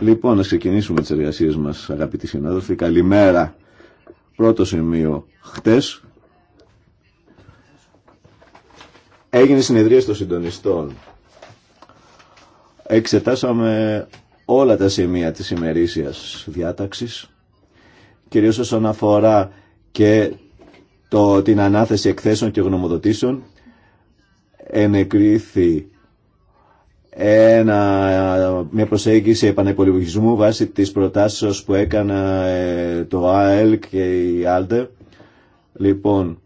Λοιπόν, να ξεκινήσουμε τι εργασίε μα. αγαπητοί συνάδελφοι. Καλημέρα. Πρώτο σημείο. χτε έγινε συνεδρία των συντονιστών. Εξετάσαμε όλα τα σημεία της ημερήσιας διάταξης, κυρίως όσον αφορά και το, την ανάθεση εκθέσεων και γνωμοδοτήσεων, ενεκρίθη ένα, μια προσέγγιση επανεπολιβουχισμού βάσει της προτάσεως που έκανα ε, το ΑΕΛ και η ΑΛΤΕ. Λοιπόν,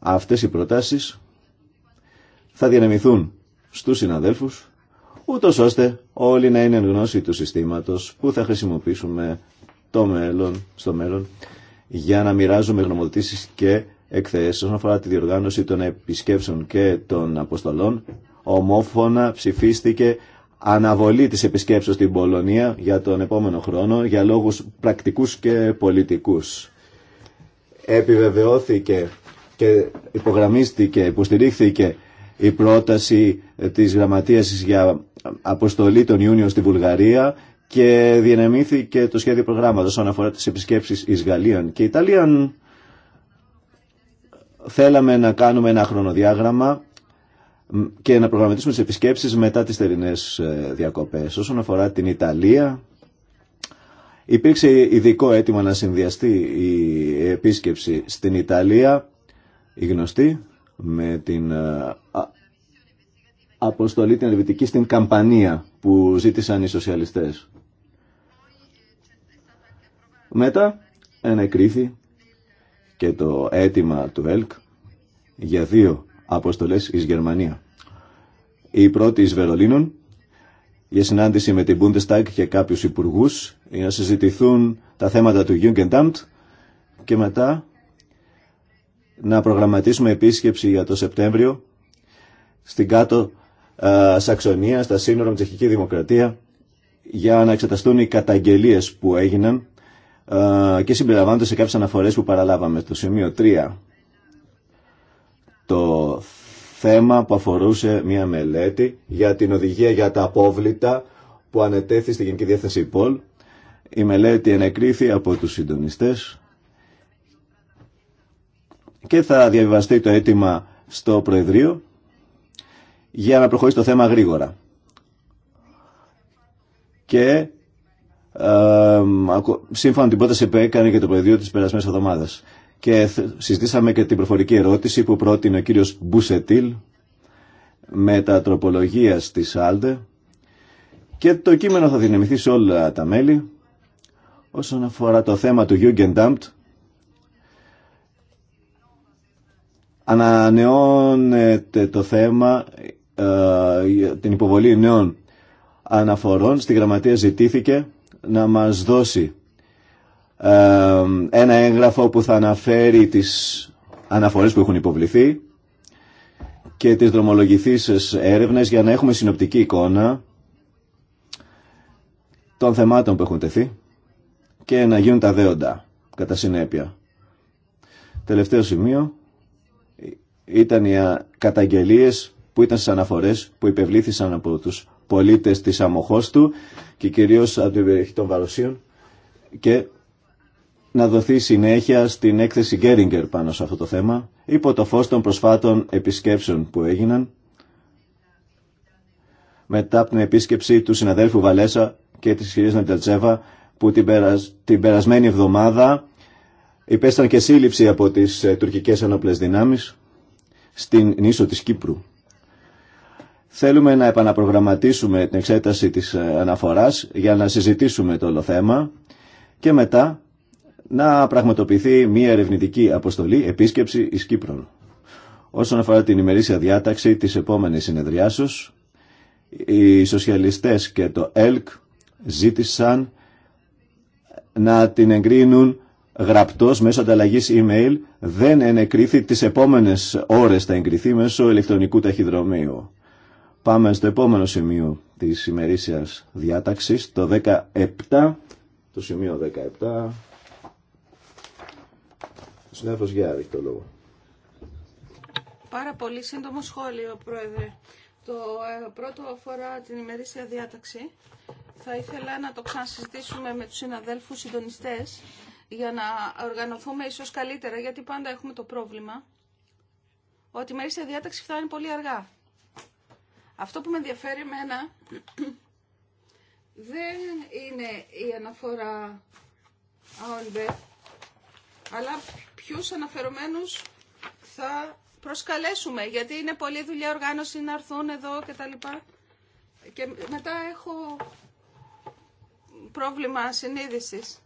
αυτές οι προτάσεις θα διανεμηθούν στους συναδέλφους ούτως ώστε όλοι να είναι εν γνώση του συστήματος που θα χρησιμοποιήσουμε το μέλλον, στο μέλλον για να μοιράζουμε γνωμοδοτήσεις και εκθέσεις όσον αφορά τη διοργάνωση των επισκέψεων και των αποστολών. Ομόφωνα ψηφίστηκε αναβολή της επισκέψεως στην Πολωνία για τον επόμενο χρόνο για λόγους πρακτικούς και πολιτικούς. Επιβεβαιώθηκε και υπογραμμίστηκε, υποστηρίχθηκε η πρόταση της γραμματείας για αποστολή τον Ιούνιο στη Βουλγαρία και διενεμήθηκε το σχέδιο προγράμματος όσον αφορά τις επισκέψεις εις και Ιταλίαν. Θέλαμε να κάνουμε ένα χρονοδιάγραμμα και να προγραμματίσουμε τις επισκέψεις μετά τις θερινές ε, διακοπές. Όσον αφορά την Ιταλία, υπήρξε ειδικό αίτημα να συνδυαστεί η επίσκεψη στην Ιταλία, η γνωστή, με την ε, αποστολή την Ελβετική στην Καμπανία που ζήτησαν οι σοσιαλιστές. Μετά ενεκρίθη και το αίτημα του ΕΛΚ για δύο αποστολές εις Γερμανία. Η πρώτη εις Βερολίνων για συνάντηση με την Bundestag και κάποιους υπουργούς για να συζητηθούν τα θέματα του Jugendamt και μετά να προγραμματίσουμε επίσκεψη για το Σεπτέμβριο στην κάτω Σαξονία, στα σύνορα με Τσεχική Δημοκρατία για να εξεταστούν οι καταγγελίες που έγιναν και συμπεριλαμβάνονται σε κάποιες αναφορές που παραλάβαμε. Το σημείο 3 το θέμα που αφορούσε μια μελέτη για την οδηγία για τα απόβλητα που ανετέθη στη Γενική Διεύθυνση ΠΟΛ. Η μελέτη ενεκρίθη από τους συντονιστές και θα διαβιβαστεί το αίτημα στο Προεδρείο για να προχωρήσει το θέμα γρήγορα. Και σύμφωνα με την πρόταση που έκανε και το Προεδρείο τις περασμένες εβδομάδες. Και συζητήσαμε και την προφορική ερώτηση που πρότεινε ο κύριος Μπουσετήλ με τα τροπολογία στη ΣΑΛΤΕ. και το κείμενο θα δυναμηθεί σε όλα τα μέλη όσον αφορά το θέμα του Ντάμπτ. Ανανεώνεται το θέμα ε, την υποβολή νέων αναφορών. Στη γραμματεία ζητήθηκε να μας δώσει ε, ένα έγγραφο που θα αναφέρει τις αναφορές που έχουν υποβληθεί και τις δρομολογηθήσεις έρευνες για να έχουμε συνοπτική εικόνα των θεμάτων που έχουν τεθεί και να γίνουν τα δέοντα κατά συνέπεια. Τελευταίο σημείο ήταν οι καταγγελίες που ήταν στι αναφορές που υπευλήθησαν από τους πολίτες της αμοχώστου του και κυρίως από την περιοχή των Βαροσίων και να δοθεί συνέχεια στην έκθεση Γκέριγκερ πάνω σε αυτό το θέμα υπό το φως των προσφάτων επισκέψεων που έγιναν μετά από την επίσκεψη του συναδέλφου Βαλέσα και της κυρίας Νεντελτσέβα που την, την περασμένη εβδομάδα υπέσταν και σύλληψη από τις ε, τουρκικές ενόπλες στην νήσο της Κύπρου. Θέλουμε να επαναπρογραμματίσουμε την εξέταση της ε, αναφοράς για να συζητήσουμε το όλο θέμα και μετά να πραγματοποιηθεί μια ερευνητική αποστολή επίσκεψη εις Κύπρον. Όσον αφορά την ημερήσια διάταξη της επόμενης συνεδριάσεως, οι σοσιαλιστές και το ΕΛΚ ζήτησαν να την εγκρίνουν γραπτός μέσω ανταλλαγής email δεν ενεκρίθη τις επόμενες ώρες θα εγκριθεί μέσω ηλεκτρονικού ταχυδρομείου. Πάμε στο επόμενο σημείο της ημερήσιας διάταξης, το 17, το σημείο 17, συνάδελφος Γιάρη το λόγο. Πάρα πολύ σύντομο σχόλιο, Πρόεδρε. Το ε, πρώτο αφορά την ημερήσια διάταξη. Θα ήθελα να το ξανασυζητήσουμε με τους συναδέλφους συντονιστές για να οργανωθούμε ίσω καλύτερα, γιατί πάντα έχουμε το πρόβλημα ότι η μερίσια διάταξη φτάνει πολύ αργά. Αυτό που με ενδιαφέρει εμένα δεν είναι η αναφορά ΑΟΝΒΕ, αλλά ποιους αναφερομένους θα προσκαλέσουμε, γιατί είναι πολλή δουλειά οργάνωση να έρθουν εδώ και Και μετά έχω πρόβλημα συνείδησης.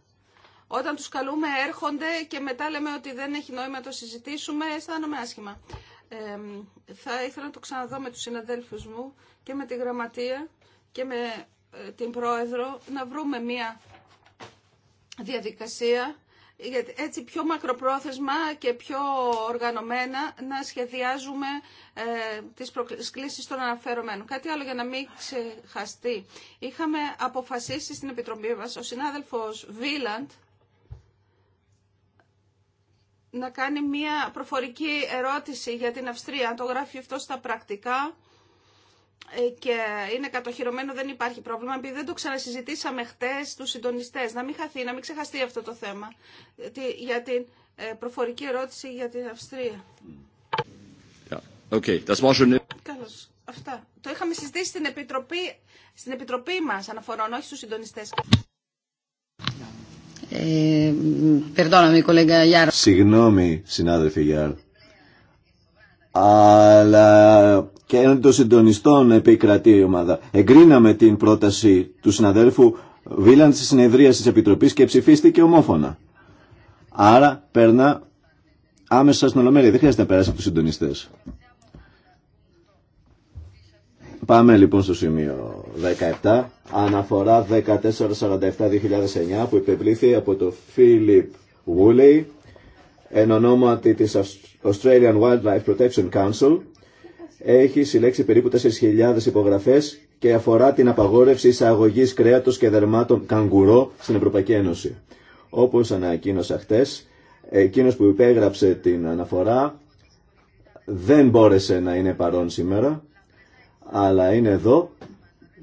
Όταν τους καλούμε έρχονται και μετά λέμε ότι δεν έχει νόημα να το συζητήσουμε, αισθάνομαι άσχημα. Ε, θα ήθελα να το ξαναδώ με τους συναδέλφους μου και με τη γραμματεία και με ε, την πρόεδρο να βρούμε μία διαδικασία γιατί έτσι πιο μακροπρόθεσμα και πιο οργανωμένα να σχεδιάζουμε ε, τις προσκλήσεις των αναφερομένων. Κάτι άλλο για να μην ξεχαστεί. Είχαμε αποφασίσει στην Επιτροπή μας, ο συνάδελφος Βίλαντ, να κάνει μια προφορική ερώτηση για την Αυστρία. Αν το γράφει αυτό στα πρακτικά ε, και είναι κατοχυρωμένο δεν υπάρχει πρόβλημα επειδή δεν το ξανασυζητήσαμε χτες τους συντονιστές. Να μην χαθεί, να μην ξεχαστεί αυτό το θέμα για την ε, προφορική ερώτηση για την Αυστρία. Okay. Αυτά. Το είχαμε συζητήσει στην Επιτροπή, στην Επιτροπή μας αναφορών, όχι στους συντονιστές. Ε, Περδόναμε, Γιάρ. Συγγνώμη, συνάδελφε Γιάρ. Αλλά και έναν των συντονιστών επικρατεί η ομάδα. Εγκρίναμε την πρόταση του συναδέλφου Βίλαν τη συνεδρία τη Επιτροπή και ψηφίστηκε ομόφωνα. Άρα περνά άμεσα στην Ολομέλεια. Δεν χρειάζεται να περάσει από του συντονιστές. Πάμε λοιπόν στο σημείο 17, αναφορά 1447-2009 που υπευλήθη από το Φίλιπ Woolley εν ονόματι της Australian Wildlife Protection Council έχει συλλέξει περίπου 4.000 υπογραφές και αφορά την απαγόρευση εισαγωγή κρέατος και δερμάτων καγκουρό στην Ευρωπαϊκή Ένωση. Όπως ανακοίνωσα χτες, εκείνος που υπέγραψε την αναφορά δεν μπόρεσε να είναι παρόν σήμερα αλλά είναι εδώ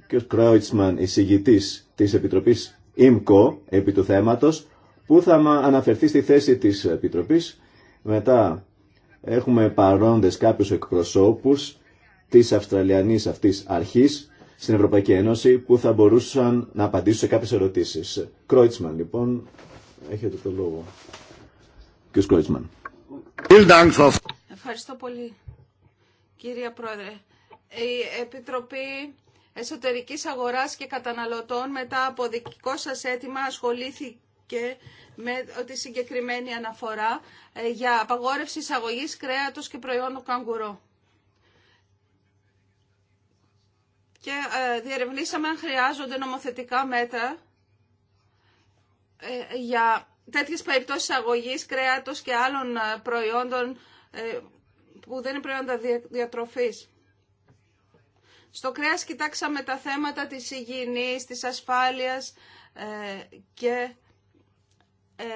και ο Κρόιτσμαν, εισηγητής της Επιτροπής ΙΜΚΟ, επί του θέματος, που θα αναφερθεί στη θέση της Επιτροπής. Μετά έχουμε παρόντες κάποιους εκπροσώπους της Αυστραλιανής αυτής αρχής στην Ευρωπαϊκή Ένωση που θα μπορούσαν να απαντήσουν σε κάποιες ερωτήσεις. Κρόιτσμαν, λοιπόν, έχετε το λόγο. Κύριε Κρόιτσμαν. Ευχαριστώ πολύ, κύριε Πρόεδρε η Επιτροπή Εσωτερικής Αγοράς και Καταναλωτών μετά από δικό σας αίτημα ασχολήθηκε με τη συγκεκριμένη αναφορά ε, για απαγόρευση εισαγωγής κρέατος και προϊόντων καγκουρό. Και ε, διερευνήσαμε αν χρειάζονται νομοθετικά μέτρα ε, για τέτοιες περιπτώσεις αγωγής κρέατος και άλλων προϊόντων που δεν είναι προϊόντα διατροφής. Στο κρέας κοιτάξαμε τα θέματα της υγιεινής, της ασφάλειας ε, και ε,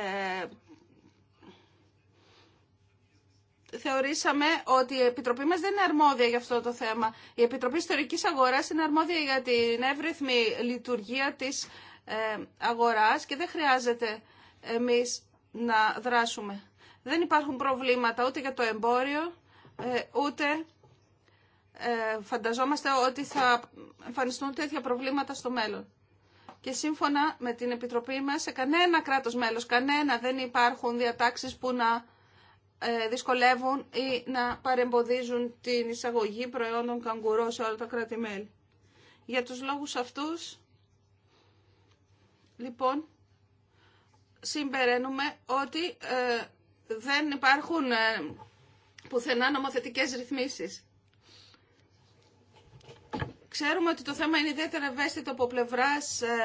θεωρήσαμε ότι η Επιτροπή μας δεν είναι αρμόδια για αυτό το θέμα. Η Επιτροπή Ιστορικής Αγοράς είναι αρμόδια για την εύρυθμη λειτουργία της ε, αγοράς και δεν χρειάζεται εμείς να δράσουμε. Δεν υπάρχουν προβλήματα ούτε για το εμπόριο, ούτε ε, φανταζόμαστε ότι θα εμφανιστούν τέτοια προβλήματα στο μέλλον. Και σύμφωνα με την Επιτροπή μας, σε κανένα κράτος μέλος, κανένα δεν υπάρχουν διατάξεις που να ε, δυσκολεύουν ή να παρεμποδίζουν την εισαγωγή προϊόντων καγκουρό σε όλα τα κράτη-μέλη. Για τους λόγους αυτούς, λοιπόν, συμπεραίνουμε ότι ε, δεν υπάρχουν πουθενά νομοθετικές ρυθμίσεις. Ξέρουμε ότι το θέμα είναι ιδιαίτερα ευαίσθητο από πλευράς ε,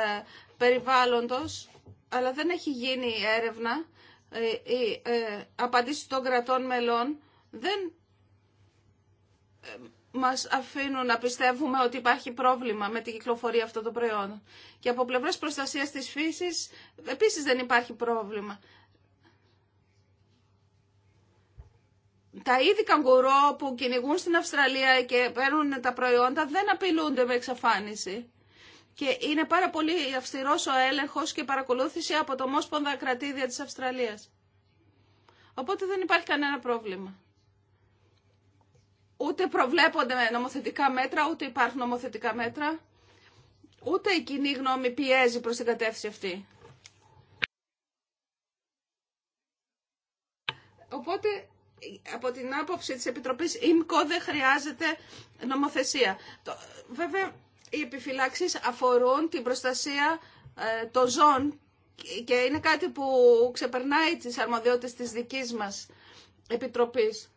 περιβάλλοντος, αλλά δεν έχει γίνει έρευνα. Οι ε, ε, απαντήσεις των κρατών μελών δεν μας αφήνουν να πιστεύουμε ότι υπάρχει πρόβλημα με την κυκλοφορία αυτών των προϊόντων. Και από πλευράς προστασίας της φύσης επίσης δεν υπάρχει πρόβλημα. τα είδη καγκουρό που κυνηγούν στην Αυστραλία και παίρνουν τα προϊόντα δεν απειλούνται με εξαφάνιση. Και είναι πάρα πολύ αυστηρός ο έλεγχο και παρακολούθηση από το Μόσπονδα Κρατήδια της Αυστραλίας. Οπότε δεν υπάρχει κανένα πρόβλημα. Ούτε προβλέπονται νομοθετικά μέτρα, ούτε υπάρχουν νομοθετικά μέτρα, ούτε η κοινή γνώμη πιέζει προς την κατεύθυνση αυτή. Οπότε από την άποψη της Επιτροπής ΙΜΚΟ δεν χρειάζεται νομοθεσία. Βέβαια, οι επιφυλάξεις αφορούν την προστασία ε, των ζών και είναι κάτι που ξεπερνάει τις αρμοδιότητες της δικής μας Επιτροπής.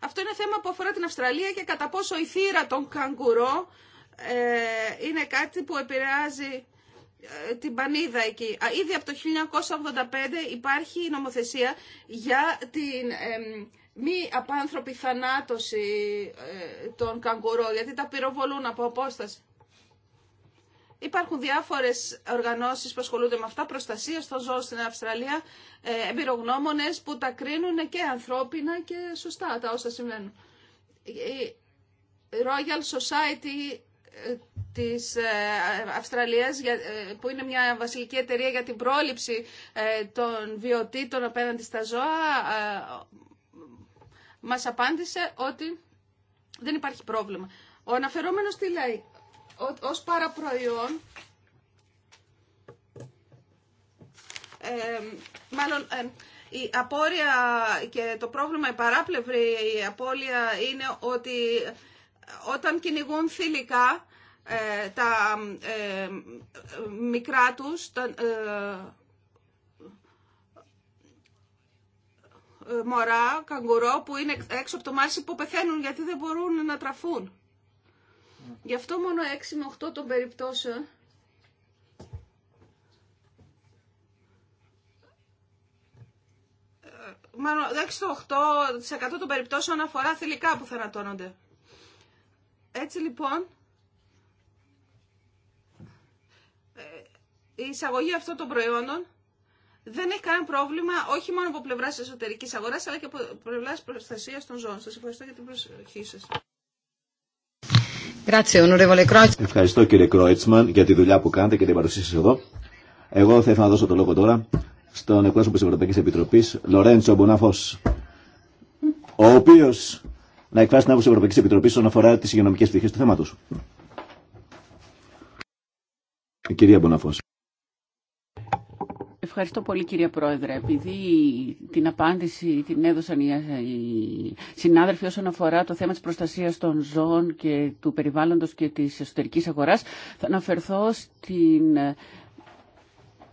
Αυτό είναι θέμα που αφορά την Αυστραλία και κατά πόσο η θύρα των καγκουρό ε, είναι κάτι που επηρεάζει ε, την πανίδα εκεί. Ήδη από το 1985 υπάρχει νομοθεσία για την μη απάνθρωπη θανάτωση ε, των καγκουρό, γιατί τα πυροβολούν από απόσταση. Υπάρχουν διάφορες οργανώσεις που ασχολούνται με αυτά, προστασία των ζώων στην Αυστραλία, ε, εμπειρογνώμονες που τα κρίνουν και ανθρώπινα και σωστά τα όσα συμβαίνουν. Η Royal Society ε, της ε, Αυστραλίας ε, που είναι μια βασιλική εταιρεία για την πρόληψη ε, των βιωτήτων απέναντι στα ζώα μας απάντησε ότι δεν υπάρχει πρόβλημα. Ο αναφερόμενος τι λέει, ως παραπροϊόν μάλλον η απόρρια και το πρόβλημα, η παράπλευρη η απώλεια είναι ότι όταν κυνηγούν θηλυκά ε, τα ε, μικρά τους, τα ε, μωρά, καγκουρό που είναι έξω από το μάσι που πεθαίνουν γιατί δεν μπορούν να τραφούν. Γι' αυτό μόνο 6 με 8 των περιπτώσεων μάλλον 6-8% των περιπτώσεων αφορά θηλυκά που θανατώνονται. Έτσι λοιπόν, η εισαγωγή αυτών των προϊόντων δεν έχει κανένα πρόβλημα, όχι μόνο από πλευρά εσωτερική αγορά, αλλά και από πλευρά προστασία των ζώων. Σα ευχαριστώ για την προσοχή σα. Ευχαριστώ κύριε Κρόιτσμαν για τη δουλειά που κάνετε και την παρουσία σα εδώ. Εγώ θα ήθελα να δώσω το λόγο τώρα στον εκπρόσωπο τη Ευρωπαϊκή Επιτροπή, Λορέντσο Μπονάφο, ο οποίο να εκφράσει την άποψη τη Ευρωπαϊκή Επιτροπή όσον αφορά τι υγειονομικέ πτυχέ του θέματο. Κυρία Μπουνάφο. Ευχαριστώ πολύ κύριε Πρόεδρε. Επειδή την απάντηση την έδωσαν οι συνάδελφοι όσον αφορά το θέμα της προστασίας των ζώων και του περιβάλλοντος και της εσωτερικής αγοράς, θα αναφερθώ στην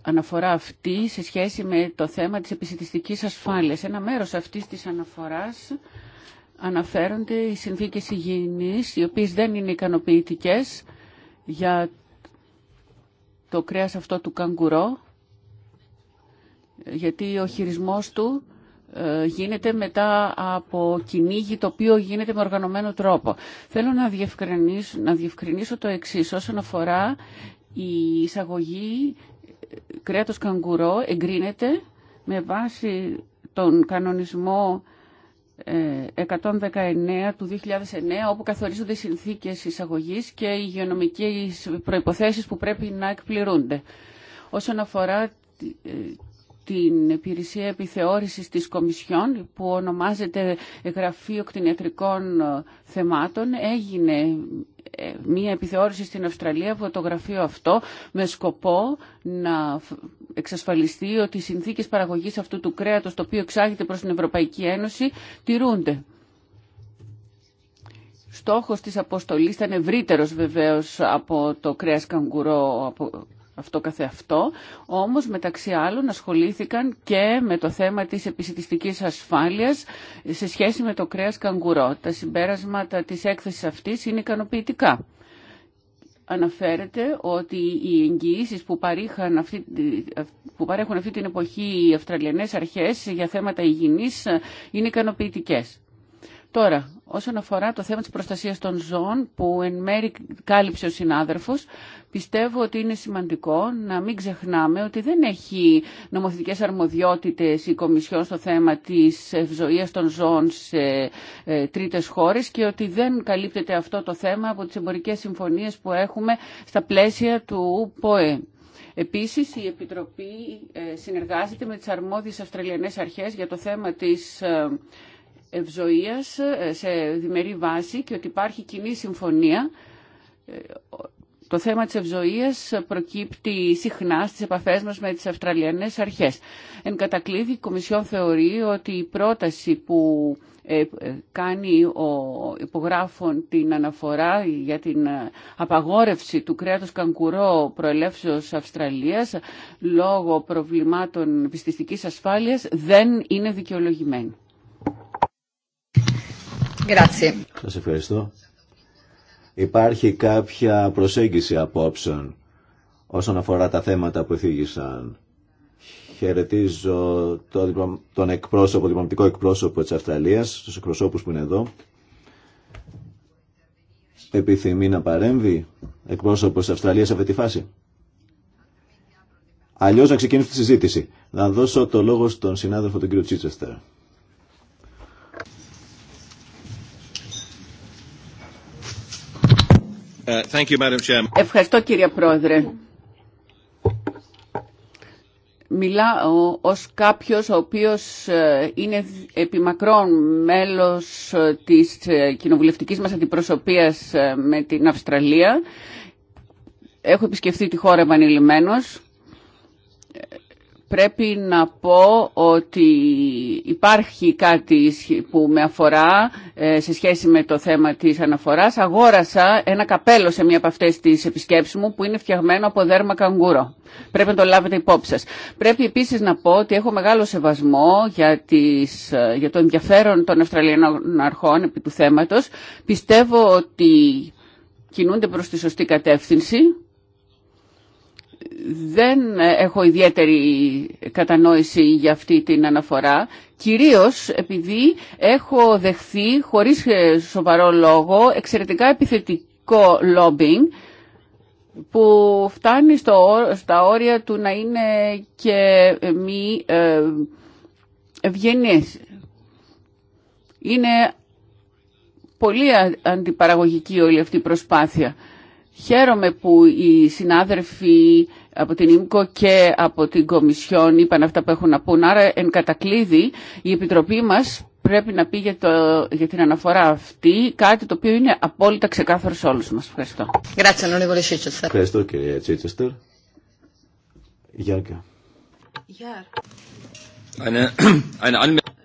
αναφορά αυτή σε σχέση με το θέμα της επισητιστικής ασφάλειας. Ένα μέρος αυτής της αναφοράς αναφέρονται οι συνθήκες υγιεινής, οι οποίες δεν είναι ικανοποιητικές για το κρέας αυτό του καγκουρό γιατί ο χειρισμός του ε, γίνεται μετά από κυνήγι το οποίο γίνεται με οργανωμένο τρόπο. Θέλω να διευκρινίσω, το εξή. όσον αφορά η εισαγωγή ε, κρέατος καγκουρό εγκρίνεται με βάση τον κανονισμό 119 ε, του 2009 όπου καθορίζονται οι συνθήκες εισαγωγής και οι υγειονομικές προϋποθέσεις που πρέπει να εκπληρούνται. Όσον αφορά την υπηρεσία επιθεώρησης της Κομισιόν που ονομάζεται Γραφείο Κτηνιατρικών ε, Θεμάτων έγινε ε, μία επιθεώρηση στην Αυστραλία από το γραφείο αυτό με σκοπό να εξασφαλιστεί ότι οι συνθήκες παραγωγής αυτού του κρέατος το οποίο εξάγεται προς την Ευρωπαϊκή Ένωση τηρούνται. Στόχος της αποστολής ήταν ευρύτερος βεβαίως από το κρέας καγκουρό αυτό καθεαυτό, όμως μεταξύ άλλων ασχολήθηκαν και με το θέμα της επισητιστικής ασφάλειας σε σχέση με το κρέας καγκουρό. Τα συμπέρασματα της έκθεσης αυτής είναι ικανοποιητικά. Αναφέρεται ότι οι εγγυήσεις που, που παρέχουν αυτή την εποχή οι Αυστραλιανές αρχές για θέματα υγιεινής είναι ικανοποιητικές. Τώρα, όσον αφορά το θέμα της προστασίας των ζώων, που εν μέρη κάλυψε ο συνάδελφος, πιστεύω ότι είναι σημαντικό να μην ξεχνάμε ότι δεν έχει νομοθετικές αρμοδιότητες η Κομισιόν στο θέμα της ευζωίας των ζώων σε ε, τρίτες χώρες και ότι δεν καλύπτεται αυτό το θέμα από τις εμπορικές συμφωνίες που έχουμε στα πλαίσια του ΠΟΕ. Επίσης, η Επιτροπή ε, συνεργάζεται με τις αρμόδιες Αυστραλιανές Αρχές για το θέμα της ε, ευζοίας ε, σε διμερή βάση και ότι υπάρχει κοινή συμφωνία. Ε, το θέμα της ευζοίας προκύπτει συχνά στις επαφές μας με τις Αυστραλιανές αρχές. Εν κατακλείδη, η Κομισιόν θεωρεί ότι η πρόταση που ε, κάνει ο υπογράφων την αναφορά για την απαγόρευση του κρέατος καγκουρό προελεύσεως Αυστραλίας λόγω προβλημάτων πιστιστικής ασφάλειας δεν είναι δικαιολογημένη. Grazie. Σας ευχαριστώ. Υπάρχει κάποια προσέγγιση απόψεων όσον αφορά τα θέματα που εφήγησαν. Χαιρετίζω τον εκπρόσωπο, διπλωματικό εκπρόσωπο της Αυστραλίας, τους εκπροσώπους που είναι εδώ. Επιθυμεί να παρέμβει εκπρόσωπος της Αυστραλίας σε αυτή τη φάση. Αλλιώς να ξεκινήσει τη συζήτηση. Να δώσω το λόγο στον συνάδελφο τον κύριο Τσίτσεστερ. Uh, Ευχαριστώ κύριε Πρόεδρε. Μιλάω ως κάποιος ο οποίος ε, είναι επιμακρόν μέλος ε, της ε, κοινοβουλευτικής μας αντιπροσωπείας με την Αυστραλία. Έχω επισκεφθεί τη χώρα επανειλημμένος πρέπει να πω ότι υπάρχει κάτι που με αφορά ε, σε σχέση με το θέμα της αναφοράς. Αγόρασα ένα καπέλο σε μία από αυτές τις επισκέψεις μου που είναι φτιαγμένο από δέρμα καγκούρο. Πρέπει να το λάβετε υπόψη σας. Πρέπει επίσης να πω ότι έχω μεγάλο σεβασμό για, τις, ε, για το ενδιαφέρον των Αυστραλιανών αρχών επί του θέματος. Πιστεύω ότι κινούνται προς τη σωστή κατεύθυνση δεν έχω ιδιαίτερη κατανόηση για αυτή την αναφορά, κυρίως επειδή έχω δεχθεί χωρίς σοβαρό λόγο εξαιρετικά επιθετικό lobbying που φτάνει στο, στα όρια του να είναι και μη ε, Είναι πολύ αντιπαραγωγική όλη αυτή η προσπάθεια. Χαίρομαι που οι συνάδελφοι από την ΙΜΚΟ και από την Κομισιόν είπαν αυτά που έχουν να πούν. Άρα, εν κατακλείδη, η Επιτροπή μας πρέπει να πει για, το, για την αναφορά αυτή κάτι το οποίο είναι απόλυτα ξεκάθαρο σε όλους μας. Ευχαριστώ. Ευχαριστώ Τσίτσεστερ.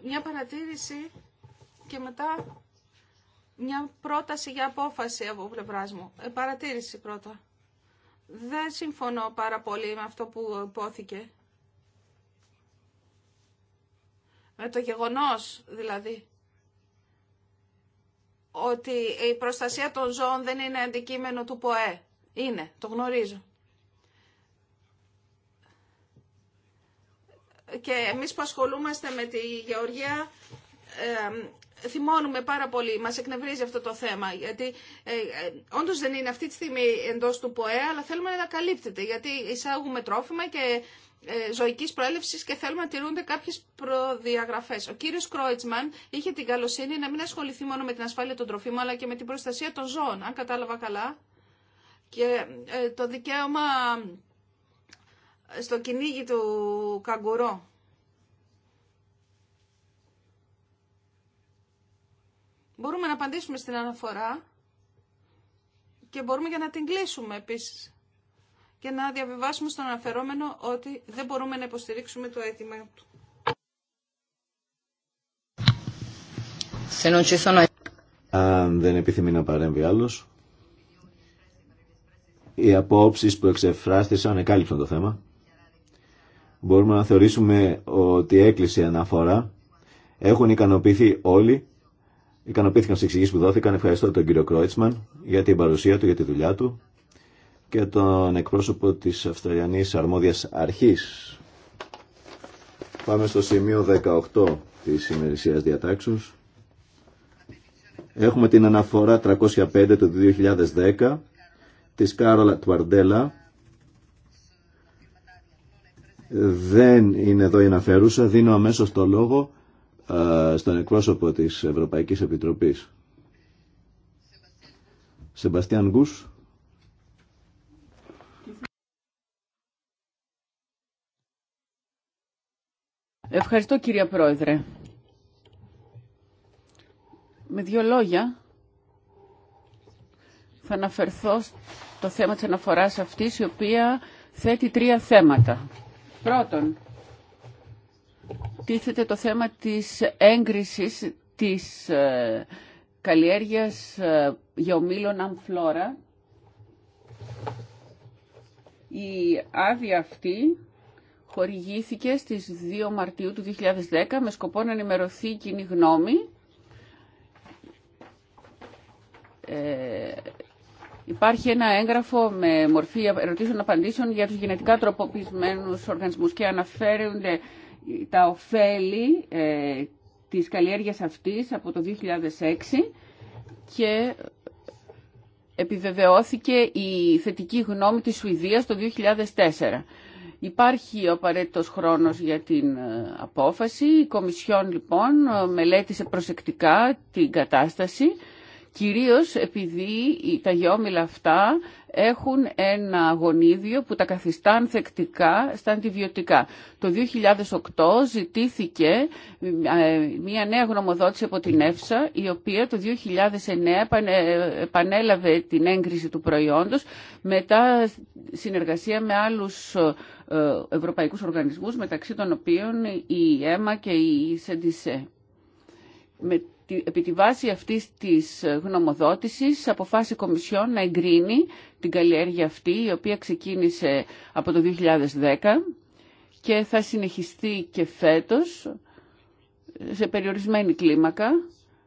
Μια παρατήρηση και μετά μια πρόταση για απόφαση από πλευρά μου. Ε, παρατήρηση πρώτα. Δεν συμφωνώ πάρα πολύ με αυτό που υπόθηκε. Με το γεγονός δηλαδή ότι η προστασία των ζώων δεν είναι αντικείμενο του ΠΟΕ. Είναι, το γνωρίζω. Και εμείς που ασχολούμαστε με τη γεωργία ε, θυμώνουμε πάρα πολύ, μας εκνευρίζει αυτό το θέμα, γιατί ε, ε, όντως δεν είναι αυτή τη στιγμή εντός του ΠΟΕ, αλλά θέλουμε να τα καλύπτεται, γιατί εισάγουμε τρόφιμα και ε, ζωικής προέλευσης και θέλουμε να τηρούνται κάποιες προδιαγραφές. Ο κύριος Κρόιτσμαν είχε την καλοσύνη να μην ασχοληθεί μόνο με την ασφάλεια των τροφίμων, αλλά και με την προστασία των ζώων, αν κατάλαβα καλά, και ε, το δικαίωμα στο κυνήγι του καγκουρό. Μπορούμε να απαντήσουμε στην αναφορά και μπορούμε για να την κλείσουμε επίσης και να διαβιβάσουμε στον αναφερόμενο ότι δεν μπορούμε να υποστηρίξουμε το αίτημα του. Αν δεν επιθυμεί να παρέμβει άλλος, οι απόψεις που εξεφράστησαν εκάλυψαν το θέμα. Μπορούμε να θεωρήσουμε ότι έκλεισε αναφορά. Έχουν ικανοποιηθεί όλοι Ικανοποιήθηκαν στι εξηγήσει που δόθηκαν. Ευχαριστώ τον κύριο Κρόιτσμαν για την παρουσία του, για τη δουλειά του και τον εκπρόσωπο της Αυστραλιανής Αρμόδιας Αρχής. Πάμε στο σημείο 18 της ημερησία διατάξεως. Έχουμε την αναφορά 305 του 2010 της Κάρολα Τουαρντέλα. Δεν είναι εδώ η αναφέρουσα. Δίνω αμέσως το λόγο στον εκπρόσωπο της Ευρωπαϊκής Επιτροπής. Σεμπαστιαν Γκούς. Ευχαριστώ κύριε Πρόεδρε. Με δύο λόγια θα αναφερθώ στο θέμα της αναφοράς αυτής η οποία θέτει τρία θέματα. Πρώτον, τίθεται το θέμα της έγκρισης της ε, καλλιέργειας ε, γεωμήλων αμφλόρα. Η άδεια αυτή χορηγήθηκε στις 2 Μαρτίου του 2010 με σκοπό να ενημερωθεί η κοινή γνώμη. Ε, υπάρχει ένα έγγραφο με μορφή ερωτήσεων απαντήσεων για τους γενετικά τροποποιημένους οργανισμούς και αναφέρονται τα ωφέλη ε, της καλλιέργειας αυτής από το 2006 και επιβεβαιώθηκε η θετική γνώμη της Σουηδίας το 2004. Υπάρχει ο απαραίτητος χρόνος για την ε, απόφαση. Η Κομισιόν λοιπόν ε, μελέτησε προσεκτικά την κατάσταση κυρίως επειδή τα γιόμιλα αυτά έχουν ένα γονίδιο που τα καθιστά ανθεκτικά στα αντιβιωτικά. Το 2008 ζητήθηκε ε, μια νέα γνωμοδότηση από την ΕΦΣΑ, η οποία το 2009 επανέλαβε την έγκριση του προϊόντος μετά συνεργασία με άλλους ε, ευρωπαϊκούς οργανισμούς, μεταξύ των οποίων η ΕΜΑ και η ΣΕΝΤΙΣΕ επί τη βάση αυτής της ε, γνωμοδότησης αποφάσισε η Κομισιόν να εγκρίνει την καλλιέργεια αυτή, η οποία ξεκίνησε από το 2010 και θα συνεχιστεί και φέτος σε περιορισμένη κλίμακα,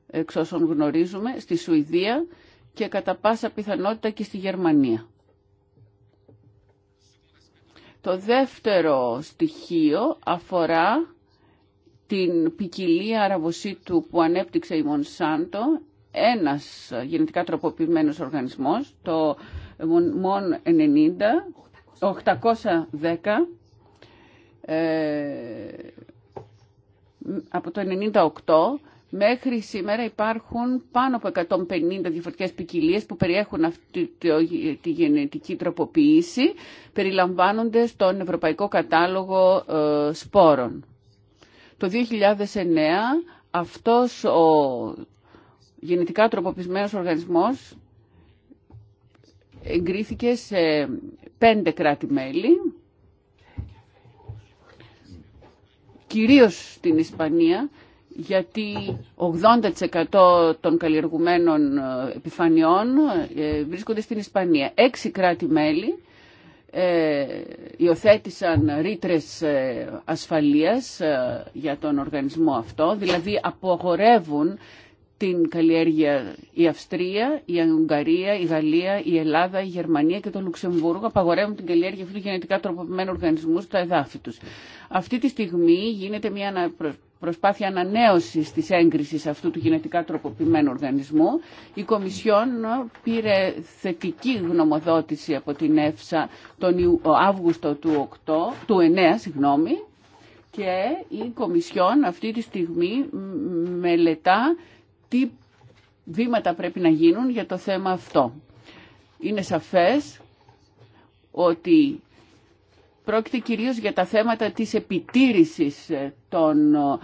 εξ όσων γνωρίζουμε, στη Σουηδία και κατά πάσα πιθανότητα και στη Γερμανία. Το δεύτερο στοιχείο αφορά την ποικιλία αραβοσίτου που ανέπτυξε η Μονσάντο, ένας γενετικά τροποποιημένος οργανισμός, το ΜΟΝ 90, 810, ε, από το 98 μέχρι σήμερα υπάρχουν πάνω από 150 διαφορετικές ποικιλίε που περιέχουν αυτή τη γενετική τροποποίηση, περιλαμβάνονται στον Ευρωπαϊκό Κατάλογο ε, Σπόρων. Το 2009 αυτός ο γενετικά τροποποιημένος οργανισμός εγκρίθηκε σε πέντε κράτη-μέλη, κυρίως στην Ισπανία, γιατί 80% των καλλιεργουμένων επιφανειών ε, βρίσκονται στην Ισπανία. Έξι κράτη-μέλη ε, υιοθέτησαν ρήτρε ε, ασφαλείας ε, για τον οργανισμό αυτό, δηλαδή απογορεύουν την καλλιέργεια η Αυστρία, η Ουγγαρία, η Γαλλία, η Ελλάδα, η Γερμανία και το Λουξεμβούργο απαγορεύουν την καλλιέργεια αυτού του γενετικά τροποποιημένου οργανισμού στα εδάφη του. Αυτή τη στιγμή γίνεται μια προσπάθεια ανανέωσης της έγκρισης αυτού του γενετικά τροποποιημένου οργανισμού. Η Κομισιόν πήρε θετική γνωμοδότηση από την ΕΦΣΑ τον Αύγουστο του, 8, του 9 συγγνώμη, και η Κομισιόν αυτή τη στιγμή μελετά τι βήματα πρέπει να γίνουν για το θέμα αυτό. Είναι σαφές ότι Πρόκειται κυρίως για τα θέματα της επιτήρησης ε, ε, του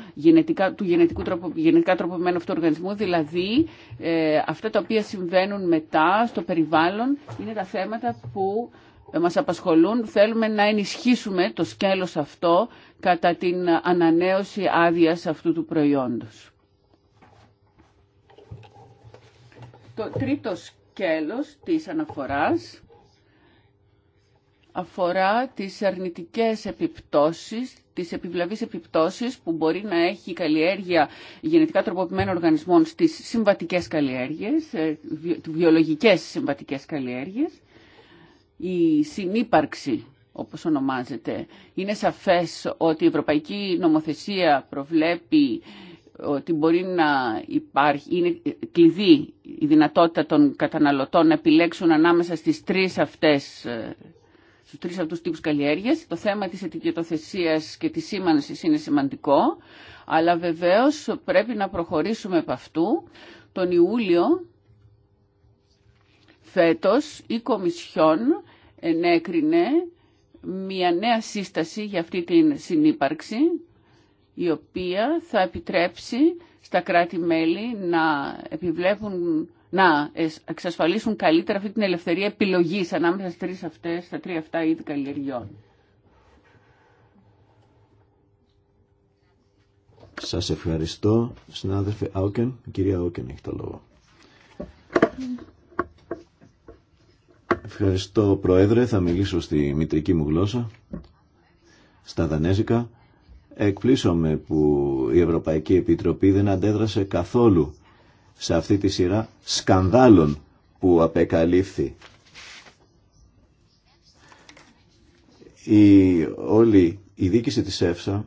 γενετικού τροπο, γενετικά τροποποιημένου αυτοοργανισμού, δηλαδή ε, αυτά τα οποία συμβαίνουν μετά στο περιβάλλον είναι τα θέματα που μας απασχολούν. Θέλουμε να ενισχύσουμε το σκέλος αυτό κατά την ανανέωση άδεια αυτού του προϊόντος. Το τρίτο σκέλος της αναφοράς αφορά τις αρνητικές επιπτώσεις, τις επιβλαβείς επιπτώσεις που μπορεί να έχει η καλλιέργεια γενετικά τροποποιημένων οργανισμών στις συμβατικές καλλιέργειες, ε, βιολογικές συμβατικές καλλιέργειες. Η συνύπαρξη, όπως ονομάζεται, είναι σαφές ότι η Ευρωπαϊκή Νομοθεσία προβλέπει ότι μπορεί να υπάρχει, είναι κλειδί η δυνατότητα των καταναλωτών να επιλέξουν ανάμεσα στις τρεις αυτές ε, στους τρεις αυτού τύπου καλλιέργεια. Το θέμα της ετικετοθεσίας και της σήμανσης είναι σημαντικό, αλλά βεβαίω πρέπει να προχωρήσουμε από αυτού. Τον Ιούλιο φέτος η Κομισιόν ενέκρινε μια νέα σύσταση για αυτή την συνύπαρξη, η οποία θα επιτρέψει στα κράτη-μέλη να επιβλέπουν να εξασφαλίσουν καλύτερα αυτή την ελευθερία επιλογής ανάμεσα στις τρεις αυτές, στα τρία αυτά είδη καλλιεργιών. Σας ευχαριστώ, συνάδελφε Άουκεν. κυρία Άουκεν έχει το λόγο. Ευχαριστώ, Πρόεδρε. Θα μιλήσω στη μητρική μου γλώσσα, στα δανέζικα. με που η Ευρωπαϊκή Επιτροπή δεν αντέδρασε καθόλου σε αυτή τη σειρά σκανδάλων που απεκαλύφθη. Η, όλη η δίκηση της ΕΦΣΑ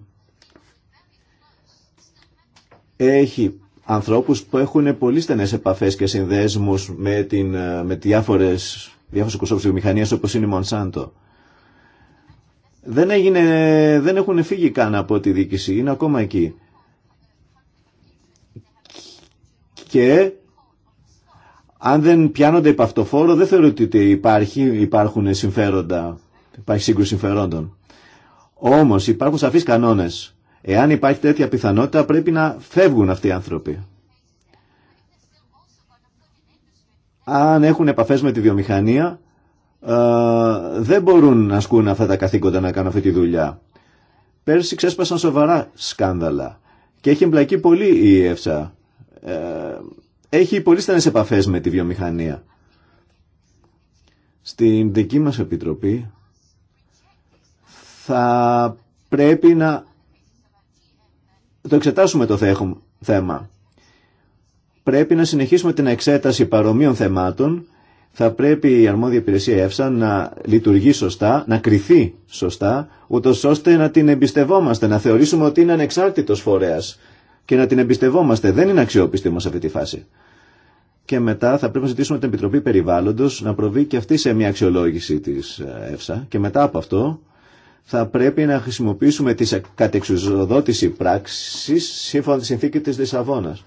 έχει ανθρώπους που έχουν πολύ στενές επαφές και συνδέσμους με, την, με διάφορες, διάφορες όπω όπως είναι η Μονσάντο. Δεν, έγινε, δεν έχουν φύγει καν από τη δίκηση, είναι ακόμα εκεί. και αν δεν πιάνονται υπ' φόρο δεν θεωρείται ότι υπάρχει, υπάρχουν συμφέροντα, υπάρχει σύγκρουση συμφερόντων. Όμως υπάρχουν σαφείς κανόνες. Εάν υπάρχει τέτοια πιθανότητα πρέπει να φεύγουν αυτοί οι άνθρωποι. Αν έχουν επαφές με τη βιομηχανία ε, δεν μπορούν να ασκούν αυτά τα καθήκοντα να κάνουν αυτή τη δουλειά. Πέρσι ξέσπασαν σοβαρά σκάνδαλα και έχει εμπλακεί πολύ η ΕΦΣΑ ε, έχει πολύ στενές επαφές με τη βιομηχανία. Στην δική μας επιτροπή θα πρέπει να το εξετάσουμε το θέμα. Πρέπει να συνεχίσουμε την εξέταση παρομοίων θεμάτων. Θα πρέπει η αρμόδια υπηρεσία ΕΦΣΑ να λειτουργεί σωστά, να κριθεί σωστά, ούτως ώστε να την εμπιστευόμαστε, να θεωρήσουμε ότι είναι ανεξάρτητος φορέας και να την εμπιστευόμαστε. Δεν είναι αξιόπιστη όμω αυτή τη φάση. Και μετά θα πρέπει να ζητήσουμε την Επιτροπή Περιβάλλοντο να προβεί και αυτή σε μια αξιολόγηση τη ε, ΕΦΣΑ. Και μετά από αυτό θα πρέπει να χρησιμοποιήσουμε τη κατεξουσιοδότηση πράξη σύμφωνα με τη συνθήκη τη Λισαβόνα.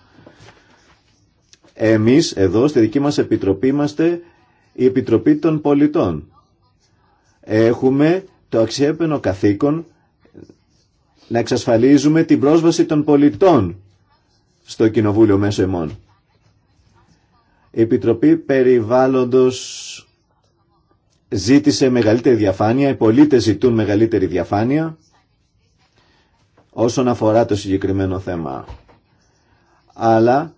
Εμεί εδώ στη δική μα Επιτροπή είμαστε η Επιτροπή των Πολιτών. Έχουμε το αξιέπαινο καθήκον να εξασφαλίζουμε την πρόσβαση των πολιτών στο Κοινοβούλιο Μέσο εμών. Η Επιτροπή Περιβάλλοντος ζήτησε μεγαλύτερη διαφάνεια, οι πολίτες ζητούν μεγαλύτερη διαφάνεια όσον αφορά το συγκεκριμένο θέμα. Αλλά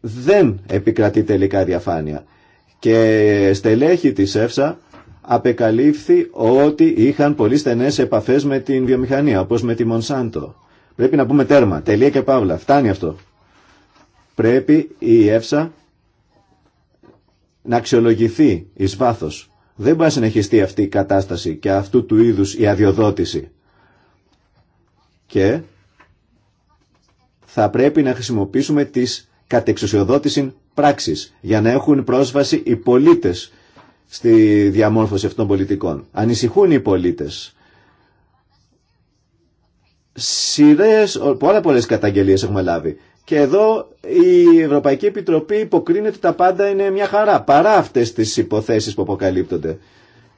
δεν επικρατεί τελικά διαφάνεια. Και στελέχη της ΕΦΣΑ απεκαλύφθη ότι είχαν πολύ στενέ επαφές με την βιομηχανία, όπως με τη Μονσάντο. Πρέπει να πούμε τέρμα, τελεία και παύλα. Φτάνει αυτό. Πρέπει η ΕΦΣΑ να αξιολογηθεί ει βάθο. Δεν μπορεί να συνεχιστεί αυτή η κατάσταση και αυτού του είδους η αδειοδότηση. Και θα πρέπει να χρησιμοποιήσουμε τις κατεξουσιοδότηση πράξεις για να έχουν πρόσβαση οι πολίτες στη διαμόρφωση αυτών των πολιτικών. Ανησυχούν οι πολίτες. Σειρές, πολλά πολλές καταγγελίες έχουμε λάβει. Και εδώ η Ευρωπαϊκή Επιτροπή υποκρίνεται ότι τα πάντα είναι μια χαρά, παρά αυτές τις υποθέσεις που αποκαλύπτονται.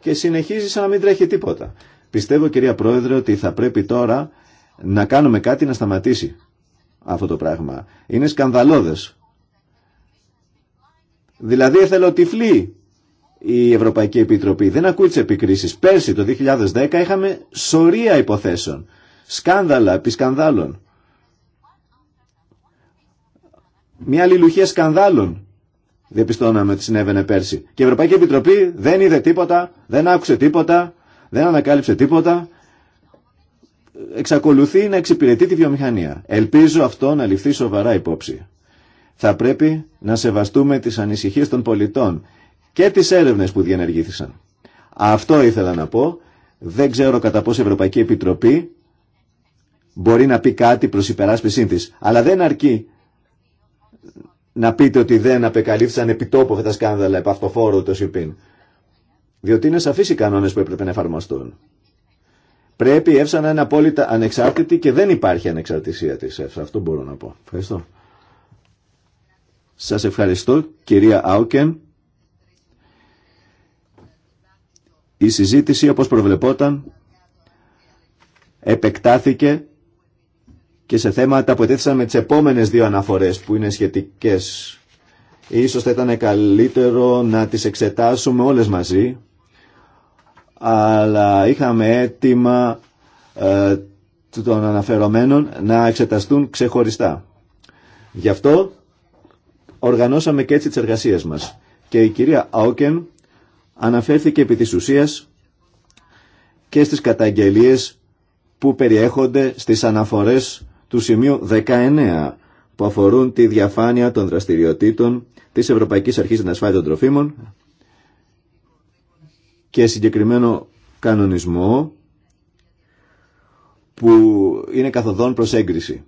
Και συνεχίζει σαν να μην τρέχει τίποτα. Πιστεύω κυρία Πρόεδρε ότι θα πρέπει τώρα να κάνουμε κάτι να σταματήσει αυτό το πράγμα. Είναι σκανδαλώδες. Δηλαδή θέλω η Ευρωπαϊκή Επιτροπή. Δεν ακούει τι επικρίσει. Πέρσι το 2010 είχαμε σωρία υποθέσεων. Σκάνδαλα επί σκανδάλων. Μια αλληλουχία σκανδάλων διαπιστώναμε ότι συνέβαινε πέρσι. Και η Ευρωπαϊκή Επιτροπή δεν είδε τίποτα, δεν άκουσε τίποτα, δεν ανακάλυψε τίποτα. Εξακολουθεί να εξυπηρετεί τη βιομηχανία. Ελπίζω αυτό να ληφθεί σοβαρά υπόψη. Θα πρέπει να σεβαστούμε τις ανησυχίες των πολιτών και τις έρευνες που διενεργήθησαν. Αυτό ήθελα να πω. Δεν ξέρω κατά πόσο η Ευρωπαϊκή Επιτροπή μπορεί να πει κάτι προς υπεράσπισή της. Αλλά δεν αρκεί να πείτε ότι δεν απεκαλύφθησαν επιτόπου αυτά τα σκάνδαλα επ' αυτοφόρου το ΣΥΠΗΝ. Διότι είναι σαφείς οι κανόνες που έπρεπε να εφαρμοστούν. Πρέπει η ΕΦΣΑ να είναι απόλυτα ανεξάρτητη και δεν υπάρχει ανεξαρτησία της ΕΦΣΑ. Αυτό μπορώ να πω. Ευχαριστώ. Σα ευχαριστώ κυρία Άουκεν. Η συζήτηση, όπως προβλεπόταν, επεκτάθηκε και σε θέματα που ετέθησαν με τις επόμενες δύο αναφορές που είναι σχετικές. Ίσως θα ήταν καλύτερο να τις εξετάσουμε όλες μαζί, αλλά είχαμε έτοιμα ε, των αναφερομένων να εξεταστούν ξεχωριστά. Γι' αυτό οργανώσαμε και έτσι τις εργασίες μας. Και η κυρία Άουκεν αναφέρθηκε επί της ουσίας και στις καταγγελίες που περιέχονται στις αναφορές του σημείου 19 που αφορούν τη διαφάνεια των δραστηριοτήτων της Ευρωπαϊκής Αρχής Ασφάλειας των Τροφίμων και συγκεκριμένο κανονισμό που είναι καθοδόν προς έγκριση.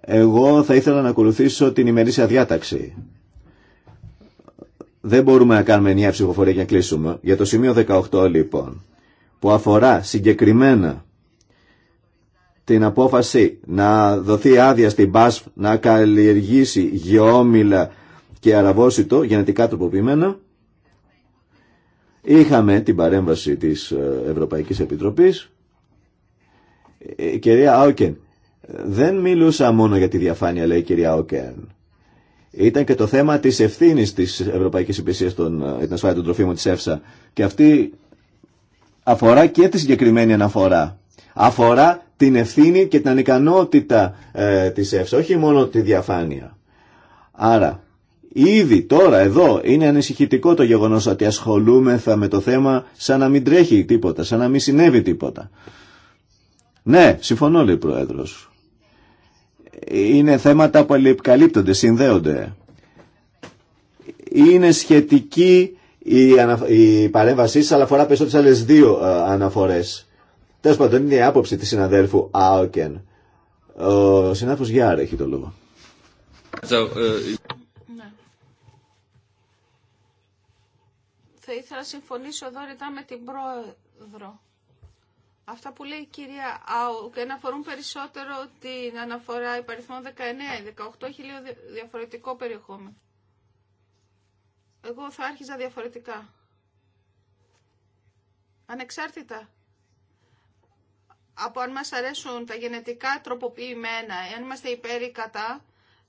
Εγώ θα ήθελα να ακολουθήσω την ημερήσια διάταξη δεν μπορούμε να κάνουμε μια ψηφοφορία και να κλείσουμε. Για το σημείο 18 λοιπόν, που αφορά συγκεκριμένα την απόφαση να δοθεί άδεια στην ΠΑΣΦ να καλλιεργήσει γεώμηλα και αραβόσιτο γενετικά τροποποιημένα, είχαμε την παρέμβαση της ε, Ευρωπαϊκής Επιτροπής. Ε, ε, κυρία Άουκεν, δεν μιλούσα μόνο για τη διαφάνεια, λέει η κυρία Άουκεν ήταν και το θέμα της ευθύνη τη Ευρωπαϊκή Υπηρεσία των, ε, για την ασφάλεια των τροφίμων της ΕΦΣΑ. Και αυτή αφορά και τη συγκεκριμένη αναφορά. Αφορά την ευθύνη και την ανικανότητα ε, της ΕΦΣΑ, όχι μόνο τη διαφάνεια. Άρα, ήδη τώρα εδώ είναι ανησυχητικό το γεγονός ότι ασχολούμεθα με το θέμα σαν να μην τρέχει τίποτα, σαν να μην συνέβη τίποτα. Ναι, συμφωνώ λέει ο Πρόεδρος είναι θέματα που αλληλεπικαλύπτονται, συνδέονται. Είναι σχετική η, ανα... παρέμβασή αλλά αφορά περισσότερε άλλε δύο ε, αναφορές. Τέλο πάντων, είναι η άποψη τη συναδέλφου Άοκεν. Ο συνάδελφο Γιάρ έχει το λόγο. Ε, ναι. Θα ήθελα να συμφωνήσω εδώ ρητά με την πρόεδρο. Αυτά που λέει η κυρία και αναφορούν περισσότερο την αναφορά υπαριθμών 19, 18 έχει λίγο διαφορετικό περιεχόμενο. Εγώ θα άρχιζα διαφορετικά. Ανεξάρτητα από αν μας αρέσουν τα γενετικά τροποποιημένα, αν είμαστε υπέρ ή κατά,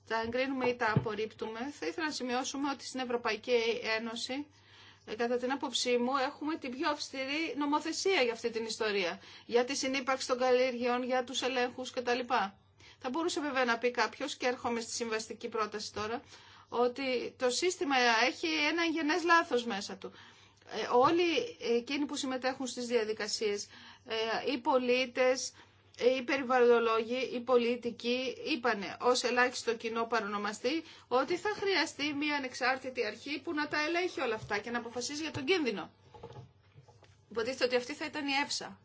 τα εγκρίνουμε ή τα απορρίπτουμε, θα ήθελα να σημειώσουμε ότι στην Ευρωπαϊκή Ένωση ε, κατά την άποψή μου, έχουμε την πιο αυστηρή νομοθεσία για αυτή την ιστορία. Για τη συνύπαρξη των καλλιεργειών, για τους ελέγχου κτλ. Θα μπορούσε βέβαια να πει κάποιος, και έρχομαι στη συμβαστική πρόταση τώρα, ότι το σύστημα έχει ένα γενέ λάθος μέσα του. Ε, όλοι εκείνοι που συμμετέχουν στις διαδικασίες, ε, οι πολίτες, ε, οι περιβαλλοντολόγοι, οι πολιτικοί είπανε ω ελάχιστο κοινό παρονομαστή ότι θα χρειαστεί μια ανεξάρτητη αρχή που να τα ελέγχει όλα αυτά και να αποφασίζει για τον κίνδυνο. Υποτίθεται ότι αυτή θα ήταν η ΕΦΣΑ.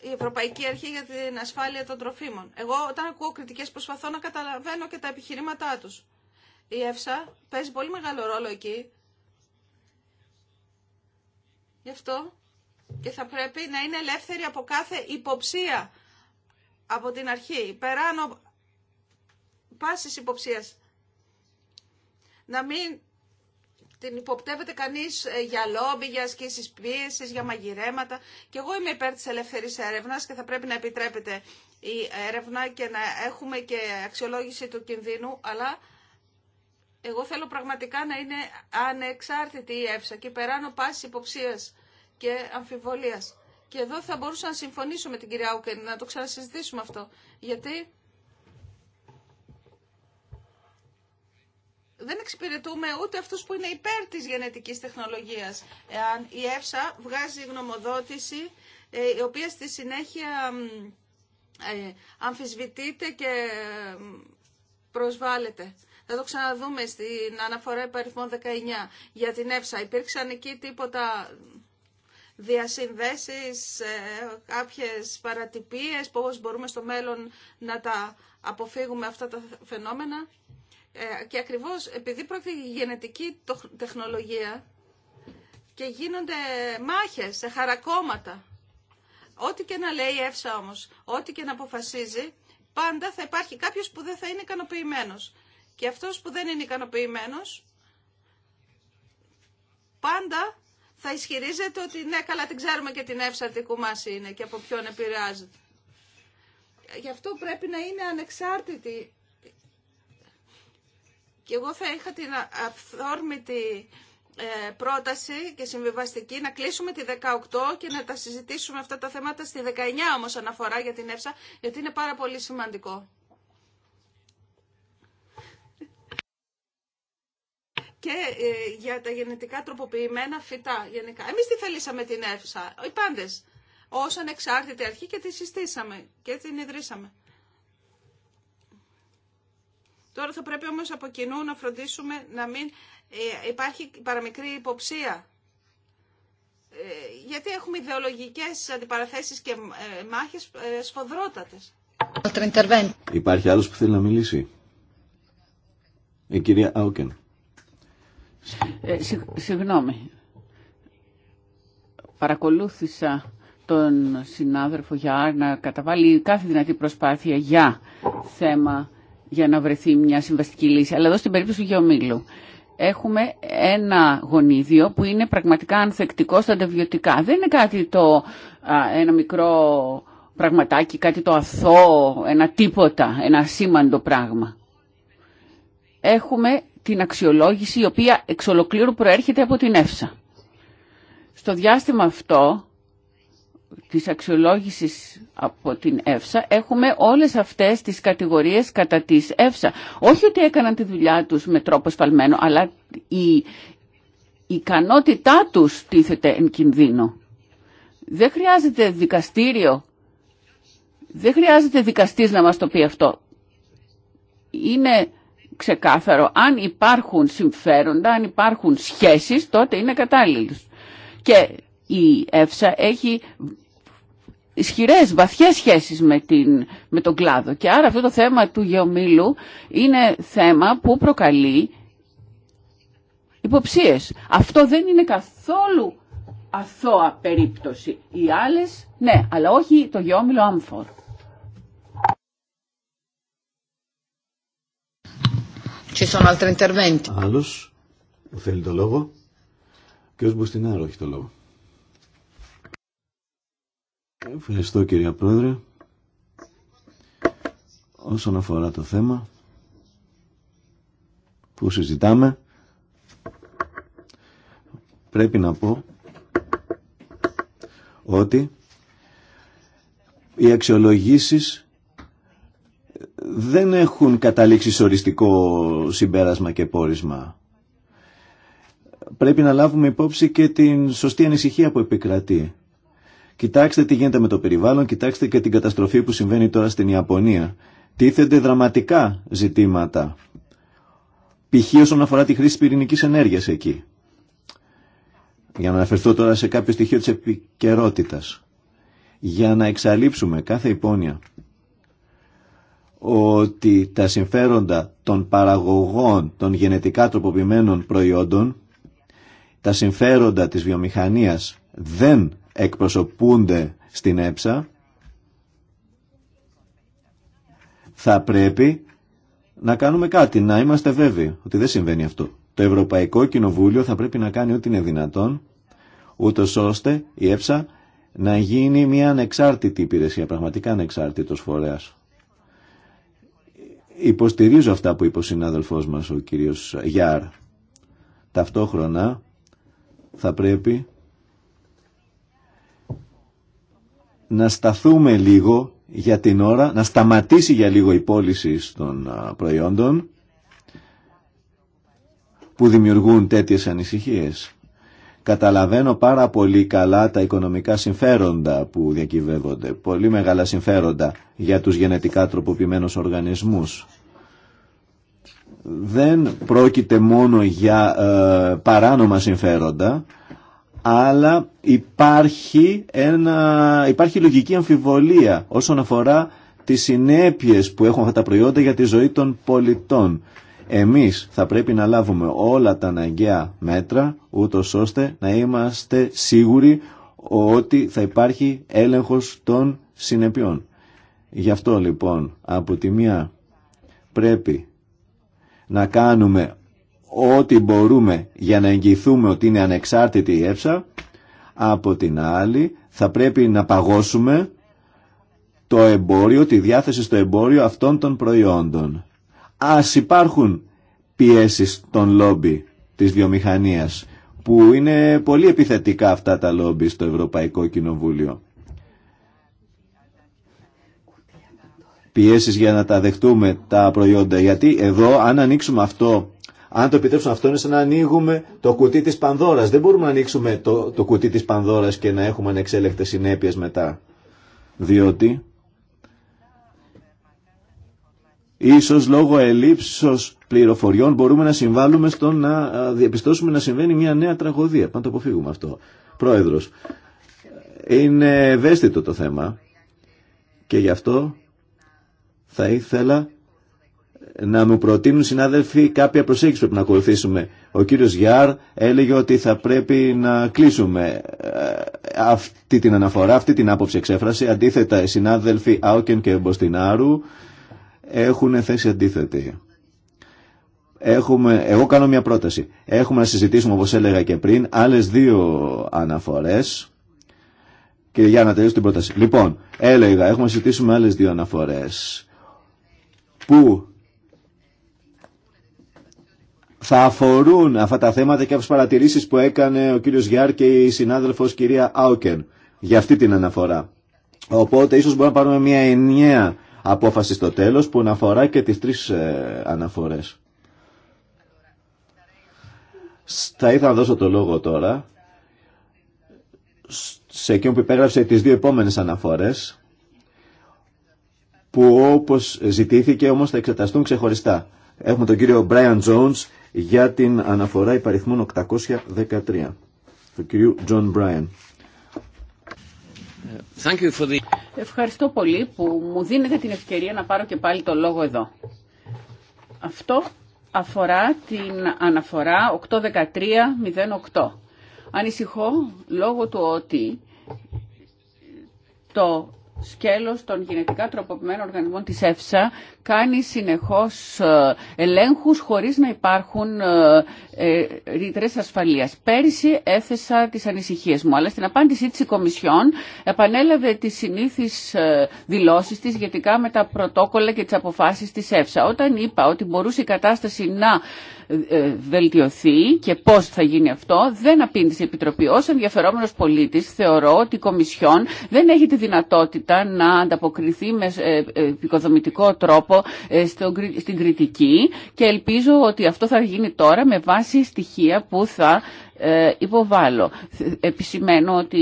Η Ευρωπαϊκή Αρχή για την Ασφάλεια των Τροφίμων. Εγώ όταν ακούω κριτικές προσπαθώ να καταλαβαίνω και τα επιχειρήματά του. Η ΕΦΣΑ παίζει πολύ μεγάλο ρόλο εκεί. Γι' αυτό και θα πρέπει να είναι ελεύθερη από κάθε υποψία από την αρχή, περάνω πάσης υποψίας. Να μην την υποπτεύεται κανείς ε, για λόμπι, για ασκήσεις πίεσης, για μαγειρέματα. Και εγώ είμαι υπέρ της ελεύθερης έρευνας και θα πρέπει να επιτρέπεται η έρευνα και να έχουμε και αξιολόγηση του κινδύνου, αλλά εγώ θέλω πραγματικά να είναι ανεξάρτητη η ΕΦΣΑ και περάνω πάση υποψίας και αμφιβολίας. Και εδώ θα μπορούσα να συμφωνήσω με την κυρία Άουκεν, να το ξανασυζητήσουμε αυτό. Γιατί δεν εξυπηρετούμε ούτε αυτούς που είναι υπέρ της γενετικής τεχνολογίας. Εάν η ΕΦΣΑ βγάζει γνωμοδότηση, ε, η οποία στη συνέχεια ε, αμφισβητείται και προσβάλλεται. Θα το ξαναδούμε στην αναφορά υπαριθμών 19. Για την ΕΦΣΑ υπήρξαν εκεί τίποτα διασυνδέσεις, ε, κάποιες παρατυπίες, πώς μπορούμε στο μέλλον να τα αποφύγουμε αυτά τα φαινόμενα. Ε, και ακριβώς επειδή πρόκειται η γενετική τεχνολογία και γίνονται μάχες σε χαρακόμματα, ό,τι και να λέει η ΕΦΣΑ όμως, ό,τι και να αποφασίζει, πάντα θα υπάρχει κάποιος που δεν θα είναι ικανοποιημένος. Και αυτός που δεν είναι ικανοποιημένος, πάντα θα ισχυρίζεται ότι ναι, καλά την ξέρουμε και την εύσα τι είναι και από ποιον επηρεάζεται. Γι' αυτό πρέπει να είναι ανεξάρτητη. Και εγώ θα είχα την αυθόρμητη ε, πρόταση και συμβιβαστική να κλείσουμε τη 18 και να τα συζητήσουμε αυτά τα θέματα στη 19 όμως αναφορά για την ΕΦΣΑ, γιατί είναι πάρα πολύ σημαντικό. και ε, για τα γενετικά τροποποιημένα φυτά γενικά. Εμείς τι θέλησαμε την ΕΦΣΑ, οι πάντες, ως ανεξάρτητη αρχή και τη συστήσαμε και την ιδρύσαμε. Τώρα θα πρέπει όμως από κοινού να φροντίσουμε να μην ε, υπάρχει παραμικρή υποψία. Ε, γιατί έχουμε ιδεολογικές αντιπαραθέσεις και μάχες σφοδρότατες. Υπάρχει άλλος που θέλει να μιλήσει. Η κυρία Άουκεν. Ε, συγγνώμη. Παρακολούθησα τον συνάδελφο για να καταβάλει κάθε δυνατή προσπάθεια για θέμα για να βρεθεί μια συμβαστική λύση. Αλλά εδώ στην περίπτωση του Γεωμήλου έχουμε ένα γονίδιο που είναι πραγματικά ανθεκτικό στα αντιβιωτικά. Δεν είναι κάτι το ένα μικρό πραγματάκι, κάτι το αθώο, ένα τίποτα, ένα σήμαντο πράγμα. Έχουμε την αξιολόγηση η οποία εξ ολοκλήρου προέρχεται από την ΕΦΣΑ. Στο διάστημα αυτό της αξιολόγησης από την ΕΦΣΑ έχουμε όλες αυτές τις κατηγορίες κατά της ΕΦΣΑ. Όχι ότι έκαναν τη δουλειά τους με τρόπο σφαλμένο, αλλά η ικανότητά τους τίθεται εν κινδύνο. Δεν χρειάζεται δικαστήριο. Δεν χρειάζεται δικαστής να μας το πει αυτό. Είναι ξεκάθαρο. Αν υπάρχουν συμφέροντα, αν υπάρχουν σχέσεις, τότε είναι κατάλληλος. Και η ΕΦΣΑ έχει ισχυρές, βαθιές σχέσεις με, την, με τον κλάδο. Και άρα αυτό το θέμα του γεωμήλου είναι θέμα που προκαλεί υποψίες. Αυτό δεν είναι καθόλου αθώα περίπτωση. Οι άλλες, ναι, αλλά όχι το γεώμηλο άμφορ. Ci sono Άλλος που θέλει το λόγο. Και ο Μπουστινάρο έχει το λόγο. Ευχαριστώ κυρία Πρόεδρε. Όσον αφορά το θέμα που συζητάμε, πρέπει να πω ότι οι αξιολογήσεις δεν έχουν καταλήξει σε οριστικό συμπέρασμα και πόρισμα. Πρέπει να λάβουμε υπόψη και την σωστή ανησυχία που επικρατεί. Κοιτάξτε τι γίνεται με το περιβάλλον, κοιτάξτε και την καταστροφή που συμβαίνει τώρα στην Ιαπωνία. Τίθενται δραματικά ζητήματα. Π.χ. όσον αφορά τη χρήση πυρηνική ενέργεια εκεί. Για να αναφερθώ τώρα σε κάποιο στοιχείο τη επικαιρότητα. Για να εξαλείψουμε κάθε υπόνοια ότι τα συμφέροντα των παραγωγών των γενετικά τροποποιημένων προϊόντων, τα συμφέροντα της βιομηχανίας δεν εκπροσωπούνται στην ΕΨΑ, θα πρέπει να κάνουμε κάτι, να είμαστε βέβαιοι ότι δεν συμβαίνει αυτό. Το Ευρωπαϊκό Κοινοβούλιο θα πρέπει να κάνει ό,τι είναι δυνατόν, ούτω ώστε η ΕΨΑ να γίνει μια ανεξάρτητη υπηρεσία, πραγματικά ανεξάρτητος φορέας. Υποστηρίζω αυτά που είπε ο συνάδελφός μας, ο κύριος Γιάρ. Ταυτόχρονα θα πρέπει να σταθούμε λίγο για την ώρα, να σταματήσει για λίγο η πώληση των προϊόντων που δημιουργούν τέτοιες ανησυχίες. Καταλαβαίνω πάρα πολύ καλά τα οικονομικά συμφέροντα που διακυβεύονται, πολύ μεγάλα συμφέροντα για τους γενετικά τροποποιημένους οργανισμούς. Δεν πρόκειται μόνο για ε, παράνομα συμφέροντα, αλλά υπάρχει, ένα, υπάρχει λογική αμφιβολία όσον αφορά τις συνέπειες που έχουν αυτά τα προϊόντα για τη ζωή των πολιτών. Εμείς θα πρέπει να λάβουμε όλα τα αναγκαία μέτρα, ούτω ώστε να είμαστε σίγουροι ότι θα υπάρχει έλεγχος των συνεπειών. Γι' αυτό λοιπόν, από τη μία πρέπει να κάνουμε ό,τι μπορούμε για να εγγυηθούμε ότι είναι ανεξάρτητη η έψα, από την άλλη θα πρέπει να παγώσουμε το εμπόριο, τη διάθεση στο εμπόριο αυτών των προϊόντων. Ας υπάρχουν πιέσεις των λόμπι της βιομηχανίας που είναι πολύ επιθετικά αυτά τα λόμπι στο Ευρωπαϊκό Κοινοβούλιο. Πιέσεις για να τα δεχτούμε τα προϊόντα. Γιατί εδώ αν ανοίξουμε αυτό, αν το επιτρέψουμε αυτό είναι σαν να ανοίγουμε το κουτί της Πανδώρας. Δεν μπορούμε να ανοίξουμε το, το κουτί της Πανδώρας και να έχουμε ανεξέλεκτες συνέπειες μετά. Διότι Ίσως λόγω ελλείψεως πληροφοριών μπορούμε να συμβάλλουμε στο να διαπιστώσουμε να συμβαίνει μια νέα τραγωδία. Πάντα αποφύγουμε αυτό. Πρόεδρος, είναι ευαίσθητο το θέμα και γι' αυτό θα ήθελα να μου προτείνουν συνάδελφοι κάποια προσέγγιση πρέπει να ακολουθήσουμε. Ο κύριος Γιάρ έλεγε ότι θα πρέπει να κλείσουμε ε, αυτή την αναφορά, αυτή την άποψη εξέφραση. Αντίθετα, οι συνάδελφοι Άουκεν και Μποστινάρου έχουν θέση αντίθετη. Έχουμε, εγώ κάνω μια πρόταση. Έχουμε να συζητήσουμε, όπως έλεγα και πριν, άλλες δύο αναφορές. Και για να τελειώσω την πρόταση. Λοιπόν, έλεγα, έχουμε να συζητήσουμε άλλες δύο αναφορές. Που θα αφορούν αυτά τα θέματα και αυτές τις παρατηρήσεις που έκανε ο κύριος Γιάρ και η συνάδελφος κυρία Άουκεν για αυτή την αναφορά. Οπότε ίσως μπορούμε να πάρουμε μια ενιαία απόφαση στο τέλος που αναφορά αφορά και τις τρεις ε, αναφορές. Θα ήθελα να δώσω το λόγο τώρα σε εκείνο που υπέγραψε τις δύο επόμενες αναφορές που όπως ζητήθηκε όμως θα εξεταστούν ξεχωριστά. Έχουμε τον κύριο Brian Jones για την αναφορά υπαριθμών 813 του κυρίου John Bryan. Ευχαριστώ πολύ που μου δίνετε την ευκαιρία να πάρω και πάλι το λόγο εδώ. Αυτό αφορά την αναφορά 81308. Ανησυχώ λόγω του ότι το σκέλος των γενετικά τροποποιημένων οργανισμών της ΕΦΣΑ κάνει συνεχώς ε, ελέγχους χωρίς να υπάρχουν ε, ε, ρήτρε ασφαλείας. Πέρυσι έθεσα τις ανησυχίες μου, αλλά στην απάντησή της η Κομισιόν επανέλαβε τις συνήθεις δηλώσεις της σχετικά με τα πρωτόκολλα και τις αποφάσεις της ΕΦΣΑ. Όταν είπα ότι μπορούσε η κατάσταση να ε, ε, βελτιωθεί και πώς θα γίνει αυτό δεν απήντησε η Επιτροπή. Ως ενδιαφερόμενος πολίτης θεωρώ ότι η Κομισιόν δεν έχει τη δυνατότητα να ανταποκριθεί με ε, επικοδομητικό τρόπο στην κριτική και ελπίζω ότι αυτό θα γίνει τώρα με βάση στοιχεία που θα ε, υποβάλλω. Επισημαίνω ότι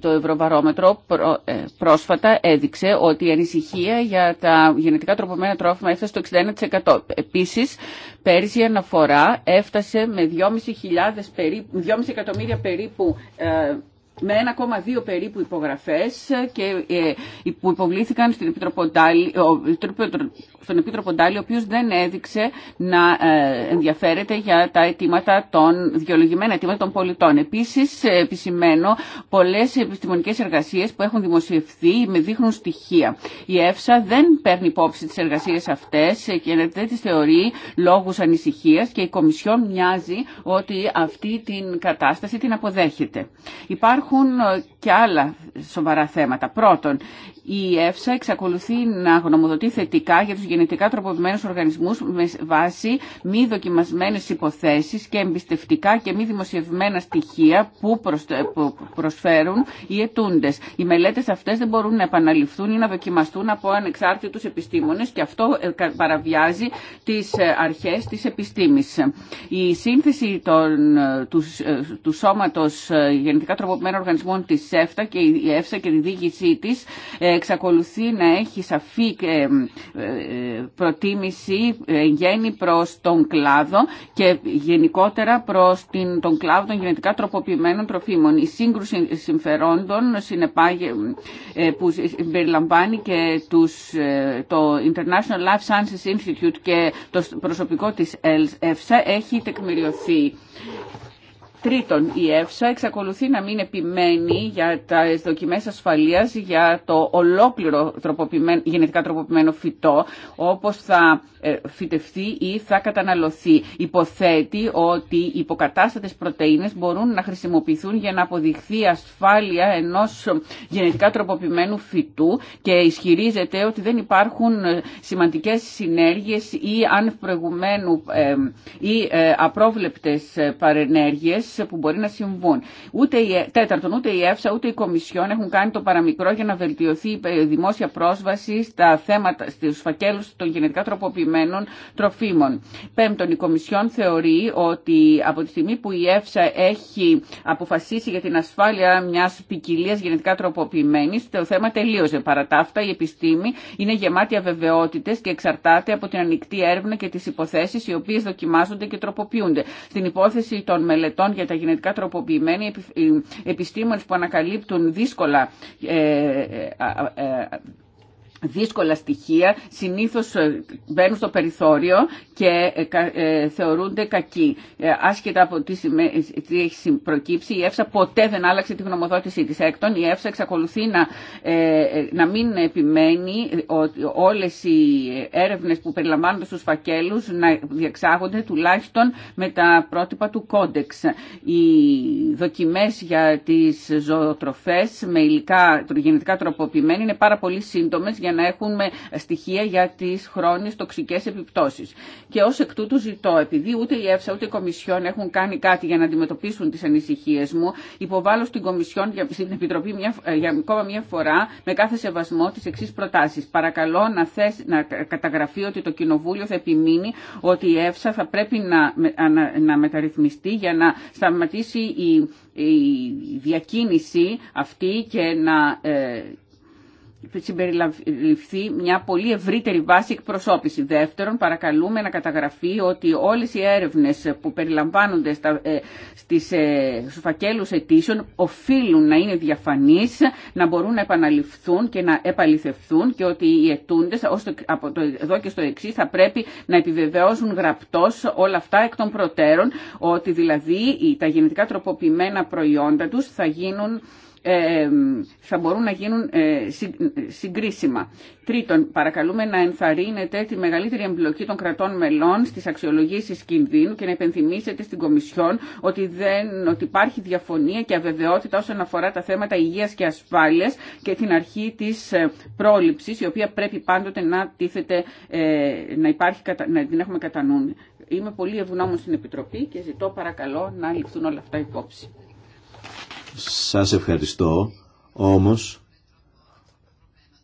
το Ευρωβαρόμετρο ε, πρόσφατα έδειξε ότι η ανησυχία για τα γενετικά τροπομένα τρόφιμα έφτασε στο 61%. Επίσης, πέρυσι η αναφορά έφτασε με 2,5 εκατομμύρια περίπου ε, με 1,2 περίπου υπογραφές και, ε, ε, που υποβλήθηκαν στην Επίτροπο Ντάλι, στον Επίτροπο Ντάλι, ο οποίος δεν έδειξε να ε, ενδιαφέρεται για τα αιτήματα των, διολογημένα αιτήματα των πολιτών. Επίσης, επισημένω, πολλές επιστημονικές εργασίες που έχουν δημοσιευθεί με δείχνουν στοιχεία. Η ΕΦΣΑ δεν παίρνει υπόψη τις εργασίες αυτές και δεν τις θεωρεί λόγους ανησυχίας και η Κομισιόν μοιάζει ότι αυτή την κατάσταση την αποδέχεται. Υπάρχουν υπάρχουν και άλλα σοβαρά θέματα. Πρώτον, η ΕΦΣΑ εξακολουθεί να γνωμοδοτεί θετικά για τους γενετικά τροποποιημένους οργανισμούς με βάση μη δοκιμασμένες υποθέσεις και εμπιστευτικά και μη δημοσιευμένα στοιχεία που προσφέρουν οι ετούντες. Οι μελέτες αυτές δεν μπορούν να επαναληφθούν ή να δοκιμαστούν από ανεξάρτητους επιστήμονες και αυτό ε, παραβιάζει τις ε, αρχές της επιστήμης. Η σύνθεση των, ε, του, του σώματος γενετικά τροποποιημένων οργανισμών της ΕΦΤΑ και η ΕΦΣΑ και τη τη εξακολουθεί να έχει σαφή ε, ε, προτίμηση ε, γέννη προς τον κλάδο και γενικότερα προς την, τον κλάδο των γενετικά τροποποιημένων τροφίμων. Η σύγκρουση συμφερόντων συνεπάγε, που περιλαμβάνει και τους, το International Life Sciences Institute και το προσωπικό της ΕΦΣΑ έχει τεκμηριωθεί. Τρίτον, η ΕΦΣΑ εξακολουθεί να μην επιμένει για τα δοκιμές ασφαλείας για το ολόκληρο τροποποιημένο, γενετικά τροποποιημένο φυτό, όπως θα ε, φυτευτεί ή θα καταναλωθεί. Υποθέτει ότι οι υποκατάστατες πρωτεΐνες μπορούν να χρησιμοποιηθούν για να αποδειχθεί ασφάλεια ενός γενετικά τροποποιημένου φυτού και ισχυρίζεται ότι δεν υπάρχουν ε, σημαντικές συνέργειες ή αν ε, ή απρόβλεπτες παρενέργειες που μπορεί να συμβούν. Ούτε η, ε, τέταρτον, ούτε η ΕΦΣΑ ούτε η Κομισιόν έχουν κάνει το παραμικρό για να βελτιωθεί η ε, δημόσια πρόσβαση στα θέματα, στους φακέλου των γενετικά τροποποιημένων τροφίμων. Πέμπτον, η Κομισιόν θεωρεί ότι από τη στιγμή που η ΕΦΣΑ έχει αποφασίσει για την ασφάλεια μιας ποικιλία γενετικά τροποποιημένης, το θέμα τελείωσε. Παρά τα αυτά, η επιστήμη είναι γεμάτη αβεβαιότητε και εξαρτάται από την ανοιχτή έρευνα και τι υποθέσει, οι οποίε δοκιμάζονται και τροποποιούνται. Στην υπόθεση των μελετών για τα γενετικά τροποποιημένοι ε, επιστήμονες που ανακαλύπτουν δύσκολα ε, ε, δύσκολα στοιχεία συνήθως ε, μπαίνουν στο περιθώριο και ε, ε, θεωρούνται κακοί. Άσχετα από τι έχει προκύψει, η ΕΦΣΑ ποτέ δεν άλλαξε τη γνωμοδότησή της. Έκτον, η ΕΦΣΑ εξακολουθεί να, να μην επιμένει ότι όλες οι έρευνες που περιλαμβάνονται στους φακέλους να διεξάγονται τουλάχιστον με τα πρότυπα του κόντεξ. Οι δοκιμές για τις ζωοτροφές με υλικά γενετικά τροποποιημένα είναι πάρα πολύ σύντομες για να έχουμε στοιχεία για τι χρόνιε τοξικέ επιπτώσει. Και ω εκ τούτου ζητώ, επειδή ούτε η ΕΦΣΑ ούτε η Κομισιόν έχουν κάνει κάτι για να αντιμετωπίσουν τι ανησυχίε μου, υποβάλλω στην Κομισιόν στην Επιτροπή μια, για ακόμα μια φορά με κάθε σεβασμό τις εξή προτάσει. Παρακαλώ να, θες, να καταγραφεί ότι το Κοινοβούλιο θα επιμείνει ότι η ΕΦΣΑ θα πρέπει να, να, να μεταρρυθμιστεί για να σταματήσει η, η διακίνηση αυτή και να ε, συμπεριληφθεί μια πολύ ευρύτερη βάση εκπροσώπηση. Δεύτερον, παρακαλούμε να καταγραφεί ότι όλες οι έρευνες που περιλαμβάνονται στα, ε, στις, ε, στους αιτήσεων οφείλουν να είναι διαφανείς, να μπορούν να επαναληφθούν και να επαληθευθούν και ότι οι αιτούντες από το, εδώ και στο εξή θα πρέπει να επιβεβαιώσουν γραπτός όλα αυτά εκ των προτέρων, ότι δηλαδή τα γενετικά τροποποιημένα προϊόντα τους θα γίνουν θα μπορούν να γίνουν ε, συγκρίσιμα. Τρίτον, παρακαλούμε να ενθαρρύνετε τη μεγαλύτερη εμπλοκή των κρατών μελών στις αξιολογήσεις κινδύνου και να υπενθυμίσετε στην Κομισιόν ότι, δεν, ότι υπάρχει διαφωνία και αβεβαιότητα όσον αφορά τα θέματα υγείας και ασφάλειας και την αρχή της ε, πρόληψης, η οποία πρέπει πάντοτε να ε, να, υπάρχει, να την έχουμε κατά νου. Είμαι πολύ ευγνώμων στην Επιτροπή και ζητώ παρακαλώ να ληφθούν όλα αυτά υπόψη. Σας ευχαριστώ. Όμως,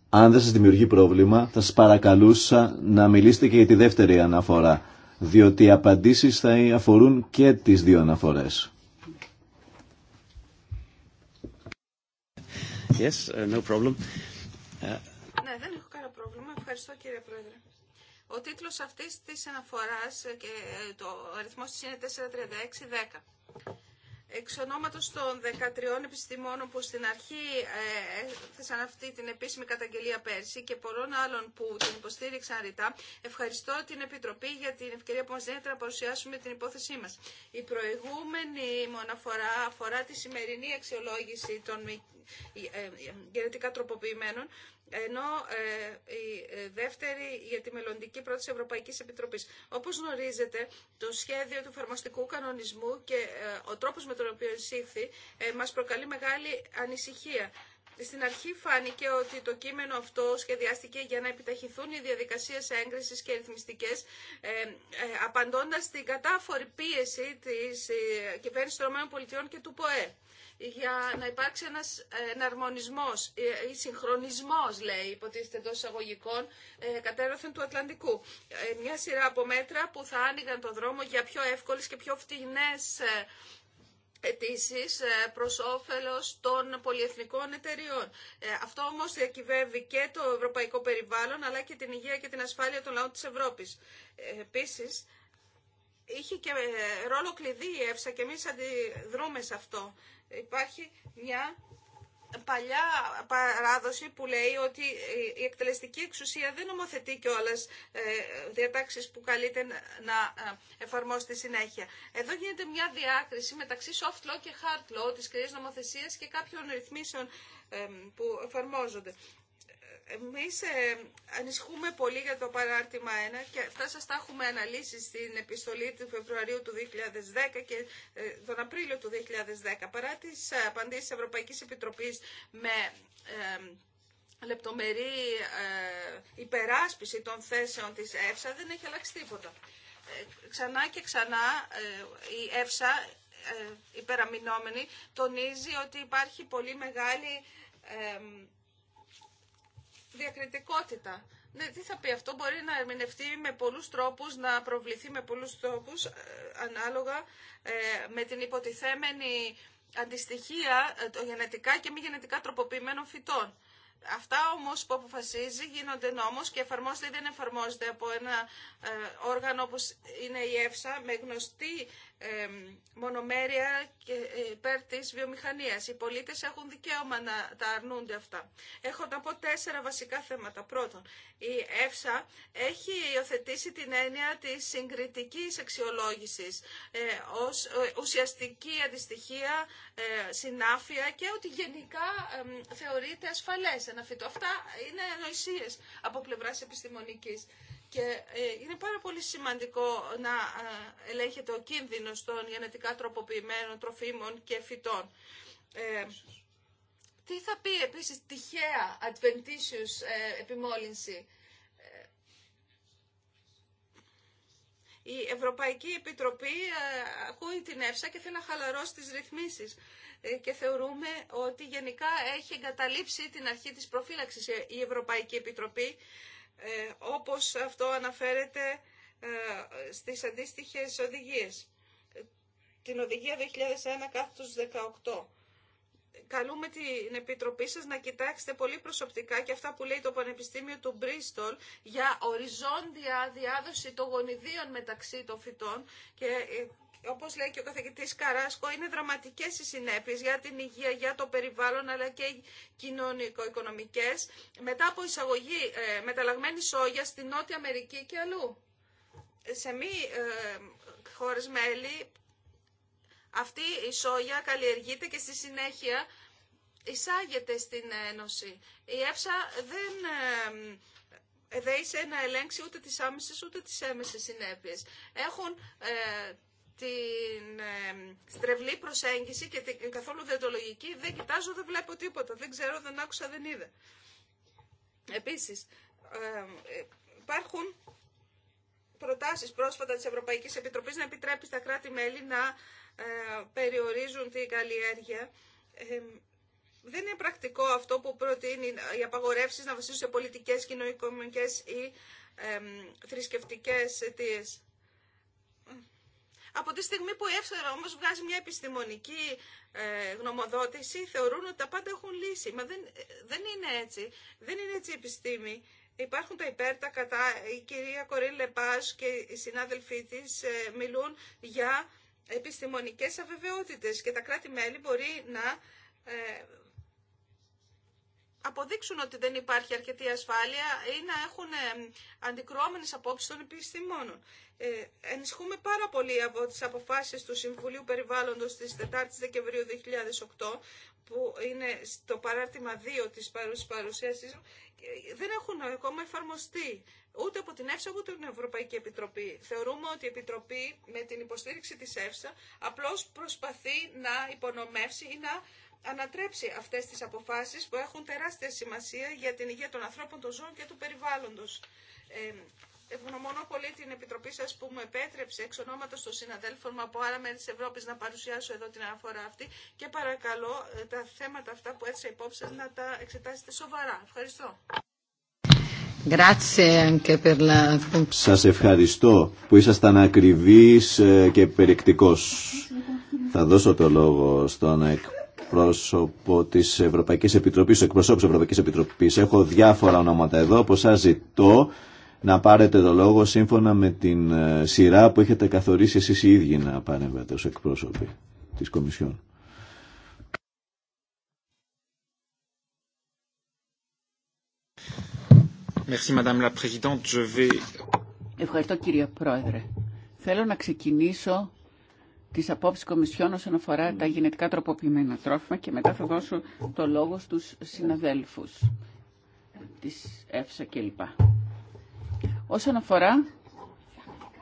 αν δεν σας δημιουργεί πρόβλημα, θα σας παρακαλούσα να μιλήσετε και για τη δεύτερη αναφορά, διότι οι απαντήσεις θα αφορούν και τις δύο αναφορές. Yes, uh, no problem. Uh, ναι, δεν έχω κανένα πρόβλημα. Ευχαριστώ κύριε Πρόεδρε. Ο τίτλος αυτής της αναφοράς ε, και ε, το αριθμός της είναι 43610. Εξ ονόματος των 13 επιστημόνων που στην αρχή ε, έθεσαν αυτή την επίσημη καταγγελία πέρσι και πολλών άλλων που την υποστήριξαν ρητά, ευχαριστώ την Επιτροπή για την ευκαιρία που μας δίνεται να παρουσιάσουμε την υπόθεσή μας. Η προηγούμενη μοναφορά αφορά τη σημερινή αξιολόγηση των ε, ε, γενετικά τροποποιημένων, ενώ ε, η δεύτερη για τη μελλοντική πρόταση Ευρωπαϊκής Επιτροπής. Όπως γνωρίζετε, το σχέδιο του εφαρμοστικού κανονισμού και ο τρόπος με τον οποίο εισήχθη μας προκαλεί μεγάλη ανησυχία. Στην αρχή φάνηκε ότι το κείμενο αυτό σχεδιάστηκε για να επιταχυθούν οι διαδικασίες έγκρισης και ρυθμιστικές, ε, απαντώντας στην κατάφορη πίεση της ε, κυβέρνησης των ΗΠΑ και του ΠΟΕ για να υπάρξει ένας εναρμονισμός ή συγχρονισμός, λέει, υποτίθεται εντό εισαγωγικών, ε, κατέρωθεν του Ατλαντικού. Ε, μια σειρά από μέτρα που θα άνοιγαν τον δρόμο για πιο εύκολες και πιο φτηνές ε, αιτήσει προ όφελο των πολυεθνικών εταιριών. Αυτό όμω διακυβεύει και το ευρωπαϊκό περιβάλλον αλλά και την υγεία και την ασφάλεια των λαών τη Ευρώπη. Επίση, είχε και ρόλο κλειδί η ΕΦΣΑ και εμεί αντιδρούμε σε αυτό. Υπάρχει μια παλιά παράδοση που λέει ότι η εκτελεστική εξουσία δεν νομοθετεί κιόλας ε, διατάξεις που καλείται να ε, εφαρμόσει στη συνέχεια. Εδώ γίνεται μια διάκριση μεταξύ soft law και hard law της κρίσης νομοθεσίας και κάποιων ρυθμίσεων ε, που εφαρμόζονται εμείς ε, ανησυχούμε πολύ για το παράρτημα 1 και αυτά σας τα έχουμε αναλύσει στην επιστολή του Φεβρουαρίου του 2010 και ε, τον Απρίλιο του 2010. Παρά τις ε, απαντήσεις της Ευρωπαϊκής Επιτροπής με λεπτομερή υπεράσπιση των θέσεων της ΕΦΣΑ δεν έχει αλλάξει τίποτα. Ξανά και ξανά η ΕΦΣΑ υπεραμεινόμενη τονίζει ότι υπάρχει πολύ μεγάλη διακριτικότητα. Ναι, τι θα πει αυτό, μπορεί να ερμηνευτεί με πολλούς τρόπους, να προβληθεί με πολλούς τρόπους, ε, ανάλογα ε, με την υποτιθέμενη αντιστοιχεία ε, γενετικά και μη γενετικά τροποποιημένων φυτών. Αυτά όμως που αποφασίζει γίνονται νόμος και εφαρμόζεται ή δεν εφαρμόζεται από ένα όργανο όπως είναι η ΕΦΣΑ με γνωστή μονομέρεια και υπέρ της βιομηχανίας. Οι πολίτες έχουν δικαίωμα να τα αρνούνται αυτά. Έχω να πω τέσσερα βασικά θέματα. Πρώτον, η ΕΦΣΑ έχει υιοθετήσει την έννοια της συγκριτικής αξιολόγηση ε, ως ε, ουσιαστική αντιστοιχία, ε, συνάφεια και ότι γενικά θεωρείται ασφαλέ. ένα φυτό. Αυτά είναι νοησίες από πλευρά επιστημονική. Και ε, είναι πάρα πολύ σημαντικό να ε, ελέγχεται ο κίνδυνος των γενετικά τροποποιημένων τροφίμων και φυτών. Ε, τι θα πει επίσης τυχαία adventitious επιμόλυνση. η Ευρωπαϊκή Επιτροπή ακούει την ΕΦΣΑ και θέλει να χαλαρώσει τις ρυθμίσεις και θεωρούμε ότι γενικά έχει εγκαταλείψει την αρχή της προφύλαξης η Ευρωπαϊκή Επιτροπή ε, όπως αυτό αναφέρεται ε, στις αντίστοιχες οδηγίες. Την οδηγία 2001 κάθετος 18. Καλούμε την Επιτροπή σας να κοιτάξετε πολύ προσωπικά και αυτά που λέει το Πανεπιστήμιο του Μπρίστολ για οριζόντια διάδοση των γονιδίων μεταξύ των φυτών και ε, Όπω λέει και ο καθηγητής Καράσκο, είναι δραματικέ οι συνέπειε για την υγεία, για το περιβάλλον, αλλά και κοινωνικο οικονομικέ, μετά από εισαγωγή ε, μεταλλαγμένη σόγια στη Νότια Αμερική και αλλού. Σε μη ε, μέλη, αυτή η σόγια καλλιεργείται και στη συνέχεια εισάγεται στην Ένωση. Η ΕΦΣΑ δεν... Ε, σε να ελέγξει ούτε τις άμεσες ούτε τις έμεσες συνέπειες. Έχουν ε, την στρεβλή προσέγγιση και την καθόλου διαιτολογική. Δεν κοιτάζω, δεν βλέπω τίποτα, δεν ξέρω, δεν άκουσα, δεν είδα. Επίσης, υπάρχουν προτάσεις πρόσφατα τη Ευρωπαϊκή Επιτροπής να επιτρέπει στα κράτη-μέλη να ε, περιορίζουν την καλλιέργεια. Δεν είναι πρακτικό αυτό που προτείνει οι απαγορεύσει να βασίζουν σε πολιτικέ, κοινωνικέ ή θρησκευτικέ αιτίε. Από τη στιγμή που η Εύσορα όμως βγάζει μια επιστημονική ε, γνωμοδότηση, θεωρούν ότι τα πάντα έχουν λύσει. Μα δεν, ε, δεν είναι έτσι. Δεν είναι έτσι η επιστήμη. Υπάρχουν τα υπέρ, κατά. Η κυρία Κορίν λεπάς και οι συνάδελφοί της ε, μιλούν για επιστημονικές αβεβαιότητες και τα κράτη-μέλη μπορεί να αποδείξουν ότι δεν υπάρχει αρκετή ασφάλεια ή να έχουν αντικρουόμενες απόψεις των επιστημόνων. Ε, ενισχύουμε πάρα πολύ από τις αποφάσεις του Συμβουλίου Περιβάλλοντος της 4 η Δεκεμβρίου 2008 που είναι στο παράρτημα 2 της παρουσίασης δεν έχουν ακόμα εφαρμοστεί ούτε από την ΕΦΣΑ ούτε από την Ευρωπαϊκή Επιτροπή. Θεωρούμε ότι η Επιτροπή με την υποστήριξη της ΕΦΣΑ απλώς προσπαθεί να υπονομεύσει ή να ανατρέψει αυτές τις αποφάσεις που έχουν τεράστια σημασία για την υγεία των ανθρώπων, των ζώων και του περιβάλλοντος. Ε, Ευγνωμονώ πολύ την Επιτροπή σα που μου επέτρεψε εξ ονόματο των συναδέλφων μου από άλλα μέρη τη Ευρώπη να παρουσιάσω εδώ την αναφορά αυτή και παρακαλώ ε, τα θέματα αυτά που έθεσα υπόψη να τα εξετάσετε σοβαρά. Ευχαριστώ. Σα ευχαριστώ που ήσασταν ακριβής ε, και περιεκτικός. Θα δώσω το λόγο στον εκπρόσωπο της Ευρωπαϊκή Επιτροπής, στον εκπροσώπη της Ευρωπαϊκής Επιτροπής. Έχω διάφορα ονόματα εδώ, από σα ζητώ να πάρετε το λόγο σύμφωνα με την ε, σειρά που έχετε καθορίσει εσείς οι ίδιοι να παρέμβετε ως εκπρόσωποι της Κομισιόν. Ευχαριστώ κύριε Πρόεδρε. Θέλω να ξεκινήσω τις απόψεις Κομισιόν όσον αφορά τα γενετικά τροποποιημένα τρόφιμα και μετά θα δώσω το λόγο στους συναδέλφους της ΕΦΣΑ κλπ όσον αφορά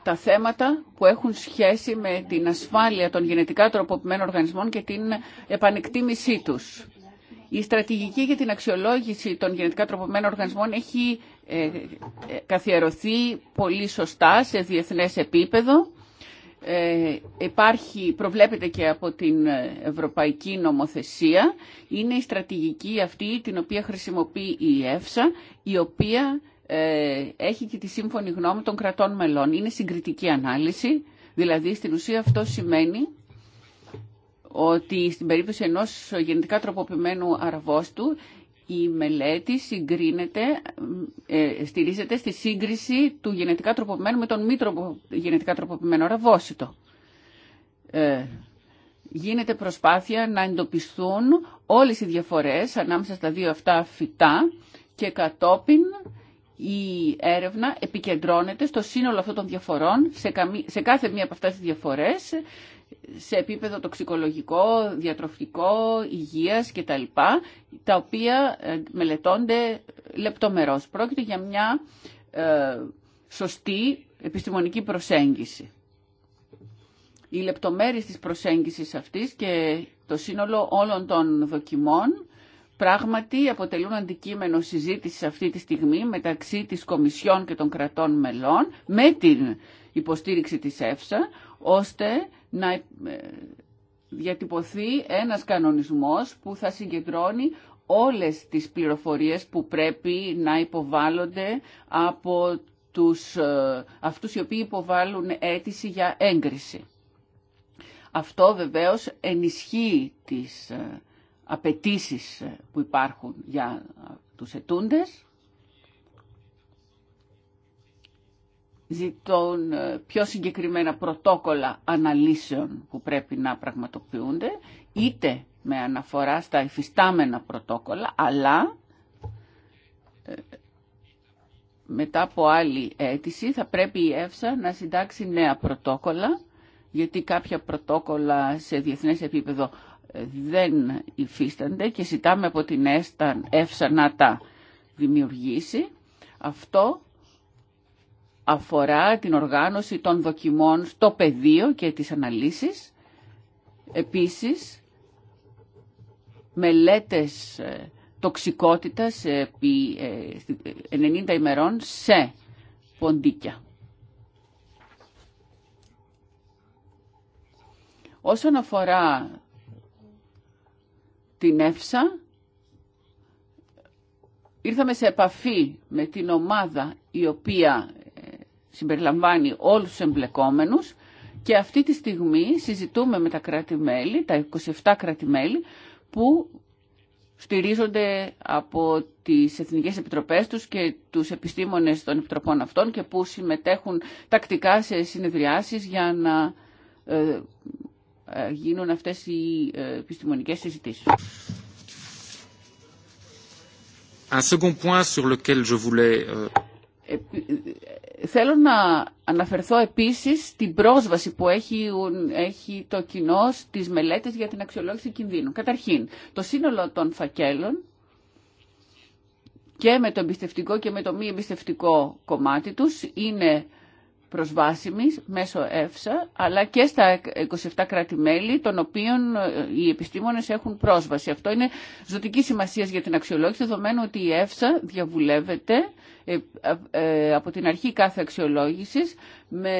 τα θέματα που έχουν σχέση με την ασφάλεια των γενετικά τροποποιημένων οργανισμών και την επανεκτίμησή τους. Η στρατηγική για την αξιολόγηση των γενετικά τροποποιημένων οργανισμών έχει ε, ε, καθιερωθεί πολύ σωστά σε διεθνές επίπεδο. Ε, υπάρχει, προβλέπεται και από την Ευρωπαϊκή Νομοθεσία. Είναι η στρατηγική αυτή την οποία χρησιμοποιεί η ΕΦΣΑ, η οποία ε, έχει και τη σύμφωνη γνώμη των κρατών μελών. Είναι συγκριτική ανάλυση, δηλαδή στην ουσία αυτό σημαίνει ότι στην περίπτωση ενός γενετικά τροποποιημένου αραβόστου η μελέτη συγκρίνεται, ε, στηρίζεται στη σύγκριση του γενετικά τροποποιημένου με τον μη γενετικά τροποποιημένο αραβόσιτο. Ε, γίνεται προσπάθεια να εντοπιστούν όλες οι διαφορές ανάμεσα στα δύο αυτά φυτά και κατόπιν η έρευνα επικεντρώνεται στο σύνολο αυτών των διαφορών, σε κάθε μία από αυτές τις διαφορές, σε επίπεδο τοξικολογικό, διατροφικό, υγείας κτλ, τα οποία ε, μελετώνται λεπτομερώς. Πρόκειται για μια ε, σωστή επιστημονική προσέγγιση. Οι λεπτομέρειες της προσέγγισης αυτής και το σύνολο όλων των δοκιμών πράγματι αποτελούν αντικείμενο συζήτηση αυτή τη στιγμή μεταξύ της Κομισιόν και των κρατών μελών με την υποστήριξη της ΕΦΣΑ ώστε να ε, διατυπωθεί ένας κανονισμός που θα συγκεντρώνει όλες τις πληροφορίες που πρέπει να υποβάλλονται από τους, ε, αυτούς οι οποίοι υποβάλλουν αίτηση για έγκριση. Αυτό βεβαίως ενισχύει τις ε, απαιτήσει ε, που υπάρχουν για ε, τους ετούντες. ζητών ε, πιο συγκεκριμένα πρωτόκολλα αναλύσεων που πρέπει να πραγματοποιούνται, είτε με αναφορά στα υφιστάμενα πρωτόκολλα, αλλά μετά από άλλη αίτηση θα πρέπει η ΕΦΣΑ να συντάξει νέα πρωτόκολλα, γιατί κάποια πρωτόκολλα σε διεθνές επίπεδο δεν υφίστανται και ζητάμε από την ΕΦΣΑ να τα δημιουργήσει. Αυτό αφορά την οργάνωση των δοκιμών στο πεδίο και τις αναλύσεις. Επίσης, μελέτες ε, τοξικότητας επί 90 ε, ε, ημερών σε ποντίκια. Όσον αφορά την ΕΦΣΑ. Ήρθαμε σε επαφή με την ομάδα η οποία ε, συμπεριλαμβάνει όλους τους εμπλεκόμενους και αυτή τη στιγμή συζητούμε με τα κράτη-μέλη, τα 27 κράτη-μέλη που στηρίζονται από τις Εθνικές Επιτροπές τους και τους επιστήμονες των επιτροπών αυτών και που συμμετέχουν τακτικά σε συνεδριάσεις για να ε, γίνουν αυτές οι ε, επιστημονικές συζητήσεις. Un second point sur lequel je euh, ε, θέλω να αναφερθώ επίσης στην πρόσβαση που έχει, έχει το κοινό στις μελέτες για την αξιολόγηση κινδύνου. Καταρχήν, το σύνολο των φακέλων και με το εμπιστευτικό και με το μη εμπιστευτικό κομμάτι τους είναι προσβάσιμη μέσω ΕΦΣΑ, αλλά και στα 27 κράτη-μέλη, των οποίων ε, οι επιστήμονες έχουν πρόσβαση. Αυτό είναι ζωτική σημασία για την αξιολόγηση, δεδομένου ότι η ΕΦΣΑ διαβουλεύεται ε, ε, από την αρχή κάθε αξιολόγησης με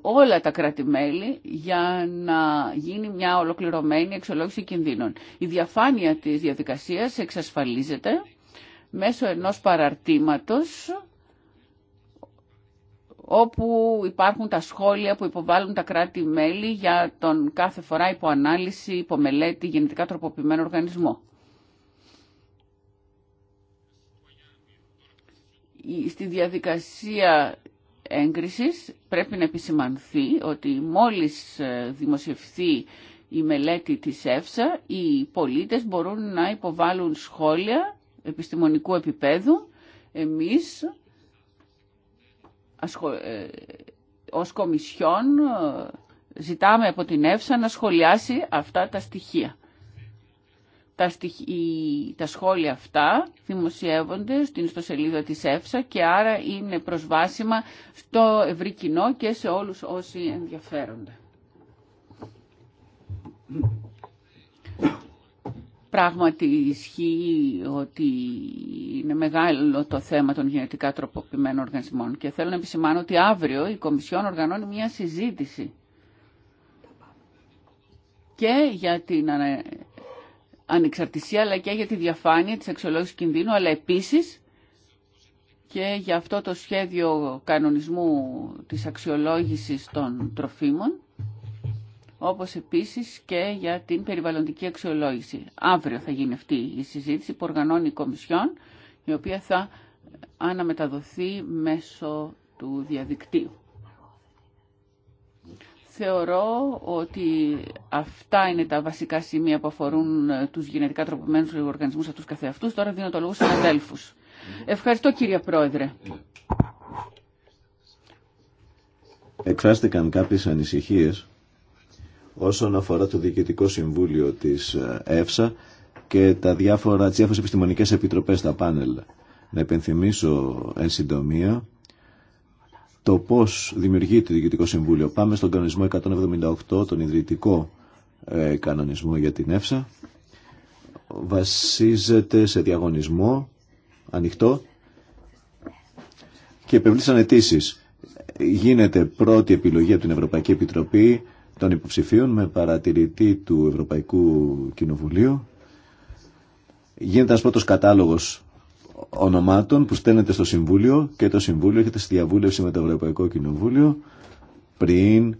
όλα τα κράτη-μέλη για να γίνει μια ολοκληρωμένη αξιολόγηση κινδύνων. Η διαφάνεια της διαδικασίας εξασφαλίζεται μέσω ενός παραρτήματος όπου υπάρχουν τα σχόλια που υποβάλλουν τα κράτη-μέλη για τον κάθε φορά υποανάλυση, υπομελέτη, γενετικά τροποποιημένο οργανισμό. Στη διαδικασία έγκρισης πρέπει να επισημανθεί ότι μόλις ε, δημοσιευθεί η μελέτη της ΕΦΣΑ, οι πολίτες μπορούν να υποβάλουν σχόλια επιστημονικού επίπεδου. Εμείς ε, ως Κομισιόν ε, ζητάμε από την ΕΦΣΑ να σχολιάσει αυτά τα στοιχεία. Τα, τα σχόλια αυτά δημοσιεύονται στην ιστοσελίδα της ΕΦΣΑ και άρα είναι προσβάσιμα στο ευρύ κοινό και σε όλους όσοι ενδιαφέρονται. Πράγματι ισχύει ότι είναι μεγάλο το θέμα των γενετικά τροποποιημένων οργανισμών και θέλω να επισημάνω ότι αύριο η Κομισιόν οργανώνει μια συζήτηση και για την ανεξαρτησία αλλά και για τη διαφάνεια της αξιολόγησης κινδύνου αλλά επίσης και για αυτό το σχέδιο κανονισμού της αξιολόγησης των τροφίμων όπως επίσης και για την περιβαλλοντική αξιολόγηση. Αύριο θα γίνει αυτή η συζήτηση που οργανώνει η Κομισιόν, η οποία θα αναμεταδοθεί μέσω του διαδικτύου. Θεωρώ ότι αυτά είναι τα βασικά σημεία που αφορούν τους γενετικά τροποποιημένους οργανισμούς αυτούς καθεαυτούς. Τώρα δίνω το λόγο στους αδέλφους. Ευχαριστώ κύριε Πρόεδρε. Εκφράστηκαν κάποιες ανησυχίες όσον αφορά το Διοικητικό Συμβούλιο της ε, ΕΦΣΑ και τα διάφορα, τις διάφορες επιστημονικές επιτροπές τα πάνελ. Να υπενθυμίσω εν συντομία το πώς δημιουργεί το Διοικητικό Συμβούλιο. Πάμε στον κανονισμό 178, τον ιδρυτικό ε, κανονισμό για την ΕΦΣΑ. Βασίζεται σε διαγωνισμό ανοιχτό και επευλήσαν αιτήσει. Γίνεται πρώτη επιλογή από την Ευρωπαϊκή Επιτροπή των υποψηφίων με παρατηρητή του Ευρωπαϊκού Κοινοβουλίου. Γίνεται ένα πρώτο κατάλογος ονομάτων που στέλνεται στο Συμβούλιο και το Συμβούλιο έχετε στη διαβούλευση με το Ευρωπαϊκό Κοινοβούλιο πριν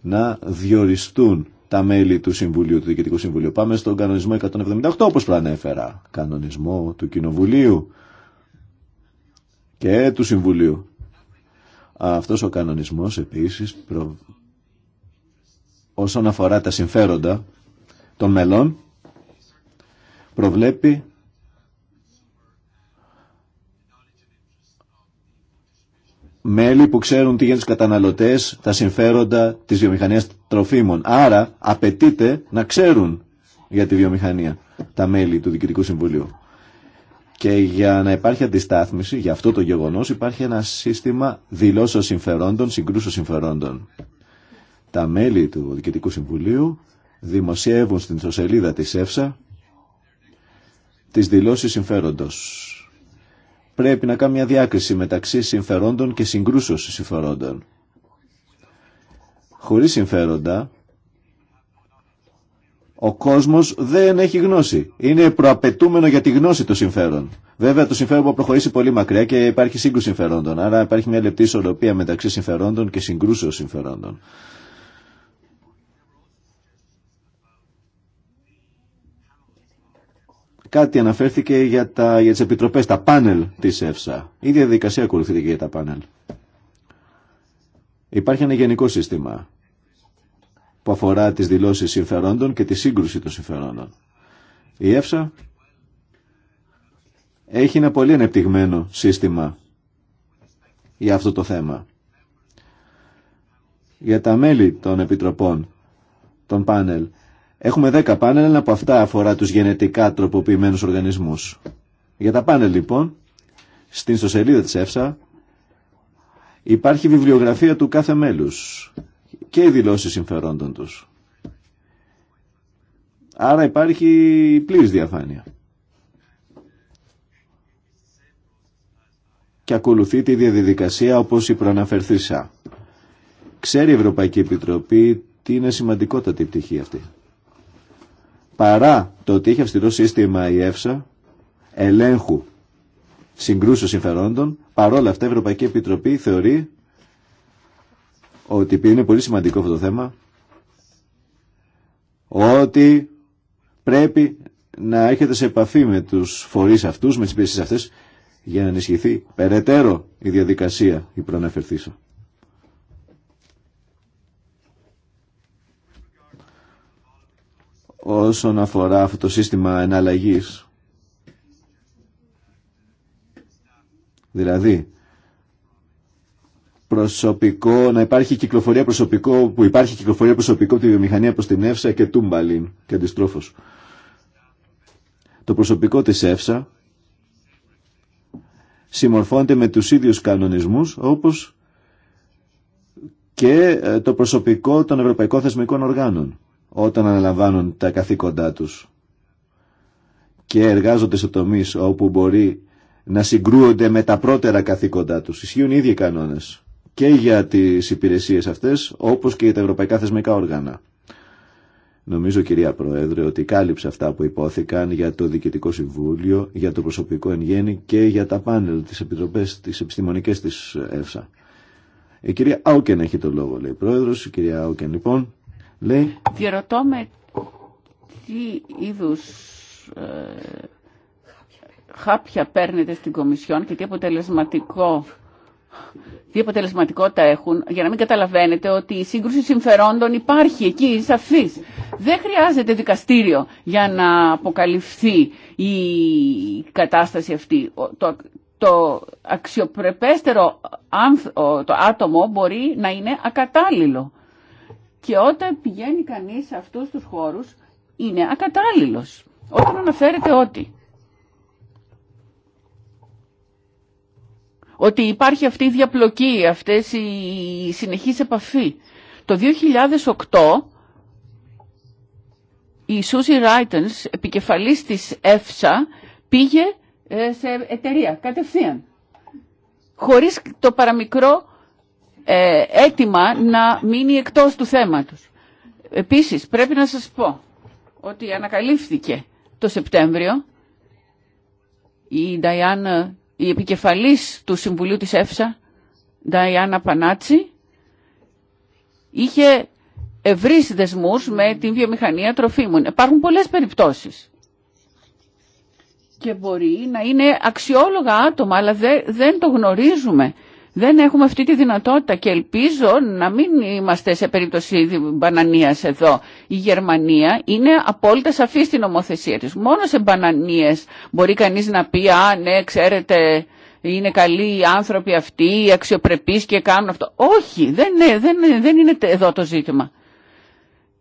να διοριστούν τα μέλη του Συμβουλίου, του Διοικητικού Συμβουλίου. Πάμε στον κανονισμό 178 όπως προανέφερα. Κανονισμό του Κοινοβουλίου και του Συμβουλίου. Αυτός ο κανονισμός επίσης προ όσον αφορά τα συμφέροντα των μελών προβλέπει μέλη που ξέρουν τι γίνεται στους καταναλωτές, τα συμφέροντα της βιομηχανίας τροφίμων. Άρα απαιτείται να ξέρουν για τη βιομηχανία τα μέλη του Διοικητικού Συμβουλίου. Και για να υπάρχει αντιστάθμιση, για αυτό το γεγονός υπάρχει ένα σύστημα δηλώσεων συμφερόντων, συγκρούσεων συμφερόντων. Τα μέλη του Διοικητικού Συμβουλίου δημοσιεύουν στην ιστοσελίδα της ΕΦΣΑ τις δηλώσεις συμφέροντος. Πρέπει να κάνει μια διάκριση μεταξύ συμφερόντων και συγκρούσεως συμφερόντων. Χωρίς συμφέροντα, ο κόσμος δεν έχει γνώση. Είναι προαπαιτούμενο για τη γνώση των συμφέρον. Βέβαια το συμφέρον που προχωρήσει πολύ μακριά και υπάρχει σύγκρουση συμφερόντων. Άρα υπάρχει μια λεπτή ισορροπία μεταξύ συμφερόντων και συγκρούσεως συμφερόντων. Κάτι αναφέρθηκε για, τα, για τις επιτροπές, τα πάνελ της ΕΦΣΑ. Η διαδικασία ακολουθείται και για τα πάνελ. Υπάρχει ένα γενικό σύστημα που αφορά τις δηλώσεις συμφερόντων και τη σύγκρουση των συμφερόντων. Η ΕΦΣΑ έχει ένα πολύ ανεπτυγμένο σύστημα για αυτό το θέμα. Για τα μέλη των επιτροπών, των πάνελ, Έχουμε 10 πάνελ, ένα από αυτά αφορά τους γενετικά τροποποιημένους οργανισμούς. Για τα πάνελ λοιπόν, στην ιστοσελίδα της ΕΦΣΑ υπάρχει βιβλιογραφία του κάθε μέλους και οι δηλώσεις συμφερόντων τους. Άρα υπάρχει πλήρης διαφάνεια. Και ακολουθεί τη διαδικασία όπως η προαναφερθήσα. Ξέρει η Ευρωπαϊκή Επιτροπή τι είναι σημαντικότατη η πτυχή αυτή παρά το ότι είχε αυστηρό σύστημα η ΕΦΣΑ ελέγχου συγκρούσεων συμφερόντων, παρόλα αυτά η Ευρωπαϊκή Επιτροπή θεωρεί ότι είναι πολύ σημαντικό αυτό το θέμα, ότι πρέπει να έχετε σε επαφή με τους φορείς αυτούς, με τις υπηρεσίες αυτές, για να ενισχυθεί περαιτέρω η διαδικασία η προναφερθήσα. όσον αφορά αυτό το σύστημα εναλλαγής. Δηλαδή, προσωπικό, να υπάρχει κυκλοφορία προσωπικό, που υπάρχει κυκλοφορία προσωπικό από τη βιομηχανία προς την ΕΦΣΑ και Τούμπαλιν και αντιστρόφως. Το προσωπικό της ΕΦΣΑ συμμορφώνεται με τους ίδιους κανονισμούς όπως και ε, το προσωπικό των Ευρωπαϊκών Θεσμικών Οργάνων όταν αναλαμβάνουν τα καθήκοντά τους και εργάζονται σε τομείς όπου μπορεί να συγκρούονται με τα πρώτερα καθήκοντά τους. Ισχύουν οι ίδιοι κανόνες και για τις υπηρεσίες αυτές όπως και για τα ευρωπαϊκά θεσμικά όργανα. Νομίζω κυρία Πρόεδρε ότι κάλυψε αυτά που υπόθηκαν για το Διοικητικό Συμβούλιο, για το προσωπικό εν γέννη και για τα πάνελ της Επιτροπές της Επιστημονικές της ΕΦΣΑ. Η κυρία Άουκεν έχει το λόγο λέει η Πρόεδρος, η κυρία Άουκεν λοιπόν. Λέει... Διερωτώ με τι είδους ε, χάπια παίρνετε στην Κομισιόν και τι αποτελεσματικό τι αποτελεσματικότητα έχουν για να μην καταλαβαίνετε ότι η σύγκρουση συμφερόντων υπάρχει εκεί, σαφής. Δεν χρειάζεται δικαστήριο για να αποκαλυφθεί η κατάσταση αυτή. Το, το αξιοπρεπέστερο το άτομο μπορεί να είναι ακατάλληλο. Και όταν πηγαίνει κανείς σε αυτούς τους χώρους είναι ακατάλληλος. Όταν αναφέρεται ότι ότι υπάρχει αυτή η διαπλοκή, αυτές η συνεχής επαφή. Το 2008 η Susie Ράιτενς, επικεφαλής της ΕΦΣΑ, πήγε ε, σε εταιρεία κατευθείαν. Χωρίς το παραμικρό ε, έτοιμα να μείνει εκτός του θέματος. Επίσης, πρέπει να σας πω ότι ανακαλύφθηκε το Σεπτέμβριο η Νταϊάννα, η επικεφαλής του Συμβουλίου της ΕΦΣΑ, Νταϊάννα Πανάτσι, είχε ευρύς δεσμούς με την βιομηχανία τροφίμων. Υπάρχουν πολλές περιπτώσεις. Και μπορεί να είναι αξιόλογα άτομα, αλλά δεν το γνωρίζουμε δεν έχουμε αυτή τη δυνατότητα και ελπίζω να μην είμαστε σε περίπτωση μπανανίας εδώ. Η Γερμανία είναι απόλυτα σαφή στην νομοθεσία της. Μόνο σε μπανανίες μπορεί κανείς να πει «Α, ναι, ξέρετε, είναι καλοί οι άνθρωποι αυτοί, οι αξιοπρεπείς και κάνουν αυτό». Όχι, δεν, ναι, δεν, δεν είναι εδώ το ζήτημα.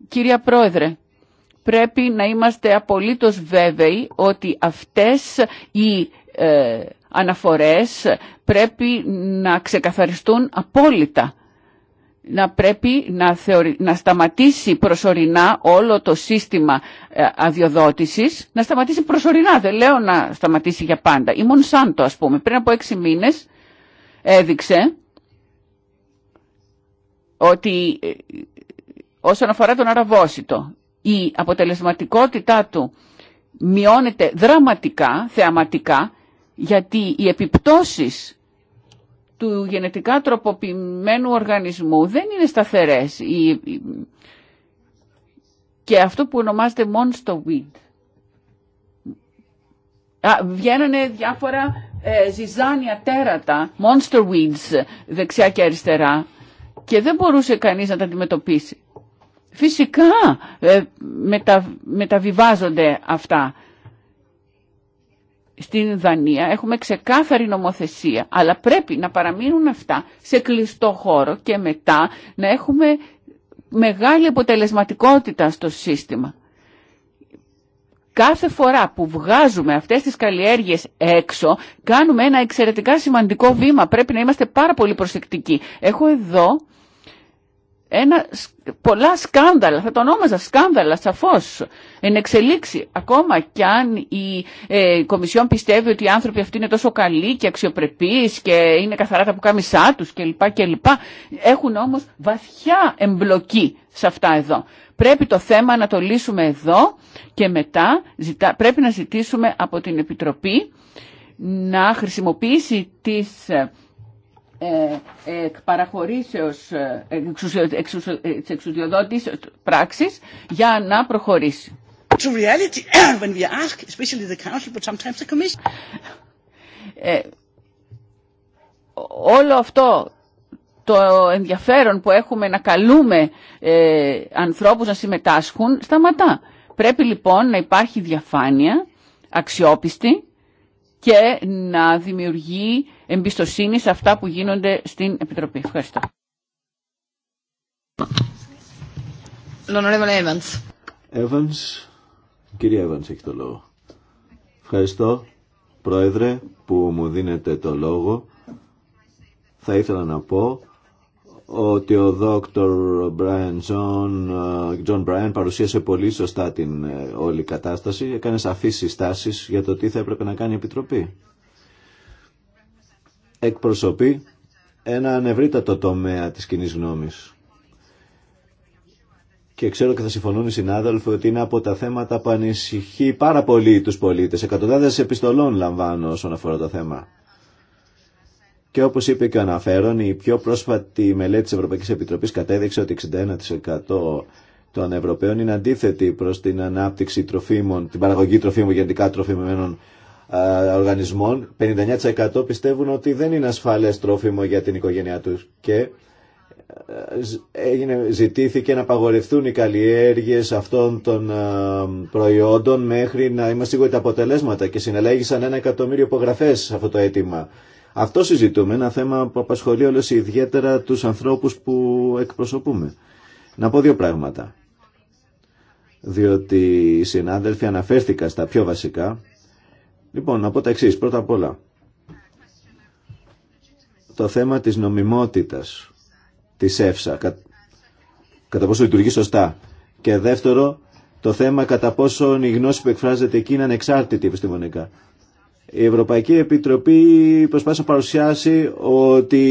Κυρία Πρόεδρε, πρέπει να είμαστε απολύτως βέβαιοι ότι αυτές οι... Ε, αναφορές πρέπει να ξεκαθαριστούν απόλυτα. Να πρέπει να, να σταματήσει προσωρινά όλο το σύστημα ε, αδειοδότησης, να σταματήσει προσωρινά, δεν λέω να σταματήσει για πάντα. Η Μονσάντο, ας πούμε, πριν από έξι μήνες έδειξε ότι ε, όσον αφορά τον αραβόσιτο, η αποτελεσματικότητά του μειώνεται δραματικά, θεαματικά, γιατί οι επιπτώσεις του γενετικά τροποποιημένου οργανισμού δεν είναι σταθερές. Και αυτό που ονομάζεται monster weed. Α, βγαίνανε διάφορα ε, ζυζάνια τέρατα, monster weeds, δεξιά και αριστερά. Και δεν μπορούσε κανείς να τα αντιμετωπίσει. Φυσικά ε, μετα, μεταβιβάζονται αυτά στην Δανία έχουμε ξεκάθαρη νομοθεσία, αλλά πρέπει να παραμείνουν αυτά σε κλειστό χώρο και μετά να έχουμε μεγάλη αποτελεσματικότητα στο σύστημα. Κάθε φορά που βγάζουμε αυτές τις καλλιέργειες έξω, κάνουμε ένα εξαιρετικά σημαντικό βήμα. Πρέπει να είμαστε πάρα πολύ προσεκτικοί. Έχω εδώ ένα, πολλά σκάνδαλα, θα το ονόμαζα σκάνδαλα σαφώς, εν εξελίξει. Ακόμα κι αν η ε, Κομισιόν πιστεύει ότι οι άνθρωποι αυτοί είναι τόσο καλοί και αξιοπρεπείς και είναι καθαρά τα πουκάμισά τους κλπ. κλπ. Έχουν όμως βαθιά εμπλοκή σε αυτά εδώ. Πρέπει το θέμα να το λύσουμε εδώ και μετά πρέπει να ζητήσουμε από την Επιτροπή να χρησιμοποιήσει τις ε, ε, εκ παραχωρήσεως ε, της εξουσιοδότης πράξης για να προχωρήσει. To reality, when we ask, especially the council, but sometimes the commission. Ε, όλο αυτό το ενδιαφέρον που έχουμε να καλούμε ανθρώπους να συμμετάσχουν σταματά. Πρέπει λοιπόν να υπάρχει διαφάνεια, αξιόπιστη και να δημιουργεί εμπιστοσύνη σε αυτά που γίνονται στην Επιτροπή. Ευχαριστώ. Evans. Evans. Κύριε Evans έχει το λόγο. Ευχαριστώ, Πρόεδρε, που μου δίνετε το λόγο. Θα ήθελα να πω ότι ο Δόκτωρ Brian John, ε, παρουσίασε πολύ σωστά την ε, όλη κατάσταση, έκανε σαφείς συστάσεις για το τι θα έπρεπε να κάνει η Επιτροπή εκπροσωπεί ένα ανευρύτατο τομέα της κοινή γνώμης. Και ξέρω και θα συμφωνούν οι συνάδελφοι ότι είναι από τα θέματα που ανησυχεί πάρα πολύ τους πολίτες. Εκατοντάδες επιστολών λαμβάνω όσον αφορά το θέμα. Και όπως είπε και ο αναφέρον, η πιο πρόσφατη μελέτη της Ευρωπαϊκής Επιτροπής κατέδειξε ότι 61% των Ευρωπαίων είναι αντίθετοι προς την ανάπτυξη τροφίμων, την παραγωγή τροφίμων, γενικά τροφίμων οργανισμών, 59% πιστεύουν ότι δεν είναι ασφαλές τρόφιμο για την οικογένειά τους και ε, έγινε, ζητήθηκε να απαγορευτούν οι καλλιέργειες αυτών των προϊόντων μέχρι να είμαστε σίγουροι τα αποτελέσματα και συνελέγησαν ένα εκατομμύριο υπογραφέ σε αυτό το αίτημα. Αυτό συζητούμε, ένα θέμα που απασχολεί όλες ιδιαίτερα τους ανθρώπους που εκπροσωπούμε. Να πω δύο πράγματα, διότι οι συνάδελφοι αναφέρθηκαν στα πιο βασικά Λοιπόν, από τα εξή. Πρώτα απ' όλα, το θέμα της νομιμότητας της ΕΦΣΑ, κα, κατά πόσο λειτουργεί σωστά. Και δεύτερο, το θέμα κατά πόσο η γνώση που εκφράζεται εκεί είναι ανεξάρτητη επιστημονικά. Η Ευρωπαϊκή Επιτροπή προσπάθησε να παρουσιάσει ότι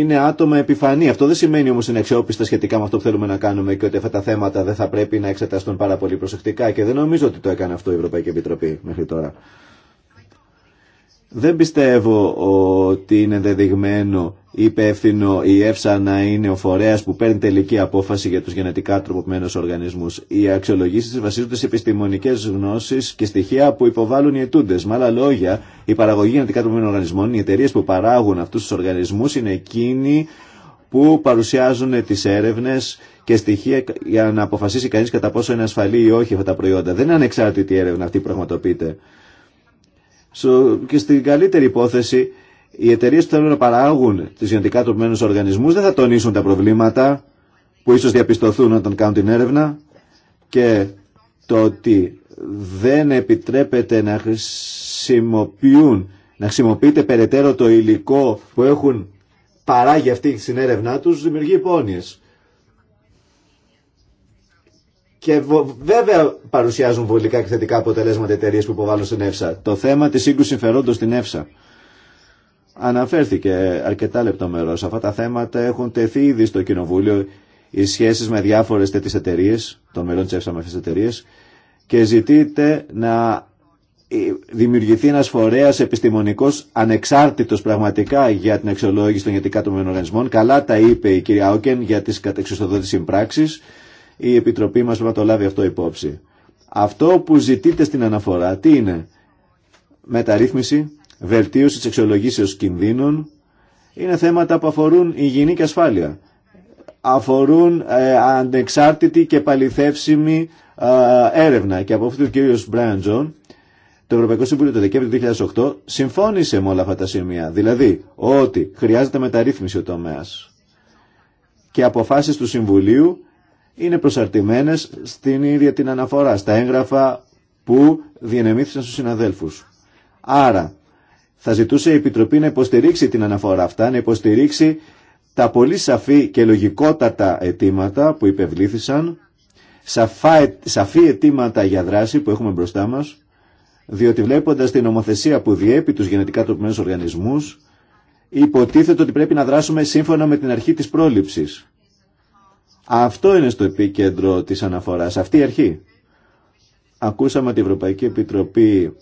είναι άτομα επιφανή. Αυτό δεν σημαίνει όμω είναι αξιόπιστα σχετικά με αυτό που θέλουμε να κάνουμε και ότι αυτά τα θέματα δεν θα πρέπει να εξεταστούν πάρα πολύ προσεκτικά και δεν νομίζω ότι το έκανε αυτό η Ευρωπαϊκή Επιτροπή μέχρι τώρα. Δεν πιστεύω ότι είναι δεδειγμένο ή υπεύθυνο η ΕΦΣΑ να είναι ο φορέας που παίρνει τελική απόφαση για τους γενετικά τροποποιημένους οργανισμούς. Οι αξιολογήσεις βασίζονται σε επιστημονικές γνώσεις και στοιχεία που υποβάλλουν οι ετούντες. Με άλλα λόγια, η παραγωγή γενετικά τροποποιημένων οργανισμών, οι εταιρείε που παράγουν αυτούς τους οργανισμούς είναι εκείνοι που παρουσιάζουν τις έρευνες και στοιχεία για να αποφασίσει κανείς κατά πόσο είναι ασφαλή ή όχι αυτά τα προϊόντα. Δεν είναι ανεξάρτητη η έρευνα ειναι ανεξαρτητη ερευνα αυτη που πραγματοποιείται και στην καλύτερη υπόθεση οι εταιρείε που θέλουν να παράγουν τις γενετικά τροπημένους οργανισμούς δεν θα τονίσουν τα προβλήματα που ίσως διαπιστωθούν όταν κάνουν την έρευνα και το ότι δεν επιτρέπεται να χρησιμοποιούν να χρησιμοποιείται περαιτέρω το υλικό που έχουν παράγει αυτή στην έρευνά τους δημιουργεί υπόνοιες. Και βέβαια παρουσιάζουν βολικά και θετικά αποτελέσματα εταιρείε που υποβάλλουν στην ΕΦΣΑ. Το θέμα τη σύγκρουση συμφερόντο στην ΕΦΣΑ. Αναφέρθηκε αρκετά λεπτομερό. Αυτά τα θέματα έχουν τεθεί ήδη στο Κοινοβούλιο οι σχέσει με διάφορε τέτοιε εταιρείε, των μελών τη ΕΦΣΑ με αυτέ τι εταιρείε, και ζητείται να ε, δημιουργηθεί ένα φορέα επιστημονικό ανεξάρτητο πραγματικά για την αξιολόγηση των γενετικά των οργανισμών. Καλά τα είπε η κυρία Όκεν για τι συμπράξει η Επιτροπή μας πρέπει να το λάβει αυτό υπόψη. Αυτό που ζητείτε στην αναφορά, τι είναι. Μεταρρύθμιση, βελτίωση της εξολογήσεως κινδύνων, είναι θέματα που αφορούν υγιεινή και ασφάλεια. Αφορούν ε, ανεξάρτητη και παληθεύσιμη ε, έρευνα. Και από αυτό ο κύριο Μπράιαν Τζον, το Ευρωπαϊκό Συμβούλιο το Δεκέμβριο του 2008 συμφώνησε με όλα αυτά τα σημεία. Δηλαδή ότι χρειάζεται μεταρρύθμιση ο τομέας Και αποφάσει του Συμβουλίου είναι προσαρτημένες στην ίδια την αναφορά, στα έγγραφα που διενεμήθησαν στους συναδέλφους. Άρα, θα ζητούσε η Επιτροπή να υποστηρίξει την αναφορά αυτά, να υποστηρίξει τα πολύ σαφή και λογικότατα αιτήματα που υπευλήθησαν, ε, σαφή αιτήματα για δράση που έχουμε μπροστά μας, διότι βλέποντας την ομοθεσία που διέπει τους γενετικά τροπημένους οργανισμούς, υποτίθεται ότι πρέπει να δράσουμε σύμφωνα με την αρχή της πρόληψης. Αυτό είναι στο επίκεντρο της αναφοράς, αυτή η αρχή. Ακούσαμε ότι η Ευρωπαϊκή Επιτροπή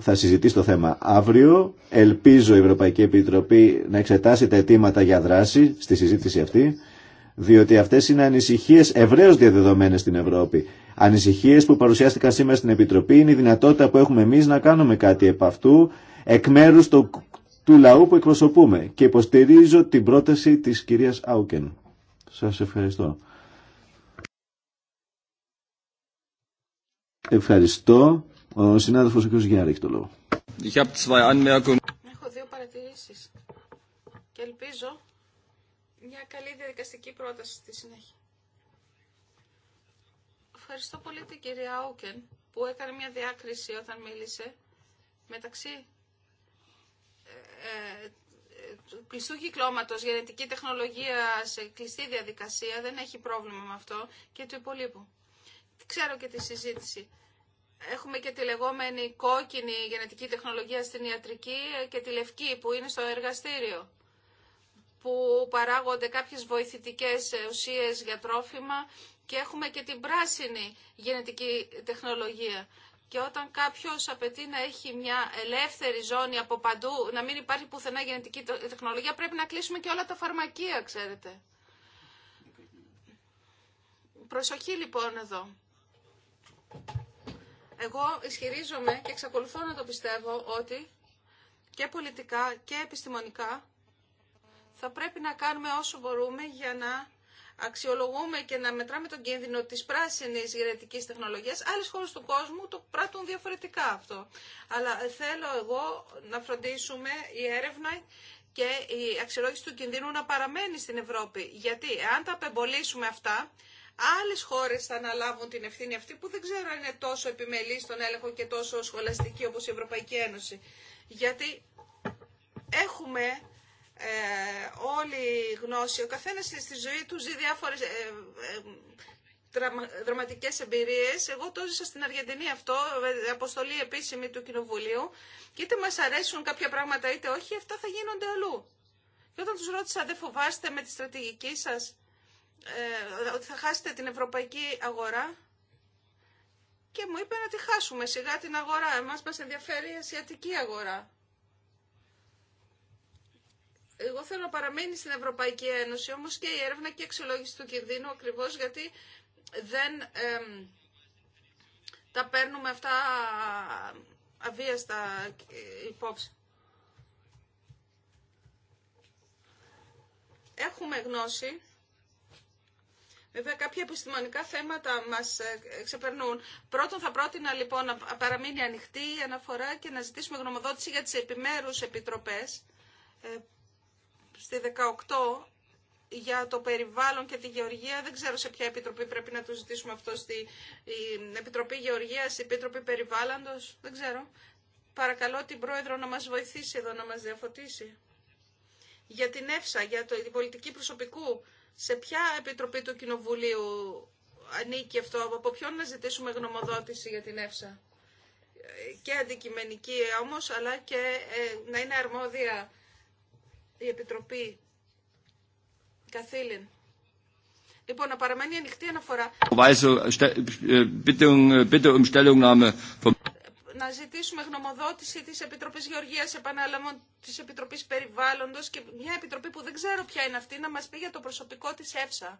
θα συζητήσει το θέμα αύριο. Ελπίζω η Ευρωπαϊκή Επιτροπή να εξετάσει τα αιτήματα για δράση στη συζήτηση αυτή, διότι αυτές είναι ανησυχίες ευρέως διαδεδομένες στην Ευρώπη. Ανησυχίες που παρουσιάστηκαν σήμερα στην Επιτροπή είναι η δυνατότητα που έχουμε εμείς να κάνουμε κάτι επ' αυτού εκ μέρους του, του λαού που εκπροσωπούμε και υποστηρίζω την πρόταση της κυρίας Άουκεν. Σας ευχαριστώ. Ευχαριστώ. Ο συνάδελφος ο κ. Γιάρη έχει το λόγο. Έχω δύο παρατηρήσεις και ελπίζω μια καλή διαδικαστική πρόταση στη συνέχεια. Ευχαριστώ πολύ την κυρία Όκεν που έκανε μια διάκριση όταν μίλησε μεταξύ του ε, ε, κλειστού κυκλώματο, γενετική τεχνολογία σε κλειστή διαδικασία, δεν έχει πρόβλημα με αυτό, και του υπολείπου. Ξέρω και τη συζήτηση. Έχουμε και τη λεγόμενη κόκκινη γενετική τεχνολογία στην ιατρική και τη λευκή που είναι στο εργαστήριο που παράγονται κάποιες βοηθητικές ουσίες για τρόφιμα και έχουμε και την πράσινη γενετική τεχνολογία. Και όταν κάποιο απαιτεί να έχει μια ελεύθερη ζώνη από παντού, να μην υπάρχει πουθενά γενετική τεχνολογία, πρέπει να κλείσουμε και όλα τα φαρμακεία, ξέρετε. Προσοχή λοιπόν εδώ. Εγώ ισχυρίζομαι και εξακολουθώ να το πιστεύω ότι και πολιτικά και επιστημονικά θα πρέπει να κάνουμε όσο μπορούμε για να αξιολογούμε και να μετράμε τον κίνδυνο της πράσινης γενετικής τεχνολογίας. Άλλες χώρες του κόσμου το πράττουν διαφορετικά αυτό. Αλλά θέλω εγώ να φροντίσουμε η έρευνα και η αξιολόγηση του κινδύνου να παραμένει στην Ευρώπη. Γιατί αν τα απεμπολίσουμε αυτά, άλλες χώρες θα αναλάβουν την ευθύνη αυτή που δεν ξέρω αν είναι τόσο επιμελή στον έλεγχο και τόσο σχολαστική όπως η Ευρωπαϊκή Ένωση. Γιατί έχουμε ε, όλη γνώση, ο καθένας στη ζωή του ζει διάφορε ε, ε, δραματικές εμπειρίες. Εγώ το ζήσα στην Αργεντινή αυτό, ε, αποστολή επίσημη του Κοινοβουλίου. Και είτε μας αρέσουν κάποια πράγματα είτε όχι, αυτά θα γίνονται αλλού. Και όταν τους ρώτησα, δεν φοβάστε με τη στρατηγική σας ε, ότι θα χάσετε την ευρωπαϊκή αγορά και μου είπε να τη χάσουμε σιγά την αγορά. Εμάς μας ενδιαφέρει η ασιατική αγορά. Εγώ θέλω να παραμείνει στην Ευρωπαϊκή Ένωση, όμως και η έρευνα και η εξολόγηση του κινδύνου ακριβώς γιατί δεν τα παίρνουμε αυτά αβίαστα υπόψη. Έχουμε γνώση Βέβαια κάποια επιστημονικά θέματα μα ε, ξεπερνούν. Πρώτον θα πρότεινα λοιπόν να παραμείνει ανοιχτή η αναφορά και να ζητήσουμε γνωμοδότηση για τι επιμέρου επιτροπέ ε, στη 18 για το περιβάλλον και τη γεωργία. Δεν ξέρω σε ποια επιτροπή πρέπει να το ζητήσουμε αυτό. Στη Επιτροπή Γεωργίας, η Επιτροπή Περιβάλλοντος. Δεν ξέρω. Παρακαλώ την Πρόεδρο να μας βοηθήσει εδώ, να μας διαφωτίσει. Για την ΕΦΣΑ, για το, την πολιτική προσωπικού σε ποια επιτροπή του Κοινοβουλίου ανήκει αυτό, από ποιον να ζητήσουμε γνωμοδότηση για την ΕΦΣΑ. Και αντικειμενική όμως, αλλά και ε, να είναι αρμόδια η Επιτροπή καθήλυν. Λοιπόν, να παραμένει ανοιχτή αναφορά να ζητήσουμε γνωμοδότηση της Επιτροπής Γεωργίας, επαναλαμβάνω της Επιτροπής Περιβάλλοντος και μια επιτροπή που δεν ξέρω ποια είναι αυτή, να μας πει για το προσωπικό της ΕΦΣΑ.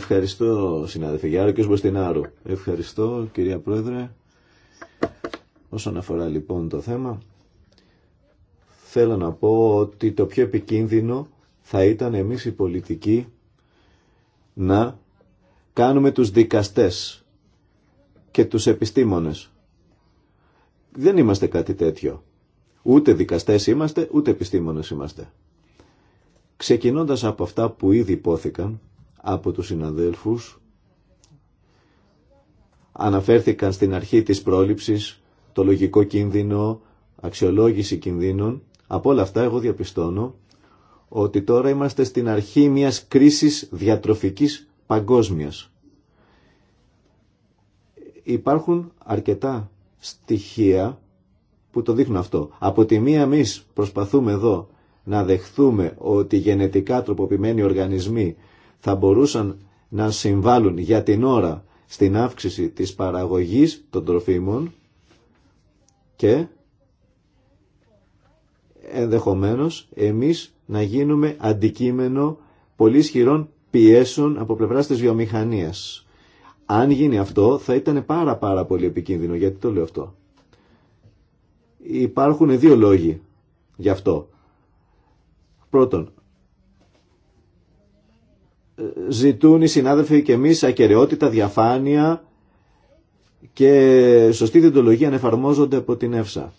Ευχαριστώ, συνάδελφε Γιάρο και Μποστινάρου. Ευχαριστώ, κυρία Πρόεδρε. Όσον αφορά λοιπόν το θέμα, θέλω να πω ότι το πιο επικίνδυνο θα ήταν εμείς οι πολιτικοί να κάνουμε τους δικαστές και τους επιστήμονες. Δεν είμαστε κάτι τέτοιο. Ούτε δικαστές είμαστε, ούτε επιστήμονες είμαστε. Ξεκινώντας από αυτά που ήδη υπόθηκαν από τους συναδέλφους, αναφέρθηκαν στην αρχή της πρόληψης, το λογικό κίνδυνο, αξιολόγηση κινδύνων. Από όλα αυτά εγώ διαπιστώνω ότι τώρα είμαστε στην αρχή μιας κρίσης διατροφικής παγκόσμιας. Υπάρχουν αρκετά στοιχεία που το δείχνουν αυτό. Από τη μία εμεί προσπαθούμε εδώ να δεχθούμε ότι γενετικά τροποποιημένοι οργανισμοί θα μπορούσαν να συμβάλλουν για την ώρα στην αύξηση της παραγωγής των τροφίμων και ενδεχομένως εμείς να γίνουμε αντικείμενο πολύ ισχυρών πιέσεων από πλευρά τη βιομηχανία. Αν γίνει αυτό θα ήταν πάρα πάρα πολύ επικίνδυνο. Γιατί το λέω αυτό. Υπάρχουν δύο λόγοι γι' αυτό. Πρώτον, ζητούν οι συνάδελφοι και εμείς ακαιρεότητα, διαφάνεια και σωστή διοντολογία να εφαρμόζονται από την ΕΦΣΑ.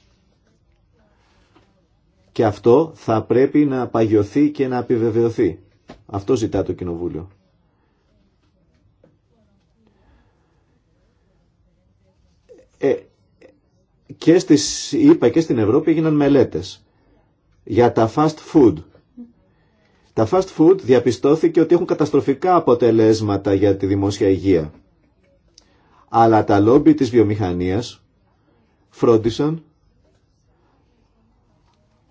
Και αυτό θα πρέπει να παγιωθεί και να επιβεβαιωθεί. Αυτό ζητά το Κοινοβούλιο. Ε, και στις είπα και στην Ευρώπη έγιναν μελέτες για τα fast food. Τα fast food διαπιστώθηκε ότι έχουν καταστροφικά αποτελέσματα για τη δημόσια υγεία. Αλλά τα λόμπι της βιομηχανίας φρόντισαν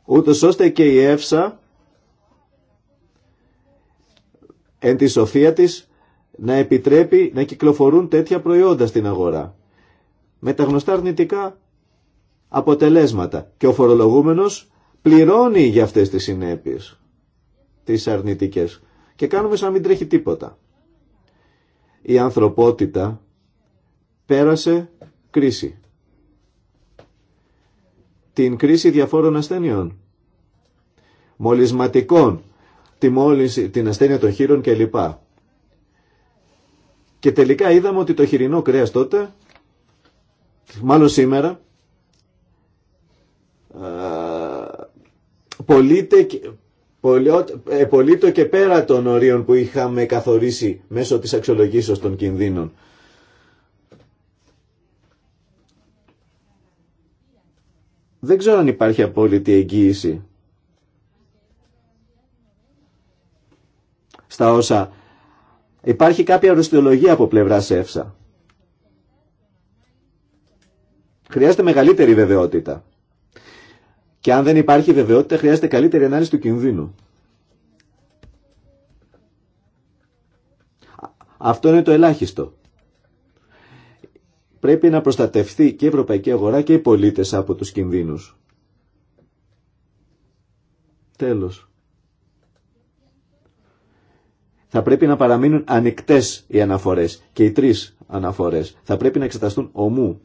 ούτως ώστε και η ΕΦΣΑ εν τη σοφία της να επιτρέπει να κυκλοφορούν τέτοια προϊόντα στην αγορά. Με τα γνωστά αρνητικά αποτελέσματα. Και ο φορολογούμενος πληρώνει για αυτές τις συνέπειες, τις αρνητικές. Και κάνουμε σαν να μην τρέχει τίποτα. Η ανθρωπότητα πέρασε κρίση. Την κρίση διαφόρων ασθενειών, μολυσματικών, τη μόλυνση, την ασθένεια των χείρων κλπ. Και τελικά είδαμε ότι το χοιρινό κρέας τότε, μάλλον σήμερα, ε, ε, πωλείται, και πέρα των ορίων που είχαμε καθορίσει μέσω της αξιολογήσεως των κινδύνων. Δεν ξέρω αν υπάρχει απόλυτη εγγύηση στα όσα υπάρχει κάποια αρρωστιολογία από πλευρά ΕΦΣΑ. Χρειάζεται μεγαλύτερη βεβαιότητα. Και αν δεν υπάρχει βεβαιότητα, χρειάζεται καλύτερη ανάλυση του κινδύνου. Αυτό είναι το ελάχιστο. Πρέπει να προστατευτεί και η ευρωπαϊκή αγορά και οι πολίτες από τους κινδύνους. Τέλος θα πρέπει να παραμείνουν ανοιχτές οι αναφορές και οι τρεις αναφορές. Θα πρέπει να εξεταστούν ομού.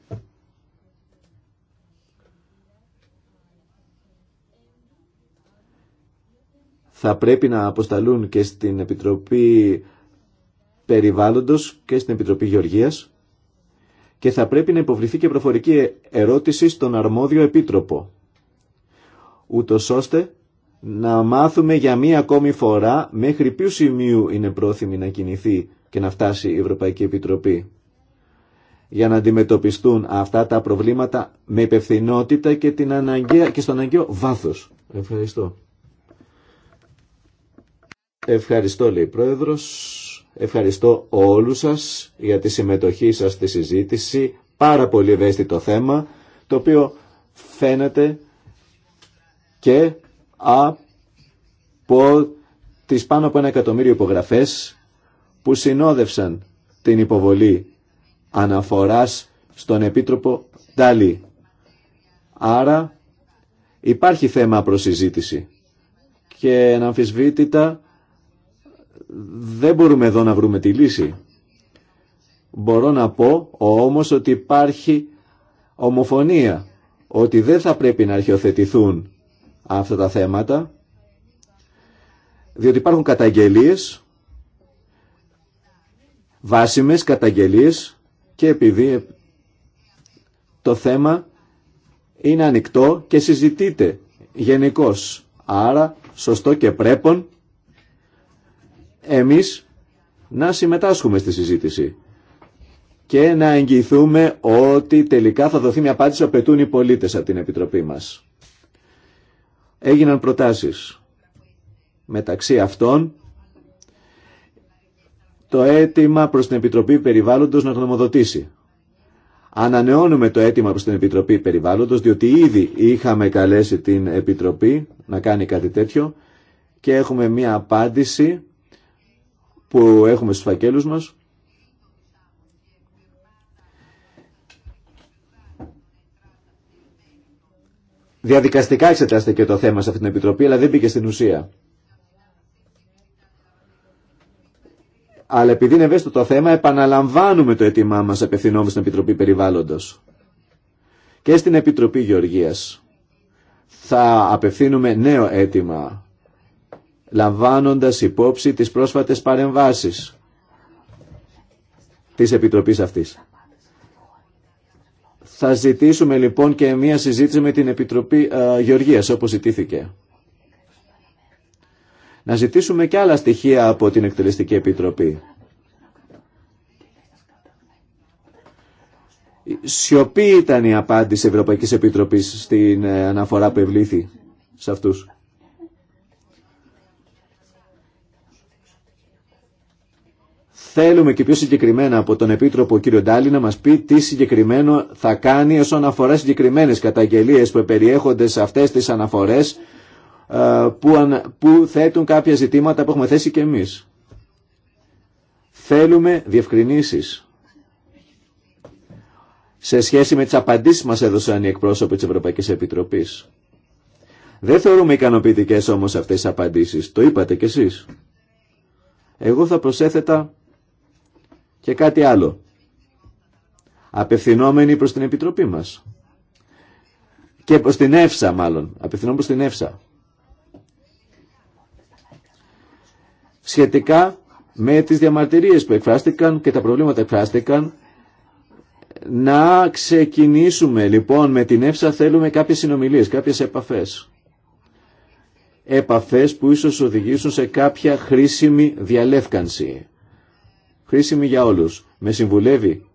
Θα πρέπει να αποσταλούν και στην Επιτροπή Περιβάλλοντος και στην Επιτροπή Γεωργίας και θα πρέπει να υποβληθεί και προφορική ερώτηση στον αρμόδιο επίτροπο ούτως ώστε να μάθουμε για μία ακόμη φορά μέχρι ποιου σημείου είναι πρόθυμη να κινηθεί και να φτάσει η Ευρωπαϊκή Επιτροπή για να αντιμετωπιστούν αυτά τα προβλήματα με υπευθυνότητα και, την αναγκαία, και στον αναγκαίο βάθος. Ευχαριστώ. Ευχαριστώ λέει Πρόεδρος. Ευχαριστώ όλους σας για τη συμμετοχή σας στη συζήτηση. Πάρα πολύ ευαίσθητο θέμα το οποίο φαίνεται και από τις πάνω από ένα εκατομμύριο υπογραφές που συνόδευσαν την υποβολή αναφοράς στον Επίτροπο Ντάλι. Άρα υπάρχει θέμα προσυζήτηση και αναμφισβήτητα δεν μπορούμε εδώ να βρούμε τη λύση. Μπορώ να πω όμως ότι υπάρχει ομοφωνία, ότι δεν θα πρέπει να αρχιοθετηθούν αυτά τα θέματα, διότι υπάρχουν καταγγελίες, βάσιμες καταγγελίες και επειδή το θέμα είναι ανοιχτό και συζητείται γενικώ. Άρα, σωστό και πρέπον εμείς να συμμετάσχουμε στη συζήτηση και να εγγυηθούμε ότι τελικά θα δοθεί μια απάντηση που απαιτούν οι πολίτες από την Επιτροπή μας έγιναν προτάσεις. Μεταξύ αυτών το αίτημα προς την Επιτροπή Περιβάλλοντος να γνωμοδοτήσει. Ανανεώνουμε το αίτημα προς την Επιτροπή Περιβάλλοντος, διότι ήδη είχαμε καλέσει την Επιτροπή να κάνει κάτι τέτοιο και έχουμε μία απάντηση που έχουμε στους φακέλους μας Διαδικαστικά εξετάστηκε το θέμα σε αυτή την Επιτροπή, αλλά δεν μπήκε στην ουσία. Αλλά επειδή είναι ευαίσθητο το θέμα, επαναλαμβάνουμε το αίτημά μας απευθυνόμενο στην Επιτροπή Περιβάλλοντος. Και στην Επιτροπή Γεωργίας θα απευθύνουμε νέο αίτημα, λαμβάνοντας υπόψη τις πρόσφατες παρεμβάσεις της Επιτροπής αυτής. Θα ζητήσουμε λοιπόν και μία συζήτηση με την Επιτροπή ε, Γεωργίας όπως ζητήθηκε. Να ζητήσουμε και άλλα στοιχεία από την Εκτελεστική Επιτροπή. Σιωπή ήταν η απάντηση Ευρωπαϊκής Επιτροπής στην ε, αναφορά που ευλήθη σε αυτούς. Θέλουμε και πιο συγκεκριμένα από τον Επίτροπο κύριο Ντάλι να μας πει τι συγκεκριμένο θα κάνει όσον αφορά συγκεκριμένες καταγγελίες που περιέχονται σε αυτές τις αναφορές ε, που θέτουν κάποια ζητήματα που έχουμε θέσει και εμείς. Θέλουμε διευκρινήσεις σε σχέση με τις απαντήσεις μας έδωσαν οι εκπρόσωποι της Ευρωπαϊκής Επιτροπής. Δεν θεωρούμε ικανοποιητικές όμως αυτές τις απαντήσεις. Το είπατε κι εσείς. Εγώ θα προσέθετα και κάτι άλλο. Απευθυνόμενοι προς την Επιτροπή μας. Και προς την Εύσα μάλλον. Απευθυνόμενοι προς την Εύσα Σχετικά με τις διαμαρτυρίες που εκφράστηκαν και τα προβλήματα εκφράστηκαν, να ξεκινήσουμε λοιπόν με την Εύσα θέλουμε κάποιες συνομιλίες, κάποιες επαφές. Επαφές που ίσως οδηγήσουν σε κάποια χρήσιμη διαλεύκανση χρήσιμη για όλους. Με συμβουλεύει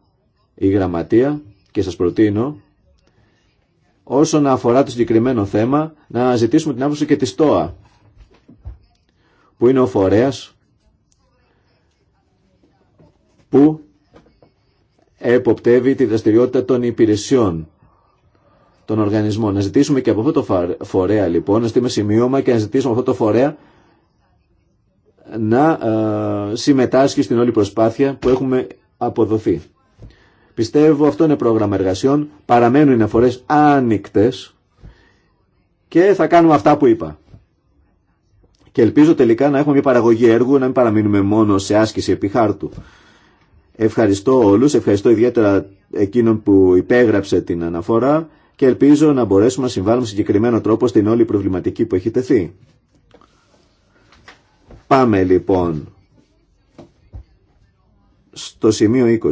η γραμματεία και σας προτείνω όσον αφορά το συγκεκριμένο θέμα να αναζητήσουμε την άποψη και τη ΣΤΟΑ που είναι ο φορέας που εποπτεύει τη δραστηριότητα των υπηρεσιών των οργανισμών. Να ζητήσουμε και από αυτό το φορέα λοιπόν, να στείλουμε σημείωμα και να ζητήσουμε από αυτό το φορέα να ε, συμμετάσχει στην όλη προσπάθεια που έχουμε αποδοθεί. Πιστεύω αυτό είναι πρόγραμμα εργασιών, παραμένουν οι αναφορές άνοικτες και θα κάνουμε αυτά που είπα. Και ελπίζω τελικά να έχουμε μια παραγωγή έργου, να μην παραμείνουμε μόνο σε άσκηση επιχάρτου. Ευχαριστώ όλους, ευχαριστώ ιδιαίτερα εκείνον που υπέγραψε την αναφορά και ελπίζω να μπορέσουμε να συμβάλλουμε συγκεκριμένο τρόπο στην όλη προβληματική που έχει τεθεί. Πάμε λοιπόν στο σημείο 20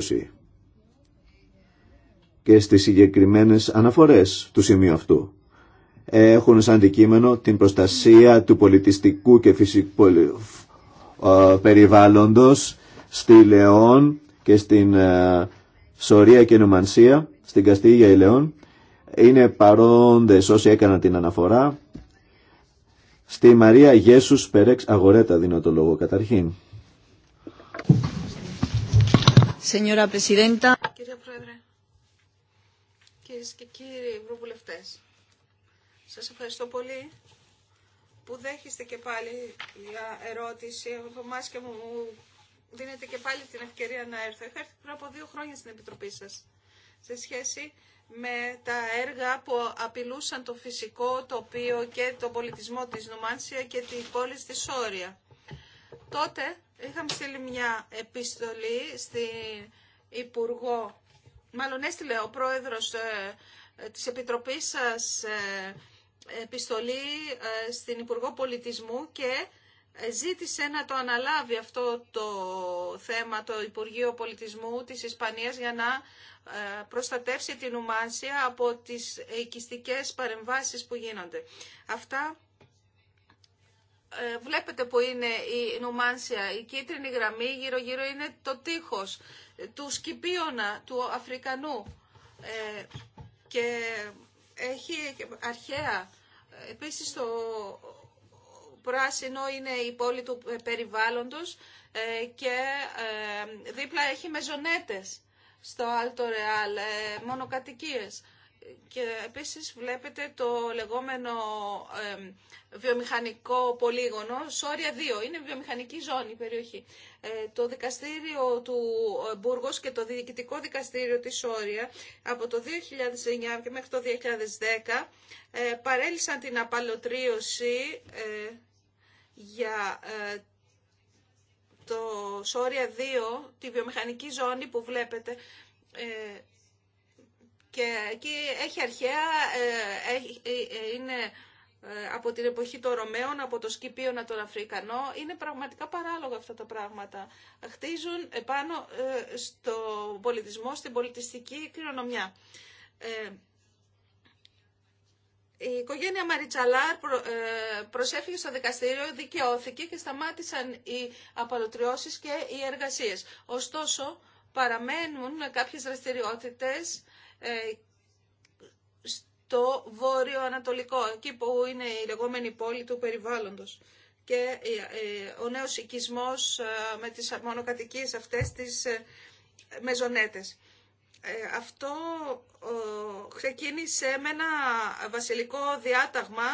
και στις συγκεκριμένες αναφορές του σημείου αυτού. Έχουν σαν αντικείμενο την προστασία του πολιτιστικού και φυσικού περιβάλλοντος στη Λεόν και στην Σωρία και Νομανσία, στην Καστίγια η Λεόν. Είναι παρόντες όσοι έκαναν την αναφορά Στη Μαρία Γέσους Περέξ Αγορέτα δίνω το λόγο καταρχήν. Σενιόρα Πρεσιδέντα. Κύριε Πρόεδρε, κυρίες και κύριοι ευρωβουλευτές, σας ευχαριστώ πολύ που δέχεστε και πάλι για ερώτηση από εμάς και μου δίνετε και πάλι την ευκαιρία να έρθω. Είχα έρθει πριν από δύο χρόνια στην Επιτροπή σας σε σχέση με τα έργα που απειλούσαν το φυσικό τοπίο και τον πολιτισμό της Νουμάνσια και τη πόλη της Σόρια. Τότε είχαμε στείλει μια επιστολή στην Υπουργό, μάλλον έστειλε ο πρόεδρος ε, της Επιτροπής σας ε, επιστολή ε, στην Υπουργό Πολιτισμού και ζήτησε να το αναλάβει αυτό το θέμα το Υπουργείο Πολιτισμού της Ισπανίας για να ε, προστατεύσει την Ουμάνσια από τις οικιστικές παρεμβάσεις που γίνονται. Αυτά ε, βλέπετε που είναι η Νουμάνσια, η κίτρινη γραμμή γύρω-γύρω είναι το τείχος του Σκυπίωνα, του Αφρικανού ε, και έχει αρχαία επίσης το πράσινο είναι η πόλη του περιβάλλοντος ε, και ε, δίπλα έχει μεζονέτες στο Alto Real, ε, μονοκατοικίες. Και επίσης βλέπετε το λεγόμενο βιομηχανικό πολύγωνο, Σόρια 2, είναι βιομηχανική ζώνη η περιοχή. το δικαστήριο του Μπούργος και το διοικητικό δικαστήριο της Σόρια από το 2009 και μέχρι το 2010 παρέλυσαν την απαλωτρίωση για ε, το Σόρια 2, τη βιομηχανική ζώνη που βλέπετε, ε, και εκεί έχει αρχαία, ε, είναι από την εποχή των Ρωμαίων, από το Σκυπίωνα τον Αφρικανό. Είναι πραγματικά παράλογα αυτά τα πράγματα. Χτίζουν επάνω στο πολιτισμό, στην πολιτιστική κληρονομιά. Η οικογένεια Μαριτσαλάρ ε, προσέφηκε στο δικαστήριο, δικαιώθηκε και σταμάτησαν οι απαλωτριώσεις και οι εργασίες. Ωστόσο, παραμένουν κάποιες δραστηριότητες ε, στο βόρειο-ανατολικό, εκεί που είναι η λεγόμενη πόλη του περιβάλλοντος. Και ε, ο νέος οικισμός με τις μονοκατοικίες αυτές τις μεζονέτες. Ε, αυτό ξεκίνησε με ένα βασιλικό διάταγμα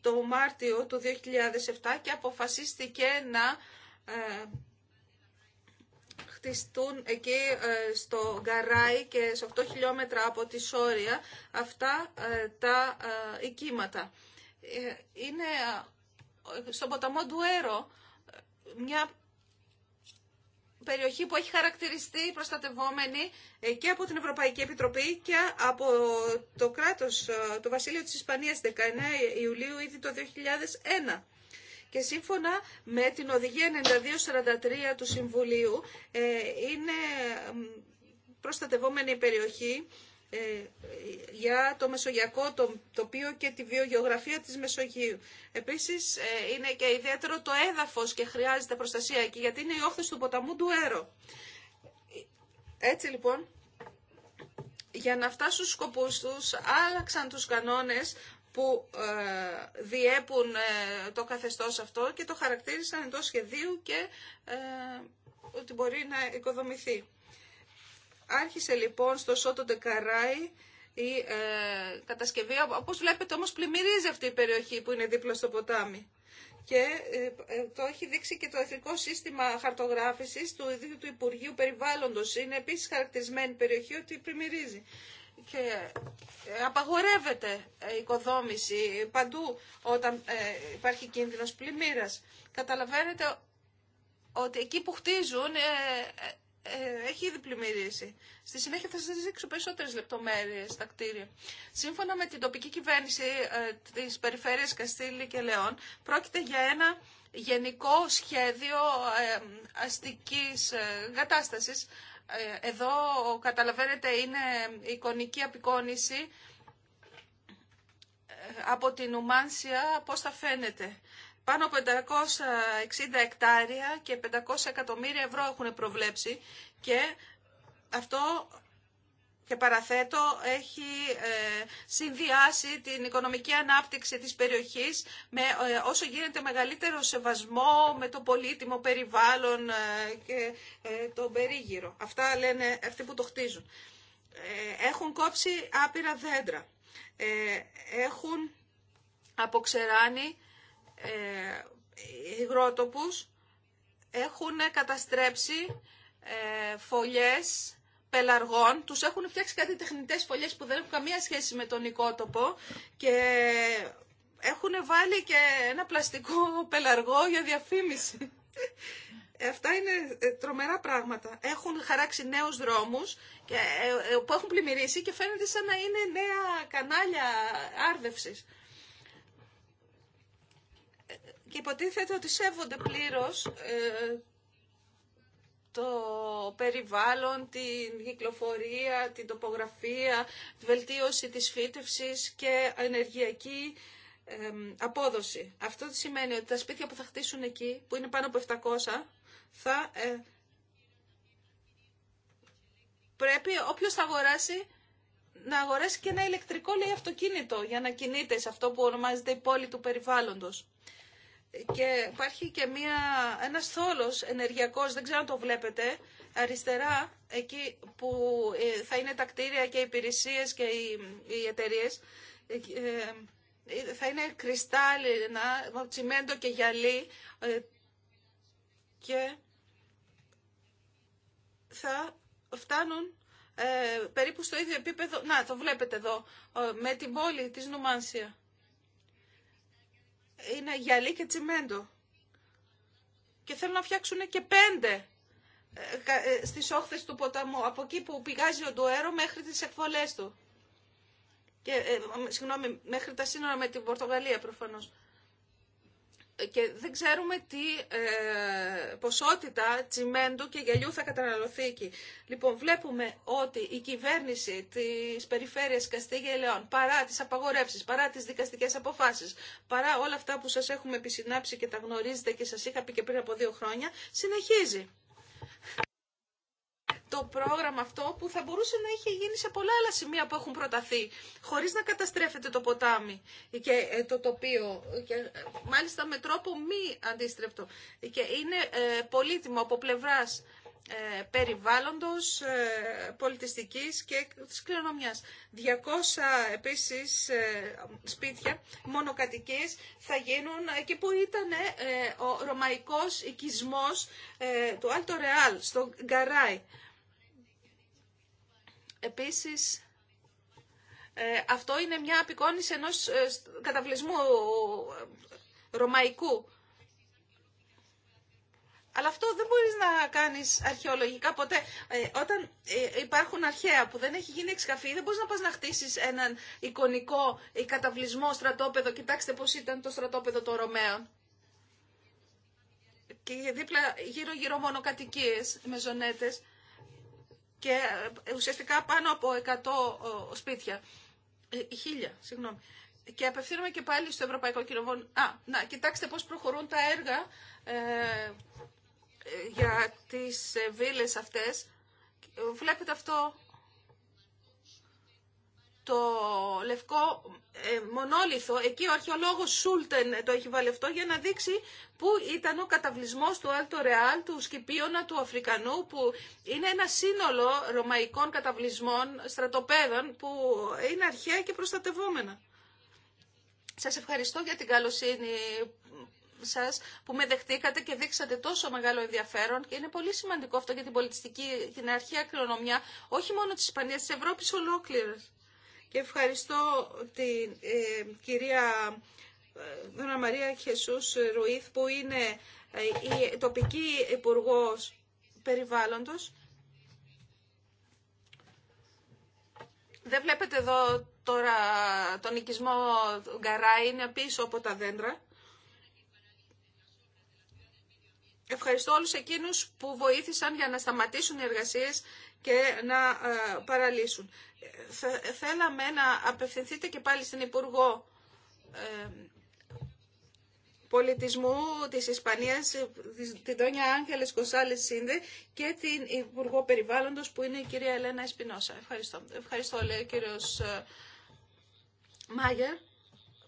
το Μάρτιο του 2007 και αποφασίστηκε να ε, χτιστούν εκεί ε, στο Γκαράι και σε 8 χιλιόμετρα από τη Σόρια αυτά τα οικίματα. Είναι στον ποταμό Ντουέρο μια περιοχή που έχει χαρακτηριστεί προστατευόμενη ε, και από την Ευρωπαϊκή Επιτροπή και από το κράτος, ε, το Βασίλειο της Ισπανίας, 19 Ιουλίου ήδη το 2001. Και σύμφωνα με την Οδηγία 9243 του Συμβουλίου, ε, είναι προστατευόμενη η περιοχή ε, για το μεσογειακό τοπίο και τη βιογεωγραφία της Μεσογείου. Επίσης ε, είναι και ιδιαίτερο το έδαφος και χρειάζεται προστασία εκεί γιατί είναι η όχθη του ποταμού του έρω. Έτσι λοιπόν, για να φτάσουν στους σκοπούς τους άλλαξαν τους κανόνες που ε, διέπουν το καθεστώς αυτό και το χαρακτήρισαν εντός σχεδίου και ότι μπορεί να οικοδομηθεί. Άρχισε λοιπόν στο Σότο καράι η ε, κατασκευή. Όπως βλέπετε όμως πλημμυρίζει αυτή η περιοχή που είναι δίπλα στο ποτάμι. Και ε, ε, το έχει δείξει και το Εθνικό Σύστημα Χαρτογράφησης του του Υπουργείου Περιβάλλοντος. Είναι επίσης χαρακτηρισμένη περιοχή ότι πλημμυρίζει. Και απαγορεύεται η οικοδόμηση παντού όταν υπάρχει κίνδυνος πλημμύρας. Καταλαβαίνετε ότι εκεί που χτίζουν ε, έχει ήδη πλημμυρίσει. Στη συνέχεια θα σα δείξω περισσότερε λεπτομέρειε στα κτίρια. Σύμφωνα με την τοπική κυβέρνηση ε, της περιφέρειας Καστήλη και Λεόν, πρόκειται για ένα γενικό σχέδιο ε, αστικής κατάστασης. Εδώ, καταλαβαίνετε, είναι εικονική απεικόνηση από την Ουμάνσια πώς θα φαίνεται. Πάνω από 560 εκτάρια και 500 εκατομμύρια ευρώ έχουν προβλέψει και αυτό και παραθέτω έχει ε, συνδυάσει την οικονομική ανάπτυξη της περιοχής με ε, όσο γίνεται μεγαλύτερο σεβασμό με το πολύτιμο περιβάλλον ε, και τον περίγυρο. Αυτά λένε αυτοί που το χτίζουν. Έχουν κόψει άπειρα δέντρα. Έχουν αποξεράνει ε, υγρότοπους έχουν καταστρέψει ε, φωλιές πελαργών, τους έχουν φτιάξει κάτι τεχνητές φωλιές που δεν έχουν καμία σχέση με τον οικότοπο και έχουν βάλει και ένα πλαστικό πελαργό για διαφήμιση. Ε, αυτά είναι τρομερά πράγματα. Έχουν χαράξει νέους δρόμους που έχουν πλημμυρίσει και φαίνεται σαν να είναι νέα κανάλια άρδευσης και υποτίθεται ότι σέβονται πλήρως ε, το περιβάλλον, την κυκλοφορία, την τοπογραφία, τη βελτίωση της φύτευσης και ενεργειακή ε, απόδοση. Αυτό σημαίνει ότι τα σπίτια που θα χτίσουν εκεί, που είναι πάνω από 700, θα ε, πρέπει όποιος θα αγοράσει να αγοράσει και ένα ηλεκτρικό λέει αυτοκίνητο για να κινείται σε αυτό που ονομάζεται η πόλη του περιβάλλοντος και υπάρχει και μια, ένας θόλος ενεργειακός, δεν ξέρω αν το βλέπετε, αριστερά, εκεί που ε, θα είναι τα κτίρια και οι υπηρεσίες και οι, οι εταιρείε. Ε, ε, θα είναι κρυστάλλινα, τσιμέντο και γυαλί και θα φτάνουν περίπου στο ίδιο επίπεδο, να το βλέπετε εδώ, με την πόλη της Νουμάνσια είναι γυαλί και τσιμέντο. Και θέλουν να φτιάξουν και πέντε ε, ε, στις όχθες του ποταμού, από εκεί που πηγάζει ο Ντουέρο μέχρι τις εκβολές του. Και, ε, συγγνώμη, μέχρι τα σύνορα με την Πορτογαλία προφανώς και δεν ξέρουμε τι ε, ποσότητα τσιμέντου και γελιού θα καταναλωθεί εκεί. Λοιπόν, βλέπουμε ότι η κυβέρνηση της περιφέρειας Καστίγια Ελαιών, παρά τις απαγορεύσεις, παρά τις δικαστικές αποφάσεις, παρά όλα αυτά που σας έχουμε επισυνάψει και τα γνωρίζετε και σας είχα πει και πριν από δύο χρόνια, συνεχίζει το πρόγραμμα αυτό που θα μπορούσε να είχε γίνει σε πολλά άλλα σημεία που έχουν προταθεί, χωρίς να καταστρέφεται το ποτάμι και ε, το τοπίο, και, ε, μάλιστα με τρόπο μη αντίστρεπτο. Και είναι ε, πολύτιμο από πλευράς περιβάλλοντος, πολιτιστικής και της κληρονομιάς. 200 επίσης σπίτια, μονοκατοικίες θα γίνουν εκεί που ήταν ο ρωμαϊκός οικισμός του Άλτο Ρεάλ, στο Γκαράι. Επίσης, ε, αυτό είναι μια απεικόνηση ενός ε, καταβλισμού ε, ρωμαϊκού. Αλλά αυτό δεν μπορείς να κάνεις αρχαιολογικά ποτέ. όταν υπάρχουν αρχαία που δεν έχει γίνει εξκαφή, δεν μπορείς να πας να χτίσεις έναν εικονικό καταβλισμό στρατόπεδο. Κοιτάξτε πώς ήταν το στρατόπεδο των Ρωμαίων. Και δίπλα γύρω-γύρω μόνο κατοικίες, ζωνέτες και ε, ουσιαστικά πάνω από 100 σπίτια. Ε, χίλια, συγγνώμη. Και απευθύνομαι και πάλι στο Ευρωπαϊκό Κοινοβούλιο. Α, να, κοιτάξτε πώς προχωρούν τα έργα ε, ε για τις βίλες αυτές. Βλέπετε αυτό το λευκό ε, μονόλιθο, εκεί ο αρχαιολόγος Σούλτεν το έχει βάλει αυτό για να δείξει πού ήταν ο καταβλισμός του Άλτο Ρεάλ, του Σκυπίωνα, του Αφρικανού, που είναι ένα σύνολο ρωμαϊκών καταβλισμών, στρατοπέδων, που είναι αρχαία και προστατευόμενα. Σας ευχαριστώ για την καλοσύνη σας που με δεχτήκατε και δείξατε τόσο μεγάλο ενδιαφέρον και είναι πολύ σημαντικό αυτό για την πολιτιστική, την αρχαία κληρονομιά, όχι μόνο της Ισπανίας, της Ευρώπης ολόκληρης ευχαριστώ την ε, κυρία ε, Δωνα Μαρία Χεσούς Ρουίθ που είναι ε, η τοπική υπουργό περιβάλλοντος. Δεν βλέπετε εδώ τώρα τον οικισμό Γκαρά είναι πίσω από τα δέντρα. Ευχαριστώ όλους εκείνους που βοήθησαν για να σταματήσουν οι εργασίες και να παραλύσουν θέλαμε να απευθυνθείτε και πάλι στην Υπουργό ε, Πολιτισμού της Ισπανίας, την Τόνια Άγγελες Κοσάλης Σίνδε και την Υπουργό Περιβάλλοντος που είναι η κυρία Ελένα Εσπινόσα. Ευχαριστώ. Ευχαριστώ, λέει ο κύριος ε, Μάγερ.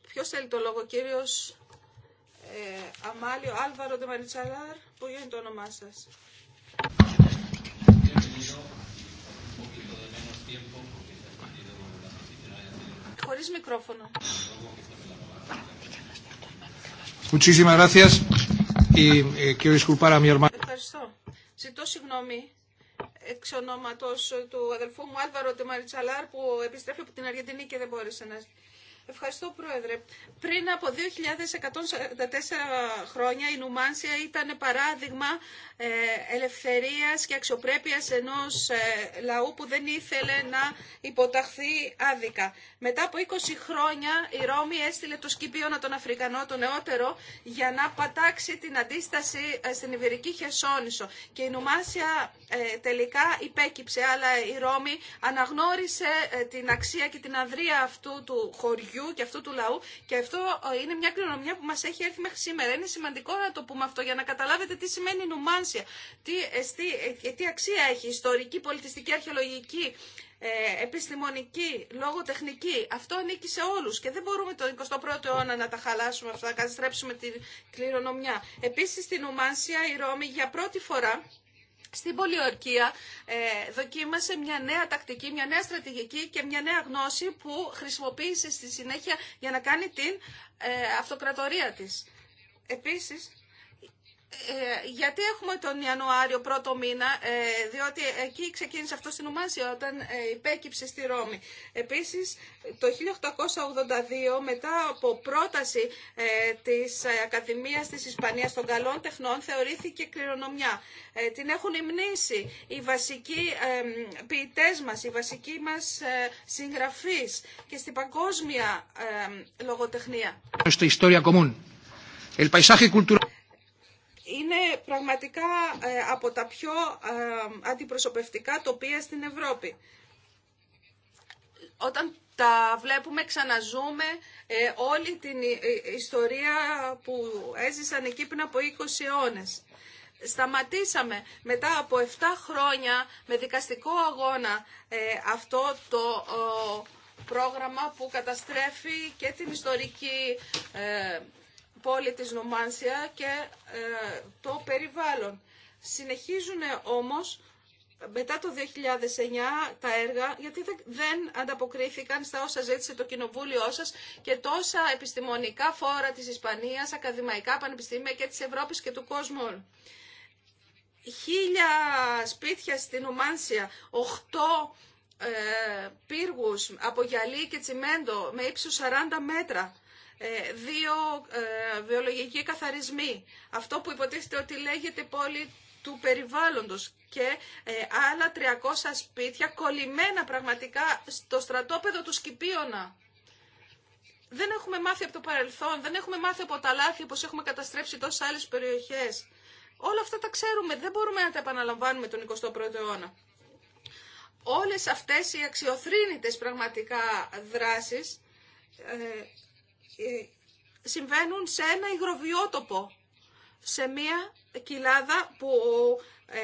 Ποιος θέλει το λόγο, κύριος ε, Αμάλιο Άλβαρο Ντεμαριτσαλάρ, που είναι το όνομά σας. χωρίς μικρόφωνο. Eh, Ευχαριστώ. Ζητώ συγγνώμη εξ ονόματος του αδελφού μου Άλβαρο Τεμαριτσαλάρ που επιστρέφει από την Αργεντινή και δεν μπόρεσε να Ευχαριστώ, Πρόεδρε. Πριν από 2.144 χρόνια η Νουμάνσια ήταν παράδειγμα ε, ελευθερίας και αξιοπρέπειας ενός ε, λαού που δεν ήθελε να υποταχθεί άδικα. Μετά από 20 χρόνια η Ρώμη έστειλε το Σκυπίωνα των Αφρικανών Αφρικανό, τον νεότερο, για να πατάξει την αντίσταση ε, στην Ιβηρική Χεσόνησο. Και η Νουμάνσια τελικά υπέκυψε, αλλά η Ρώμη αναγνώρισε την αξία και την αδρία αυτού του χωριού χωριού και αυτού του λαού και αυτό ε, είναι μια κληρονομιά που μα έχει έρθει μέχρι σήμερα. Είναι σημαντικό να το πούμε αυτό για να καταλάβετε τι σημαίνει νουμάνσια, τι, ε, τι, ε, τι αξία έχει ιστορική, πολιτιστική, αρχαιολογική, ε, επιστημονική, λογοτεχνική. Αυτό ανήκει σε όλου και δεν μπορούμε τον 21ο αιώνα να τα χαλάσουμε αυτά, να καταστρέψουμε την κληρονομιά. Επίση στην Ουμάνσια η Ρώμη για πρώτη φορά στην πολιορκία ε, δοκίμασε μια νέα τακτική, μια νέα στρατηγική και μια νέα γνώση που χρησιμοποίησε στη συνέχεια για να κάνει την ε, αυτοκρατορία της. Επίσης, ε, γιατί έχουμε τον Ιανουάριο πρώτο μήνα, ε, διότι εκεί ξεκίνησε αυτό στην Ουμάνσια όταν ε, υπέκυψε στη Ρώμη. Επίσης το 1882 μετά από πρόταση ε, της ε, Ακαδημίας της Ισπανίας των Καλών Τεχνών θεωρήθηκε κληρονομιά. Την έχουν υμνήσει οι βασικοί ποιητές μας, οι βασικοί μας συγγραφείς και στην παγκόσμια λογοτεχνία είναι πραγματικά ε, από τα πιο ε, αντιπροσωπευτικά τοπία στην Ευρώπη. Όταν τα βλέπουμε, ξαναζούμε ε, όλη την ιστορία που έζησαν εκεί πριν από 20 αιώνες. Σταματήσαμε μετά από 7 χρόνια με δικαστικό αγώνα αυτό το πρόγραμμα που καταστρέφει και την ιστορική πόλη της Νομάνσια και ε, το περιβάλλον. Συνεχίζουν όμως μετά το 2009 τα έργα, γιατί δεν ανταποκρίθηκαν στα όσα ζήτησε το κοινοβούλιο σας και τόσα επιστημονικά φόρα της Ισπανίας, ακαδημαϊκά πανεπιστήμια και της Ευρώπης και του κόσμου. Χίλια σπίτια στην Ουμάνσια, οχτώ ε, πύργους από γυαλί και τσιμέντο με ύψος 40 μέτρα. Ε, δύο ε, βιολογικοί καθαρισμοί. Αυτό που υποτίθεται ότι λέγεται πόλη του περιβάλλοντος και ε, άλλα 300 σπίτια κολλημένα πραγματικά στο στρατόπεδο του Σκυπίωνα. Δεν έχουμε μάθει από το παρελθόν, δεν έχουμε μάθει από τα λάθη όπως έχουμε καταστρέψει τόσες άλλες περιοχές. Όλα αυτά τα ξέρουμε, δεν μπορούμε να τα επαναλαμβάνουμε τον 21ο αιώνα. Όλες αυτές οι αξιοθρύνητες πραγματικά δράσεις ε, συμβαίνουν σε ένα υγροβιότοπο, σε μία κοιλάδα που ε,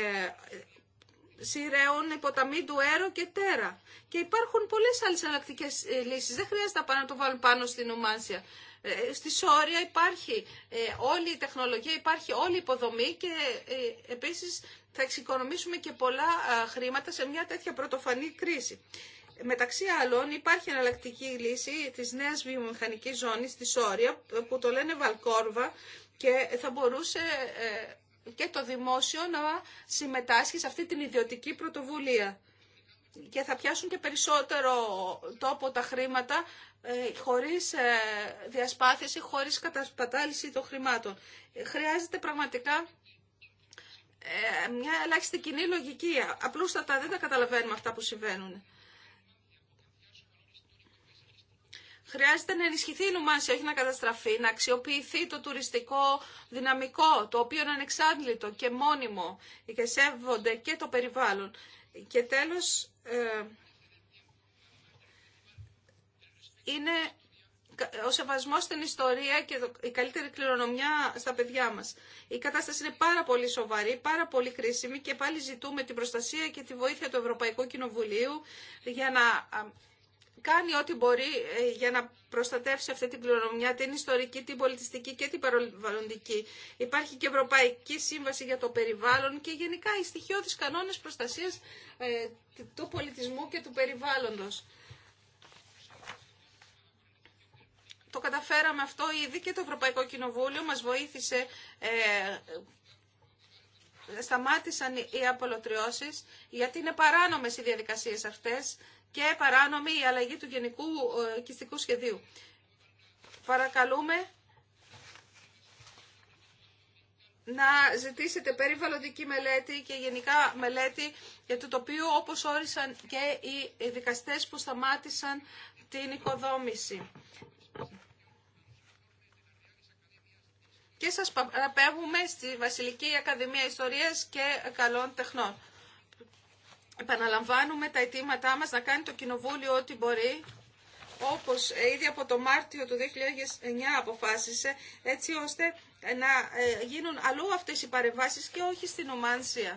σειραίων υποταμή του Έρο και Τέρα. Και υπάρχουν πολλές άλλες εναλλακτικέ ε, λύσεις. Δεν χρειάζεται να πάνε να το βάλουν πάνω στην ομάσια. Ε, στη Σόρια υπάρχει ε, όλη η τεχνολογία, υπάρχει όλη η υποδομή και ε, επίσης θα εξοικονομήσουμε και πολλά χρήματα σε μια κοιλαδα που ε σειραιων του ερο και τερα και υπαρχουν πολλες αλλες εναλλακτικε λυσεις δεν χρειαζεται να το βαλουν πανω στην ομασια στη σορια υπαρχει ολη η τεχνολογια υπαρχει κρίση. Μεταξύ άλλων υπάρχει εναλλακτική λύση της νέας βιομηχανικής ζώνης, της Όρια, που το λένε Βαλκόρβα και θα μπορούσε ε, και το δημόσιο να συμμετάσχει σε αυτή την ιδιωτική πρωτοβουλία. Και θα πιάσουν και περισσότερο τόπο τα χρήματα ε, χωρίς ε, διασπάθηση, χωρίς κατασπατάληση των χρημάτων. Χρειάζεται πραγματικά μια ελάχιστη κοινή λογική. Απλούστατα δεν τα καταλαβαίνουμε αυτά που συμβαίνουν. Χρειάζεται να ενισχυθεί η Λουμάνση, όχι να καταστραφεί, να αξιοποιηθεί το τουριστικό δυναμικό, το οποίο είναι ανεξάντλητο και μόνιμο και σέβονται και το περιβάλλον. Και τέλος, ε, είναι ο σεβασμός στην ιστορία και η καλύτερη κληρονομιά στα παιδιά μας. Η κατάσταση είναι πάρα πολύ σοβαρή, πάρα πολύ κρίσιμη και πάλι ζητούμε την προστασία και τη βοήθεια του Ευρωπαϊκού Κοινοβουλίου για να κάνει ό,τι μπορεί ε, για να προστατεύσει αυτή την κληρονομιά, την ιστορική, την πολιτιστική και την περιβαλλοντική. Υπάρχει και Ευρωπαϊκή Σύμβαση για το Περιβάλλον και γενικά οι στοιχειώδεις κανόνες προστασίας ε, του πολιτισμού και του περιβάλλοντος. Το καταφέραμε αυτό ήδη και το Ευρωπαϊκό Κοινοβούλιο μας βοήθησε ε, σταμάτησαν οι απολωτριώσεις, γιατί είναι παράνομες οι διαδικασίες αυτές και παράνομη η αλλαγή του γενικού ε, οικιστικού σχεδίου. Παρακαλούμε να ζητήσετε περιβαλλοντική μελέτη και γενικά μελέτη για το τοπίο όπως όρισαν και οι δικαστές που σταμάτησαν την οικοδόμηση. Και σας παραπέμπουμε στη Βασιλική Ακαδημία Ιστορίας και Καλών Τεχνών επαναλαμβάνουμε τα αιτήματά μας να κάνει το Κοινοβούλιο ό,τι μπορεί όπως ήδη από το Μάρτιο του 2009 αποφάσισε, έτσι ώστε να ε, γίνουν αλλού αυτές οι παρεμβάσεις και όχι στην Ομάνσια.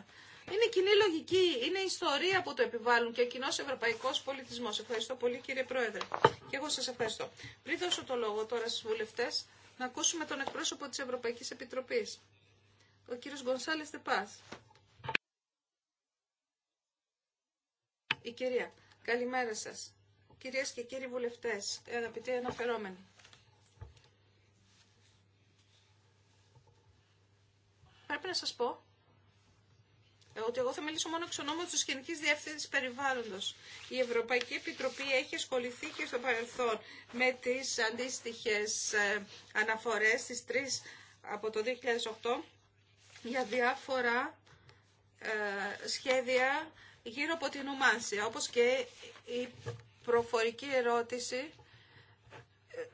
Είναι κοινή λογική, είναι ιστορία που το επιβάλλουν και ο κοινό ευρωπαϊκό πολιτισμό. Ευχαριστώ πολύ κύριε Πρόεδρε. Και εγώ σα ευχαριστώ. Πριν δώσω το λόγο τώρα στου βουλευτέ, να ακούσουμε τον εκπρόσωπο τη Ευρωπαϊκή Επιτροπή, ο κύριο Γκονσάλε Τεπά. Η κυρία. Καλημέρα σας. Κυρίες και κύριοι βουλευτές, αγαπητοί αναφερόμενοι. Πρέπει να σας πω ότι εγώ θα μιλήσω μόνο εξ ονόματο τη Γενική Διεύθυνση Περιβάλλοντο. Η Ευρωπαϊκή Επιτροπή έχει ασχοληθεί και στο παρελθόν με τι αντίστοιχε ε, αναφορέ, τι τρει από το 2008, για διάφορα ε, σχέδια γύρω από την ουμάνσια, όπως και η προφορική ερώτηση ε,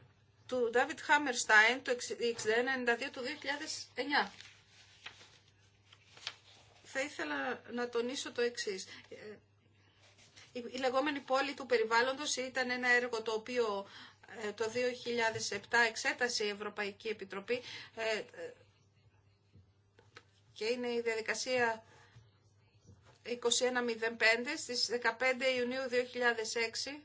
του Ντάβιτ Χάμερστάιν το 6192 του 2009. Θα ήθελα να τονίσω το εξής. Ε, η λεγόμενη πόλη του περιβάλλοντος ήταν ένα έργο το οποίο ε, το 2007 εξέτασε η Ευρωπαϊκή Επιτροπή και είναι η διαδικασία 2105 στις 15 Ιουνίου 2006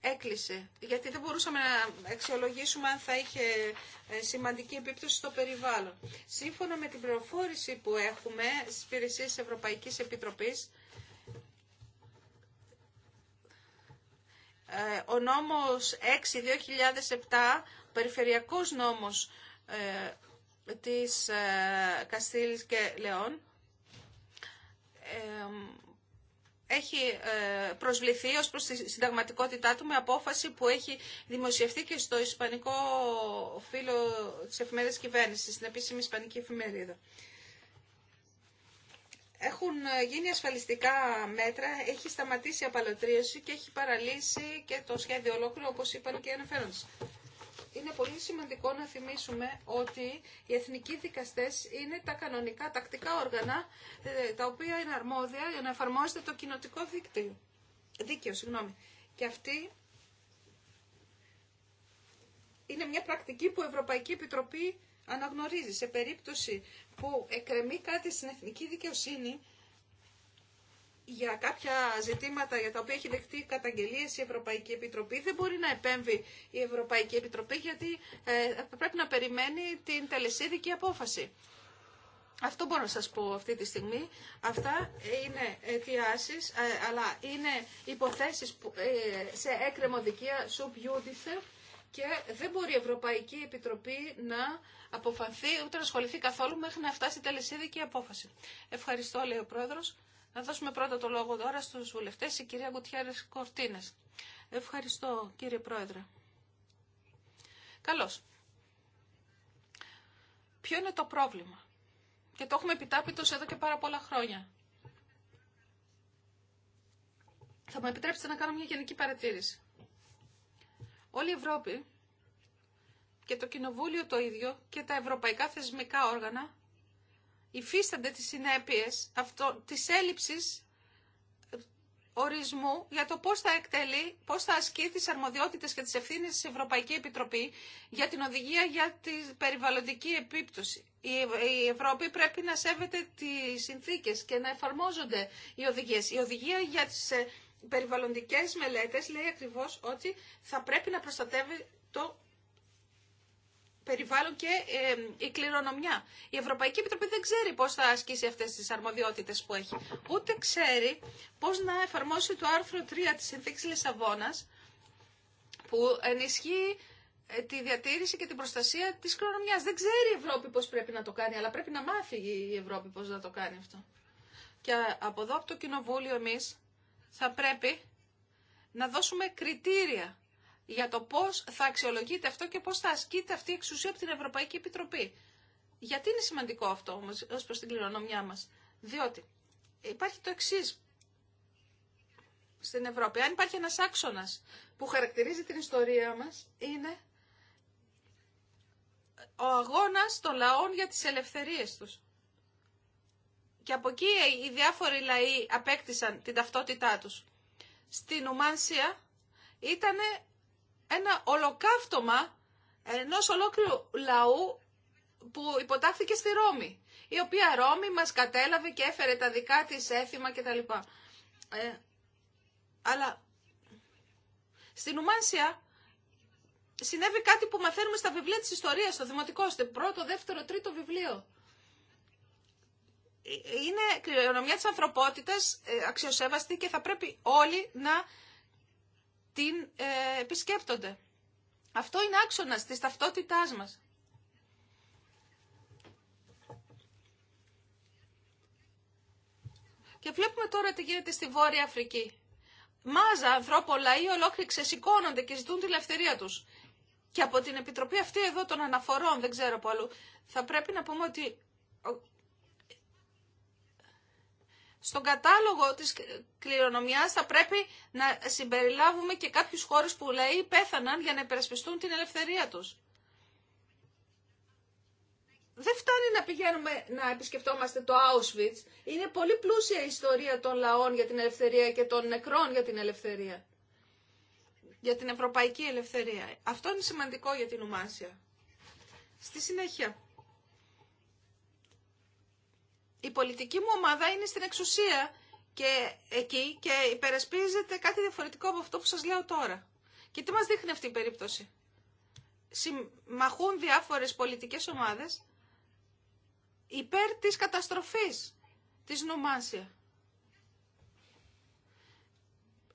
έκλεισε. Γιατί δεν μπορούσαμε να αξιολογήσουμε αν θα είχε ε, σημαντική επίπτωση στο περιβάλλον. Σύμφωνα με την πληροφόρηση που έχουμε στις υπηρεσίες Ευρωπαϊκής Επιτροπής, ε, ο νόμος 6-2007, περιφερειακός νόμος ε, της Καστήλης και Λεών, έχει ε, προσβληθεί ως προς τη συνταγματικότητά του με απόφαση που έχει δημοσιευτεί και στο Ισπανικό φύλλο της εφημερίδας κυβέρνησης, στην επίσημη Ισπανική εφημερίδα. Έχουν ε, γίνει ασφαλιστικά μέτρα, έχει σταματήσει η απαλωτρίωση και έχει παραλύσει και το σχέδιο ολόκληρο, όπως είπαν και οι αναφέροντες είναι πολύ σημαντικό να θυμίσουμε ότι οι εθνικοί δικαστές είναι τα κανονικά τακτικά όργανα ε, τα οποία είναι αρμόδια για να εφαρμόζεται το κοινοτικό δίκτυο. δίκαιο. Συγγνώμη. Και αυτή είναι μια πρακτική που η Ευρωπαϊκή Επιτροπή αναγνωρίζει. Σε περίπτωση που εκρεμεί κάτι στην εθνική δικαιοσύνη, για κάποια ζητήματα για τα οποία έχει δεχτεί καταγγελίες η Ευρωπαϊκή Επιτροπή δεν μπορεί να επέμβει η Ευρωπαϊκή Επιτροπή γιατί ε, πρέπει να περιμένει την τελεσίδικη απόφαση. Αυτό μπορώ να σας πω αυτή τη στιγμή. Αυτά είναι αιτιάσεις, ε, αλλά είναι υποθέσεις που, ε, σε έκρεμο δικία judice και δεν μπορεί η Ευρωπαϊκή Επιτροπή να αποφανθεί ούτε να ασχοληθεί καθόλου μέχρι να φτάσει η τελεσίδικη απόφαση. Ευχαριστώ, λέει ο Πρόεδρος. Να δώσουμε πρώτα το λόγο τώρα στους βουλευτές, η κυρία Γκουτιάρης Κορτίνες. Ευχαριστώ κύριε Πρόεδρε. Καλώς. Ποιο είναι το πρόβλημα. Και το έχουμε επιτάπητος εδώ και πάρα πολλά χρόνια. Θα μου επιτρέψετε να κάνω μια γενική παρατήρηση. Όλη η Ευρώπη και το Κοινοβούλιο το ίδιο και τα ευρωπαϊκά θεσμικά όργανα υφίστανται τις συνέπειες αυτό, της έλλειψης ορισμού για το πώς θα εκτελεί, πώς θα ασκεί τις αρμοδιότητες και τις ευθύνες της Ευρωπαϊκή Επιτροπή για την οδηγία για την περιβαλλοντική επίπτωση. Η Ευρώπη πρέπει να σέβεται τις συνθήκες και να εφαρμόζονται οι οδηγίες. Η οδηγία για τις ε, περιβαλλοντικές μελέτες λέει ακριβώς ότι θα πρέπει να προστατεύει το περιβάλλον και ε, η κληρονομιά. Η Ευρωπαϊκή Επιτροπή δεν ξέρει πώς θα ασκήσει αυτές τις αρμοδιότητες που έχει. Ούτε ξέρει πώς να εφαρμόσει το άρθρο 3 της Συνθήκης Λισαβόνας που ενισχύει ε, τη διατήρηση και την προστασία της κληρονομιάς. Δεν ξέρει η Ευρώπη πώς πρέπει να το κάνει, αλλά πρέπει να μάθει η Ευρώπη πώς να το κάνει αυτό. Και από εδώ από το Κοινοβούλιο εμείς θα πρέπει να δώσουμε κριτήρια για το πώς θα αξιολογείται αυτό και πώς θα ασκείται αυτή η εξουσία από την Ευρωπαϊκή Επιτροπή. Γιατί είναι σημαντικό αυτό όμως ω προ την κληρονομιά μας. Διότι υπάρχει το εξή στην Ευρώπη. Αν υπάρχει ένας άξονας που χαρακτηρίζει την ιστορία μας είναι ο αγώνας των λαών για τις ελευθερίες τους. Και από εκεί οι διάφοροι λαοί απέκτησαν την ταυτότητά τους. Στην Ουμάνσια ήταν ένα ολοκαύτωμα ενό ολόκληρου λαού που υποτάχθηκε στη Ρώμη, η οποία Ρώμη μας κατέλαβε και έφερε τα δικά της έθιμα κτλ. Ε, αλλά στην Ουμάνσια συνέβη κάτι που μαθαίνουμε στα βιβλία της ιστορίας, στο δημοτικό, στο πρώτο, δεύτερο, τρίτο βιβλίο. Ε, ε, είναι κληρονομιά της ανθρωπότητας ε, αξιοσέβαστη και θα πρέπει όλοι να την ε, επισκέπτονται. Αυτό είναι άξονας της ταυτότητάς μας. Και βλέπουμε τώρα τι γίνεται στη Βόρεια Αφρική. Μάζα ανθρώπων λαοί ολόκληροι ξεσηκώνονται και ζητούν τη ελευθερία τους. Και από την Επιτροπή αυτή εδώ των αναφορών, δεν ξέρω από αλλού, θα πρέπει να πούμε ότι στον κατάλογο της κληρονομιάς θα πρέπει να συμπεριλάβουμε και κάποιους χώρους που λέει πέθαναν για να υπερασπιστούν την ελευθερία τους. Δεν φτάνει να πηγαίνουμε να επισκεφτόμαστε το Auschwitz. Είναι πολύ πλούσια η ιστορία των λαών για την ελευθερία και των νεκρών για την ελευθερία. Για την ευρωπαϊκή ελευθερία. Αυτό είναι σημαντικό για την Ουμάσια. Στη συνέχεια η πολιτική μου ομάδα είναι στην εξουσία και εκεί και υπερασπίζεται κάτι διαφορετικό από αυτό που σας λέω τώρα. Και τι μας δείχνει αυτή η περίπτωση. Συμμαχούν διάφορες πολιτικές ομάδες υπέρ της καταστροφής της νομάσια.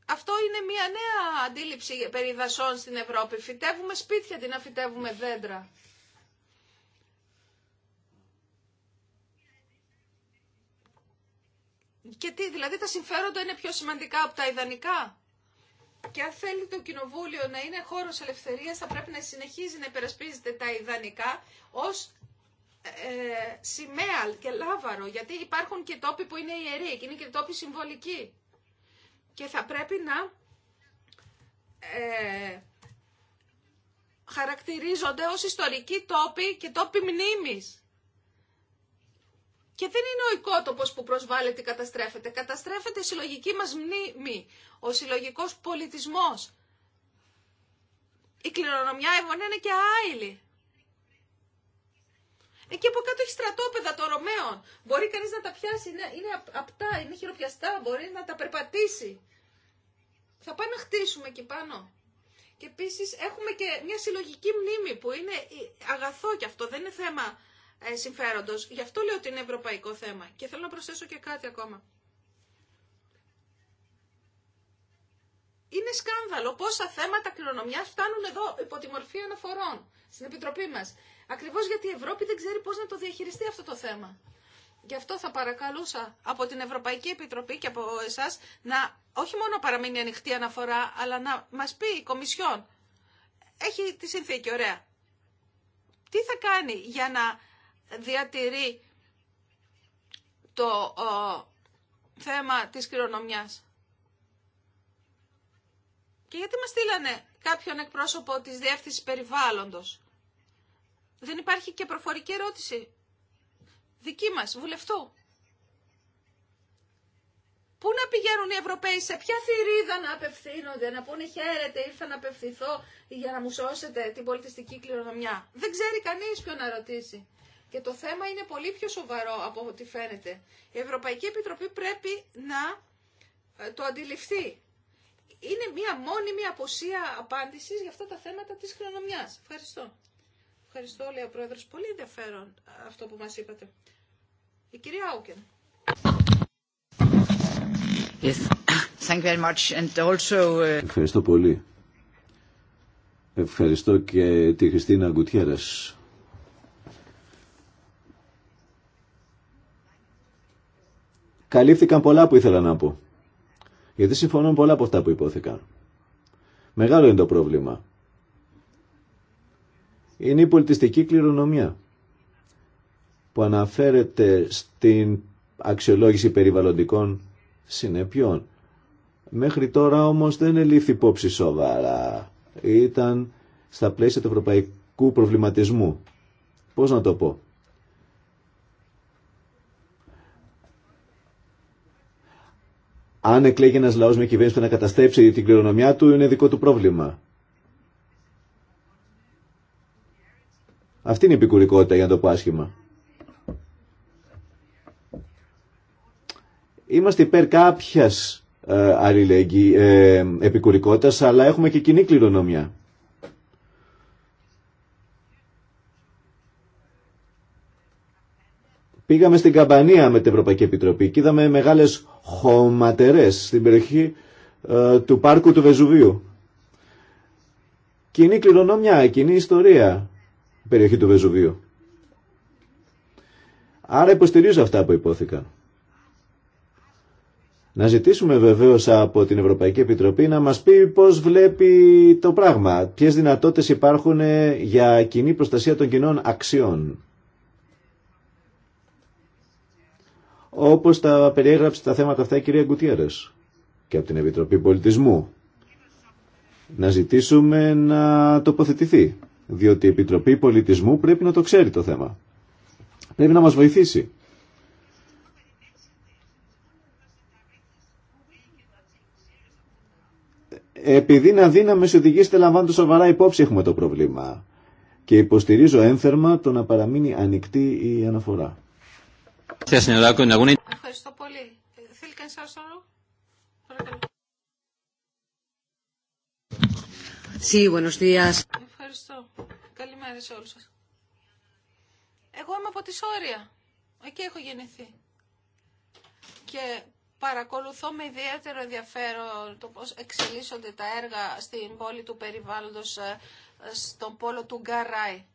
Αυτό είναι μια νέα αντίληψη περί δασών στην Ευρώπη. Φυτεύουμε σπίτια, την να φυτεύουμε δέντρα. Και τι, δηλαδή τα συμφέροντα είναι πιο σημαντικά από τα ιδανικά. Και αν θέλει το κοινοβούλιο να είναι χώρος ελευθερίας θα πρέπει να συνεχίζει να υπερασπίζεται τα ιδανικά ως ε, σημαία και λάβαρο. Γιατί υπάρχουν και τόποι που είναι ιεροί και είναι και τόποι συμβολικοί. Και θα πρέπει να ε, χαρακτηρίζονται ως ιστορικοί τόποι και τόποι μνήμης. Και δεν είναι ο οικότοπο που προσβάλλεται ή καταστρέφεται. Καταστρέφεται η συλλογική μας μνήμη, ο συλλογικός πολιτισμός. Η κληρονομιά συλλογικό πολιτισμος η είναι και άειλη. Εκεί από κάτω έχει στρατόπεδα των Ρωμαίων. Μπορεί κανείς να τα πιάσει, είναι, είναι απτά, είναι χειροπιαστά, μπορεί να τα περπατήσει. Θα πάμε να χτίσουμε εκεί πάνω. Και επίση έχουμε και μια συλλογική μνήμη που είναι αγαθό κι αυτό, δεν είναι θέμα ε, συμφέροντος. Γι' αυτό λέω ότι είναι ευρωπαϊκό θέμα. Και θέλω να προσθέσω και κάτι ακόμα. Είναι σκάνδαλο πόσα θέματα κληρονομιά φτάνουν εδώ υπό τη μορφή αναφορών στην Επιτροπή μα. Ακριβώ γιατί η Ευρώπη δεν ξέρει πώ να το διαχειριστεί αυτό το θέμα. Γι' αυτό θα παρακαλούσα από την Ευρωπαϊκή Επιτροπή και από εσά να όχι μόνο παραμείνει ανοιχτή αναφορά, αλλά να μα πει η Κομισιόν. Έχει τη συνθήκη, ωραία. Τι θα κάνει για να διατηρεί το θέμα της κληρονομιάς. Και γιατί μας στείλανε κάποιον εκπρόσωπο της Διεύθυνσης Περιβάλλοντος. Δεν υπάρχει και προφορική ερώτηση. Δική μας, βουλευτού. Πού να πηγαίνουν οι Ευρωπαίοι, σε ποια θηρίδα να απευθύνονται, να πούνε χαίρετε, ήρθα να απευθυνθώ για να μου σώσετε την πολιτιστική κληρονομιά. Δεν ξέρει κανείς ποιον να ρωτήσει. Και το θέμα είναι πολύ πιο σοβαρό από ό,τι φαίνεται. Η Ευρωπαϊκή Επιτροπή πρέπει να ε, το αντιληφθεί. Είναι μία μόνιμη αποσία απάντησης για αυτά τα θέματα της χρονομιάς. Ευχαριστώ. Ευχαριστώ, λέει ο Πρόεδρος. Πολύ ενδιαφέρον αυτό που μας είπατε. Η κυρία Άουκεν. Yes. Thank very much. And also... Ε, Ευχαριστώ πολύ. Ευχαριστώ και τη Χριστίνα Γκουτιέρας Καλύφθηκαν πολλά που ήθελα να πω. Γιατί συμφωνώ με πολλά από αυτά που υπόθηκαν. Μεγάλο είναι το πρόβλημα. Είναι η πολιτιστική κληρονομιά που αναφέρεται στην αξιολόγηση περιβαλλοντικών συνεπειών. Μέχρι τώρα όμως δεν ελήφθη υπόψη σοβαρά. Ήταν στα πλαίσια του ευρωπαϊκού προβληματισμού. Πώς να το πω. Αν εκλέγει ένα λαό με κυβέρνηση που να καταστρέψει την κληρονομιά του, είναι δικό του πρόβλημα. Αυτή είναι η επικουρικότητα για να το πω άσχημα. Είμαστε υπέρ κάποια ε, αλληλεγγύη ε, επικουρικότητας, αλλά έχουμε και κοινή κληρονομιά. Πήγαμε στην Καμπανία με την Ευρωπαϊκή Επιτροπή και είδαμε μεγάλες χωματερές στην περιοχή ε, του πάρκου του Βεζουβίου. Κοινή κληρονομιά, κοινή ιστορία η περιοχή του Βεζουβίου. Άρα υποστηρίζω αυτά που υπόθηκαν. Να ζητήσουμε βεβαίως από την Ευρωπαϊκή Επιτροπή να μας πει πώς βλέπει το πράγμα, ποιες δυνατότητες υπάρχουν για κοινή προστασία των κοινών αξιών. όπως τα περιέγραψε τα θέματα αυτά η κυρία Γκουτιέρε και από την Επιτροπή Πολιτισμού. Να ζητήσουμε να τοποθετηθεί, διότι η Επιτροπή Πολιτισμού πρέπει να το ξέρει το θέμα. Πρέπει να μας βοηθήσει. Επειδή είναι αδύναμες οι οδηγίες, σοβαρά υπόψη έχουμε το πρόβλημα. Και υποστηρίζω ένθερμα το να παραμείνει ανοιχτή η αναφορά. Ευχαριστώ πολύ. Θέλει κανείς Ευχαριστώ. Καλημέρα σε όλους σας. Εγώ είμαι από τη Σόρια. Εκεί έχω γεννηθεί. Και παρακολουθώ με ιδιαίτερο ενδιαφέρον το πώς εξελίσσονται τα έργα στην πόλη του περιβάλλοντος ε, στον πόλο του Γκαράι.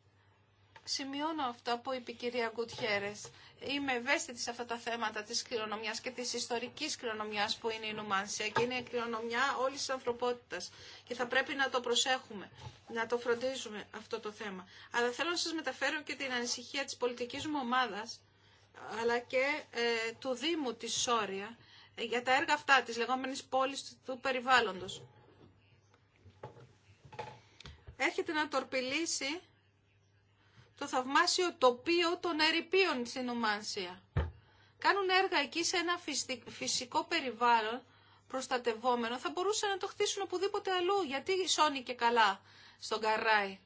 Σημειώνω αυτό που είπε η κυρία Γκουτιέρε. Είμαι ευαίσθητη σε αυτά τα θέματα τη κληρονομία και τη ιστορική κληρονομιά που είναι η Νουμάνσια και είναι η κληρονομιά όλη τη ανθρωπότητα. και θα πρέπει να το προσέχουμε, να το φροντίζουμε αυτό το θέμα. Αλλά θέλω να σα μεταφέρω και την ανησυχία τη πολιτική μου ομάδας αλλά και ε, του Δήμου τη Σόρια ε, για τα έργα αυτά τη λεγόμενη πόλη του περιβάλλοντο. Έρχεται να τορπιλήσει το θαυμάσιο τοπίο των ερηπείων στην Ουμάνσια. Κάνουν έργα εκεί σε ένα φυσικό περιβάλλον προστατευόμενο. Θα μπορούσαν να το χτίσουν οπουδήποτε αλλού, γιατί σώνει και καλά στον Καράι.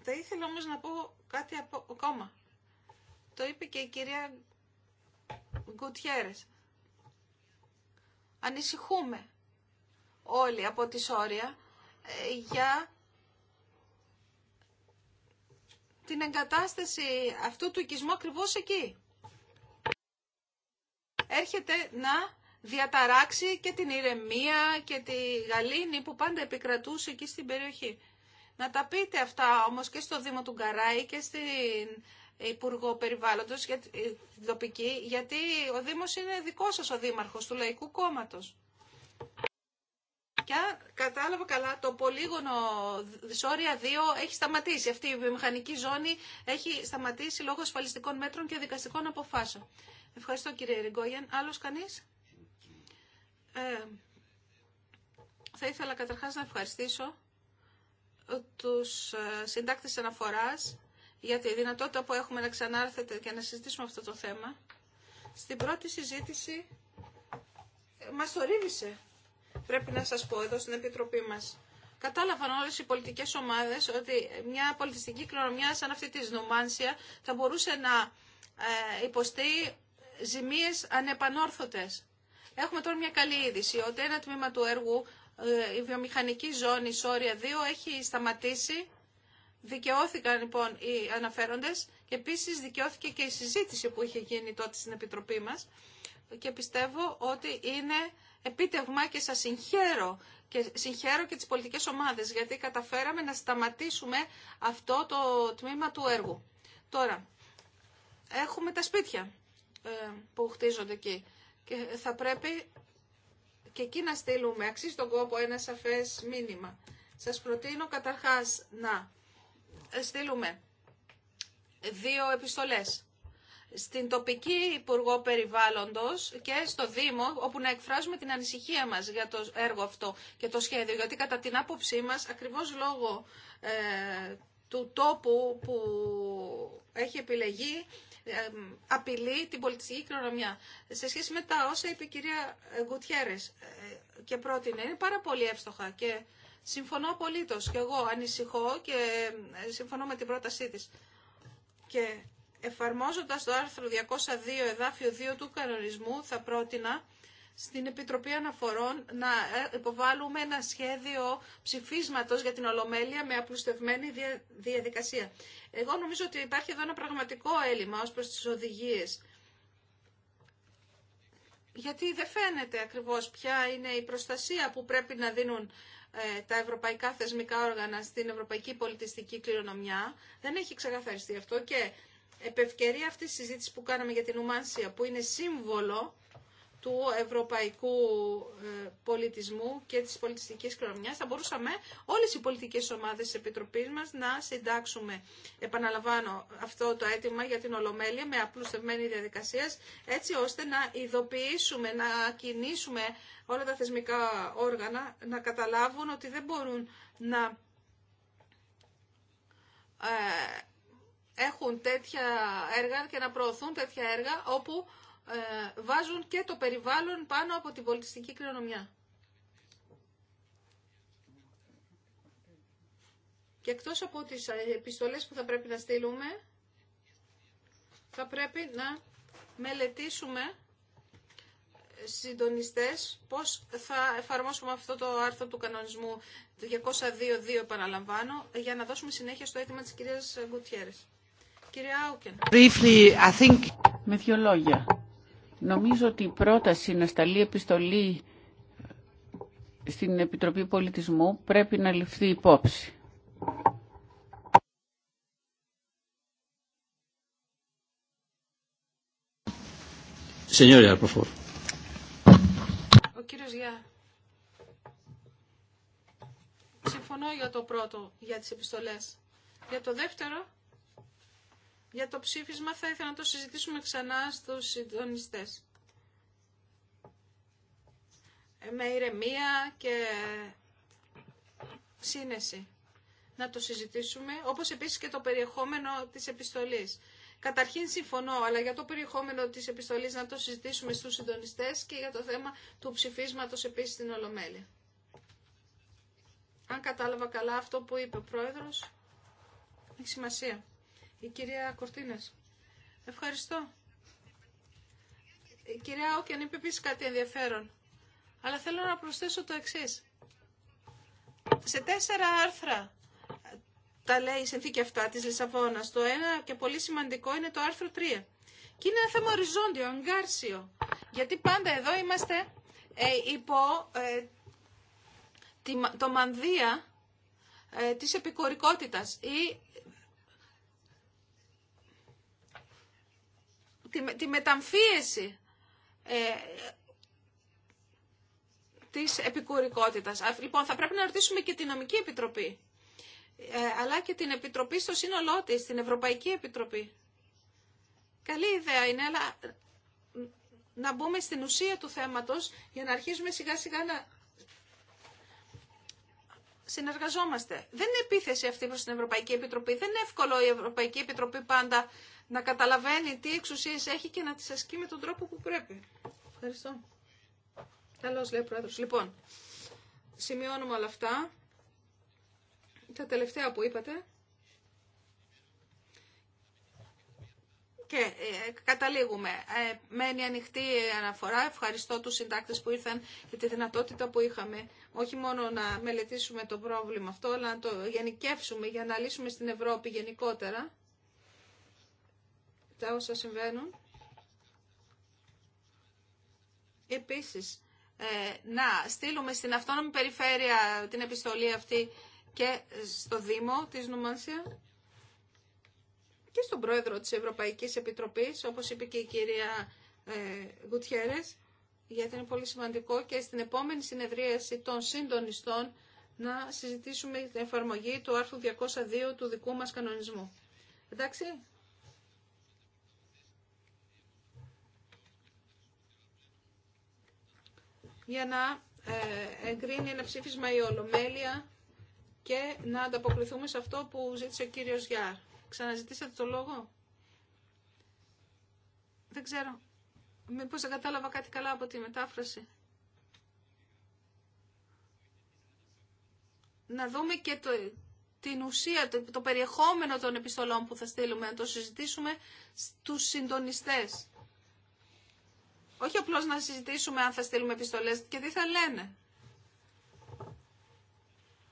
Θα ήθελα όμως να πω κάτι ακόμα. Το είπε και η κυρία Γκουτιέρες. Ανησυχούμε όλοι από τη Σόρια ε, για την εγκατάσταση αυτού του οικισμού ακριβώς εκεί. Έρχεται να διαταράξει και την ηρεμία και τη γαλήνη που πάντα επικρατούσε εκεί στην περιοχή. Να τα πείτε αυτά όμως και στο Δήμο του Γκαράη και στην Υπουργό Περιβάλλοντος για, τοπική, γιατί ο Δήμος είναι δικός σας ο Δήμαρχος του Λαϊκού Κόμματος. Και αν κατάλαβα καλά, το πολύγωνο Σόρια 2 έχει σταματήσει. Αυτή η βιομηχανική ζώνη έχει σταματήσει λόγω ασφαλιστικών μέτρων και δικαστικών αποφάσεων. Ευχαριστώ κύριε Ριγκόγεν. Άλλος κανείς? Ε, θα ήθελα καταρχάς να ευχαριστήσω ε, τους ε, συντάκτες αναφοράς για τη δυνατότητα που έχουμε να ξανάρθετε και να συζητήσουμε αυτό το θέμα. Στην πρώτη συζήτηση ε, μας θορύβησε πρέπει να σας πω εδώ στην Επιτροπή μας. Κατάλαβαν όλες οι πολιτικές ομάδες ότι μια πολιτιστική κληρονομιά σαν αυτή της Νομάνσια θα μπορούσε να ε, υποστεί ζημίες ανεπανόρθωτες. Έχουμε τώρα μια καλή είδηση ότι ένα τμήμα του έργου, ε, η βιομηχανική ζώνη Σόρια 2, έχει σταματήσει. Δικαιώθηκαν λοιπόν οι αναφέροντες και επίσης δικαιώθηκε και η συζήτηση που είχε γίνει τότε στην Επιτροπή μας και πιστεύω ότι είναι επίτευγμα και σας συγχαίρω και συγχαίρω και τις πολιτικές ομάδες γιατί καταφέραμε να σταματήσουμε αυτό το τμήμα του έργου. Τώρα, έχουμε τα σπίτια ε, που χτίζονται εκεί και θα πρέπει και εκεί να στείλουμε αξίζει τον κόπο ένα σαφές μήνυμα. Σας προτείνω καταρχάς να στείλουμε δύο επιστολές στην τοπική Υπουργό Περιβάλλοντος και στο Δήμο, όπου να εκφράζουμε την ανησυχία μας για το έργο αυτό και το σχέδιο. Γιατί κατά την άποψή μας, ακριβώς λόγω ε, του τόπου που έχει επιλεγεί, ε, απειλεί την πολιτιστική κληρονομιά. Σε σχέση με τα όσα είπε η κυρία Γκουτιέρες ε, και πρότεινε, είναι πάρα πολύ εύστοχα και συμφωνώ απολύτως. Και εγώ ανησυχώ και συμφωνώ με την πρότασή της. Και Εφαρμόζοντας το άρθρο 202 εδάφιο 2 του κανονισμού θα πρότεινα στην Επιτροπή Αναφορών να ε, υποβάλουμε ένα σχέδιο ψηφίσματος για την Ολομέλεια με απλουστευμένη διαδικασία. Εγώ νομίζω ότι υπάρχει εδώ ένα πραγματικό έλλειμμα ως προς τις οδηγίες. Γιατί δεν φαίνεται ακριβώς ποια είναι η προστασία που πρέπει να δίνουν ε, τα ευρωπαϊκά θεσμικά όργανα στην ευρωπαϊκή πολιτιστική κληρονομιά. Δεν έχει ξεκαθαριστεί αυτό και επευκαιρία αυτή τη συζήτηση που κάναμε για την Ουμάνσια, που είναι σύμβολο του ευρωπαϊκού ε, πολιτισμού και της πολιτιστικής κληρονομιάς, θα μπορούσαμε όλες οι πολιτικές ομάδες της Επιτροπής μας να συντάξουμε, επαναλαμβάνω αυτό το αίτημα για την Ολομέλεια με απλούστευμένη διαδικασία, έτσι ώστε να ειδοποιήσουμε, να κινήσουμε όλα τα θεσμικά όργανα, να καταλάβουν ότι δεν μπορούν να ε, έχουν τέτοια έργα και να προωθούν τέτοια έργα όπου ε, βάζουν και το περιβάλλον πάνω από την πολιτιστική κληρονομιά. Και εκτός από τις επιστολές που θα πρέπει να στείλουμε, θα πρέπει να μελετήσουμε συντονιστές πώς θα εφαρμόσουμε αυτό το άρθρο του κανονισμού 202.2 επαναλαμβάνω για να δώσουμε συνέχεια στο αίτημα της κυρίας Γκουτιέρης. Με δύο λόγια. Νομίζω ότι η πρόταση να σταλεί επιστολή ε, στην Επιτροπή Πολιτισμού πρέπει να ληφθεί υπόψη. Ο κύριος Γιά. Συμφωνώ για το πρώτο, για τις επιστολές. Για το δεύτερο, για το ψήφισμα θα ήθελα να το συζητήσουμε ξανά στους συντονιστές. Με ηρεμία και σύνεση να το συζητήσουμε, όπως επίσης και το περιεχόμενο της επιστολής. Καταρχήν συμφωνώ, αλλά για το περιεχόμενο της επιστολής να το συζητήσουμε στους συντονιστές και για το θέμα του ψηφίσματος επίσης στην Ολομέλεια. Αν κατάλαβα καλά αυτό που είπε ο Πρόεδρος, έχει σημασία. Η κυρία Κορτίνες. Ευχαριστώ. Η ε, κυρία Όκεν είπε επίση κάτι ενδιαφέρον. Αλλά θέλω να προσθέσω το εξή. Σε τέσσερα άρθρα τα λέει η συνθήκη αυτά της Λισαβόνας. Το ένα και πολύ σημαντικό είναι το άρθρο 3. Και είναι ένα θέμα οριζόντιο, εγκάρσιο. Γιατί πάντα εδώ είμαστε ε, υπό ε, το μανδύα ε, της επικορικότητας ή τη, μεταμφίεση ε, της επικουρικότητας. Λοιπόν, θα πρέπει να ρωτήσουμε και την νομική επιτροπή, ε, αλλά και την επιτροπή στο σύνολό της, την Ευρωπαϊκή Επιτροπή. Καλή ιδέα είναι, αλλά να μπούμε στην ουσία του θέματος για να αρχίσουμε σιγά σιγά να συνεργαζόμαστε. Δεν είναι επίθεση αυτή προς την Ευρωπαϊκή Επιτροπή. Δεν είναι εύκολο η Ευρωπαϊκή Επιτροπή πάντα να καταλαβαίνει τι εξουσίες έχει και να τις ασκεί με τον τρόπο που πρέπει. Ευχαριστώ. Καλώς λέει ο Πρόεδρος. Λοιπόν, σημειώνουμε όλα αυτά. Τα τελευταία που είπατε. Και ε, καταλήγουμε. Ε, μένει ανοιχτή η αναφορά. Ευχαριστώ τους συντάκτες που ήρθαν και τη δυνατότητα που είχαμε όχι μόνο να μελετήσουμε το πρόβλημα αυτό, αλλά να το γενικεύσουμε για να λύσουμε στην Ευρώπη γενικότερα τα όσα συμβαίνουν. Επίσης, ε, να στείλουμε στην αυτόνομη περιφέρεια την επιστολή αυτή και στο Δήμο της Νουμάνσια και στον Πρόεδρο της Ευρωπαϊκής Επιτροπής, όπως είπε και η κυρία ε, Γουτιέρες γιατί είναι πολύ σημαντικό και στην επόμενη συνεδρίαση των συντονιστών να συζητήσουμε την εφαρμογή του άρθρου 202 του δικού μας κανονισμού. Εντάξει, για να ε, εγκρίνει ένα ψήφισμα η Ολομέλεια και να ανταποκριθούμε σε αυτό που ζήτησε ο κύριος Γιάρ. Ξαναζητήσατε το λόγο. Δεν ξέρω. Μήπως δεν κατάλαβα κάτι καλά από τη μετάφραση. Να δούμε και το, την ουσία, το, το περιεχόμενο των επιστολών που θα στείλουμε, να το συζητήσουμε στους συντονιστές. Όχι απλώ να συζητήσουμε αν θα στείλουμε επιστολές και τι θα λένε.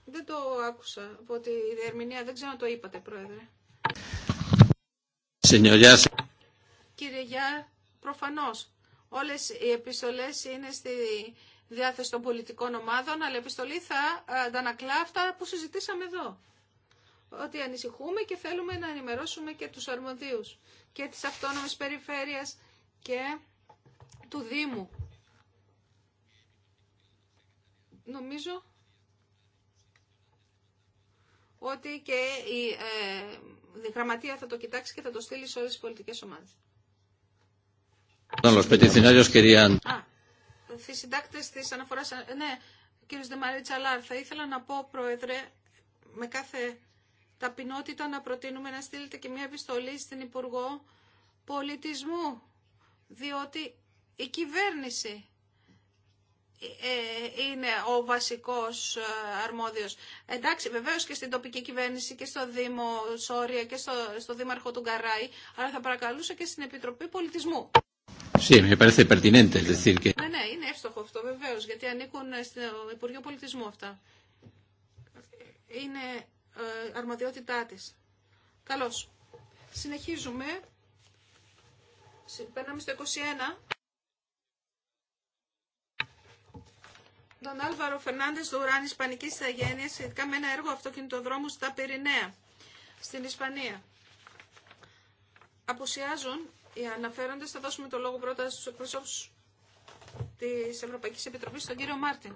Δεν το άκουσα από τη διερμηνία. Δεν ξέρω αν το είπατε, Πρόεδρε. Συνολιά. Κύριε Γιά, προφανώς. Όλες οι επιστολές είναι στη διάθεση των πολιτικών ομάδων, αλλά η επιστολή θα αντανακλά αυτά που συζητήσαμε εδώ. Ότι ανησυχούμε και θέλουμε να ενημερώσουμε και του αρμοδίου και της αυτόνομης περιφέρειας και του Δήμου. Νομίζω ότι και η, ε, γραμματεία θα το κοιτάξει και θα το στείλει σε όλες τις πολιτικές ομάδες. Α, συντάκτες της αναφοράς... Ε, ναι, κύριος Δεμαρή Τσαλάρ, θα ήθελα να πω, Πρόεδρε, με κάθε ταπεινότητα να προτείνουμε να στείλετε και μια επιστολή στην Υπουργό Πολιτισμού, διότι η κυβέρνηση ε, ε, είναι ο βασικός ε, αρμόδιος. Εντάξει, βεβαίως και στην τοπική κυβέρνηση και στο Δήμο Σόρια και στο, στο Δήμαρχο του Γκαράη, αλλά θα παρακαλούσα και στην Επιτροπή Πολιτισμού. Ναι, ναι, είναι εύστοχο αυτό βεβαίως, γιατί ανήκουν στο Υπουργείο Πολιτισμού αυτά. Είναι ε, αρμοδιότητά της. Καλώς. Συνεχίζουμε. Περνάμε στο 21. τον Άλβαρο Φερνάντε Δουράν Ισπανική Ιθαγένεια σχετικά με ένα έργο αυτοκινητοδρόμου στα Πυρηναία, στην Ισπανία. Αποσιάζουν οι αναφέροντε. Θα δώσουμε το λόγο πρώτα στου εκπροσώπου τη Ευρωπαϊκή Επιτροπή, τον κύριο Μάρτιν.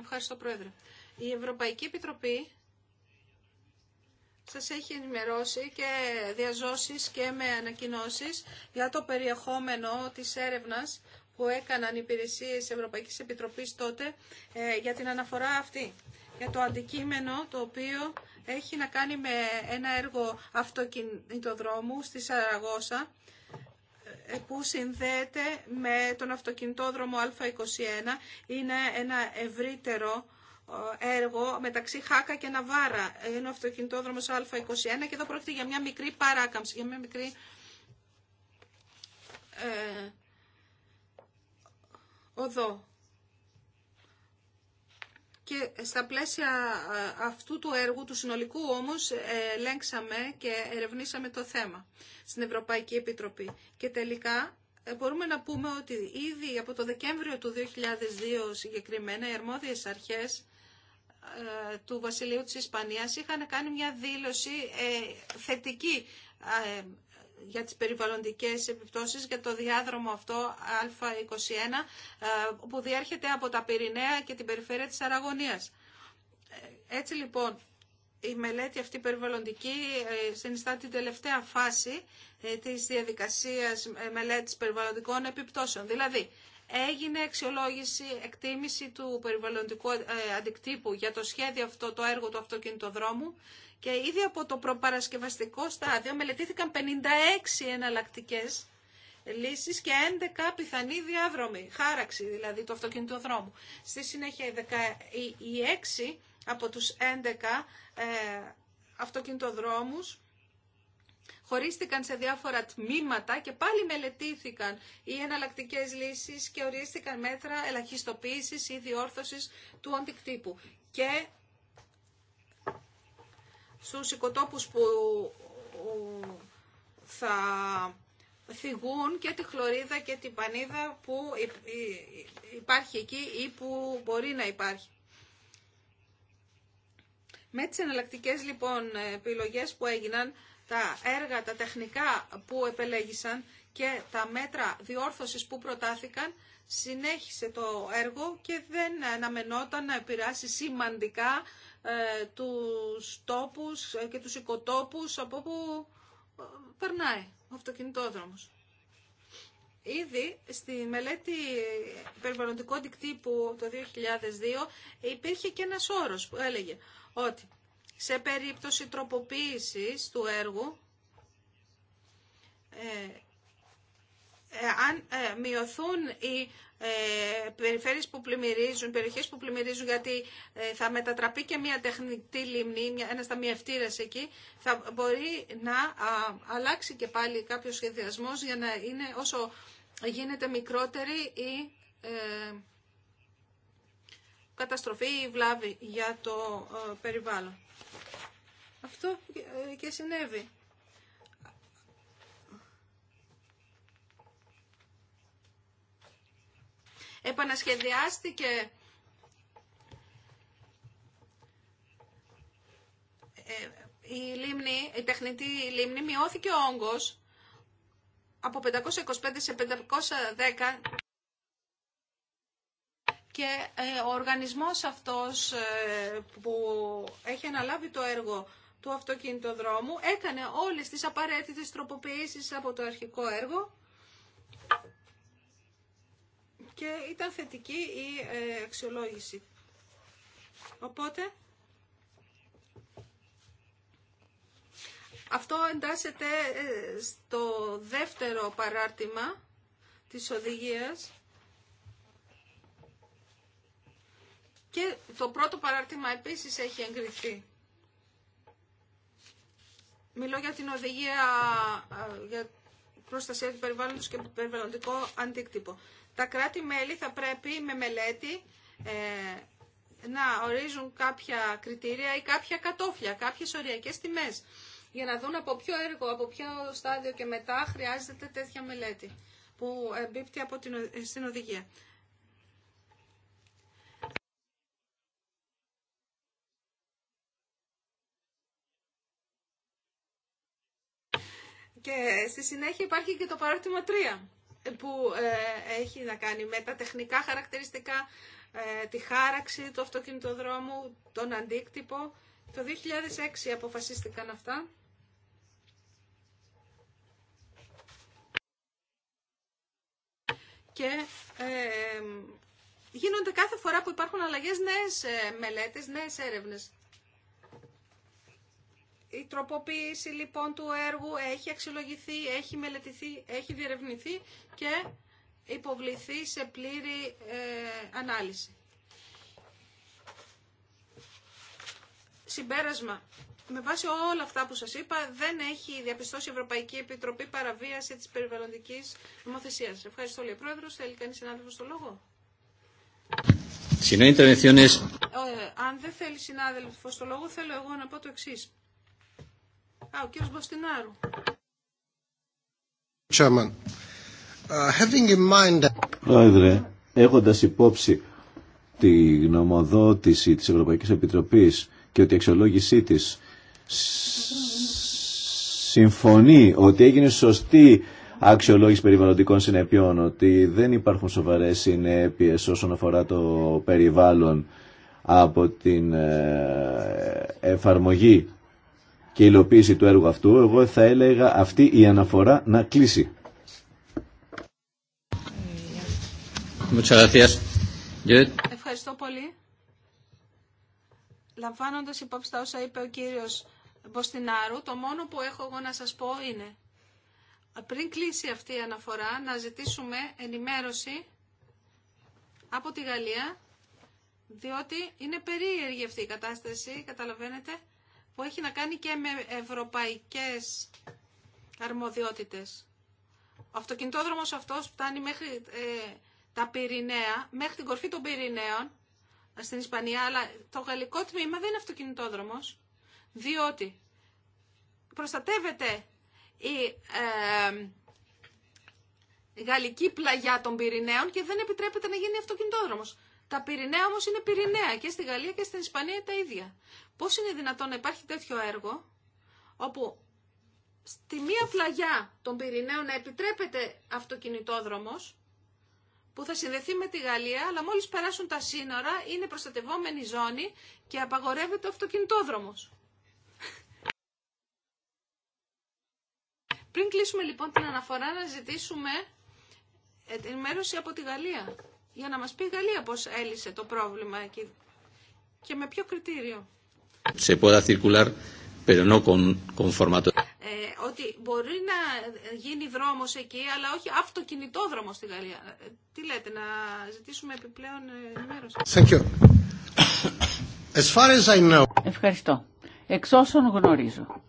Ευχαριστώ, Πρόεδρε. Η Ευρωπαϊκή Επιτροπή σας έχει ενημερώσει και διαζώσεις και με ανακοινώσεις για το περιεχόμενο της έρευνας που έκαναν οι υπηρεσίες Ευρωπαϊκής Επιτροπής τότε ε, για την αναφορά αυτή. Για το αντικείμενο το οποίο έχει να κάνει με ένα έργο αυτοκινητοδρόμου στη Σαραγώσα ε, ε, που συνδέεται με τον αυτοκινητόδρομο Α21. Είναι ένα ευρύτερο έργο μεταξύ Χάκα και Ναβάρα. Είναι ο αυτοκινητόδρομος Α21 και εδώ πρόκειται για μια μικρή παράκαμψη, για μια μικρή ε, οδό. Και στα πλαίσια ε, αυτού του έργου, του συνολικού όμως, ε, ελέγξαμε και ερευνήσαμε το θέμα στην Ευρωπαϊκή Επιτροπή. Και τελικά ε, μπορούμε να πούμε ότι ήδη από το Δεκέμβριο του 2002 συγκεκριμένα οι αρμόδιες αρχές ε, του Βασιλείου της Ισπανίας είχαν κάνει μια δήλωση ε, θετική ε, για τις περιβαλλοντικές επιπτώσεις για το διάδρομο αυτό Α21 που διέρχεται από τα Πυρηναία και την περιφέρεια της Αραγωνίας. Έτσι λοιπόν η μελέτη αυτή περιβαλλοντική συνιστά την τελευταία φάση της διαδικασίας μελέτης περιβαλλοντικών επιπτώσεων. Δηλαδή έγινε αξιολόγηση, εκτίμηση του περιβαλλοντικού ε, αντικτύπου για το σχέδιο αυτό, το έργο του αυτοκινητοδρόμου και ήδη από το προπαρασκευαστικό στάδιο μελετήθηκαν 56 εναλλακτικέ λύσεις και 11 πιθανοί διάδρομοι, χάραξη δηλαδή του αυτοκινητοδρόμου. Στη συνέχεια οι 6 από τους 11 αυτοκίνητοδρόμου. Ε, αυτοκινητοδρόμους χωρίστηκαν σε διάφορα τμήματα και πάλι μελετήθηκαν οι εναλλακτικέ λύσεις και ορίστηκαν μέτρα ελαχιστοποίησης ή διόρθωση του αντικτύπου. Και στους οικοτόπου που θα θυγούν και τη χλωρίδα και την πανίδα που υπάρχει εκεί ή που μπορεί να υπάρχει. Με τις εναλλακτικέ λοιπόν επιλογές που έγιναν τα έργα, τα τεχνικά που επελέγησαν και τα μέτρα διόρθωσης που προτάθηκαν, συνέχισε το έργο και δεν αναμενόταν να επηρεάσει σημαντικά ε, τους τόπους ε, και τους οικοτόπους από που ε, περνάει ο αυτοκινητόδρομος. Ήδη στη μελέτη περιβαλλοντικού αντικτύπου το 2002 υπήρχε και ένας όρος που έλεγε ότι σε περίπτωση τροποποίησης του έργου, ε, ε αν ε, μειωθούν οι ε, περιφέρειες που πλημμυρίζουν, περιοχές που πλημμυρίζουν, γιατί ε, θα μετατραπεί και μια τεχνητή λίμνη, μια, ένας ταμιευτήρας εκεί, θα μπορεί να αλλάξει και πάλι κάποιος σχεδιασμός για να είναι όσο γίνεται μικρότερη η καταστροφή ή η βλάβη για το περιβάλλον. Αυτό ε, και συνέβη. Επανασχεδιάστηκε ε, η λίμνη, η τεχνητή λίμνη, μειώθηκε ο όγκος από 525 σε 510 και ε, ο οργανισμός αυτός που έχει αναλάβει το έργο του αυτοκινητοδρόμου, έκανε όλες τις απαραίτητες τροποποιήσεις από το αρχικό έργο και ήταν θετική η ε, αξιολόγηση. Οπότε, αυτό εντάσσεται ε, στο δεύτερο παράρτημα της οδηγίας και το πρώτο παράρτημα επίσης έχει εγκριθεί. Μιλώ για την οδηγία για προστασία του περιβάλλοντος και περιβαλλοντικό αντίκτυπο. Τα κράτη-μέλη θα πρέπει με μελέτη ε, να ορίζουν κάποια κριτήρια ή κάποια κατόφλια, κάποιες οριακές τιμές, για να δουν από ποιο έργο, από ποιο στάδιο και μετά χρειάζεται τέτοια μελέτη που εμπίπτει από την, στην οδηγία. Και στη συνέχεια υπάρχει και το παράρτημα 3 που ε, έχει να κάνει με τα τεχνικά χαρακτηριστικά, ε, τη χάραξη του αυτοκινητοδρόμου, τον αντίκτυπο. Το 2006 αποφασίστηκαν αυτά. Και ε, γίνονται κάθε φορά που υπάρχουν αλλαγές νέες μελέτες, νέες έρευνες. Η τροποποίηση λοιπόν του έργου έχει αξιολογηθεί, έχει μελετηθεί, έχει διερευνηθεί και υποβληθεί σε πλήρη ε, ανάλυση. Συμπέρασμα. Με βάση όλα αυτά που σας είπα, δεν έχει διαπιστώσει η Ευρωπαϊκή Επιτροπή παραβίαση της περιβαλλοντικής νομοθεσίας. Ευχαριστώ, λέει Πρόεδρος. Θέλει κανείς συνάδελφος στο λόγο. Ε, αν δεν θέλει συνάδελφος στο λόγο, θέλω εγώ να πω το εξής. Uh, Πρόεδρε, έχοντας υπόψη τη γνωμοδότηση της Ευρωπαϊκής Επιτροπής και ότι η αξιολόγησή της συμφωνεί ότι έγινε σωστή αξιολόγηση περιβαλλοντικών συνεπειών, ότι δεν υπάρχουν σοβαρές συνέπειες όσον αφορά το περιβάλλον από την ε, εφαρμογή και η υλοποίηση του έργου αυτού, εγώ θα έλεγα αυτή η αναφορά να κλείσει. Ευχαριστώ πολύ. Λαμβάνοντα υπόψη τα όσα είπε ο κύριο Μποστινάρου, το μόνο που έχω εγώ να σας πω είναι πριν κλείσει αυτή η αναφορά να ζητήσουμε ενημέρωση από τη Γαλλία διότι είναι περίεργη αυτή η κατάσταση, καταλαβαίνετε που έχει να κάνει και με ευρωπαϊκές αρμοδιότητες. Ο αυτοκινητόδρομος αυτός φτάνει μέχρι ε, τα Πυρηναία, μέχρι την κορφή των Πυρηναίων στην Ισπανία, αλλά το γαλλικό τμήμα δεν είναι αυτοκινητόδρομος, διότι προστατεύεται η, ε, γαλλική πλαγιά των Πυρηναίων και δεν επιτρέπεται να γίνει αυτοκινητόδρομος. Τα Πυρηναία όμως είναι Πυρηναία και στη Γαλλία και στην Ισπανία τα ίδια. Πώς είναι δυνατόν να υπάρχει τέτοιο έργο όπου στη μία πλαγιά των Πυρηναίων να επιτρέπεται αυτοκινητόδρομος που θα συνδεθεί με τη Γαλλία, αλλά μόλις περάσουν τα σύνορα είναι προστατευόμενη ζώνη και απαγορεύεται ο αυτοκινητόδρομος. Πριν κλείσουμε λοιπόν την αναφορά να ζητήσουμε ενημέρωση από τη Γαλλία για να μας πει η Γαλλία πώς έλυσε το πρόβλημα εκεί και με ποιο κριτήριο. Σε ε, ότι μπορεί να γίνει δρόμος εκεί, αλλά όχι αυτοκινητόδρομο στη Γαλλία. Ε, τι λέτε, να ζητήσουμε επιπλέον ε, ενημέρωση. Thank you. As far as I know... Ευχαριστώ. Εξ όσων γνωρίζω,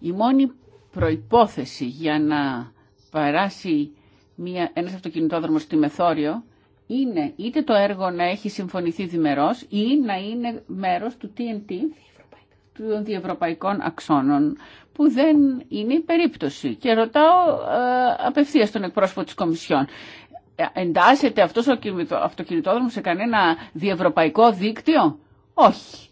η μόνη προϋπόθεση για να παράσει μια, ένας αυτοκινητόδρομος στη Μεθόριο είναι είτε το έργο να έχει συμφωνηθεί διμερώς ή να είναι μέρος του TNT, των διευρωπαϊκών αξώνων, που δεν είναι η περίπτωση. Και ρωτάω ε, απευθείας τον εκπρόσωπο της Κομισιόν. Ε, εντάσσεται αυτός ο αυτοκινητόδρομος σε κανένα διευρωπαϊκό δίκτυο? Όχι.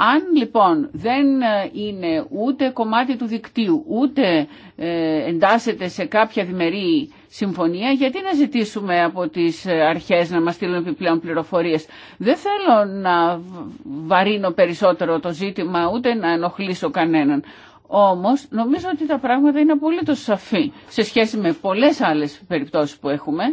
Αν λοιπόν δεν ε, είναι ούτε κομμάτι του δικτύου, ούτε ε, εντάσσεται σε κάποια διμερή συμφωνία, γιατί να ζητήσουμε από τις ε, αρχές να μας στείλουν επιπλέον πληροφορίες. Δεν θέλω να βαρύνω περισσότερο το ζήτημα, ούτε να ενοχλήσω κανέναν. Όμως νομίζω ότι τα πράγματα είναι απολύτως σαφή σε σχέση με πολλές άλλες περιπτώσεις που έχουμε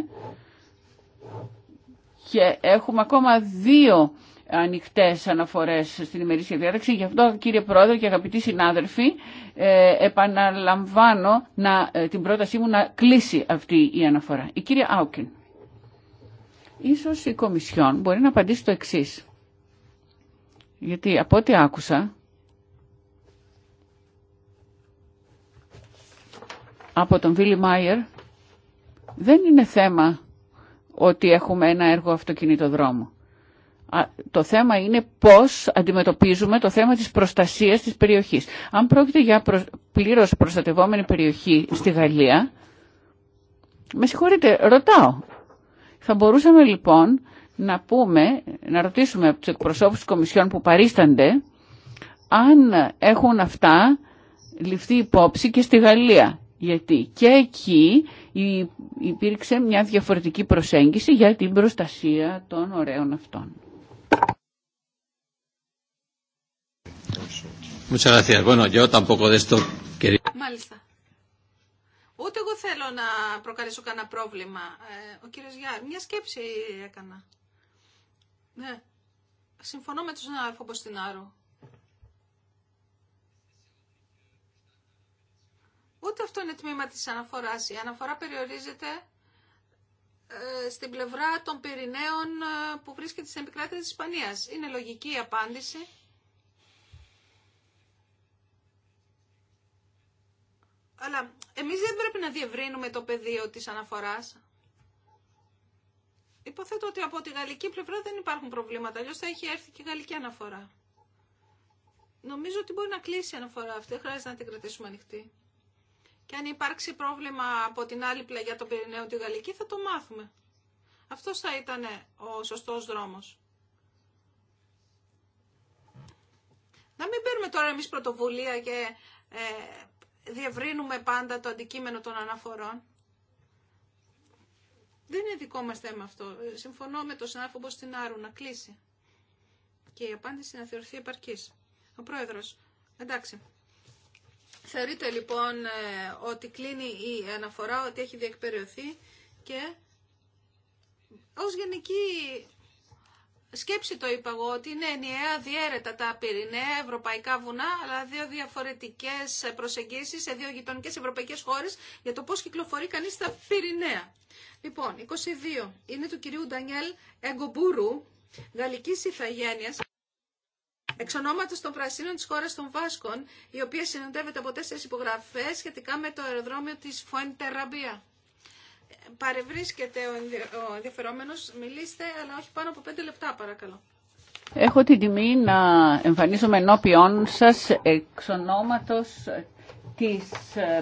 και έχουμε ακόμα δύο Ανοιχτέ αναφορές στην ημερήσια διάταξη. Γι' αυτό κύριε Πρόεδρε και αγαπητοί συνάδελφοι ε, επαναλαμβάνω να, ε, την πρότασή μου να κλείσει αυτή η αναφορά. Η κυρία Άουκεν. Ίσως η Κομισιόν μπορεί να απαντήσει το εξή. Γιατί από ό,τι άκουσα από τον Βίλι Μάιερ δεν είναι θέμα ότι έχουμε ένα έργο αυτοκινητοδρόμου. Το θέμα είναι πώς αντιμετωπίζουμε το θέμα της προστασίας της περιοχής. Αν πρόκειται για πλήρως προστατευόμενη περιοχή στη Γαλλία, με συγχωρείτε, ρωτάω. Θα μπορούσαμε λοιπόν να πούμε, να ρωτήσουμε από τους εκπροσώπους της Κομισιόν που παρίστανται, αν έχουν αυτά ληφθεί υπόψη και στη Γαλλία. Γιατί και εκεί υπήρξε μια διαφορετική προσέγγιση για την προστασία των ωραίων αυτών. Muchas gracias. Bueno, yo tampoco de esto quería... Μάλιστα. Ούτε εγώ θέλω να προκαλέσω κανένα πρόβλημα. Ε, ο κύριο Γιάρ, μια σκέψη έκανα. Ναι. Συμφωνώ με τον συνάδελφο Μποστινάρου. Ούτε αυτό είναι τμήμα της αναφοράς. Η αναφορά περιορίζεται ε, στην πλευρά των Πυρηναίων ε, που βρίσκεται στην επικράτεια της Ισπανίας. Είναι λογική η απάντηση. Αλλά εμείς δεν πρέπει να διευρύνουμε το πεδίο της αναφοράς. Υποθέτω ότι από τη γαλλική πλευρά δεν υπάρχουν προβλήματα, αλλιώς θα έχει έρθει και η γαλλική αναφορά. Νομίζω ότι μπορεί να κλείσει η αναφορά αυτή, χρειάζεται να την κρατήσουμε ανοιχτή. Και αν υπάρξει πρόβλημα από την άλλη πλαγιά των Πυρηναίων τη Γαλλική θα το μάθουμε. Αυτό θα ήταν ο σωστός δρόμος. Να μην παίρνουμε τώρα εμεί πρωτοβουλία και ε, διευρύνουμε πάντα το αντικείμενο των αναφορών. Δεν είναι δικό μας θέμα αυτό. Συμφωνώ με τον συνάδελφο Άρου να κλείσει. Και η απάντηση να θεωρηθεί επαρκής. Ο πρόεδρος. Εντάξει. Θεωρείται λοιπόν ε, ότι κλείνει η αναφορά, ότι έχει διεκπεριωθεί και ως γενική σκέψη το είπα εγώ ότι είναι ενιαία διέρετα τα πυρηναία ευρωπαϊκά βουνά, αλλά δύο διαφορετικές προσεγγίσεις σε δύο γειτονικές ευρωπαϊκές χώρες για το πώς κυκλοφορεί κανείς στα πυρηναία. Λοιπόν, 22 είναι του κυρίου Ντανιέλ Εγκομπούρου, γαλλικής ηθαγένειας. Εξ ονόματο των Πρασίνων τη Χώρα των Βάσκων, η οποία συνοδεύεται από τέσσερι υπογραφές σχετικά με το αεροδρόμιο της Φουέντεραμπία. Παρευρίσκεται ο ενδιαφερόμενο, μιλήστε, αλλά όχι πάνω από πέντε λεπτά παρακαλώ. Έχω την τιμή να εμφανίζομαι ενώπιόν σας εξ ονόματο της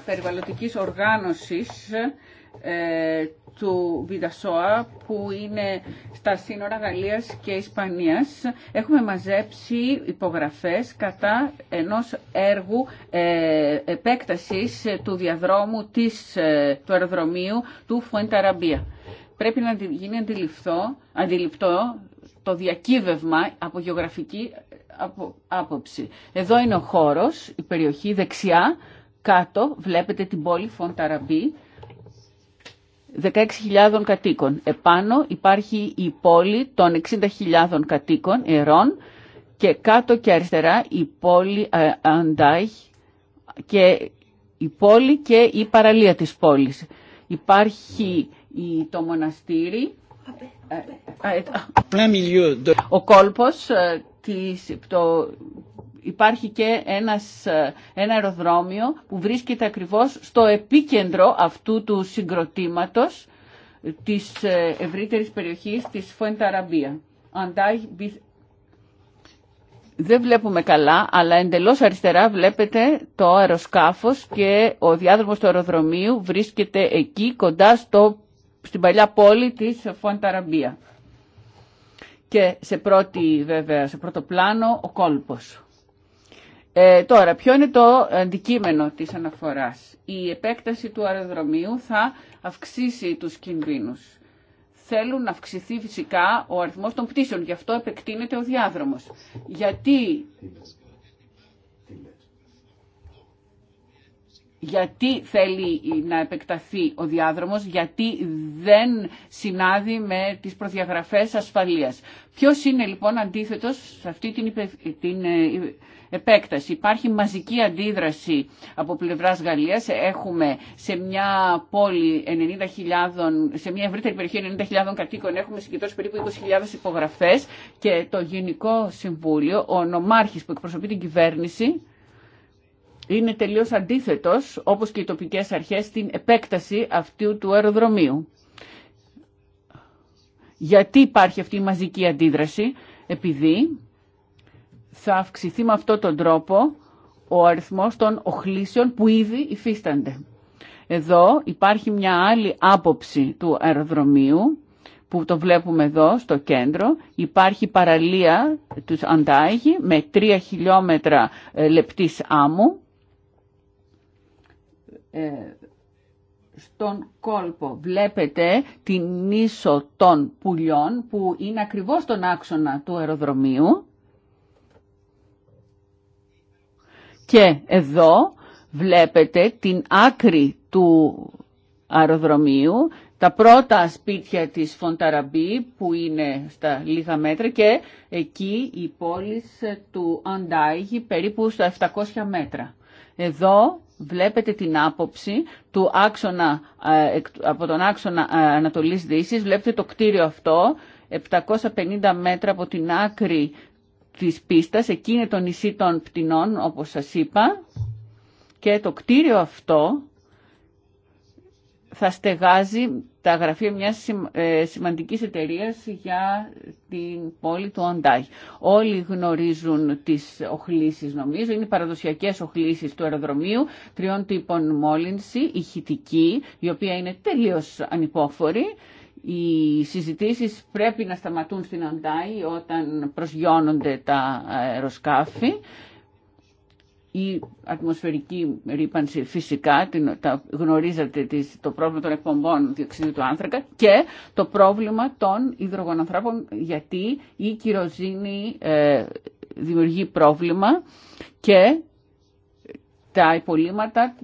περιβαλλοντικής οργάνωση. Ε, του βιδασόα που είναι στα σύνορα Γαλλίας και Ισπανίας. Έχουμε μαζέψει υπογραφές κατά ενός έργου ε, επέκτασης του διαδρόμου της, ε, του αεροδρομίου του Φουενταραμπία. Πρέπει να γίνει αντιληφθό, αντιληπτό το διακύβευμα από γεωγραφική ε, άποψη. Εδώ είναι ο χώρος, η περιοχή δεξιά, κάτω βλέπετε την πόλη Φονταραμπή 16.000 κατοίκων. Επάνω υπάρχει η πόλη των 60.000 κατοίκων, ερών, και κάτω και αριστερά η πόλη ε, Αντάιχ και η πόλη και η παραλία της πόλης. Υπάρχει το μοναστήρι, ε, ε, ο κόλπος, το υπάρχει και ένας, ε, ένα αεροδρόμιο που βρίσκεται ακριβώς στο επίκεντρο αυτού του συγκροτήματος της ε, ευρύτερης περιοχής της Φουενταραμπία. Δεν βλέπουμε καλά, αλλά εντελώς αριστερά βλέπετε το αεροσκάφος και ο διάδρομος του αεροδρομίου βρίσκεται εκεί κοντά στο, στην παλιά πόλη της Φουενταραμπία. Και σε, πρώτη, βέβαια, σε πρώτο πλάνο ο κόλπος. Ε, τώρα, ποιο είναι το αντικείμενο της αναφοράς. Η επέκταση του αεροδρομίου θα αυξήσει τους κινδύνους. Θέλουν να αυξηθεί φυσικά ο αριθμός των πτήσεων, γι' αυτό επεκτείνεται ο διάδρομος. Γιατί γιατί θέλει να επεκταθεί ο διάδρομος, γιατί δεν συνάδει με τις προδιαγραφές ασφαλείας. Ποιος είναι λοιπόν αντίθετος σε αυτή την, την ε, επέκταση. Υπάρχει μαζική αντίδραση από πλευράς Γαλλίας. Έχουμε σε μια πόλη 90.000, σε μια ευρύτερη περιοχή 90.000 κατοίκων έχουμε συγκεντρώσει περίπου 20.000 υπογραφές και το Γενικό Συμβούλιο, ο νομάρχης που εκπροσωπεί την κυβέρνηση, είναι τελείως αντίθετος, όπως και οι τοπικές αρχές, στην επέκταση αυτού του αεροδρομίου. Γιατί υπάρχει αυτή η μαζική αντίδραση, επειδή θα αυξηθεί με αυτόν τον τρόπο ο αριθμός των οχλήσεων που ήδη υφίστανται. Εδώ υπάρχει μια άλλη άποψη του αεροδρομίου που το βλέπουμε εδώ στο κέντρο. Υπάρχει παραλία του Αντάγη με 3 χιλιόμετρα ε, λεπτής άμμου ε, στον κόλπο βλέπετε την ίσο των πουλιών που είναι ακριβώς στον άξονα του αεροδρομίου και εδώ βλέπετε την άκρη του αεροδρομίου, τα πρώτα σπίτια της Φονταραμπή που είναι στα λίγα μέτρα και εκεί η πόλη του Αντάγη περίπου στα 700 μέτρα. Εδώ βλέπετε την άποψη του άξονα, ε, από τον άξονα ε, Ανατολής Δύσης, βλέπετε το κτίριο αυτό, 750 μέτρα από την άκρη της πίστας, εκεί είναι το νησί των πτηνών, όπως σας είπα, και το κτίριο αυτό θα στεγάζει τα γραφεία μιας ε, σημαντικής εταιρείας για την πόλη του Αντάχ. Όλοι γνωρίζουν τις οχλήσεις νομίζω, είναι παραδοσιακές οχλήσεις του αεροδρομίου, τριών τύπων μόλυνση, ηχητική, η οποία είναι τελείως ανυπόφορη. Οι συζητήσεις πρέπει να σταματούν στην Αντάι όταν προσγειώνονται τα αεροσκάφη η ατμοσφαιρική ρήπανση φυσικά, την, τα, γνωρίζετε το πρόβλημα των εκπομπών διοξιδίου του άνθρακα και το πρόβλημα των υδρογονανθράπων γιατί η κυροζήνη ε, δημιουργεί πρόβλημα και τα υπολείμματα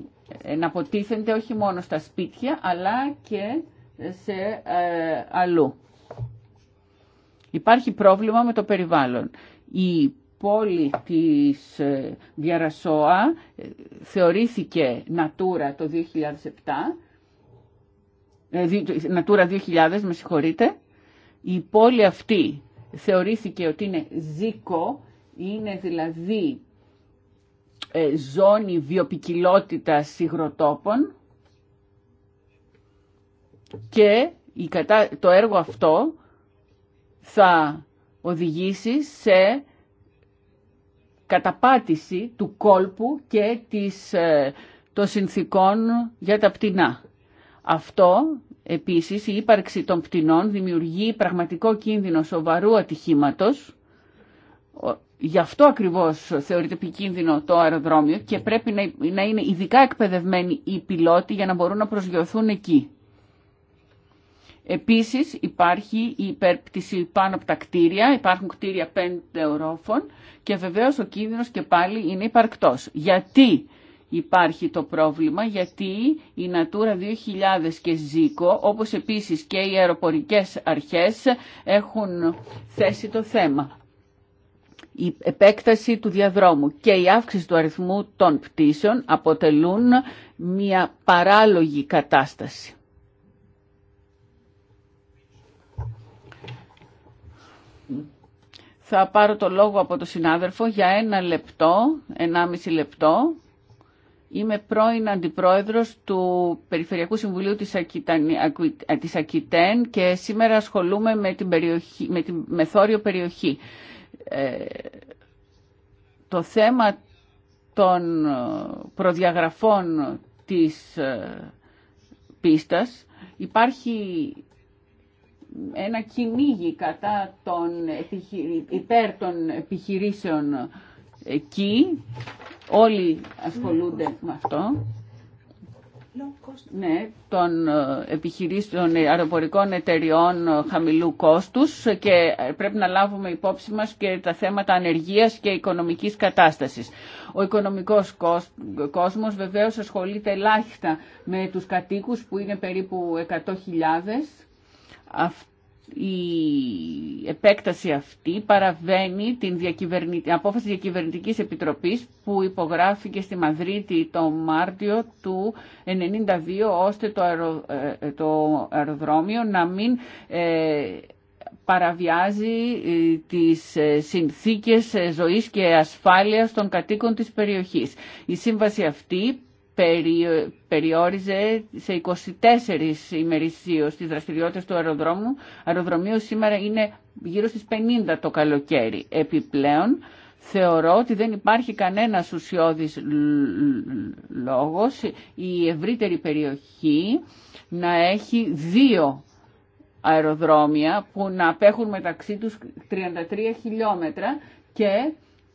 εναποτίθενται όχι μόνο στα σπίτια αλλά και σε ε, αλλού. Υπάρχει πρόβλημα με το περιβάλλον. Η πόλη της ε, Διαρασόα ε, θεωρήθηκε Νατούρα το 2007, Νατούρα 2000, με συγχωρείτε. Η πόλη αυτή θεωρήθηκε ότι είναι ζήκο, είναι δηλαδή ε, ζώνη βιοπικιλότητας υγροτόπων και το έργο αυτό θα οδηγήσει σε καταπάτηση του κόλπου και της, ε, των συνθήκων για τα πτηνά. Αυτό, επίσης, η ύπαρξη των πτηνών δημιουργεί πραγματικό κίνδυνο σοβαρού ατυχήματος. Γι' αυτό ακριβώς θεωρείται επικίνδυνο το αεροδρόμιο και πρέπει να είναι ειδικά εκπαιδευμένοι οι πιλότοι για να μπορούν να προσγειωθούν εκεί. Επίσης υπάρχει η υπερπτήση πάνω από τα κτίρια, υπάρχουν κτίρια πέντε ορόφων και βεβαίως ο κίνδυνος και πάλι είναι υπαρκτός. Γιατί υπάρχει το πρόβλημα, γιατί η Natura 2000 και ΖΙΚΟ, όπως επίσης και οι αεροπορικές αρχές έχουν θέσει το θέμα. Η επέκταση του διαδρόμου και η αύξηση του αριθμού των πτήσεων αποτελούν μια παράλογη κατάσταση. Θα πάρω το λόγο από τον συνάδελφο για ένα λεπτό, ενάμιση λεπτό. Είμαι πρώην αντιπρόεδρος του Περιφερειακού Συμβουλίου της, της Ακιτέν και σήμερα ασχολούμαι με την, περιοχή, με μεθόριο περιοχή. Ε, το θέμα των προδιαγραφών της ε, πίστας υπάρχει ένα κυνήγι κατά των, υπέρ των επιχειρήσεων εκεί. Όλοι ασχολούνται με αυτό. Ναι, των ε, επιχειρήσεων ε, αεροπορικών εταιριών ε, χαμηλού κόστους και πρέπει να λάβουμε υπόψη μας και τα θέματα ανεργίας και οικονομικής κατάστασης. Ο οικονομικός κόσμος βεβαίως ασχολείται ελάχιστα με τους κατοίκους που είναι περίπου 100.000 η επέκταση αυτή παραβαίνει την, διακυβερνητική απόφαση διακυβερνητικής επιτροπής που υπογράφηκε στη Μαδρίτη το Μάρτιο του 1992 ώστε ε, το, αεροδρόμιο να μην ε, παραβιάζει ε, τις συνθήκες ζωής και ασφάλειας των κατοίκων της περιοχής. Η σύμβαση αυτή περιόριζε σε 24 ημερησίω τις δραστηριότητες του αεροδρόμου. Αεροδρομίου σήμερα είναι γύρω στις 50 το καλοκαίρι. Επιπλέον, θεωρώ ότι δεν υπάρχει κανένας ουσιώδης λόγος η ευρύτερη περιοχή να έχει δύο αεροδρόμια που να απέχουν μεταξύ τους 33 χιλιόμετρα και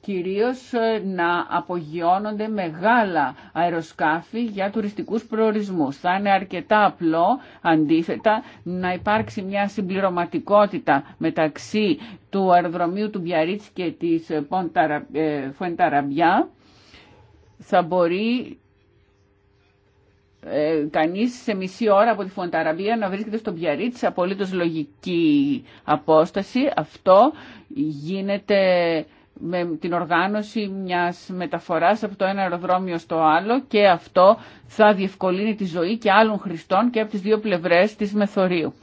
κυρίως ε, να απογειώνονται μεγάλα αεροσκάφη για τουριστικούς προορισμούς. Θα είναι αρκετά απλό, αντίθετα, να υπάρξει μια συμπληρωματικότητα μεταξύ του αεροδρομίου του Μπιαρίτς και της ε, ε, Φουενταραμπιά. Θα μπορεί ε, κανείς σε μισή ώρα από τη Φονταραμπία να βρίσκεται στο Πιαρίτ σε απολύτως λογική απόσταση. Αυτό γίνεται με την οργάνωση μιας μεταφοράς από το ένα αεροδρόμιο στο άλλο και αυτό θα διευκολύνει τη ζωή και άλλων χρηστών και από τις δύο πλευρές της Μεθορίου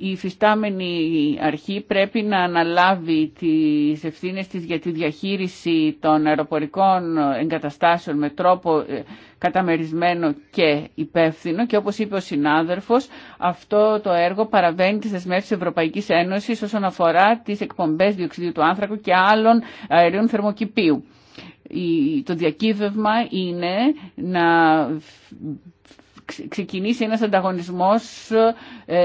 η υφιστάμενη αρχή πρέπει να αναλάβει τις ευθύνες της για τη διαχείριση των αεροπορικών εγκαταστάσεων με τρόπο ε, καταμερισμένο και υπεύθυνο και όπως είπε ο συνάδελφος αυτό το έργο παραβαίνει τις δεσμεύσεις Ευρωπαϊκής Ένωσης όσον αφορά τις εκπομπές διοξιδίου του άνθρακου και άλλων αερίων θερμοκηπίου. Το διακύβευμα είναι να ξεκινήσει ένας ανταγωνισμός ε,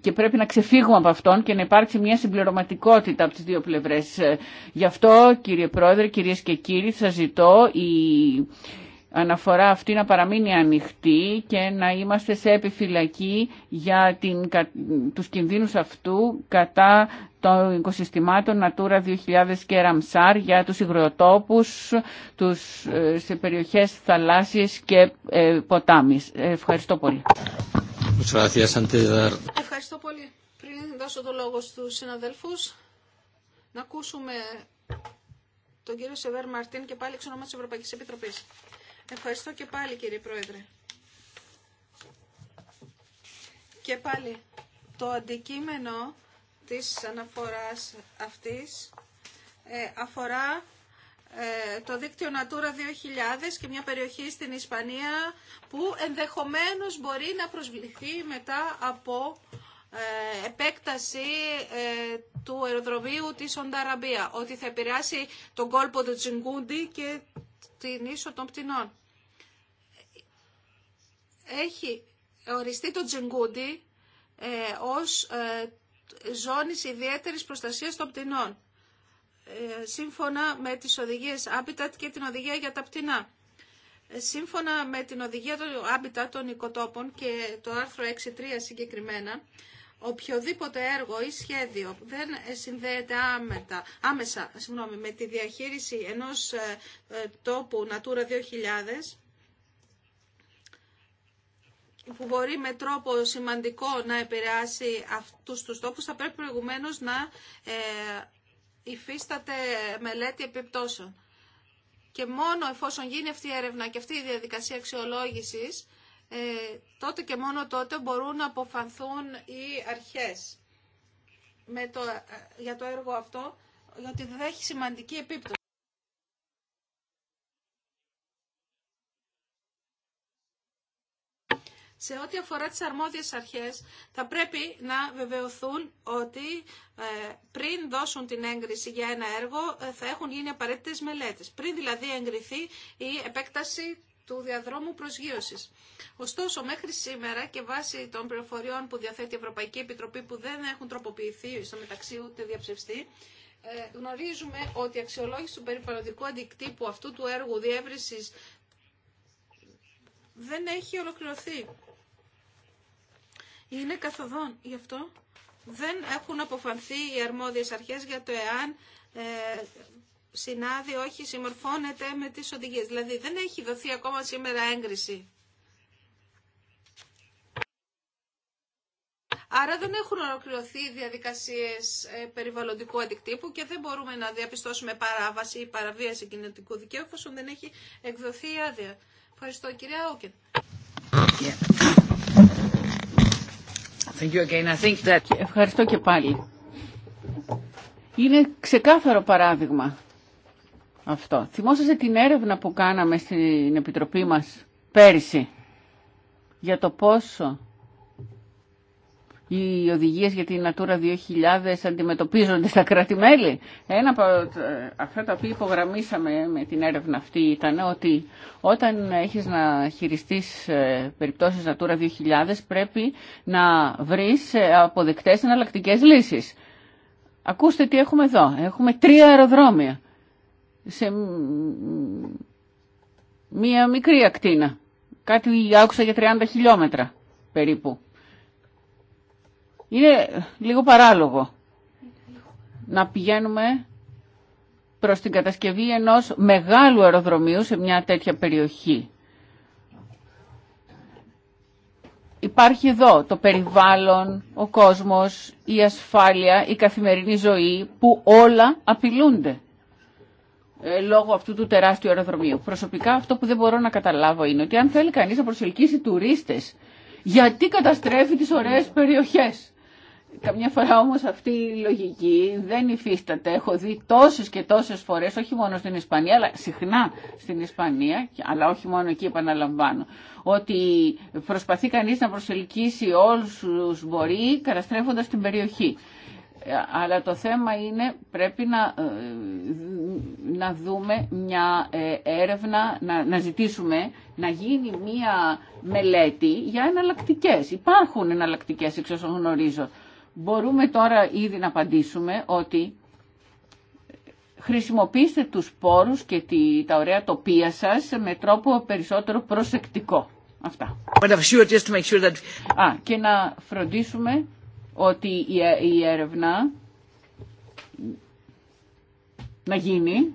και πρέπει να ξεφύγουμε από αυτόν και να υπάρξει μια συμπληρωματικότητα από τις δύο πλευρές. Ε, γι' αυτό κύριε Πρόεδρε, κυρίες και κύριοι, σας ζητώ η αναφορά αυτή να παραμείνει ανοιχτή και να είμαστε σε επιφυλακή για την, τους κινδύνους αυτού κατά των οικοσυστημάτων Natura 2000 και Ramsar για τους υγροτόπους τους, ε, σε περιοχές θαλάσσιες και ε, ποτάμις. Ε, ευχαριστώ πολύ. Ευχαριστώ πολύ. Πριν δώσω το λόγο στους συναδέλφους, να ακούσουμε τον κύριο Σεβέρ Μαρτίν και πάλι εξ της Ευρωπαϊκής Επιτροπής. Ευχαριστώ και πάλι κύριε Πρόεδρε. Και πάλι το αντικείμενο της αναφοράς αυτής ε, αφορά ε, το δίκτυο Natura 2000 και μια περιοχή στην Ισπανία που ενδεχομένως μπορεί να προσβληθεί μετά από ε, επέκταση του αεροδρομίου της Ονταραμπία, ότι θα επηρεάσει τον κόλπο του Τσιγκούντι και την ίσο των πτηνών. Έχει οριστεί το Τζιγκούντι ε, ως ε, ζώνης ιδιαίτερης προστασίας των πτηνών ε, σύμφωνα με τις οδηγίες Habitat και την οδηγία για τα πτηνά. Σύμφωνα με την οδηγία του Habitat των οικοτόπων και το άρθρο 6.3 συγκεκριμένα, οποιοδήποτε έργο ή σχέδιο δεν συνδέεται άμετα, άμεσα συγγνώμη, με τη διαχείριση ενός ε, ε, τόπου Natura 2000 που μπορεί με τρόπο σημαντικό να επηρεάσει αυτούς τους τόπους θα πρέπει προηγουμένως να ε, υφίσταται μελέτη επιπτώσεων. Και μόνο εφόσον γίνει αυτή η έρευνα και αυτή η διαδικασία αξιολόγησης ε, τότε και μόνο τότε μπορούν να αποφανθούν οι αρχές με το, ε, για το έργο αυτό, γιατί δεν έχει σημαντική επίπτωση. σε ό,τι αφορά τις αρμόδιες αρχές θα πρέπει να βεβαιωθούν ότι ε, πριν δώσουν την έγκριση για ένα έργο θα έχουν γίνει απαραίτητες μελέτες. Πριν δηλαδή εγκριθεί η επέκταση του διαδρόμου προσγείωσης. Ωστόσο, μέχρι σήμερα και βάσει των πληροφοριών που διαθέτει η Ευρωπαϊκή Επιτροπή που δεν έχουν τροποποιηθεί στο μεταξύ ούτε διαψευστεί, ε, γνωρίζουμε ότι η αξιολόγηση του περιβαλλοντικού αντικτύπου αυτού του έργου διεύρυνσης δεν έχει ολοκληρωθεί. Είναι καθοδόν γι' αυτό. Δεν έχουν αποφανθεί οι αρμόδιες αρχές για το εάν ε, συνάδει, όχι συμμορφώνεται με τις οδηγίες. Δηλαδή δεν έχει δοθεί ακόμα σήμερα έγκριση. Άρα δεν έχουν ολοκληρωθεί οι διαδικασίες ε, περιβαλλοντικού αντικτύπου και δεν μπορούμε να διαπιστώσουμε παράβαση ή παραβίαση κοινωτικού δικαίου εφόσον δεν έχει εκδοθεί η παραβιαση κοινωνικού δικαιου Ευχαριστώ κυρία Όκεν. Ευχαριστώ και πάλι. Είναι ξεκάθαρο παράδειγμα αυτό. Θυμόσαστε την έρευνα που κάναμε στην Επιτροπή μας πέρυσι για το πόσο οι οδηγίες για την Natura 2000 αντιμετωπίζονται στα κράτη-μέλη. Ένα από αυτά τα οποία υπογραμμίσαμε με την έρευνα αυτή ήταν ότι όταν έχεις να χειριστείς ε, περιπτώσεις Natura 2000 πρέπει να βρεις ε, αποδεκτές εναλλακτικέ λύσεις. Ακούστε τι έχουμε εδώ. Έχουμε τρία αεροδρόμια σε μία μικρή ακτίνα. Κάτι άκουσα για 30 χιλιόμετρα περίπου. Είναι λίγο παράλογο να πηγαίνουμε προς την κατασκευή ενός μεγάλου αεροδρομίου σε μια τέτοια περιοχή. Υπάρχει εδώ το περιβάλλον, ο κόσμος, η ασφάλεια, η καθημερινή ζωή που όλα απειλούνται. Ε, λόγω αυτού του τεράστιου αεροδρομίου. Προσωπικά αυτό που δεν μπορώ να καταλάβω είναι ότι αν θέλει κανείς να προσελκύσει τουρίστες, γιατί καταστρέφει τις ωραίες περιοχές. Καμιά φορά όμως αυτή η λογική δεν υφίσταται. Έχω δει τόσες και τόσες φορές, όχι μόνο στην Ισπανία, αλλά συχνά στην Ισπανία, αλλά όχι μόνο εκεί επαναλαμβάνω, ότι προσπαθεί κανείς να προσελκύσει όλους μπορεί καταστρέφοντας την περιοχή αλλά το θέμα είναι πρέπει να, ε, να δούμε μια ε, έρευνα, να, ζητήσουμε να γίνει μια μελέτη για εναλλακτικέ. Υπάρχουν εναλλακτικέ, εξ όσων γνωρίζω. Μπορούμε τώρα ήδη να απαντήσουμε ότι χρησιμοποιήστε τους πόρους και τη, τα ωραία τοπία σας με τρόπο περισσότερο προσεκτικό. Αυτά. sure, και να φροντίσουμε ότι η έρευνα να γίνει.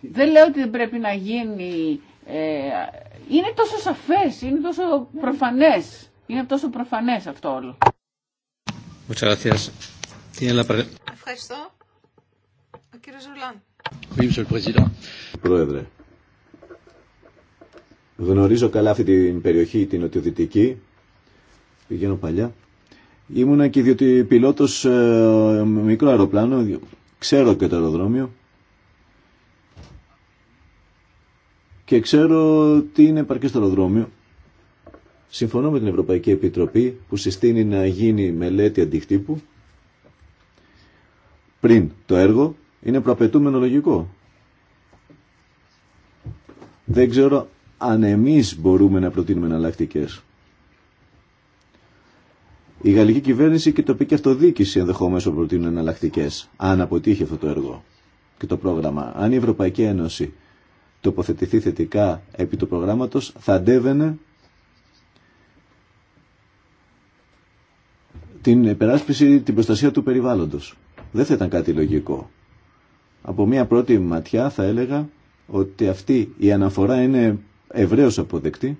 Δεν λέω ότι δεν πρέπει να γίνει. Ε, είναι τόσο σαφές, είναι τόσο προφανές. Είναι τόσο προφανές αυτό όλο. Ευχαριστώ. Ο κύριος Ζουλάν. Πρόεδρε, γνωρίζω καλά αυτή την περιοχή, την νοτιοδυτική, πηγαίνω παλιά. Ήμουνα και διότι πιλότος ε, μικρό αεροπλάνο, ξέρω και το αεροδρόμιο. Και ξέρω τι είναι επαρκές το αεροδρόμιο. Συμφωνώ με την Ευρωπαϊκή Επιτροπή που συστήνει να γίνει μελέτη αντιχτύπου πριν το έργο. Είναι προαπαιτούμενο λογικό. Δεν ξέρω αν εμείς μπορούμε να προτείνουμε εναλλακτικέ. Η γαλλική κυβέρνηση και η τοπική αυτοδιοίκηση ενδεχομένω προτείνουν εναλλακτικέ, αν αποτύχει αυτό το έργο και το πρόγραμμα. Αν η Ευρωπαϊκή Ένωση τοποθετηθεί θετικά επί του προγράμματο θα αντέβαινε την υπεράσπιση, την προστασία του περιβάλλοντο. Δεν θα ήταν κάτι λογικό. Από μια πρώτη ματιά θα έλεγα ότι αυτή η αναφορά είναι ευρέως αποδεκτή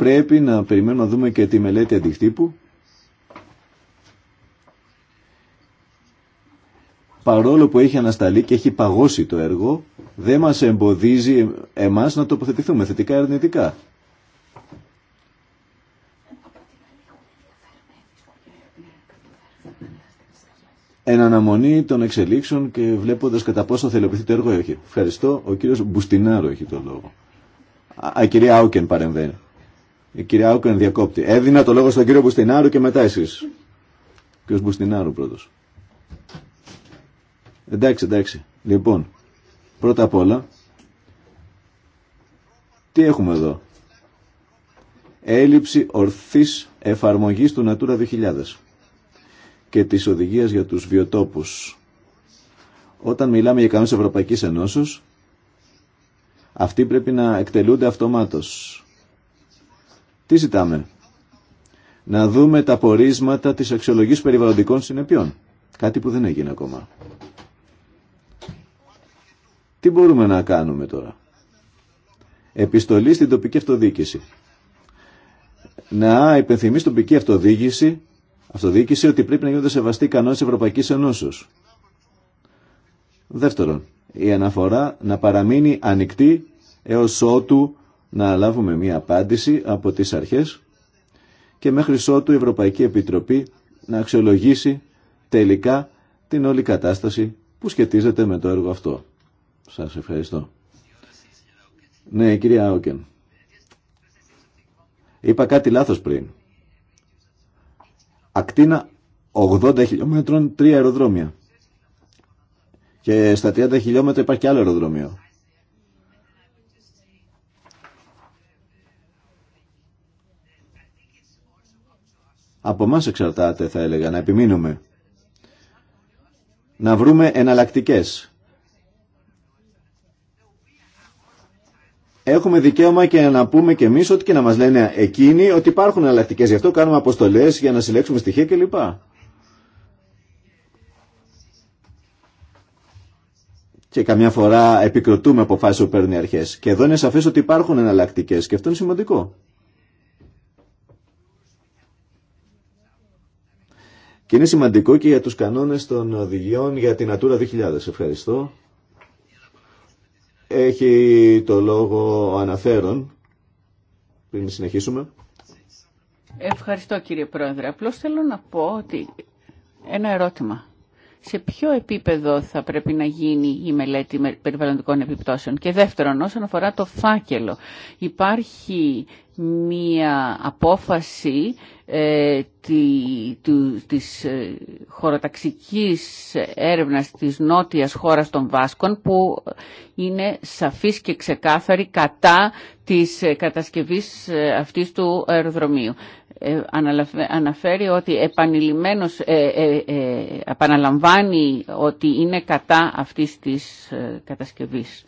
Πρέπει να περιμένουμε να δούμε και τη μελέτη αντιχτύπου. Παρόλο που έχει ανασταλεί και έχει παγώσει το έργο, δεν μας εμποδίζει εμάς να τοποθετηθούμε θετικά ή αρνητικά. εν αναμονή των εξελίξεων και βλεποντας κατά πόσο θα το έργο έχει. Ευχαριστώ. Ο κυριος Μπουστινάρο έχει το λόγο. Α, η κυρία Άουκεν παρεμβαίνει. Η κυρία Άουκεν διακόπτη. Έδινα το λόγο στον κύριο Μπουστινάρου και μετά εσείς. Ο Μπουστινάρου πρώτος. Εντάξει, εντάξει. Λοιπόν, πρώτα απ' όλα, τι έχουμε εδώ. Έλλειψη ορθής εφαρμογής του Natura 2000 και της οδηγίας για τους βιοτόπους. Όταν μιλάμε για κανόνες Ευρωπαϊκής Ενώσεως, αυτοί πρέπει να εκτελούνται αυτομάτως. Τι ζητάμε. Να δούμε τα πορίσματα της αξιολογής περιβαλλοντικών συνεπειών. Κάτι που δεν έγινε ακόμα. Τι μπορούμε να κάνουμε τώρα. Επιστολή στην τοπική αυτοδίκηση. Να υπενθυμεί στην τοπική αυτοδίκηση αυτοδιοίκηση ότι πρέπει να γίνονται σεβαστοί κανόνε Ευρωπαϊκής Ενώσεως. Δεύτερον, η αναφορά να παραμείνει ανοιχτή έως ότου να λάβουμε μία απάντηση από τις αρχές και μέχρι ότου η Ευρωπαϊκή Επιτροπή να αξιολογήσει τελικά την όλη κατάσταση που σχετίζεται με το έργο αυτό. Σας ευχαριστώ. Ναι, κυρία Άουκεν. Είπα κάτι λάθος πριν. Ακτίνα 80 χιλιόμετρων, τρία αεροδρόμια. Και στα 30 χιλιόμετρα υπάρχει άλλο αεροδρόμιο. Από εμά εξαρτάται, θα έλεγα, να επιμείνουμε. Να βρούμε εναλλακτικέ. Έχουμε δικαίωμα και να πούμε και εμεί ότι και να μα λένε εκείνοι ότι υπάρχουν εναλλακτικέ. Γι' αυτό κάνουμε αποστολέ για να συλλέξουμε στοιχεία κλπ. και καμιά φορά επικροτούμε αποφάσει που παίρνουν οι αρχέ. Και εδώ είναι σαφέ ότι υπάρχουν εναλλακτικέ και αυτό είναι σημαντικό. Και είναι σημαντικό και για τους κανόνες των οδηγιών για την Natura 2000. Ευχαριστώ. Έχει το λόγο ο αναφέρον. Πριν συνεχίσουμε. Ευχαριστώ κύριε Πρόεδρε. Απλώς θέλω να πω ότι ένα ερώτημα σε ποιο επίπεδο θα πρέπει να γίνει η μελέτη περιβαλλοντικών επιπτώσεων. Και δεύτερον, όσον αφορά το φάκελο, υπάρχει μία απόφαση ε, τη, της ε, χωροταξικής έρευνας της νότιας χώρας των Βάσκων που είναι σαφής και ξεκάθαρη κατά της ε, κατασκευής ε, αυτής του αεροδρομίου. Ε, αναφέρει ότι επανειλημμένος ε, ε, επαναλαμβάνει ότι είναι κατά αυτής της κατασκευής.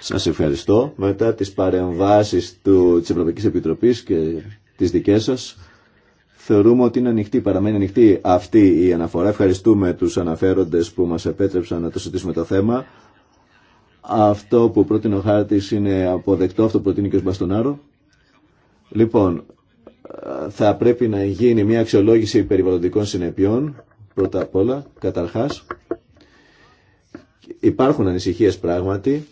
Σας ευχαριστώ. Μετά τις παρεμβάσεις του, της Ευρωπαϊκής Επιτροπής και της δικές σας, θεωρούμε ότι είναι ανοιχτή, παραμένει ανοιχτή αυτή η αναφορά. Ευχαριστούμε τους αναφέροντες που μας επέτρεψαν να το συζητήσουμε το θέμα. Αυτό που πρότεινε ο Χάρτης είναι αποδεκτό, αυτό που προτείνει και ο Μπαστονάρο. Λοιπόν, θα πρέπει να γίνει μια αξιολόγηση περιβαλλοντικών συνεπειών, πρώτα απ' όλα, καταρχάς. Υπάρχουν ανησυχίες πράγματι.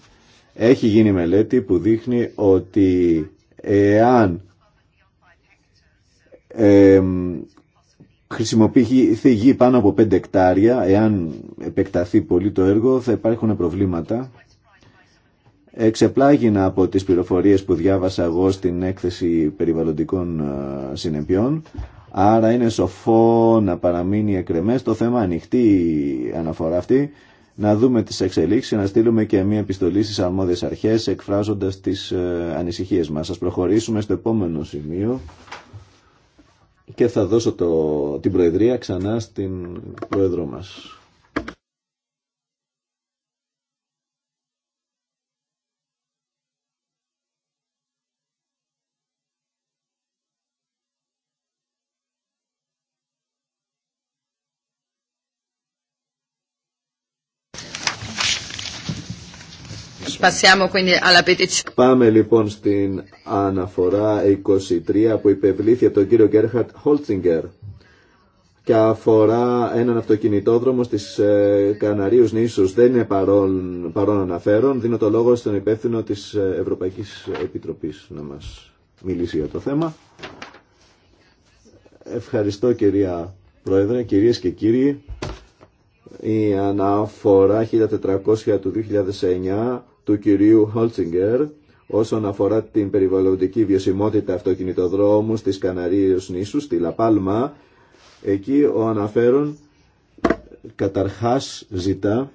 Έχει γίνει μελέτη που δείχνει ότι εάν ε, χρησιμοποιηθεί γη πάνω από 5 εκτάρια, εάν επεκταθεί πολύ το έργο, θα υπάρχουν προβλήματα εξεπλάγινα από τις πληροφορίες που διάβασα εγώ στην έκθεση περιβαλλοντικών ε, συνεπειών. Άρα είναι σοφό να παραμείνει εκρεμές το θέμα ανοιχτή αναφορά αυτή, να δούμε τις εξελίξεις, να στείλουμε και μια επιστολή στις αρμόδιες αρχές εκφράζοντας τις ε, ανησυχίες μας. Ας προχωρήσουμε στο επόμενο σημείο και θα δώσω το, την Προεδρία ξανά στην Πρόεδρο μας. Πάμε λοιπόν στην αναφορά 23 που υπευλήθη από τον κύριο Γκέρχαρτ Χόλτσιγκερ και αφορά έναν αυτοκινητόδρομο στις ε, Καναρίους νήσους. Δεν είναι παρόν, παρόν αναφέρον. Δίνω το λόγο στον υπεύθυνο της ε, Ευρωπαϊκής Επιτροπής να μας μιλήσει για το θέμα. Ευχαριστώ κυρία Πρόεδρε, κυρίες και κύριοι. Η αναφορά 1400 του 2009 του κυρίου Χόλτσιγκερ όσον αφορά την περιβαλλοντική βιωσιμότητα αυτοκινητοδρόμου στις Καναρίες νήσους, στη Λαπάλμα. Εκεί ο αναφέρον καταρχάς ζητά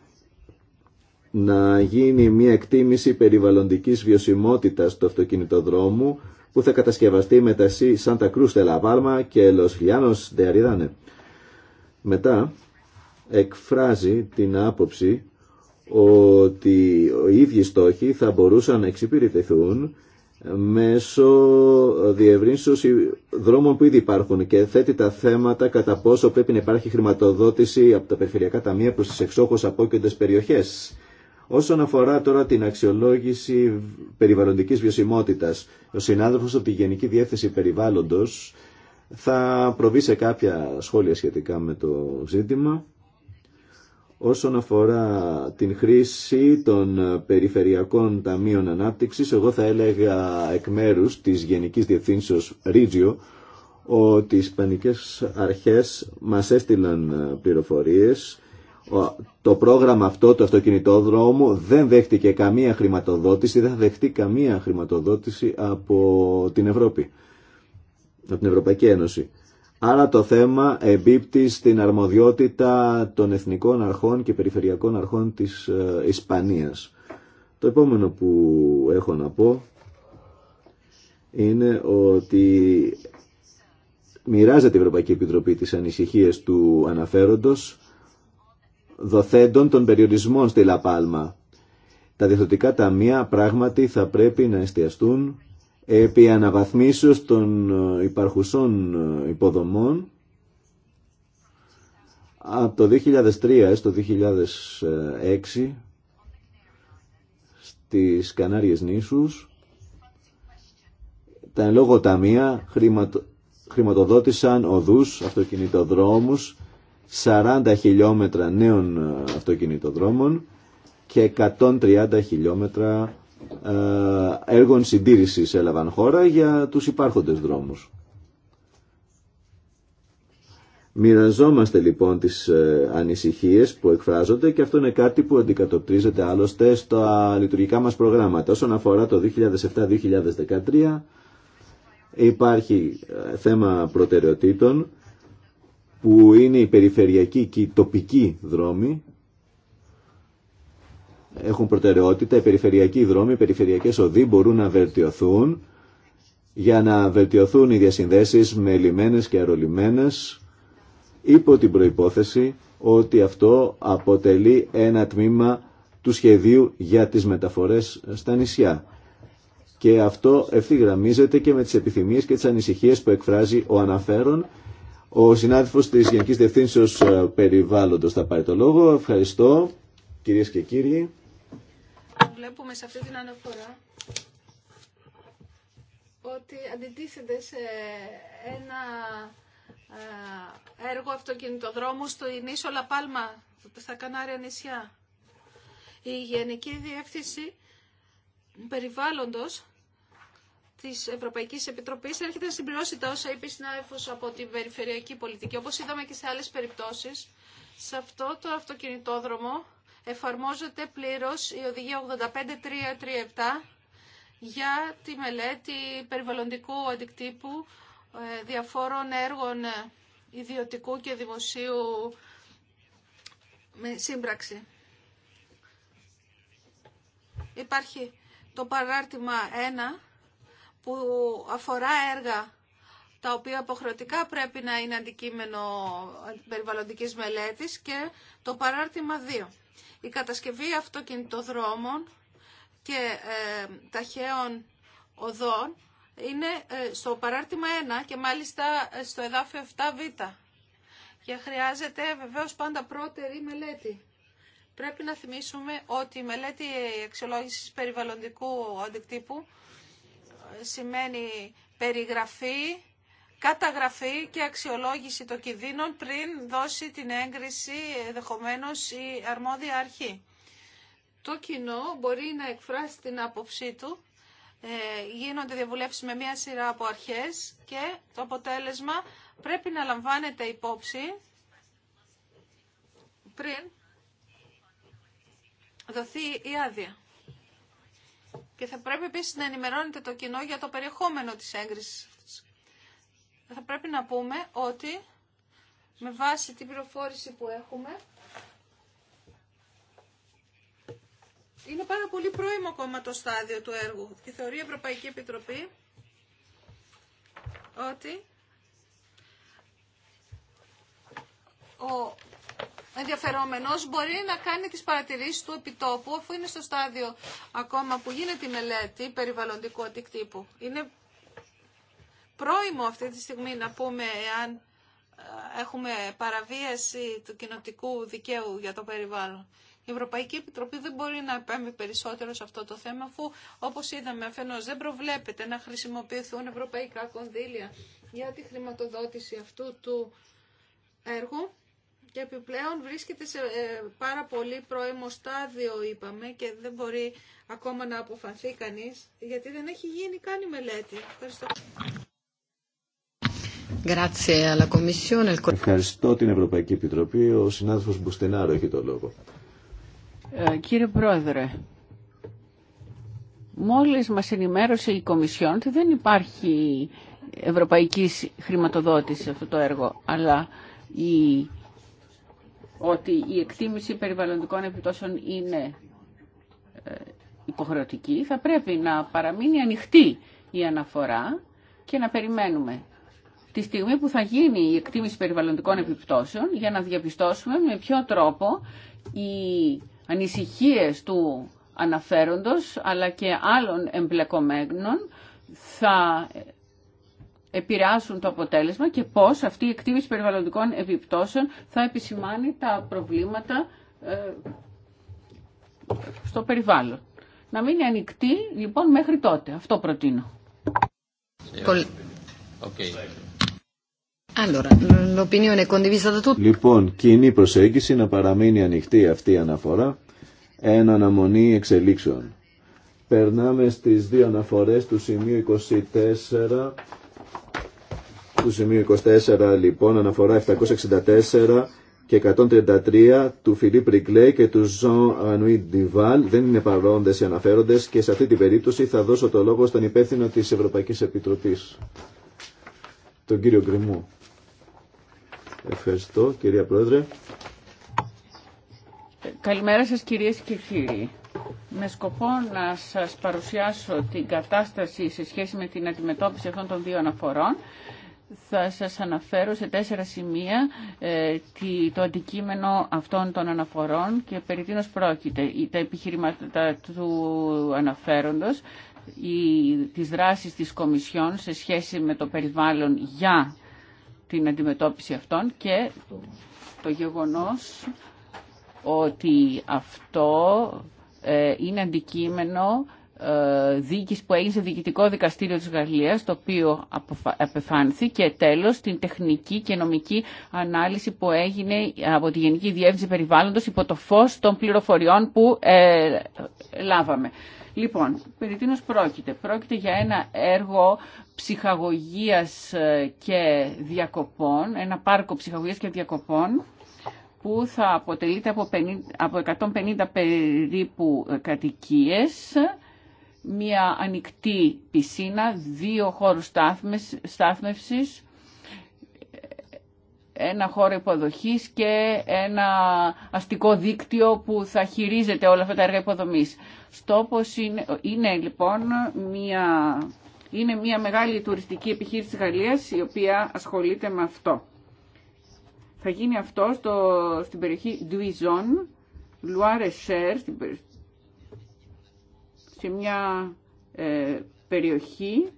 να γίνει μια εκτίμηση περιβαλλοντικής βιωσιμότητας του αυτοκινητοδρόμου που θα κατασκευαστεί μεταξύ Σάντα Κρούς Λαπάλμα και Λος Λιάνος Αριδάνε. Μετά εκφράζει την άποψη ότι οι ίδιοι στόχοι θα μπορούσαν να εξυπηρετηθούν μέσω διευρύνσεως δρόμων που ήδη υπάρχουν και θέτει τα θέματα κατά πόσο πρέπει να υπάρχει χρηματοδότηση από τα περιφερειακά ταμεία προς τις εξόχως απόκεντες περιοχές. Όσον αφορά τώρα την αξιολόγηση περιβαλλοντικής βιωσιμότητας, ο συνάδελφος από τη Γενική Διεύθυνση Περιβάλλοντος θα προβεί σε κάποια σχόλια σχετικά με το ζήτημα. Όσον αφορά την χρήση των ε, περιφερειακών ταμείων ανάπτυξης, εγώ θα έλεγα εκ μέρους της Γενικής Διευθύνσεως Ρίτζιο ότι οι Ισπανικές αρχές μας έστειλαν ε, πληροφορίες. Το πρόγραμμα αυτό του αυτοκινητόδρομου δεν δέχτηκε καμία χρηματοδότηση, δεν θα δεχτεί καμία χρηματοδότηση από την Ευρώπη, από την Ευρωπαϊκή Ένωση. Άρα το θέμα εμπίπτει στην αρμοδιότητα των εθνικών αρχών και περιφερειακών αρχών της ε, Ισπανίας. Το επόμενο που έχω να πω είναι ότι μοιράζεται η Ευρωπαϊκή Επιτροπή τις ανησυχίες του αναφέροντος δοθέντων των περιορισμών στη Λαπάλμα. Τα διευθυντικά ταμεία πράγματι θα πρέπει να εστιαστούν επί αναβαθμίσεως των ε, υπαρχουσών ε, υποδομών από το 2003 το 2006 στις Κανάριες νήσους τα λόγω ταμεία χρηματο, χρηματοδότησαν οδούς, αυτοκινητοδρόμους 40 χιλιόμετρα νέων ε, αυτοκινητοδρόμων και 130 χιλιόμετρα ε, έργων συντήρησης έλαβαν χώρα για τους υπάρχοντες δρόμους. Μοιραζόμαστε λοιπόν τις ε, ανησυχίες που εκφράζονται και αυτό είναι κάτι που αντικατοπτρίζεται άλλωστε στα λειτουργικά μας προγράμματα. Όσον αφορά το 2007-2013 υπάρχει ε, θέμα προτεραιοτήτων που είναι η περιφερειακή και η τοπική δρόμη έχουν προτεραιότητα, οι περιφερειακοί δρόμοι, οι περιφερειακές οδοί μπορούν να βελτιωθούν για να βελτιωθούν οι διασυνδέσεις με λιμένες και αερολιμένες υπό την προϋπόθεση ότι αυτό αποτελεί ένα τμήμα του σχεδίου για τις μεταφορές στα νησιά. Και αυτό ευθυγραμμίζεται και με τις επιθυμίες και τις ανησυχίες που εκφράζει ο αναφέρον. Ο συνάδελφος της Γενικής Διευθύνσεως ε, Περιβάλλοντος θα πάρει το λόγο. Ευχαριστώ κυρίες και κύριοι βλέπουμε σε αυτή την αναφορά ότι αντιτίθεται σε ένα ε, έργο αυτοκινητοδρόμου στο Ινίσο Λαπάλμα, στα Κανάρια νησιά. Η Γενική Διεύθυνση Περιβάλλοντος της Ευρωπαϊκής Επιτροπής έρχεται να συμπληρώσει τα όσα είπε συνάδελφος από την περιφερειακή πολιτική. Όπως είδαμε και σε άλλες περιπτώσεις, σε αυτό το αυτοκινητόδρομο εφαρμόζεται πλήρως η Οδηγία 85337 για τη μελέτη περιβαλλοντικού αντικτύπου ε, διαφόρων έργων ε, ιδιωτικού και δημοσίου με σύμπραξη. Υπάρχει το παράρτημα 1 που αφορά έργα τα οποία αποχρεωτικά πρέπει να είναι αντικείμενο περιβαλλοντικής μελέτης και το παράρτημα 2 η κατασκευή αυτοκινητοδρόμων και ε, ταχαίων οδών είναι ε, στο παράρτημα 1 και μάλιστα ε, στο εδάφιο 7β. Και χρειάζεται βεβαίως πάντα πρώτερη μελέτη. Πρέπει να θυμίσουμε ότι η μελέτη αξιολόγησης περιβαλλοντικού αντικτύπου ε, σημαίνει περιγραφή καταγραφή και αξιολόγηση των κινδύνων πριν δώσει την έγκριση ενδεχομένω η αρμόδια αρχή. Το κοινό μπορεί να εκφράσει την άποψή του, ε, γίνονται διαβουλεύσεις με μία σειρά από αρχές και το αποτέλεσμα πρέπει να λαμβάνεται υπόψη πριν δοθεί η άδεια. Και θα πρέπει επίσης να ενημερώνεται το κοινό για το περιεχόμενο της έγκρισης θα πρέπει να πούμε ότι με βάση την πληροφόρηση που έχουμε είναι πάρα πολύ πρώιμο ακόμα το στάδιο του έργου και θεωρεί η Ευρωπαϊκή Επιτροπή ότι ο ενδιαφερόμενος μπορεί να κάνει τις παρατηρήσεις του επιτόπου αφού είναι στο στάδιο ακόμα που γίνεται η μελέτη περιβαλλοντικού αντικτύπου. Είναι Πρόημο αυτή τη στιγμή να πούμε εάν ε, έχουμε παραβίαση του κοινοτικού δικαίου για το περιβάλλον. Η Ευρωπαϊκή Επιτροπή δεν μπορεί να επέμβει περισσότερο σε αυτό το θέμα, αφού όπως είδαμε αφενός δεν προβλέπεται να χρησιμοποιηθούν ευρωπαϊκά κονδύλια για τη χρηματοδότηση αυτού του έργου και επιπλέον βρίσκεται σε ε, πάρα πολύ πρώιμο στάδιο, είπαμε, και δεν μπορεί ακόμα να αποφανθεί κανείς, γιατί δεν έχει γίνει καν η μελέτη. Ευχαριστώ. Ευχαριστώ την Ευρωπαϊκή Επιτροπή. Ο συνάδελφος Μπουστενάρο έχει το λόγο. Ε, κύριε Πρόεδρε, μόλις μας ενημέρωσε η Κομισιόν ότι δεν υπάρχει ευρωπαϊκή χρηματοδότηση σε αυτό το έργο, αλλά η, ότι η εκτίμηση περιβαλλοντικών επιπτώσεων είναι ε, υποχρεωτική, θα πρέπει να παραμείνει ανοιχτή η αναφορά και να περιμένουμε τη στιγμή που θα γίνει η εκτίμηση περιβαλλοντικών επιπτώσεων για να διαπιστώσουμε με ποιο τρόπο οι ανησυχίες του αναφέροντος αλλά και άλλων εμπλεκομένων θα επηρεάσουν το αποτέλεσμα και πώς αυτή η εκτίμηση περιβαλλοντικών επιπτώσεων θα επισημάνει τα προβλήματα ε, στο περιβάλλον. Να μείνει ανοιχτή λοιπόν μέχρι τότε. Αυτό προτείνω. Okay. Λοιπόν, κοινή προσέγγιση να παραμείνει ανοιχτή αυτή η αναφορά εν αναμονή εξελίξεων. Περνάμε στις δύο αναφορές του σημείου 24 του σημείου 24 λοιπόν αναφορά 764 και 133 του Φιλίπ Ρικλέ και του Ζων Ανουί Ντιβάλ δεν είναι παρόντες οι αναφέροντες και σε αυτή την περίπτωση θα δώσω το λόγο στον υπεύθυνο της Ευρωπαϊκής Επιτροπής, τον κύριο Γκριμού. Ευχαριστώ κυρία Πρόεδρε. Καλημέρα σας κυρίες και κύριοι. Με σκοπό να σας παρουσιάσω την κατάσταση σε σχέση με την αντιμετώπιση αυτών των δύο αναφορών, θα σας αναφέρω σε τέσσερα σημεία ε, το αντικείμενο αυτών των αναφορών και περί τίνος πρόκειται. Τα επιχειρήματα του αναφέροντος, τις δράσεις της Κομισιόν σε σχέση με το περιβάλλον για την αντιμετώπιση αυτών και το γεγονός ότι αυτό ε, είναι αντικείμενο ε, δίκης που έγινε σε Διοικητικό Δικαστήριο της Γαλλίας, το οποίο απεφάνθη και τέλος την τεχνική και νομική ανάλυση που έγινε από τη Γενική Διεύθυνση Περιβάλλοντος υπό το φως των πληροφοριών που ε, λάβαμε. Λοιπόν, περί τίνος πρόκειται. Πρόκειται για ένα έργο ψυχαγωγίας ε, και διακοπών, ένα πάρκο ψυχαγωγίας και διακοπών, που θα αποτελείται από, 150 περίπου ε, κατοικίες, μια ανοιχτή πισίνα, δύο χώρους στάθμευσης, ένα χώρο υποδοχής και ένα αστικό δίκτυο που θα χειρίζεται όλα αυτά τα έργα υποδομής. Στόπος είναι, είναι λοιπόν μια, είναι μια μεγάλη τουριστική επιχείρηση της Γαλλίας η οποία ασχολείται με αυτό. Θα γίνει αυτό στο, στην περιοχή Duizon, Loire σε μια ε, περιοχή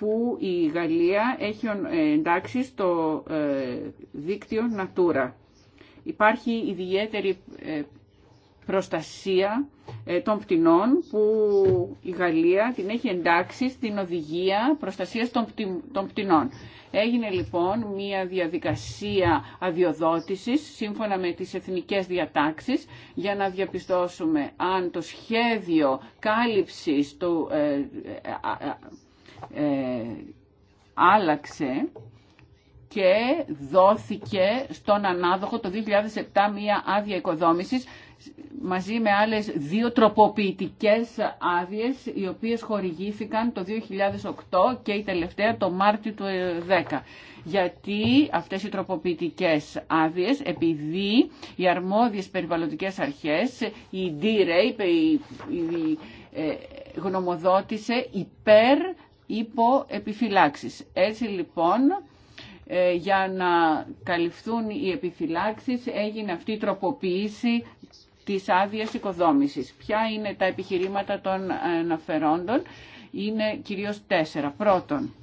που η Γαλλία έχει ε, εντάξει στο ε, δίκτυο Natura. Υπάρχει ιδιαίτερη ε, προστασία των πτηνών που η Γαλλία την έχει εντάξει στην οδηγία προστασίας των πτηνών. Έγινε λοιπόν μια διαδικασία αδειοδότησης σύμφωνα με τις εθνικές διατάξεις για να διαπιστώσουμε αν το σχέδιο κάλυψης του ε, άλλαξε και δόθηκε στον ανάδοχο το 2007 μία άδεια οικοδόμησης μαζί με άλλες δύο τροποποιητικές άδειες οι οποίες χορηγήθηκαν το 2008 και η τελευταία το Μάρτιο του 2010. Ε, Γιατί αυτές οι τροποποιητικές άδειες, επειδή οι αρμόδιες περιβαλλοντικές αρχές, η η ε, γνωμοδότησε υπέρ υπό επιφυλάξεις. Έτσι λοιπόν, ε, για να καλυφθούν οι επιφυλάξεις, έγινε αυτή η τροποποίηση της άδεια οικοδόμησης. Ποια είναι τα επιχειρήματα των αναφερόντων. Είναι κυρίως τέσσερα. Πρώτον,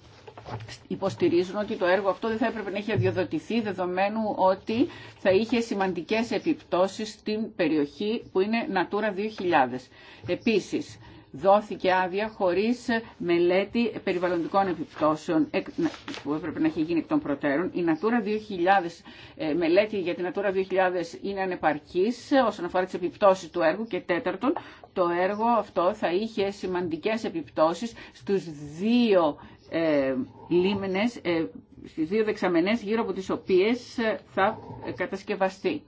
υποστηρίζουν ότι το έργο αυτό δεν θα έπρεπε να έχει αδειοδοτηθεί δεδομένου ότι θα είχε σημαντικές επιπτώσεις στην περιοχή που είναι Natura 2000. Επίσης, δόθηκε άδεια χωρίς μελέτη περιβαλλοντικών επιπτώσεων που έπρεπε να έχει γίνει εκ των προτέρων. Η Natura 2000, ε, μελέτη για την Natura 2000 είναι ανεπαρκής όσον αφορά τις επιπτώσεις του έργου και τέταρτον το έργο αυτό θα είχε σημαντικές επιπτώσεις στους δύο ε, λίμνες, ε, στις δύο δεξαμενές γύρω από τις οποίες θα κατασκευαστεί.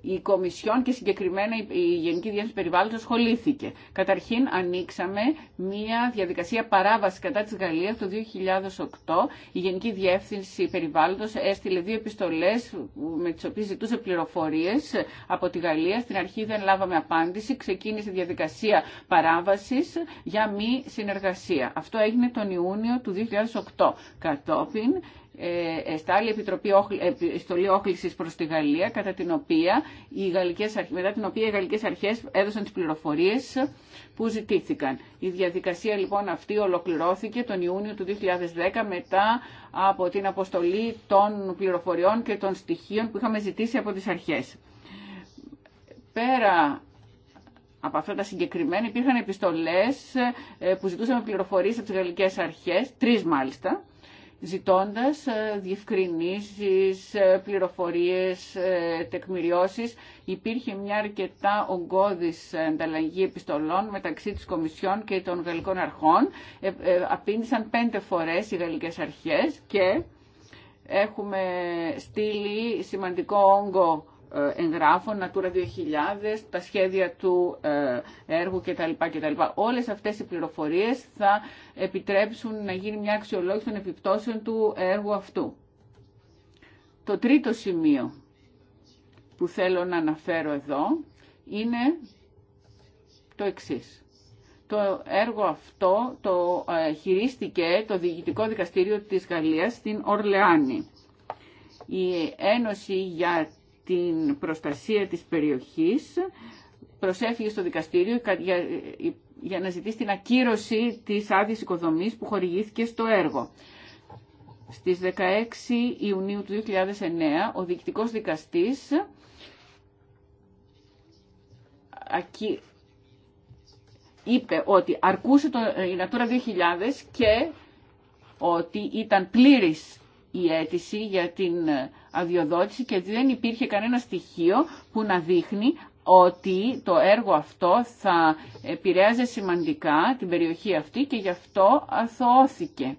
η Κομισιόν και συγκεκριμένα η Γενική Διεύθυνση Περιβάλλοντος ασχολήθηκε. Καταρχήν ανοίξαμε μια διαδικασία παράβαση κατά της Γαλλίας το 2008. Η Γενική Διεύθυνση Περιβάλλοντος έστειλε δύο επιστολές με τις οποίες ζητούσε πληροφορίες από τη Γαλλία. Στην αρχή δεν λάβαμε απάντηση. Ξεκίνησε διαδικασία παράβασης για μη συνεργασία. Αυτό έγινε τον Ιούνιο του 2008. Κατόπιν ε, εστάλει Επιτροπή ε, Επιστολή όχληση προς τη Γαλλία, κατά την οποία οι γαλλικές, μετά την οποία οι γαλλικές αρχέ έδωσαν τις πληροφορίες που ζητήθηκαν. Η διαδικασία λοιπόν αυτή ολοκληρώθηκε τον Ιούνιο του 2010 μετά από την αποστολή των πληροφοριών και των στοιχείων που είχαμε ζητήσει από τις αρχές. Πέρα από αυτά τα συγκεκριμένα υπήρχαν επιστολές ε, που ζητούσαμε πληροφορίες από τις γαλλικές αρχές, τρεις μάλιστα, ζητώντας ε, διευκρινήσεις, ε, πληροφορίες, ε, τεκμηριώσεις. Υπήρχε μια αρκετά ογκώδης ανταλλαγή επιστολών μεταξύ της Κομισιόν και των Γαλλικών Αρχών. Απήντησαν πέντε φορές οι Γαλλικές Αρχές και έχουμε στείλει σημαντικό όγκο ε, εγγράφων, Natura 2000, τα σχέδια του ε, έργου κτλ. κτλ. Όλες αυτές οι πληροφορίες θα επιτρέψουν να γίνει μια αξιολόγηση των επιπτώσεων του έργου αυτού. Το τρίτο σημείο που θέλω να αναφέρω εδώ είναι το εξής. Το έργο αυτό το ε, χειρίστηκε το Διοικητικό Δικαστήριο της Γαλλίας στην Ορλεάνη. Η Ένωση για την προστασία της περιοχής προσέφυγε στο δικαστήριο για να ζητήσει την ακύρωση της άδειας οικοδομής που χορηγήθηκε στο έργο. Στις 16 Ιουνίου του 2009 ο διοικητικός δικαστής είπε ότι αρκούσε το Natura 2000 και ότι ήταν πλήρης η αίτηση για την αδειοδότηση και δεν υπήρχε κανένα στοιχείο που να δείχνει ότι το έργο αυτό θα επηρέαζε σημαντικά την περιοχή αυτή και γι' αυτό αθωώθηκε.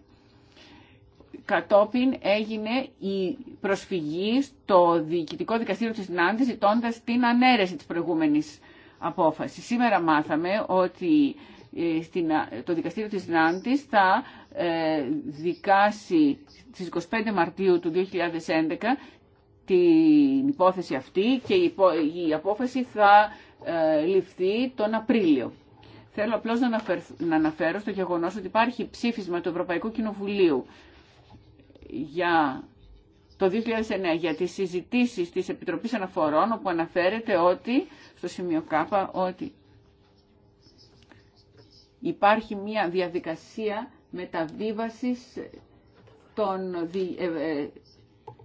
Κατόπιν έγινε η προσφυγή στο Διοικητικό Δικαστήριο της Νάντης ζητώντα την ανέρεση της προηγούμενης απόφασης. Σήμερα μάθαμε ότι το δικαστήριο της Νάντης θα ε, δικάσει στις 25 Μαρτίου του 2011 την υπόθεση αυτή και η απόφαση θα ε, ληφθεί τον Απρίλιο. Θέλω απλώς να αναφέρω στο γεγονός ότι υπάρχει ψήφισμα του Ευρωπαϊκού Κοινοβουλίου για το 2009 για τις συζητήσεις της Επιτροπής Αναφορών όπου αναφέρεται ότι στο σημείο ΚΑΠΑ ότι υπάρχει μια διαδικασία μεταβίβασης των, ε, ε,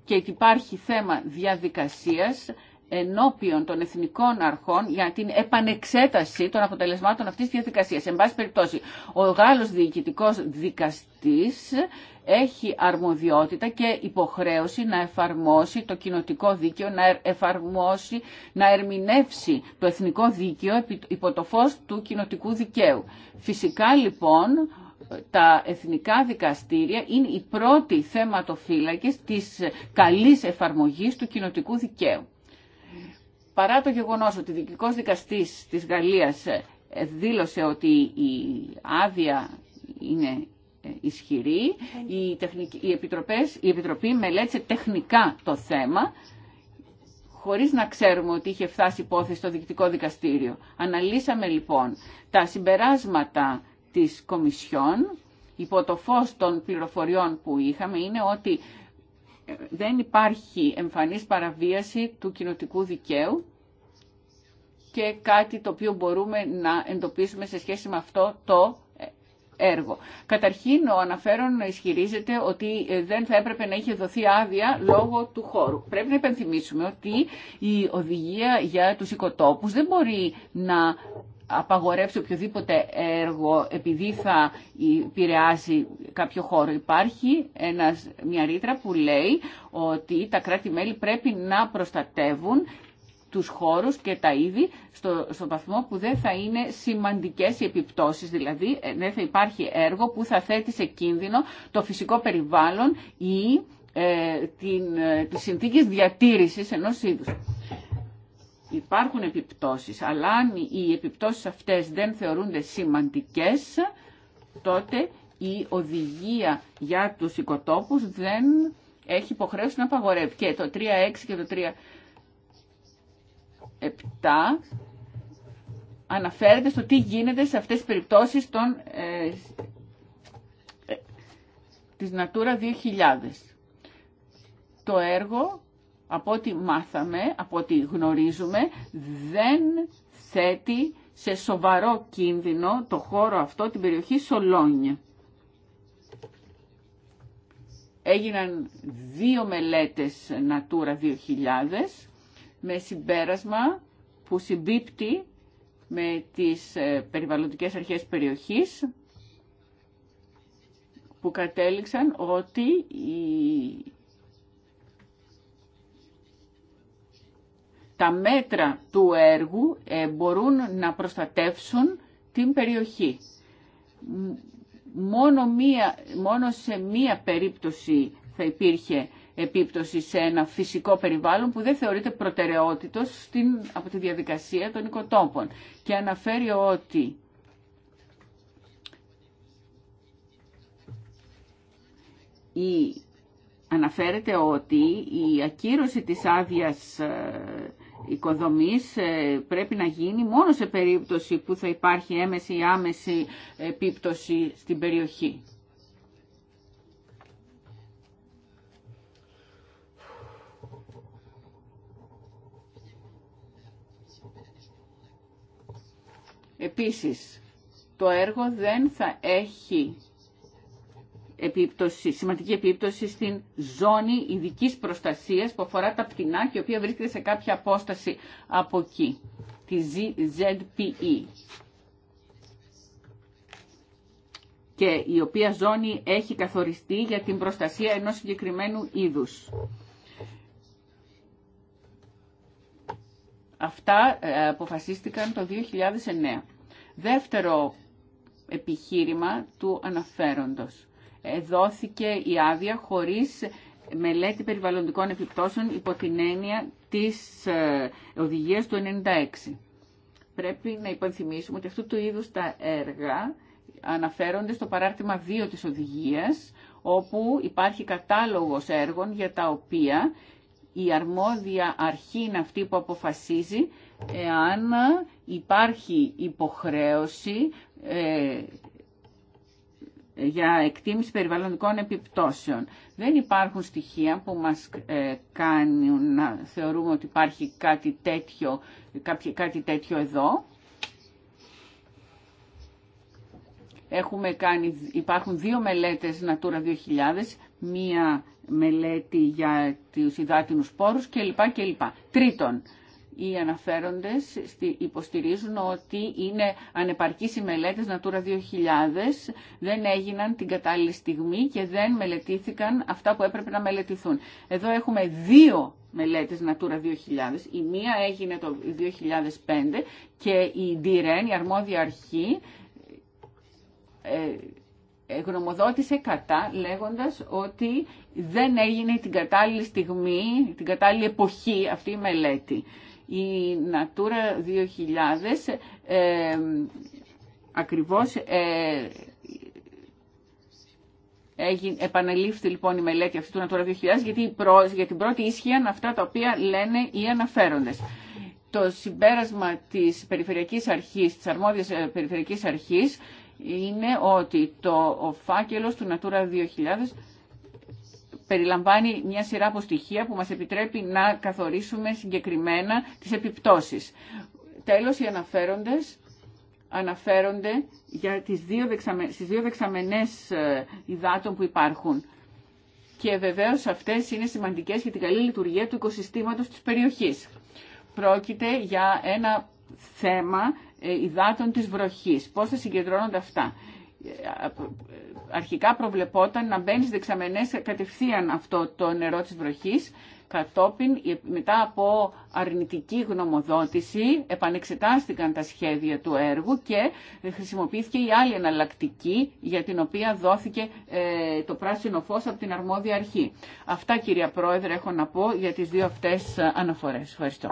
και υπάρχει θέμα διαδικασίας ενώπιον των εθνικών αρχών για την επανεξέταση των αποτελεσμάτων αυτής της διαδικασίας. Εν πάση περιπτώσει, ο Γάλλος διοικητικός δικαστής έχει αρμοδιότητα και υποχρέωση να εφαρμόσει το κοινοτικό δίκαιο, να εφαρμόσει, να ερμηνεύσει το εθνικό δίκαιο υπό το φως του κοινοτικού δικαίου. Φυσικά λοιπόν τα εθνικά δικαστήρια είναι η πρώτη θέματοφύλακες της καλής εφαρμογής του κοινοτικού δικαίου παρά το γεγονός ότι ο δικηγός δικαστής της Γαλλίας ε, δήλωσε ότι η άδεια είναι ε, ισχυρή, οι, επιτροπές, η Επιτροπή μελέτησε τεχνικά το θέμα, χωρίς να ξέρουμε ότι είχε φτάσει υπόθεση στο διοικητικό δικαστήριο. Αναλύσαμε λοιπόν τα συμπεράσματα της Κομισιόν, υπό το φως των πληροφοριών που είχαμε, είναι ότι δεν υπάρχει εμφανής παραβίαση του κοινοτικού δικαίου και κάτι το οποίο μπορούμε να εντοπίσουμε σε σχέση με αυτό το έργο. Καταρχήν, ο αναφέρον ισχυρίζεται ότι ε, δεν θα έπρεπε να είχε δοθεί άδεια λόγω του χώρου. Πρέπει να υπενθυμίσουμε ότι η οδηγία για τους οικοτόπους δεν μπορεί να απαγορεύσει οποιοδήποτε έργο επειδή θα επηρεάσει κάποιο χώρο. Υπάρχει ένας, μια ρήτρα που λέει ότι τα κράτη-μέλη πρέπει να προστατεύουν τους χώρους και τα είδη στο, στο βαθμό που δεν θα είναι σημαντικές οι επιπτώσεις, δηλαδή ε, δεν θα υπάρχει έργο που θα θέτει σε κίνδυνο το φυσικό περιβάλλον ή ε, την, ε, τις συνθήκες διατήρησης ενός είδους υπάρχουν επιπτώσεις, αλλά αν οι επιπτώσεις αυτές δεν θεωρούνται σημαντικές, τότε η οδηγία για τους οικοτόπους δεν έχει υποχρέωση να απαγορεύει. Και το 3.6 και το 3.7 αναφέρεται στο τι γίνεται σε αυτές τις περιπτώσεις των, ε, ε της Natura 2000. Το έργο από ό,τι μάθαμε, από ό,τι γνωρίζουμε, δεν θέτει σε σοβαρό κίνδυνο το χώρο αυτό, την περιοχή Σολόνια. Έγιναν δύο μελέτες Natura 2000 με συμπέρασμα που συμπίπτει με τις ε, περιβαλλοντικές αρχές περιοχής που κατέληξαν ότι η τα μέτρα του έργου ε, μπορούν να προστατεύσουν την περιοχή. Μόνο, μία, σε μία περίπτωση θα υπήρχε επίπτωση σε ένα φυσικό περιβάλλον που δεν θεωρείται προτεραιότητος στην, από τη διαδικασία των οικοτόπων. Και αναφέρει ότι η, αναφέρεται ότι η ακύρωση της άδειας ε, οικοδομής ε, πρέπει να γίνει μόνο σε περίπτωση που θα υπάρχει έμεση ή άμεση επίπτωση στην περιοχή. Επίσης, το έργο δεν θα έχει επίπτωση, σημαντική επίπτωση στην ζώνη ειδικής προστασίας που αφορά τα πτηνά και η οποία βρίσκεται σε κάποια απόσταση από εκεί, τη ZPE. και η οποία ζώνη έχει καθοριστεί για την προστασία ενός συγκεκριμένου είδους. Αυτά ε, αποφασίστηκαν το 2009. Δεύτερο επιχείρημα του αναφέροντος δόθηκε η άδεια χωρίς μελέτη περιβαλλοντικών επιπτώσεων υπό την έννοια της ε, οδηγίας του 96. Πρέπει να υπενθυμίσουμε ότι αυτού του είδους τα έργα αναφέρονται στο παράρτημα 2 της οδηγίας, όπου υπάρχει κατάλογος έργων για τα οποία η αρμόδια αρχή είναι αυτή που αποφασίζει εάν υπάρχει υποχρέωση ε, για εκτίμηση περιβαλλοντικών επιπτώσεων. Δεν υπάρχουν στοιχεία που μας ε, κάνουν να θεωρούμε ότι υπάρχει κάτι τέτοιο, κάτι τέτοιο εδώ. Έχουμε κάνει, υπάρχουν δύο μελέτες Natura 2000, μία μελέτη για τους υδάτινους πόρους κλπ. Τρίτον, οι αναφέροντες υποστηρίζουν ότι είναι ανεπαρκείς οι μελέτες Natura 2000, δεν έγιναν την κατάλληλη στιγμή και δεν μελετήθηκαν αυτά που έπρεπε να μελετηθούν. Εδώ έχουμε δύο μελέτες Natura 2000. Η μία έγινε το 2005 και η DIREN, η αρμόδια αρχή, ε, γνωμοδότησε κατά λέγοντας ότι δεν έγινε την κατάλληλη στιγμή, την κατάλληλη εποχή αυτή η μελέτη. Η Natura 2000 ε, ακριβώς ε, Έγινε, επανελήφθη λοιπόν η μελέτη αυτή του Natura 2000 γιατί προ, για την πρώτη ίσχυαν αυτά τα οποία λένε οι αναφέροντες. Το συμπέρασμα της περιφερειακής αρχής, της αρμόδιας ε, περιφερειακής αρχής είναι ότι το, ο φάκελος του Natura 2000 περιλαμβάνει μια σειρά από που μας επιτρέπει να καθορίσουμε συγκεκριμένα τις επιπτώσεις. Τέλος, οι αναφέροντες αναφέρονται για τις δύο δεξαμε, στις δύο δεξαμενές ε, υδάτων που υπάρχουν. Και βεβαίως αυτές είναι σημαντικές για την καλή λειτουργία του οικοσυστήματος της περιοχής. Πρόκειται για ένα θέμα ε, υδάτων της βροχής. Πώς θα συγκεντρώνονται αυτά αρχικά προβλεπόταν να μπαίνει στις δεξαμενές κατευθείαν αυτό το νερό της βροχής, κατόπιν μετά από αρνητική γνωμοδότηση επανεξετάστηκαν τα σχέδια του έργου και χρησιμοποιήθηκε η άλλη εναλλακτική για την οποία δόθηκε ε, το πράσινο φως από την αρμόδια αρχή. Αυτά κυρία Πρόεδρε έχω να πω για τις δύο αυτές αναφορές. Ευχαριστώ.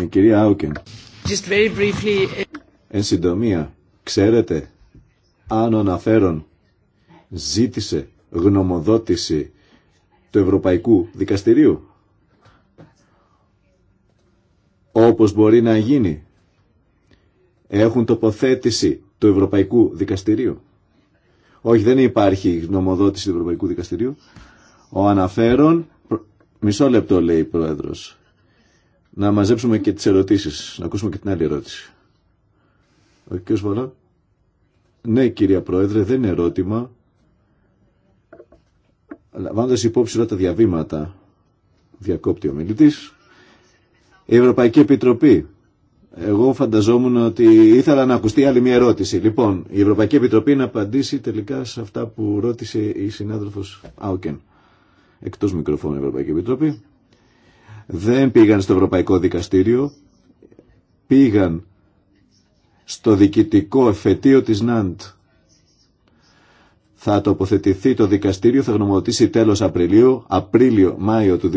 Ε, κυρία Άουκεν. Εν συντομία, ξέρετε αν ο αναφέρον ζήτησε γνωμοδότηση του Ευρωπαϊκού Δικαστηρίου όπως μπορεί να γίνει έχουν τοποθέτηση του Ευρωπαϊκού Δικαστηρίου όχι δεν υπάρχει γνωμοδότηση του Ευρωπαϊκού Δικαστηρίου ο αναφέρον μισό λεπτό λέει η Πρόεδρος να μαζέψουμε και τις ερωτήσεις, να ακούσουμε και την άλλη ερώτηση. Ο κ. Βαλά. Ναι, κυρία Πρόεδρε, δεν είναι ερώτημα. Λαμβάνοντας υπόψη όλα τα διαβήματα, διακόπτει ο μιλητής, η Ευρωπαϊκή Επιτροπή. Εγώ φανταζόμουν ότι ήθελα να ακουστεί άλλη μια ερώτηση. Λοιπόν, η Ευρωπαϊκή Επιτροπή να απαντήσει τελικά σε αυτά που ρώτησε η συνάδελφος Άουκεν. Εκτός μικροφώνου Ευρωπαϊκή Επιτροπή δεν πήγαν στο Ευρωπαϊκό Δικαστήριο, πήγαν στο διοικητικό εφετείο της ΝΑΝΤ. Θα τοποθετηθεί το δικαστήριο, θα γνωμοτήσει τέλος Απριλίου, Απρίλιο-Μάιο του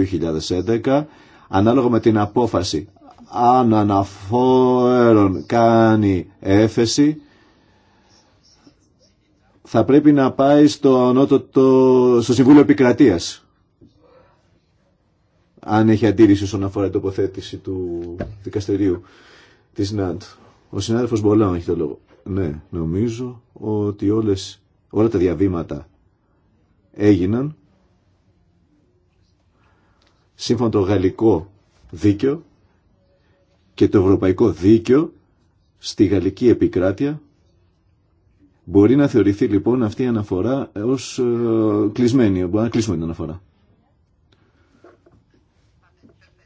2011, ανάλογα με την απόφαση. Αν αναφόρον κάνει έφεση, θα πρέπει να πάει στο, νότο, το, στο Συμβούλιο Επικρατείας αν έχει αντίρρηση όσον αφορά την τοποθέτηση του δικαστηρίου της ΝΑΤ. Ο συνάδελφος Μπολάου έχει το λόγο. Ναι, νομίζω ότι όλες, όλα τα διαβήματα έγιναν σύμφωνα το γαλλικό δίκαιο και το ευρωπαϊκό δίκαιο στη γαλλική επικράτεια μπορεί να θεωρηθεί λοιπόν αυτή η αναφορά ως ε, κλεισμένη, μπορεί να κλείσουμε την αναφορά.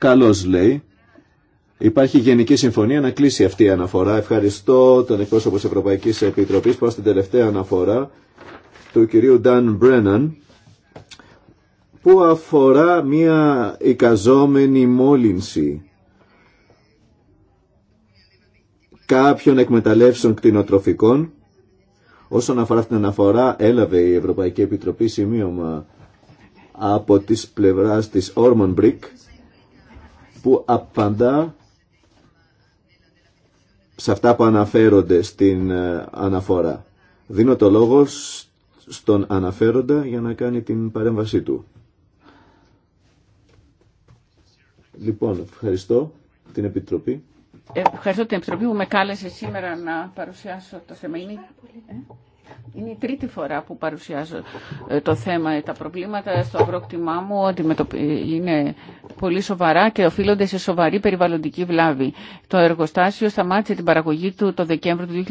Καλώς λέει. Υπάρχει γενική συμφωνία να κλείσει αυτή η αναφορά. Ευχαριστώ τον εκπρόσωπο της Ευρωπαϊκής Επιτροπής. Πάω στην τελευταία αναφορά του κυρίου Νταν Μπρέναν που αφορά μια εικαζόμενη μόλυνση κάποιων εκμεταλλεύσεων κτηνοτροφικών. Όσον αφορά αυτήν την αναφορά, έλαβε η Ευρωπαϊκή Επιτροπή σημείωμα από τις πλευράς της Ormond Brick που απαντά σε αυτά που αναφέρονται στην ε, αναφορά. Δίνω το λόγο στον αναφέροντα για να κάνει την παρέμβασή του. Λοιπόν, ευχαριστώ την Επιτροπή. Ε, ευχαριστώ την Επιτροπή που με κάλεσε σήμερα να παρουσιάσω το θέμα. Είναι η τρίτη φορά που παρουσιάζω ε, το θέμα. Ε, τα προβλήματα στο αγρόκτημά μου είναι πολύ σοβαρά και οφείλονται σε σοβαρή περιβαλλοντική βλάβη. Το εργοστάσιο σταμάτησε την παραγωγή του το Δεκέμβριο του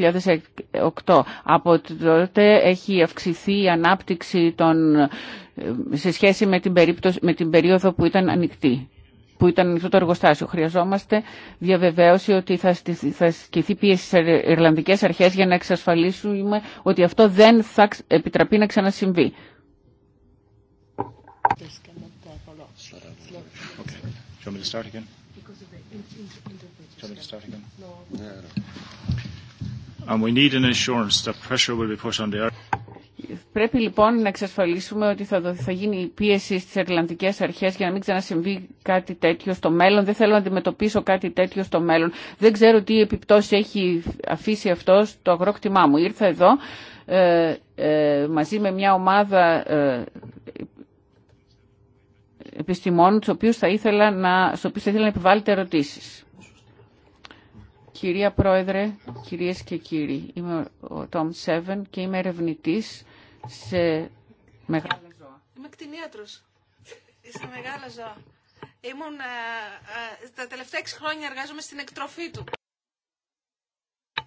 2008. Από τότε έχει αυξηθεί η ανάπτυξη των, ε, σε σχέση με την, περίπτωση, με την περίοδο που ήταν ανοιχτή που ήταν ανοιχτό το εργοστάσιο. Χρειαζόμαστε διαβεβαίωση ότι θα, θα ασκηθεί πίεση στι Ιρλανδικέ αρχέ για να εξασφαλίσουμε ότι αυτό δεν θα επιτραπεί να ξανασυμβεί. Πρέπει λοιπόν να εξασφαλίσουμε ότι θα, θα γίνει η πίεση στις Ιρλανδικές αρχές για να μην ξανασυμβεί κάτι τέτοιο στο μέλλον. Δεν θέλω να αντιμετωπίσω κάτι τέτοιο στο μέλλον. Δεν ξέρω τι επιπτώσει έχει αφήσει αυτό το αγρόκτημά μου. Ήρθα εδώ ε, ε, μαζί με μια ομάδα ε, επιστημόνων, στους οποίους θα ήθελα να, επιβάλλετε ερωτήσεις. Κυρία Πρόεδρε, κυρίες και κύριοι, είμαι ο Τόμ Σέβεν και είμαι ερευνητής σε Είμαι κτηνίατρος. σε μεγάλα ζώα. Ήμουν, ε, ε, τα τελευταία 6 χρόνια εργάζομαι στην εκτροφή του.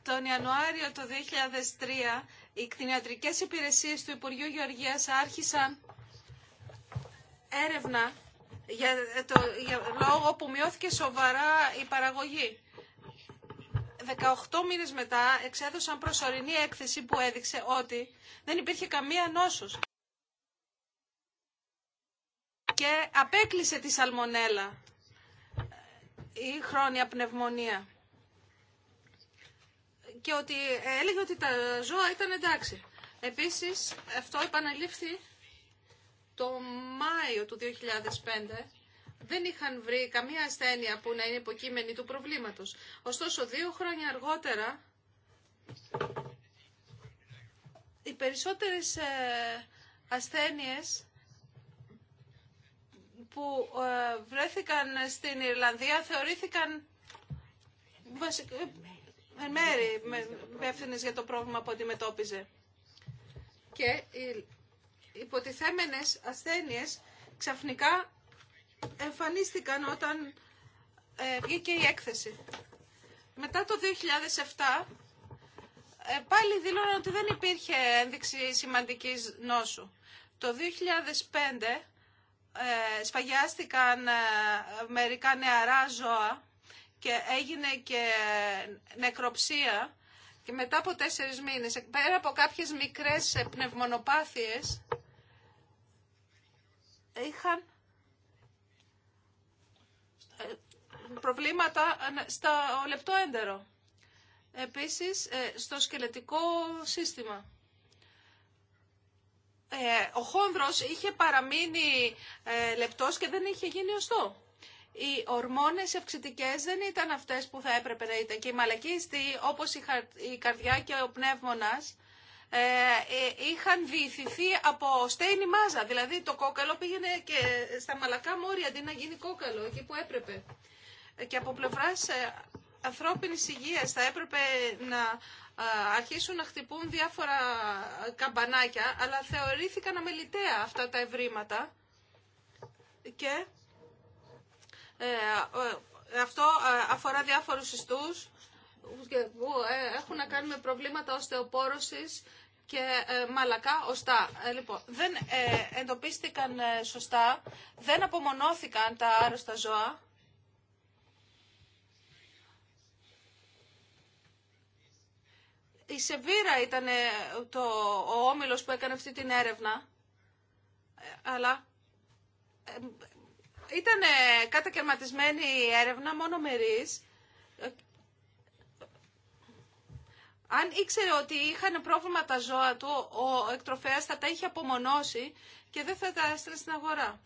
Τον Ιανουάριο το 2003 οι κτηνιατρικές υπηρεσίες του Υπουργείου Γεωργίας άρχισαν έρευνα για, το, για λόγο που μειώθηκε σοβαρά η παραγωγή. 18 μήνες μετά εξέδωσαν προσωρινή έκθεση που έδειξε ότι δεν υπήρχε καμία νόσος. Και απέκλεισε τη σαλμονέλα η χρόνια πνευμονία. Και ότι έλεγε ότι τα ζώα ήταν εντάξει. Επίσης, αυτό επαναλήφθη το Μάιο του 2005 δεν είχαν βρει καμία ασθένεια που να είναι υποκείμενη του προβλήματος. Ωστόσο, δύο χρόνια αργότερα, οι περισσότερες ε, ασθένειες που ε, βρέθηκαν στην Ιρλανδία θεωρήθηκαν ε, εν μέρη υπεύθυνε για το πρόβλημα που αντιμετώπιζε. Και οι υποτιθέμενες ασθένειες ξαφνικά εμφανίστηκαν όταν ε, βγήκε η έκθεση. Μετά το 2007 ε, πάλι δηλώναν ότι δεν υπήρχε ένδειξη σημαντικής νόσου. Το 2005 ε, σφαγιάστηκαν ε, μερικά νεαρά ζώα και έγινε και νεκροψία και μετά από τέσσερις μήνες, πέρα από κάποιες μικρές πνευμονοπάθειες, είχαν προβλήματα στο λεπτό έντερο. Επίσης, ε, στο σκελετικό σύστημα. Ε, ο χόνδρος είχε παραμείνει ε, λεπτός και δεν είχε γίνει οστό. Οι ορμόνες αυξητικές δεν ήταν αυτές που θα έπρεπε να ήταν. Και οι μαλακίστοι, όπως η καρδιά και ο πνεύμονας, είχαν διηθηθεί από στέινη μάζα. Δηλαδή το κόκαλο πήγαινε και στα μαλακά μόρια αντί να γίνει κόκαλο, εκεί που έπρεπε και από πλευρά ε, ανθρώπινη υγείας θα έπρεπε να ε, αρχίσουν να χτυπούν διάφορα ε, καμπανάκια, αλλά θεωρήθηκαν αμεληταία αυτά τα ευρήματα και αυτό αφορά διάφορους ιστούς που έχουν να κάνουν με προβλήματα οστεοπόρωσης και μαλακά οστά. Λοιπόν, δεν εντοπίστηκαν σωστά, δεν απομονώθηκαν τα άρρωστα ζώα Η Σεβίρα ήταν το, ο όμιλος που έκανε αυτή την έρευνα, ε, αλλά ήταν κατακαιρματισμένη η έρευνα μόνο μερίς. Ε, αν ήξερε ότι είχαν πρόβλημα τα ζώα του, ο εκτροφέας θα τα είχε απομονώσει και δεν θα τα έστρεψε στην αγορά.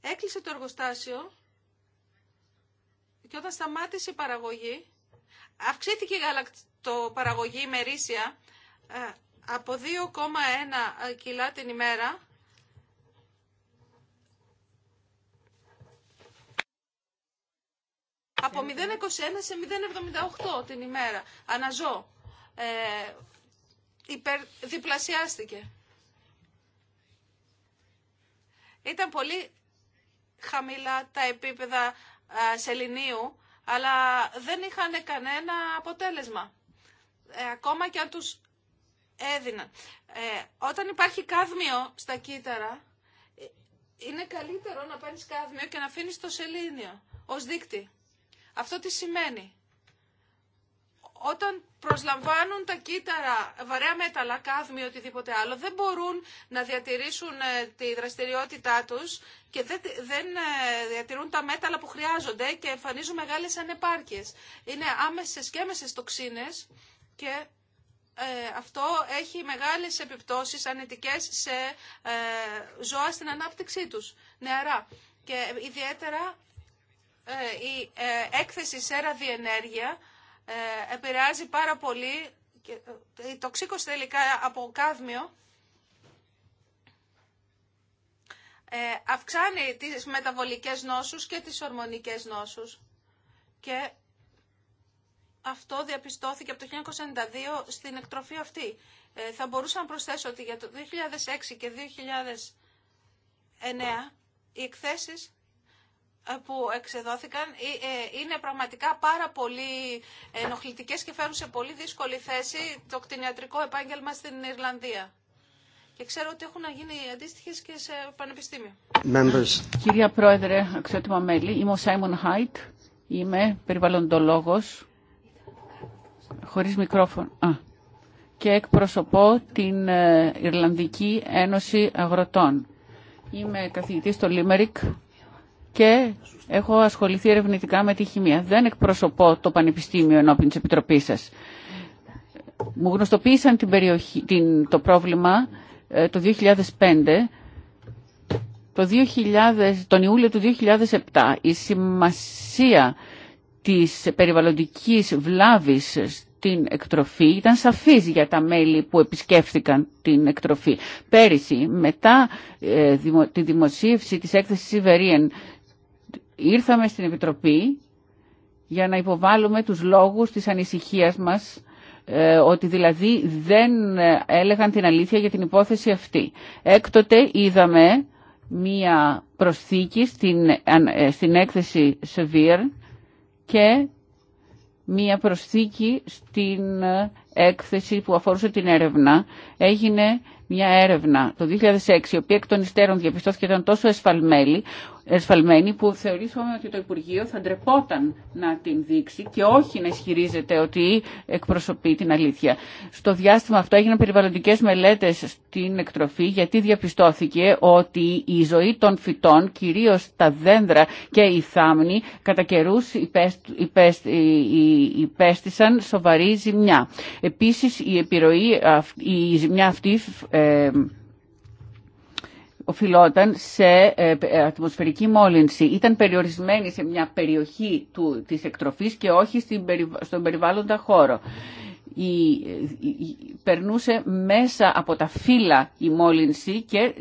Έκλεισε το εργοστάσιο και όταν σταμάτησε η παραγωγή, Αυξήθηκε η γαλακτοπαραγωγή ημερήσια ε, από 2,1 κιλά την ημέρα από 0,21 σε 0,78 την ημέρα. Αναζώ. Ε, υπερ, διπλασιάστηκε. Ήταν πολύ χαμηλά τα επίπεδα ε, σελινίου αλλά δεν είχαν κανένα αποτέλεσμα. Ε, ακόμα και αν τους έδιναν. Ε, όταν υπάρχει κάδμιο στα κύτταρα, ε, είναι καλύτερο να παίρνεις κάδμιο και να αφήνεις το σελήνιο ως δείκτη. Αυτό τι σημαίνει όταν προσλαμβάνουν τα κύτταρα, βαρέα μέταλλα, κάδμιο, οτιδήποτε άλλο, δεν μπορούν να διατηρήσουν ε, τη δραστηριότητά τους και δεν ε, διατηρούν τα μέταλλα που χρειάζονται και εμφανίζουν μεγάλες ανεπάρκειες. Είναι άμεσες και έμεσες τοξίνες και ε, αυτό έχει μεγάλες επιπτώσεις ανετικές σε ζώα στην ανάπτυξή τους, νεαρά. Και ιδιαίτερα η έκθεση σε ραδιενέργεια ε, επηρεάζει πάρα πολύ το ε, τοξίκωση τελικά από κάδμιο ε, αυξάνει τις μεταβολικές νόσους και τις ορμονικές νόσους. Και αυτό διαπιστώθηκε από το 1992 στην εκτροφή αυτή. θα μπορούσα να προσθέσω ότι για το 2006 και 2009 οι εκθέσεις που εξεδόθηκαν ε, ε, είναι πραγματικά πάρα πολύ ενοχλητικές και φέρουν σε πολύ δύσκολη θέση το κτηνιατρικό επάγγελμα στην Ιρλανδία. Και ξέρω ότι έχουν γίνει αντίστοιχε και σε πανεπιστήμιο. Members. Κυρία Πρόεδρε, αξιότιμα μέλη, είμαι ο Σάιμον Χάιτ, είμαι περιβαλλοντολόγος, χωρίς μικρόφωνο, Α. και εκπροσωπώ την ε, Ιρλανδική Ένωση Αγροτών. Είμαι καθηγητής στο Λίμερικ και έχω ασχοληθεί ερευνητικά με τη χημεία. Δεν εκπροσωπώ το Πανεπιστήμιο ενώπιν της Επιτροπής σας. Μου γνωστοποίησαν την περιοχή, την, το πρόβλημα ε, το 2005 το 2000, τον Ιούλιο του 2007 η σημασία της περιβαλλοντικής βλάβης στην εκτροφή ήταν σαφής για τα μέλη που επισκέφθηκαν την εκτροφή. Πέρυσι, μετά ε, τη δημοσίευση της έκθεσης Σιβερίεν ήρθαμε στην Επιτροπή για να υποβάλουμε τους λόγους της ανησυχίας μας ε, ότι δηλαδή δεν έλεγαν την αλήθεια για την υπόθεση αυτή. Έκτοτε είδαμε μία προσθήκη στην, ε, στην έκθεση Σεβίρ και μία προσθήκη στην έκθεση που αφορούσε την έρευνα. Έγινε μια έρευνα το 2006, η οποία εκ των υστέρων διαπιστώθηκε ήταν τόσο εσφαλμένη, που θεωρήσαμε ότι το Υπουργείο θα ντρεπόταν να την δείξει και όχι να ισχυρίζεται ότι εκπροσωπεί την αλήθεια. Στο διάστημα αυτό έγιναν περιβαλλοντικές μελέτες στην εκτροφή γιατί διαπιστώθηκε ότι η ζωή των φυτών, κυρίως τα δέντρα και η θάμνη, κατά καιρού ε, ε, υπέστησαν σοβαρή ζημιά. Επίσης η επιρροή, η ζημιά αυτή ε, οφειλόταν σε ε, ε, ατμοσφαιρική μόλυνση. Ήταν περιορισμένη σε μια περιοχή του, της εκτροφής και όχι στον περιβάλλοντα χώρο. Η, περνούσε μέσα από τα φύλλα η μόλυνση και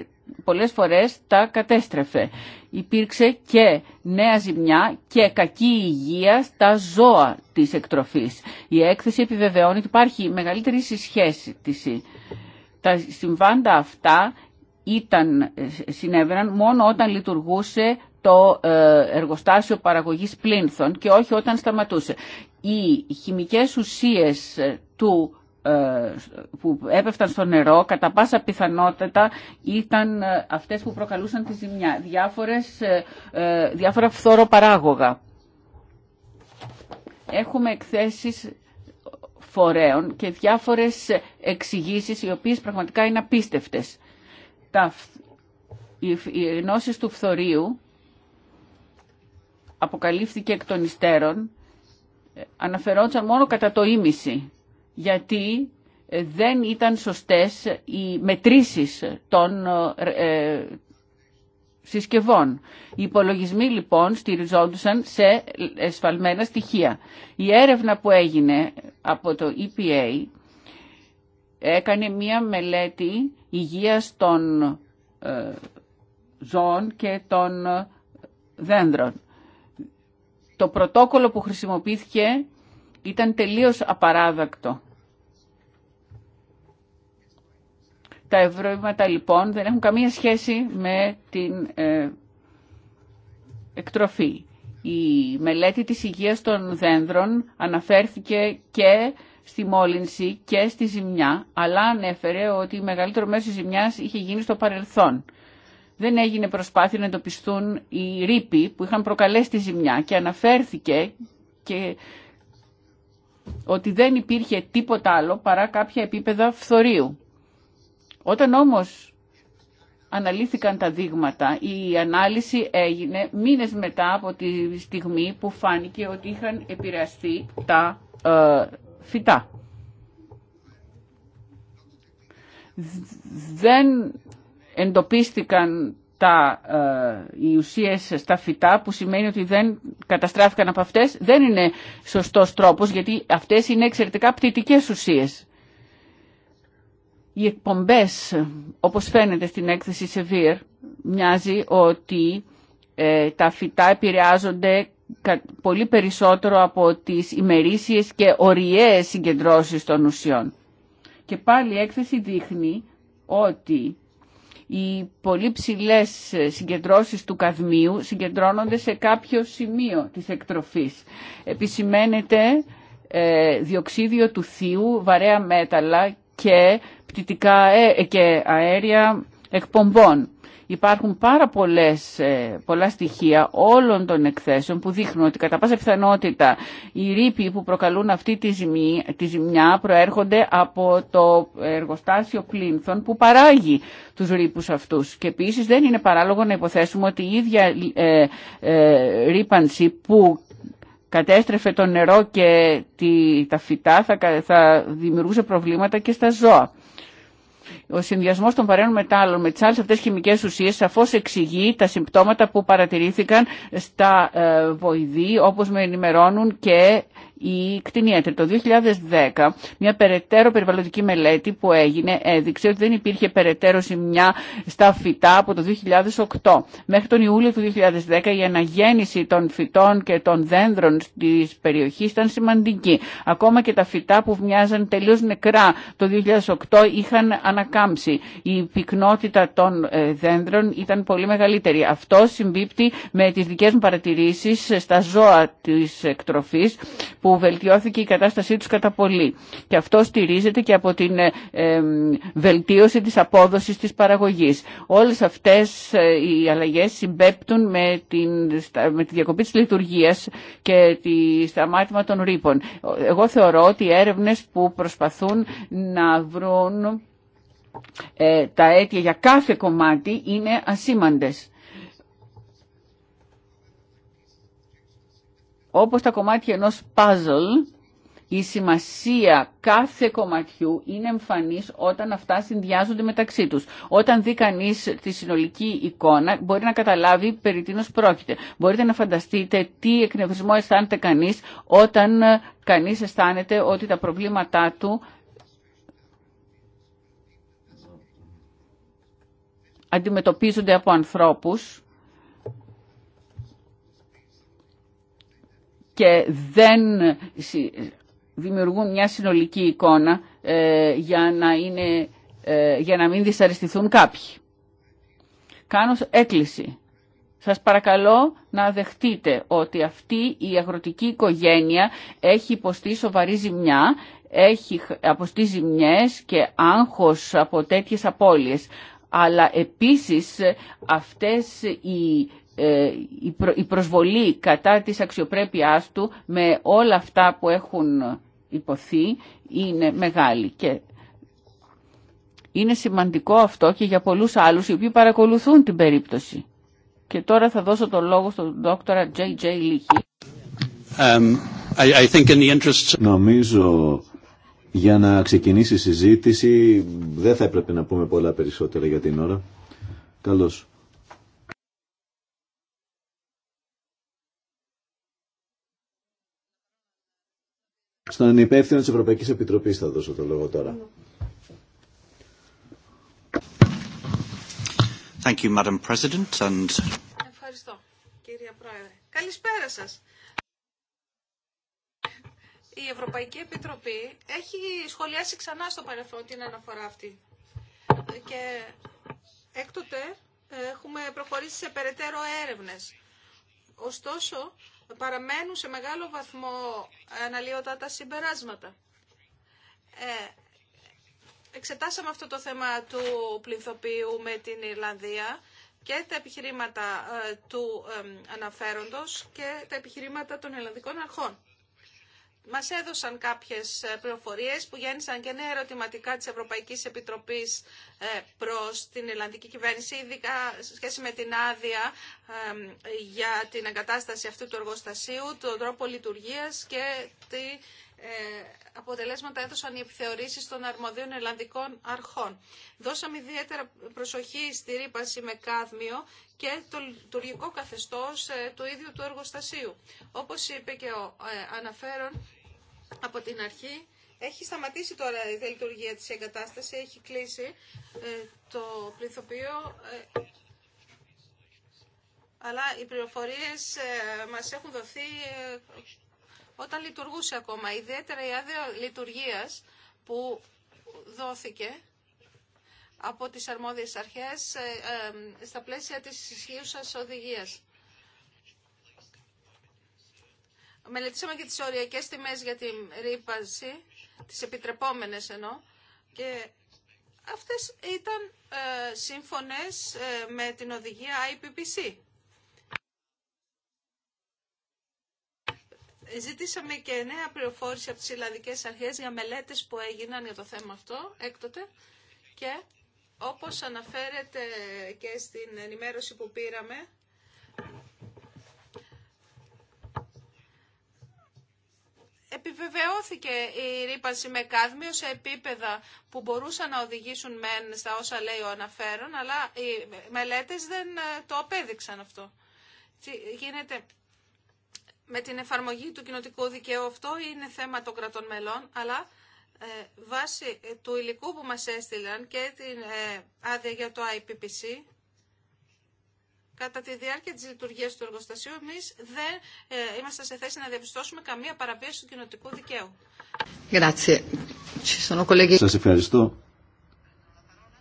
πολλές φορές τα κατέστρεφε. Υπήρξε και νέα ζημιά και κακή υγεία στα ζώα της εκτροφής. Η έκθεση επιβεβαιώνει ότι υπάρχει μεγαλύτερη συσχέση τα συμβάντα αυτά ήταν, συνέβαιναν μόνο όταν λειτουργούσε το ε, εργοστάσιο παραγωγής πλήνθων και όχι όταν σταματούσε. Οι χημικές ουσίες του ε, που έπεφταν στο νερό κατά πάσα πιθανότητα ήταν ε, αυτές που προκαλούσαν τη ζημιά. Διάφορες, διάφορα φθοροπαράγωγα. Έχουμε εκθέσεις φορέων και διάφορες εξηγήσεις οι οποίες πραγματικά είναι απίστευτες τα, οι ενώσεις του φθορίου αποκαλύφθηκε εκ των υστέρων ε, αναφερόντουσαν μόνο κατά το ίμιση γιατί ε, δεν ήταν σωστές οι μετρήσεις των ε, συσκευών. Οι υπολογισμοί λοιπόν στηριζόντουσαν σε εσφαλμένα στοιχεία. Η έρευνα που έγινε από το EPA έκανε μία μελέτη υγείας των ε, ζώων και των ε, δένδρων. Το πρωτόκολλο που χρησιμοποιήθηκε ήταν τελείως απαράδεκτο. Τα ευρώματα λοιπόν δεν έχουν καμία σχέση με την ε, εκτροφή. Η μελέτη της υγείας των δένδρων αναφέρθηκε και στη μόλυνση και στη ζημιά, αλλά ανέφερε ότι η μεγαλύτερο μέρος της ζημιάς είχε γίνει στο παρελθόν. Δεν έγινε προσπάθεια να εντοπιστούν οι ρήποι που είχαν προκαλέσει τη ζημιά και αναφέρθηκε και ότι δεν υπήρχε τίποτα άλλο παρά κάποια επίπεδα φθορίου. Όταν όμως αναλύθηκαν τα δείγματα, η ανάλυση έγινε μήνες μετά από τη στιγμή που φάνηκε ότι είχαν επηρεαστεί τα ε, φυτά. Δεν εντοπίστηκαν τα, ε, οι ουσίες στα φυτά που σημαίνει ότι δεν καταστράφηκαν από αυτές δεν είναι σωστός τρόπος γιατί αυτές είναι εξαιρετικά πτυτικές ουσίες. Οι εκπομπές όπως φαίνεται στην έκθεση Σεβίρ μοιάζει ότι ε, τα φυτά επηρεάζονται πολύ περισσότερο από τις ημερήσιες και οριές συγκεντρώσεις των ουσιών. Και πάλι η έκθεση δείχνει ότι οι πολύ ψηλές συγκεντρώσεις του καδμίου συγκεντρώνονται σε κάποιο σημείο της εκτροφής. Επισημαίνεται ε, διοξίδιο του θείου, βαρέα μέταλλα και πτυτικά ε, και αέρια εκπομπών. Υπάρχουν πάρα πολλές, ε, πολλά στοιχεία όλων των εκθέσεων που δείχνουν ότι κατά πάσα πιθανότητα οι ρήποι που προκαλούν αυτή τη, ζημί, τη ζημιά προέρχονται από το εργοστάσιο πλήνθων που παράγει τους ρήπους αυτούς. Και επίσης δεν είναι παράλογο να υποθέσουμε ότι η ίδια ε, ε, ρήπανση που κατέστρεφε το νερό και τη, τα φυτά θα, θα δημιουργούσε προβλήματα και στα ζώα. Ο συνδυασμό των παρένων μετάλλων με τι άλλε αυτέ χημικέ ουσίε σαφώ εξηγεί τα συμπτώματα που παρατηρήθηκαν στα ε, βοηδή, όπω με ενημερώνουν και η κτηνίατρη. Το 2010 μια περαιτέρω περιβαλλοντική μελέτη που έγινε έδειξε ότι δεν υπήρχε περαιτέρω σημειά στα φυτά από το 2008. Μέχρι τον Ιούλιο του 2010 η αναγέννηση των φυτών και των δένδρων της περιοχής ήταν σημαντική. Ακόμα και τα φυτά που μοιάζαν τελείως νεκρά το 2008 είχαν ανακάμψει. Η πυκνότητα των ε, δένδρων ήταν πολύ μεγαλύτερη. Αυτό συμπίπτει με τις δικές μου παρατηρήσεις στα ζώα της εκτροφής που βελτιώθηκε η κατάστασή τους κατά πολύ. Και αυτό στηρίζεται και από την ε, βελτίωση της απόδοσης της παραγωγής. Όλες αυτές ε, οι αλλαγές συμπέπτουν με, την, με τη διακοπή της λειτουργίας και τη σταμάτημα των ρήπων. Εγώ θεωρώ ότι οι έρευνες που προσπαθούν να βρουν ε, τα αίτια για κάθε κομμάτι είναι ασήμαντες. όπως τα κομμάτια ενός puzzle, η σημασία κάθε κομματιού είναι εμφανής όταν αυτά συνδυάζονται μεταξύ τους. Όταν δει κανεί τη συνολική εικόνα μπορεί να καταλάβει περί τίνος πρόκειται. Μπορείτε να φανταστείτε τι εκνευρισμό αισθάνεται κανείς όταν ε, κανείς αισθάνεται ότι τα προβλήματά του αντιμετωπίζονται από ανθρώπους και δεν δημιουργούν μια συνολική εικόνα ε, για, να είναι, ε, για να μην δυσαρεστηθούν κάποιοι. Κάνω έκκληση. Σας παρακαλώ να δεχτείτε ότι αυτή η αγροτική οικογένεια έχει υποστεί σοβαρή ζημιά, έχει αποστεί ζημιές και άγχος από τέτοιες απώλειες. Αλλά επίσης ε, αυτές οι ε, η προσβολή κατά της αξιοπρέπειάς του με όλα αυτά που έχουν υποθεί είναι μεγάλη και είναι σημαντικό αυτό και για πολλούς άλλους οι οποίοι παρακολουθούν την περίπτωση. Και τώρα θα δώσω τον λόγο στον δόκτωρα J.J. Λίχη. Um, Νομίζω για να ξεκινήσει η συζήτηση δεν θα έπρεπε να πούμε πολλά περισσότερα για την ώρα. Καλώς. Στον υπεύθυνο της Ευρωπαϊκής Επιτροπής θα δώσω το λόγο τώρα. Thank you, Madam President, and... Ευχαριστώ, κυρία Πρόεδρε. Καλησπέρα σας. Η Ευρωπαϊκή Επιτροπή έχει σχολιάσει ξανά στο παρελθόν την αναφορά αυτή. Και έκτοτε έχουμε προχωρήσει σε περαιτέρω έρευνες. Ωστόσο, παραμένουν σε μεγάλο βαθμό αναλύωτα τα συμπεράσματα. Ε, εξετάσαμε αυτό το θέμα του πληθοποιού με την Ιρλανδία και τα επιχειρήματα ε, του ε, αναφέροντος και τα επιχειρήματα των Ιρλανδικών αρχών. Μας έδωσαν κάποιες ε, πληροφορίες που γέννησαν και νέα ερωτηματικά της Ευρωπαϊκής Επιτροπής ε, προς την Ιρλανδική κυβέρνηση, ειδικά σε σχέση με την άδεια για την εγκατάσταση αυτού του εργοστασίου, τον τρόπο λειτουργίας και τι ε, αποτελέσματα έδωσαν οι επιθεωρήσεις των αρμοδίων Ιρλανδικών αρχών. Δώσαμε ιδιαίτερα προσοχή στη ρήπαση με κάδμιο και το λειτουργικό καθεστώς ε, του ίδιου του εργοστασίου. Όπως είπε και ο ε, αναφέρον από την αρχή, έχει σταματήσει τώρα η λειτουργία της εγκατάστασης, έχει κλείσει ε, το πληθοποιείο, αλλά οι πληροφορίες μας έχουν δοθεί όταν λειτουργούσε ακόμα. Ιδιαίτερα η άδεια λειτουργίας που δόθηκε από τις αρμόδιες αρχές ε, ε, στα πλαίσια της σας οδηγίας. Μελετήσαμε και τις οριακές τιμές για την ρήπανση, τις επιτρεπόμενες ενώ. και αυτές ήταν ε, σύμφωνες ε, με την οδηγία IPPC. Ζήτησαμε και νέα πληροφόρηση από τις Ελλαδικές Αρχές για μελέτες που έγιναν για το θέμα αυτό έκτοτε και όπως αναφέρεται και στην ενημέρωση που πήραμε, επιβεβαιώθηκε η ρήπανση με κάδμιο σε επίπεδα που μπορούσαν να οδηγήσουν μεν στα όσα λέει ο αναφέρον, αλλά οι μελέτες δεν ε, το απέδειξαν αυτό. Τι γίνεται με την εφαρμογή του κοινοτικού δικαίου αυτό είναι θέμα των κρατών μελών, αλλά ε, βάσει του υλικού που μας έστειλαν και την ε, άδεια για το IPPC, κατά τη διάρκεια της λειτουργίας του εργοστασίου, εμείς δεν ε, είμαστε σε θέση να διαπιστώσουμε καμία παραβίαση του κοινοτικού δικαίου. Σας ευχαριστώ.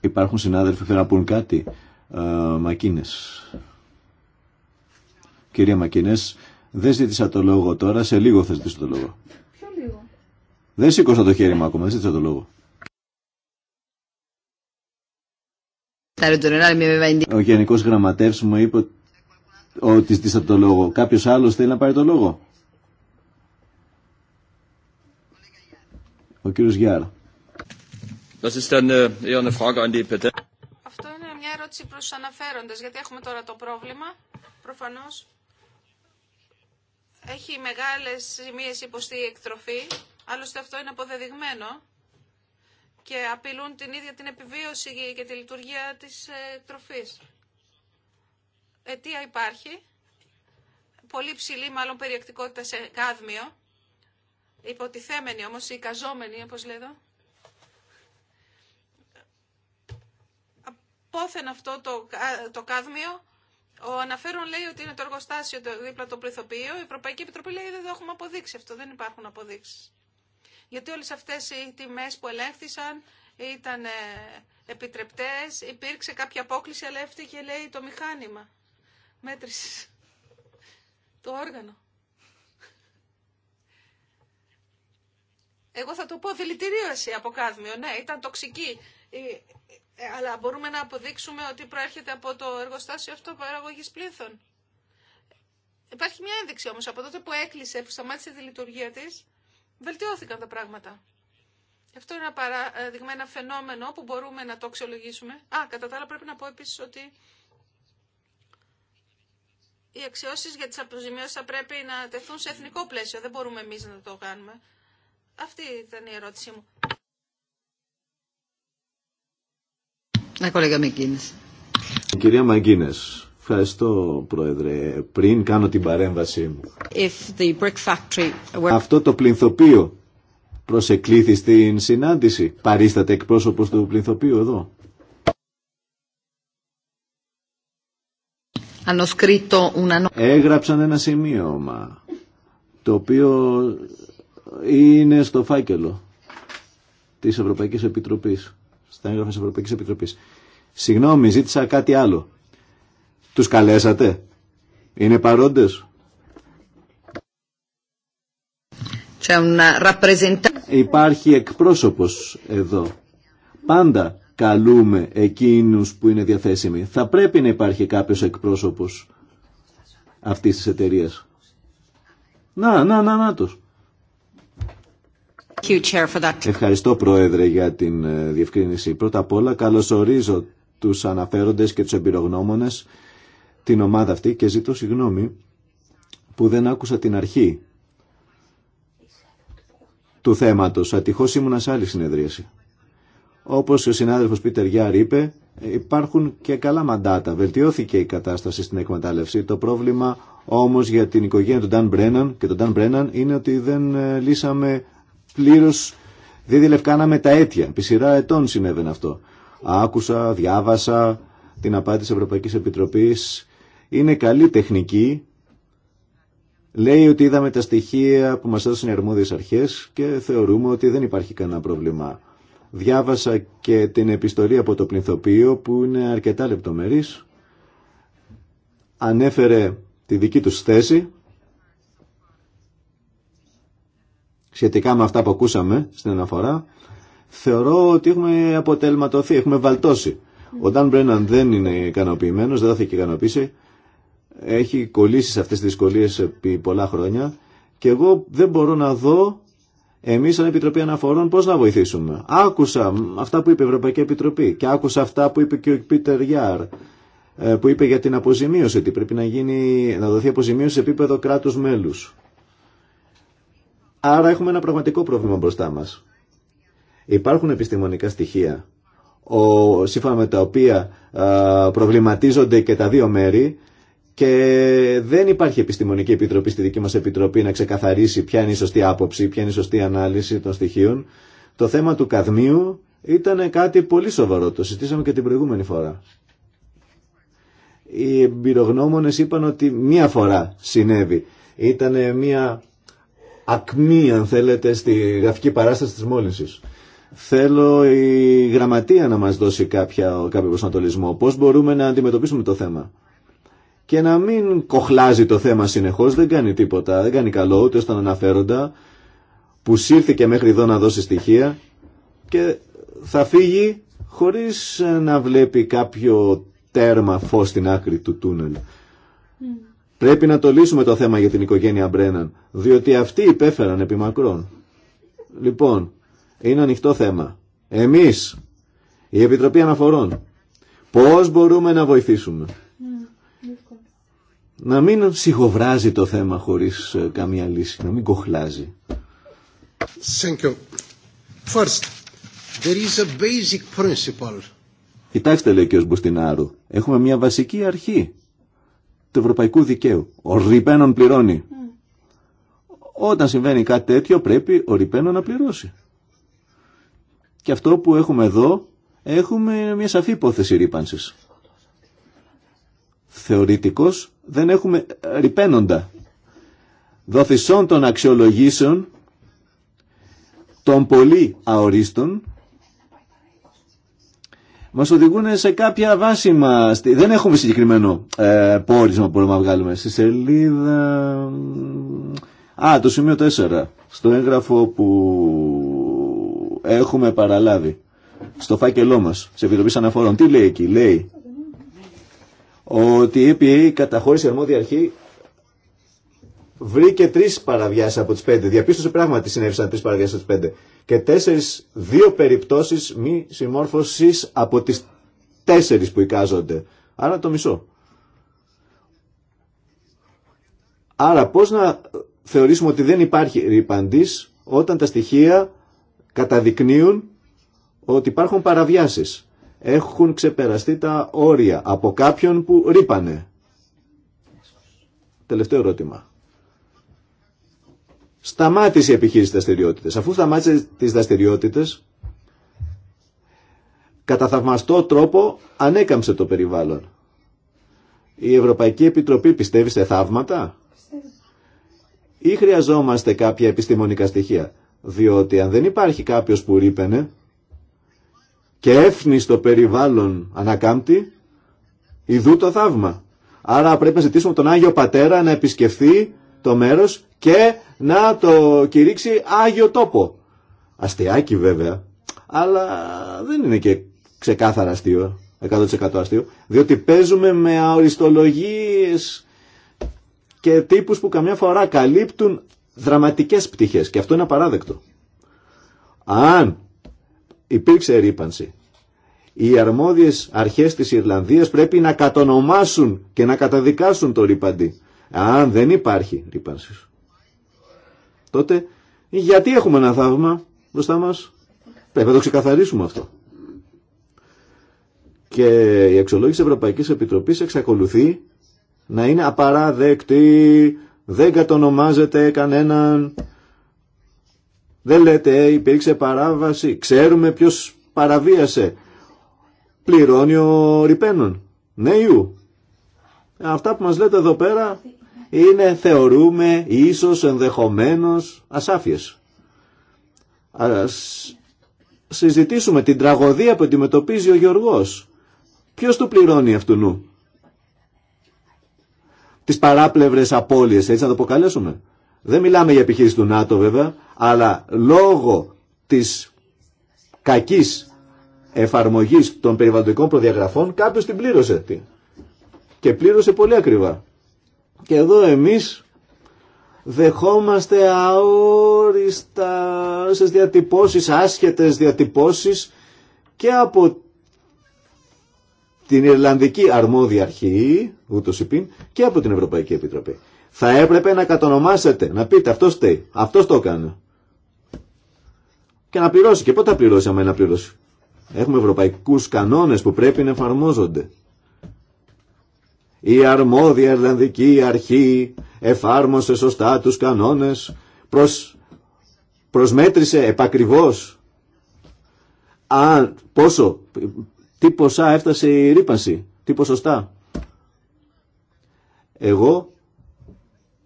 Υπάρχουν συνάδελφοι που θέλουν να πούν κάτι. Ε, Μακίνες. Κυρία Μακίνες, δεν ζήτησα το λόγο τώρα, σε λίγο θα ζητήσω το λόγο. Δεν σήκωσα το χέρι μου ακόμα, δεν σήκωσα το λόγο. Ο Γενικός Γραμματεύς μου είπε ότι στήσα το λόγο. Κάποιος άλλος θέλει να πάρει το λόγο. Ο κύριος Γιάρα. Äh, Αυτό είναι μια ερώτηση προς τους αναφέροντες, γιατί έχουμε τώρα το πρόβλημα, προφανώς. Έχει μεγάλες ζημίες υποστεί η εκτροφή Άλλωστε αυτό είναι αποδεδειγμένο και απειλούν την ίδια την επιβίωση και τη λειτουργία της ε, τροφής. Αιτία υπάρχει, πολύ ψηλή μάλλον περιεκτικότητα σε κάδμιο, υποτιθέμενη όμως, η καζόμενη όπως λέω. Απόθεν αυτό το, το κάδμιο, ο αναφέρον λέει ότι είναι το εργοστάσιο το, δίπλα το πληθοποιείο, η Ευρωπαϊκή Επιτροπή λέει δεν έχουμε αποδείξει αυτό, δεν υπάρχουν αποδείξεις γιατί όλες αυτές οι τιμές που ελέγχθησαν ήταν ε, επιτρεπτές, υπήρξε κάποια απόκληση, αλλά έφτιαχε λέει το μηχάνημα Μέτρηση. το όργανο. Εγώ θα το πω δηλητηρίωση από κάδμιο, ναι, ήταν τοξική, ε, αλλά μπορούμε να αποδείξουμε ότι προέρχεται από το εργοστάσιο αυτό παραγωγής πλήθων. Υπάρχει μια ένδειξη όμως, από τότε που έκλεισε, που σταμάτησε τη λειτουργία της, βελτιώθηκαν τα πράγματα. Αυτό είναι ένα παράδειγμα, ένα φαινόμενο που μπορούμε να το αξιολογήσουμε. Α, κατά τα άλλα πρέπει να πω επίσης ότι οι αξιώσεις για τις αποζημιώσεις θα πρέπει να τεθούν σε εθνικό πλαίσιο. Δεν μπορούμε εμείς να το κάνουμε. Αυτή ήταν η ερώτησή μου. Ναι, Κυρία Μαγκίνες. Ευχαριστώ, Πρόεδρε. Πριν κάνω την παρέμβασή μου. Αυτό το πλυνθοπείο προσεκλήθη στην συνάντηση. Παρίσταται εκπρόσωπος του πλυνθοπείου εδώ. Έγραψαν ένα σημείωμα το οποίο είναι στο φάκελο της Ευρωπαϊκής Επιτροπής. Στα έγγραφα της Ευρωπαϊκής Επιτροπής. Συγγνώμη, ζήτησα κάτι άλλο. Τους καλέσατε. Είναι παρόντες. Υπάρχει εκπρόσωπος εδώ. Πάντα καλούμε εκείνους που είναι διαθέσιμοι. Θα πρέπει να υπάρχει κάποιος εκπρόσωπος αυτής της εταιρεία. Να, να, να, να τους. Ευχαριστώ Πρόεδρε για την ε, διευκρίνηση. Πρώτα απ' όλα καλωσορίζω τους αναφέροντες και τους εμπειρογνώμονες την ομάδα αυτή και ζητώ συγγνώμη που δεν άκουσα την αρχή του θέματος. Ατυχώς ήμουνα σε άλλη συνεδρίαση. Όπως ο συνάδελφος Πίτερ Γιάρ είπε, υπάρχουν και καλά μαντάτα. Βελτιώθηκε η κατάσταση στην εκμετάλλευση. Το πρόβλημα όμως για την οικογένεια του Νταν Μπρέναν και τον Νταν Μπρέναν είναι ότι δεν ε, λύσαμε πλήρως, δεν τα αίτια. Επί σειρά ετών συνέβαινε αυτό. Άκουσα, διάβασα την απάντηση Ευρωπαϊκής Επιτροπής είναι καλή τεχνική. Λέει ότι είδαμε τα στοιχεία που μας έδωσαν οι αρμόδιες αρχές και θεωρούμε ότι δεν υπάρχει κανένα πρόβλημα. Διάβασα και την επιστολή από το πληθοπείο που είναι αρκετά λεπτομερής. Ανέφερε τη δική τους θέση σχετικά με αυτά που ακούσαμε στην αναφορά. Θεωρώ ότι έχουμε αποτελματωθεί, έχουμε βαλτώσει. Ο Νταν Μπρέναν δεν είναι ικανοποιημένο, δεν θα έχει ικανοποίηση έχει κολλήσει σε αυτές τις δυσκολίες επί πολλά χρόνια και εγώ δεν μπορώ να δω εμείς σαν Επιτροπή Αναφορών πώς να βοηθήσουμε. Άκουσα αυτά που είπε η Ευρωπαϊκή Επιτροπή και άκουσα αυτά που είπε και ο Πίτερ Γιάρ ε, που είπε για την αποζημίωση, ότι πρέπει να, γίνει, να δοθεί αποζημίωση σε επίπεδο κράτους μέλους. Άρα έχουμε ένα πραγματικό πρόβλημα μπροστά μας. Υπάρχουν επιστημονικά στοιχεία ο, σύμφωνα με τα οποία α, προβληματίζονται και τα δύο μέρη και δεν υπάρχει επιστημονική επιτροπή στη δική μας επιτροπή να ξεκαθαρίσει ποια είναι η σωστή άποψη, ποια είναι η σωστή ανάλυση των στοιχείων. Το θέμα του καδμίου ήταν κάτι πολύ σοβαρό, το συζητήσαμε και την προηγούμενη φορά. Οι εμπειρογνώμονες είπαν ότι μία φορά συνέβη. Ήταν μία ακμή, αν θέλετε, στη γραφική παράσταση της μόλυνσης. Θέλω η γραμματεία να μας δώσει κάποιο προσανατολισμό. Πώς μπορούμε να αντιμετωπίσουμε το θέμα και να μην κοχλάζει το θέμα συνεχώς, δεν κάνει τίποτα, δεν κάνει καλό ούτε στον αναφέροντα που σύρθηκε μέχρι εδώ να δώσει στοιχεία και θα φύγει χωρίς να βλέπει κάποιο τέρμα φως στην άκρη του τούνελ. Πρέπει να το λύσουμε το θέμα για την οικογένεια Μπρέναν, διότι αυτοί υπέφεραν επί μακρόν. Λοιπόν, είναι ανοιχτό θέμα. Εμείς, η Επιτροπή Αναφορών, πώς μπορούμε να βοηθήσουμε να μην σιγοβράζει το θέμα χωρίς ε, καμία λύση, να μην κοχλάζει. First, there is a basic principle. Κοιτάξτε, λέει ο κ. Μπουστινάρου, έχουμε μια βασική αρχή του ευρωπαϊκού δικαίου. Ο ρηπαίνων πληρώνει. Mm. Όταν συμβαίνει κάτι τέτοιο πρέπει ο ρηπαίνων να πληρώσει. Και αυτό που έχουμε εδώ, έχουμε μια σαφή υπόθεση ρήπανσης θεωρητικός δεν έχουμε ρηπαίνοντα. δοθισόν των αξιολογήσεων των πολύ αορίστων μας οδηγούν σε κάποια βάσιμα... Δεν έχουμε συγκεκριμένο ε, πόρισμα που μπορούμε να βγάλουμε. Στη σελίδα... Α, το σημείο 4. Στο έγγραφο που έχουμε παραλάβει. Στο φάκελό μας. Σε επιτροπή αναφορών. Τι λέει εκεί. Λέει ότι η EPA καταχώρησε αρμόδια αρχή βρήκε τρει παραβιάσει από τι πέντε. Διαπίστωσε πράγματι συνέβησαν τρει παραβιάσει από τι πέντε. Και τέσσερι, δύο περιπτώσει μη συμμόρφωση από τι τέσσερι που εικάζονται. Άρα το μισό. Άρα πώς να θεωρήσουμε ότι δεν υπάρχει ρηπαντής όταν τα στοιχεία καταδεικνύουν ότι υπάρχουν παραβιάσεις έχουν ξεπεραστεί τα όρια από κάποιον που ρήπανε. Τελευταίο ερώτημα. Σταμάτησε η επιχείρηση δραστηριότητε. Αφού σταμάτησε τι δραστηριότητε, κατά θαυμαστό τρόπο ανέκαμψε το περιβάλλον. Η Ευρωπαϊκή Επιτροπή πιστεύει σε θαύματα ή χρειαζόμαστε κάποια επιστημονικά στοιχεία. Διότι αν δεν υπάρχει κάποιος που ρήπαινε, και έφνη στο περιβάλλον ανακάμπτει, ιδού το θαύμα. Άρα πρέπει να ζητήσουμε τον Άγιο Πατέρα να επισκεφθεί το μέρος και να το κηρύξει Άγιο Τόπο. Αστιάκι βέβαια, αλλά δεν είναι και ξεκάθαρα αστείο, 100% αστείο, διότι παίζουμε με αοριστολογίες και τύπους που καμιά φορά καλύπτουν δραματικές πτυχές και αυτό είναι απαράδεκτο. Αν υπήρξε ρήπανση. Οι αρμόδιες αρχές της Ιρλανδίας πρέπει να κατονομάσουν και να καταδικάσουν το ρήπαντι. Αν δεν υπάρχει ρήπανση. Τότε γιατί έχουμε ένα θαύμα μπροστά μας. Πρέπει να το ξεκαθαρίσουμε αυτό. Και η αξιολόγηση της Ευρωπαϊκής Επιτροπής εξακολουθεί να είναι απαράδεκτη, δεν κατονομάζεται κανέναν, δεν λέτε ε, υπήρξε παράβαση, ξέρουμε ποιος παραβίασε. Πληρώνει ο Ριπένον. Ναι, ιού. Αυτά που μας λέτε εδώ πέρα είναι θεωρούμε ίσως ενδεχομένως ασάφιες. Ας συζητήσουμε την τραγωδία που αντιμετωπίζει ο Γιωργός. Ποιος του πληρώνει αυτού νου. Τις παράπλευρες απώλειες, έτσι να το αποκαλέσουμε. Δεν μιλάμε για επιχείρηση του ΝΑΤΟ βέβαια, αλλά λόγω της κακής εφαρμογής των περιβαλλοντικών προδιαγραφών κάποιος την πλήρωσε. Και πλήρωσε πολύ ακριβά. Και εδώ εμείς δεχόμαστε αόριστα σε διατυπώσεις, άσχετες διατυπώσεις και από την Ιρλανδική Αρμόδια Αρχή, ούτως και από την Ευρωπαϊκή Επιτροπή. Θα έπρεπε να κατονομάσετε, να πείτε αυτό στέει, αυτό το έκανε. Και να πληρώσει. Και πότε θα πληρώσει άμα να πληρώσει. Έχουμε ευρωπαϊκούς κανόνες που πρέπει να εφαρμόζονται. Η αρμόδια Ιρλανδική αρχή εφάρμοσε σωστά τους κανόνες, προς, προσμέτρησε επακριβώς πόσο, τι ποσά έφτασε η ρήπανση, τι ποσοστά. Εγώ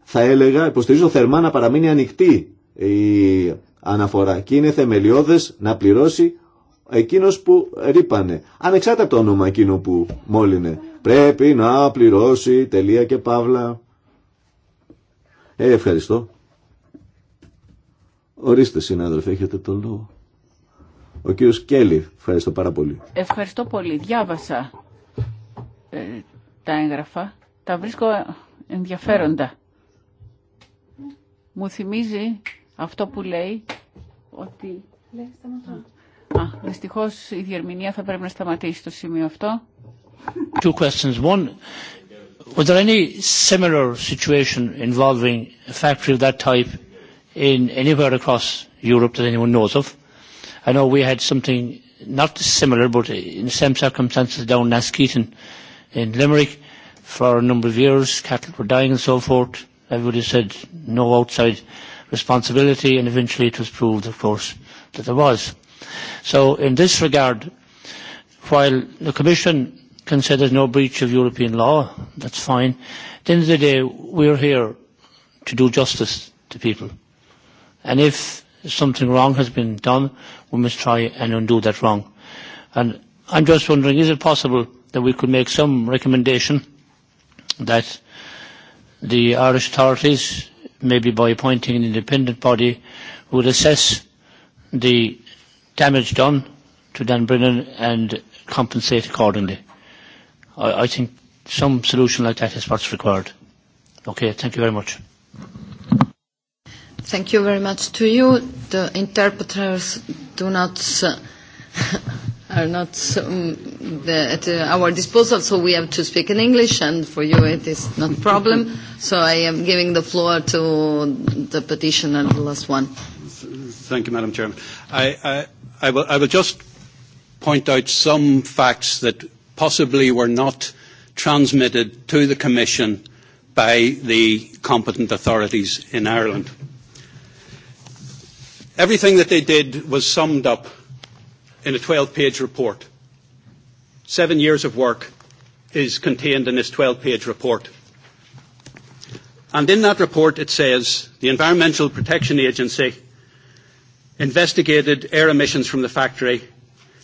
θα έλεγα, υποστηρίζω θερμά να παραμείνει ανοιχτή η αναφορά και είναι θεμελιώδες να πληρώσει εκείνος που ρήπανε. Ανεξάρτητα από το όνομα εκείνο που μόλυνε. Πρέπει να πληρώσει τελεία και παύλα. Ε, ευχαριστώ. Ορίστε συνάδελφε, έχετε το λόγο. Ο κύριος Κέλλη, ευχαριστώ πάρα πολύ. Ευχαριστώ πολύ. Διάβασα ε, τα έγγραφα. Τα βρίσκω ενδιαφέροντα μου θυμίζει αυτό που λέει ότι... Λέει, Α, δυστυχώς η διερμηνία θα πρέπει να σταματήσει στο σημείο αυτό. Two questions. One, was there any similar situation involving a factory of that type in anywhere across Europe that anyone knows of? I know we had something not similar but in the same circumstances down in in Limerick for a number of years. Cattle were dying and so forth Everybody said no outside responsibility, and eventually it was proved, of course, that there was. So in this regard, while the Commission can say there's no breach of European law, that's fine, at the end of the day, we're here to do justice to people. And if something wrong has been done, we must try and undo that wrong. And I'm just wondering, is it possible that we could make some recommendation that the Irish authorities, maybe by appointing an independent body, would assess the damage done to Dan Brennan and compensate accordingly. I think some solution like that is what's required. Okay, thank you very much. Thank you very much to you. The interpreters do not are not at our disposal, so we have to speak in English, and for you it is not a problem. So I am giving the floor to the petitioner, the last one. Thank you, Madam Chairman. I will just point out some facts that possibly were not transmitted to the Commission by the competent authorities in Ireland. Everything that they did was summed up in a 12-page report. Seven years of work is contained in this 12-page report. And in that report it says the Environmental Protection Agency investigated air emissions from the factory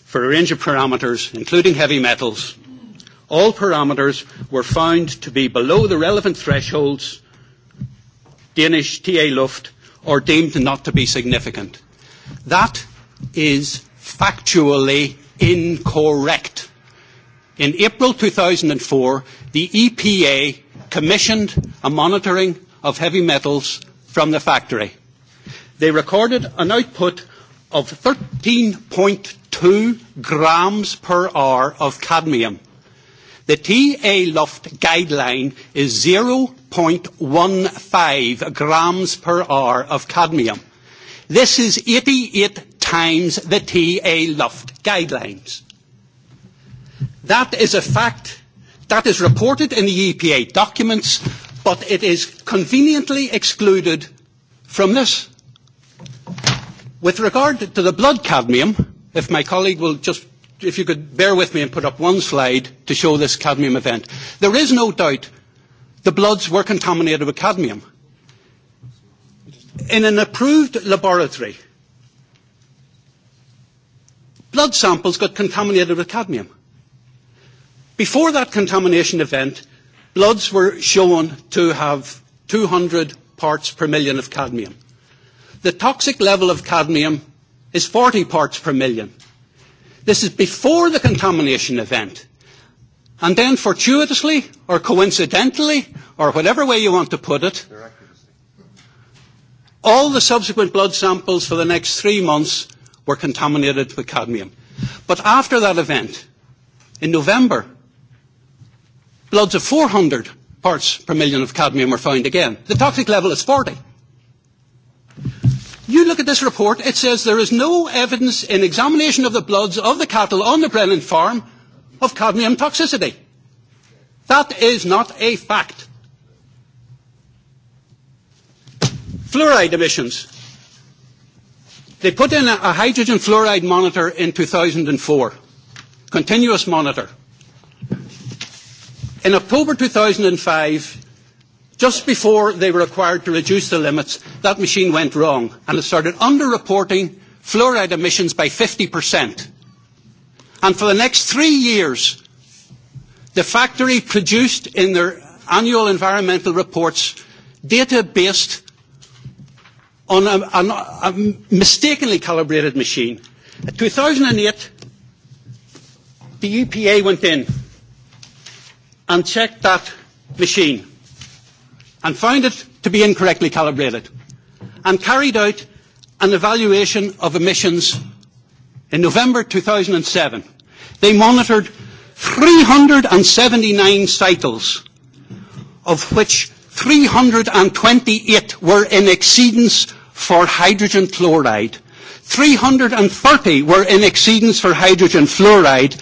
for a range of parameters, including heavy metals. All parameters were found to be below the relevant thresholds, Danish TA Luft, or deemed not to be significant. That is factually incorrect. In April 2004, the EPA commissioned a monitoring of heavy metals from the factory. They recorded an output of 13.2 grams per hour of cadmium. The TA Luft guideline is 0.15 grams per hour of cadmium. This is 88 times the TA Luft guidelines. That is a fact that is reported in the EPA documents, but it is conveniently excluded from this. With regard to the blood cadmium, if my colleague will just, if you could bear with me and put up one slide to show this cadmium event. There is no doubt the bloods were contaminated with cadmium. In an approved laboratory, blood samples got contaminated with cadmium. Before that contamination event, bloods were shown to have 200 parts per million of cadmium. The toxic level of cadmium is 40 parts per million. This is before the contamination event. And then fortuitously or coincidentally or whatever way you want to put it, all the subsequent blood samples for the next three months were contaminated with cadmium. But after that event, in November, bloods of 400 parts per million of cadmium were found again. The toxic level is 40. You look at this report, it says there is no evidence in examination of the bloods of the cattle on the Brennan farm of cadmium toxicity. That is not a fact. Fluoride emissions. They put in a hydrogen fluoride monitor in 2004, continuous monitor. In October 2005, just before they were required to reduce the limits, that machine went wrong and it started under-reporting fluoride emissions by 50%. And for the next three years, the factory produced in their annual environmental reports data based on a mistakenly calibrated machine. In 2008, the EPA went in and checked that machine and found it to be incorrectly calibrated and carried out an evaluation of emissions in November 2007. They monitored 379 cycles, of which 328 were in exceedance for hydrogen chloride. 330 were in exceedance for hydrogen fluoride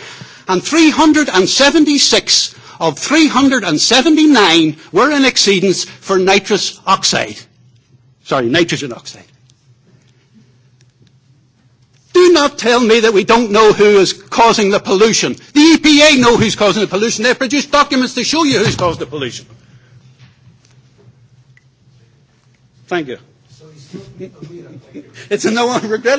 and 376 of 379 were in exceedance for nitrous oxide. Sorry, nitrogen oxide. Do not tell me that we don't know who is causing the pollution. The EPA know who's causing the pollution. They produced documents to show you who's caused the pollution. Thank you. It's a no-one regretting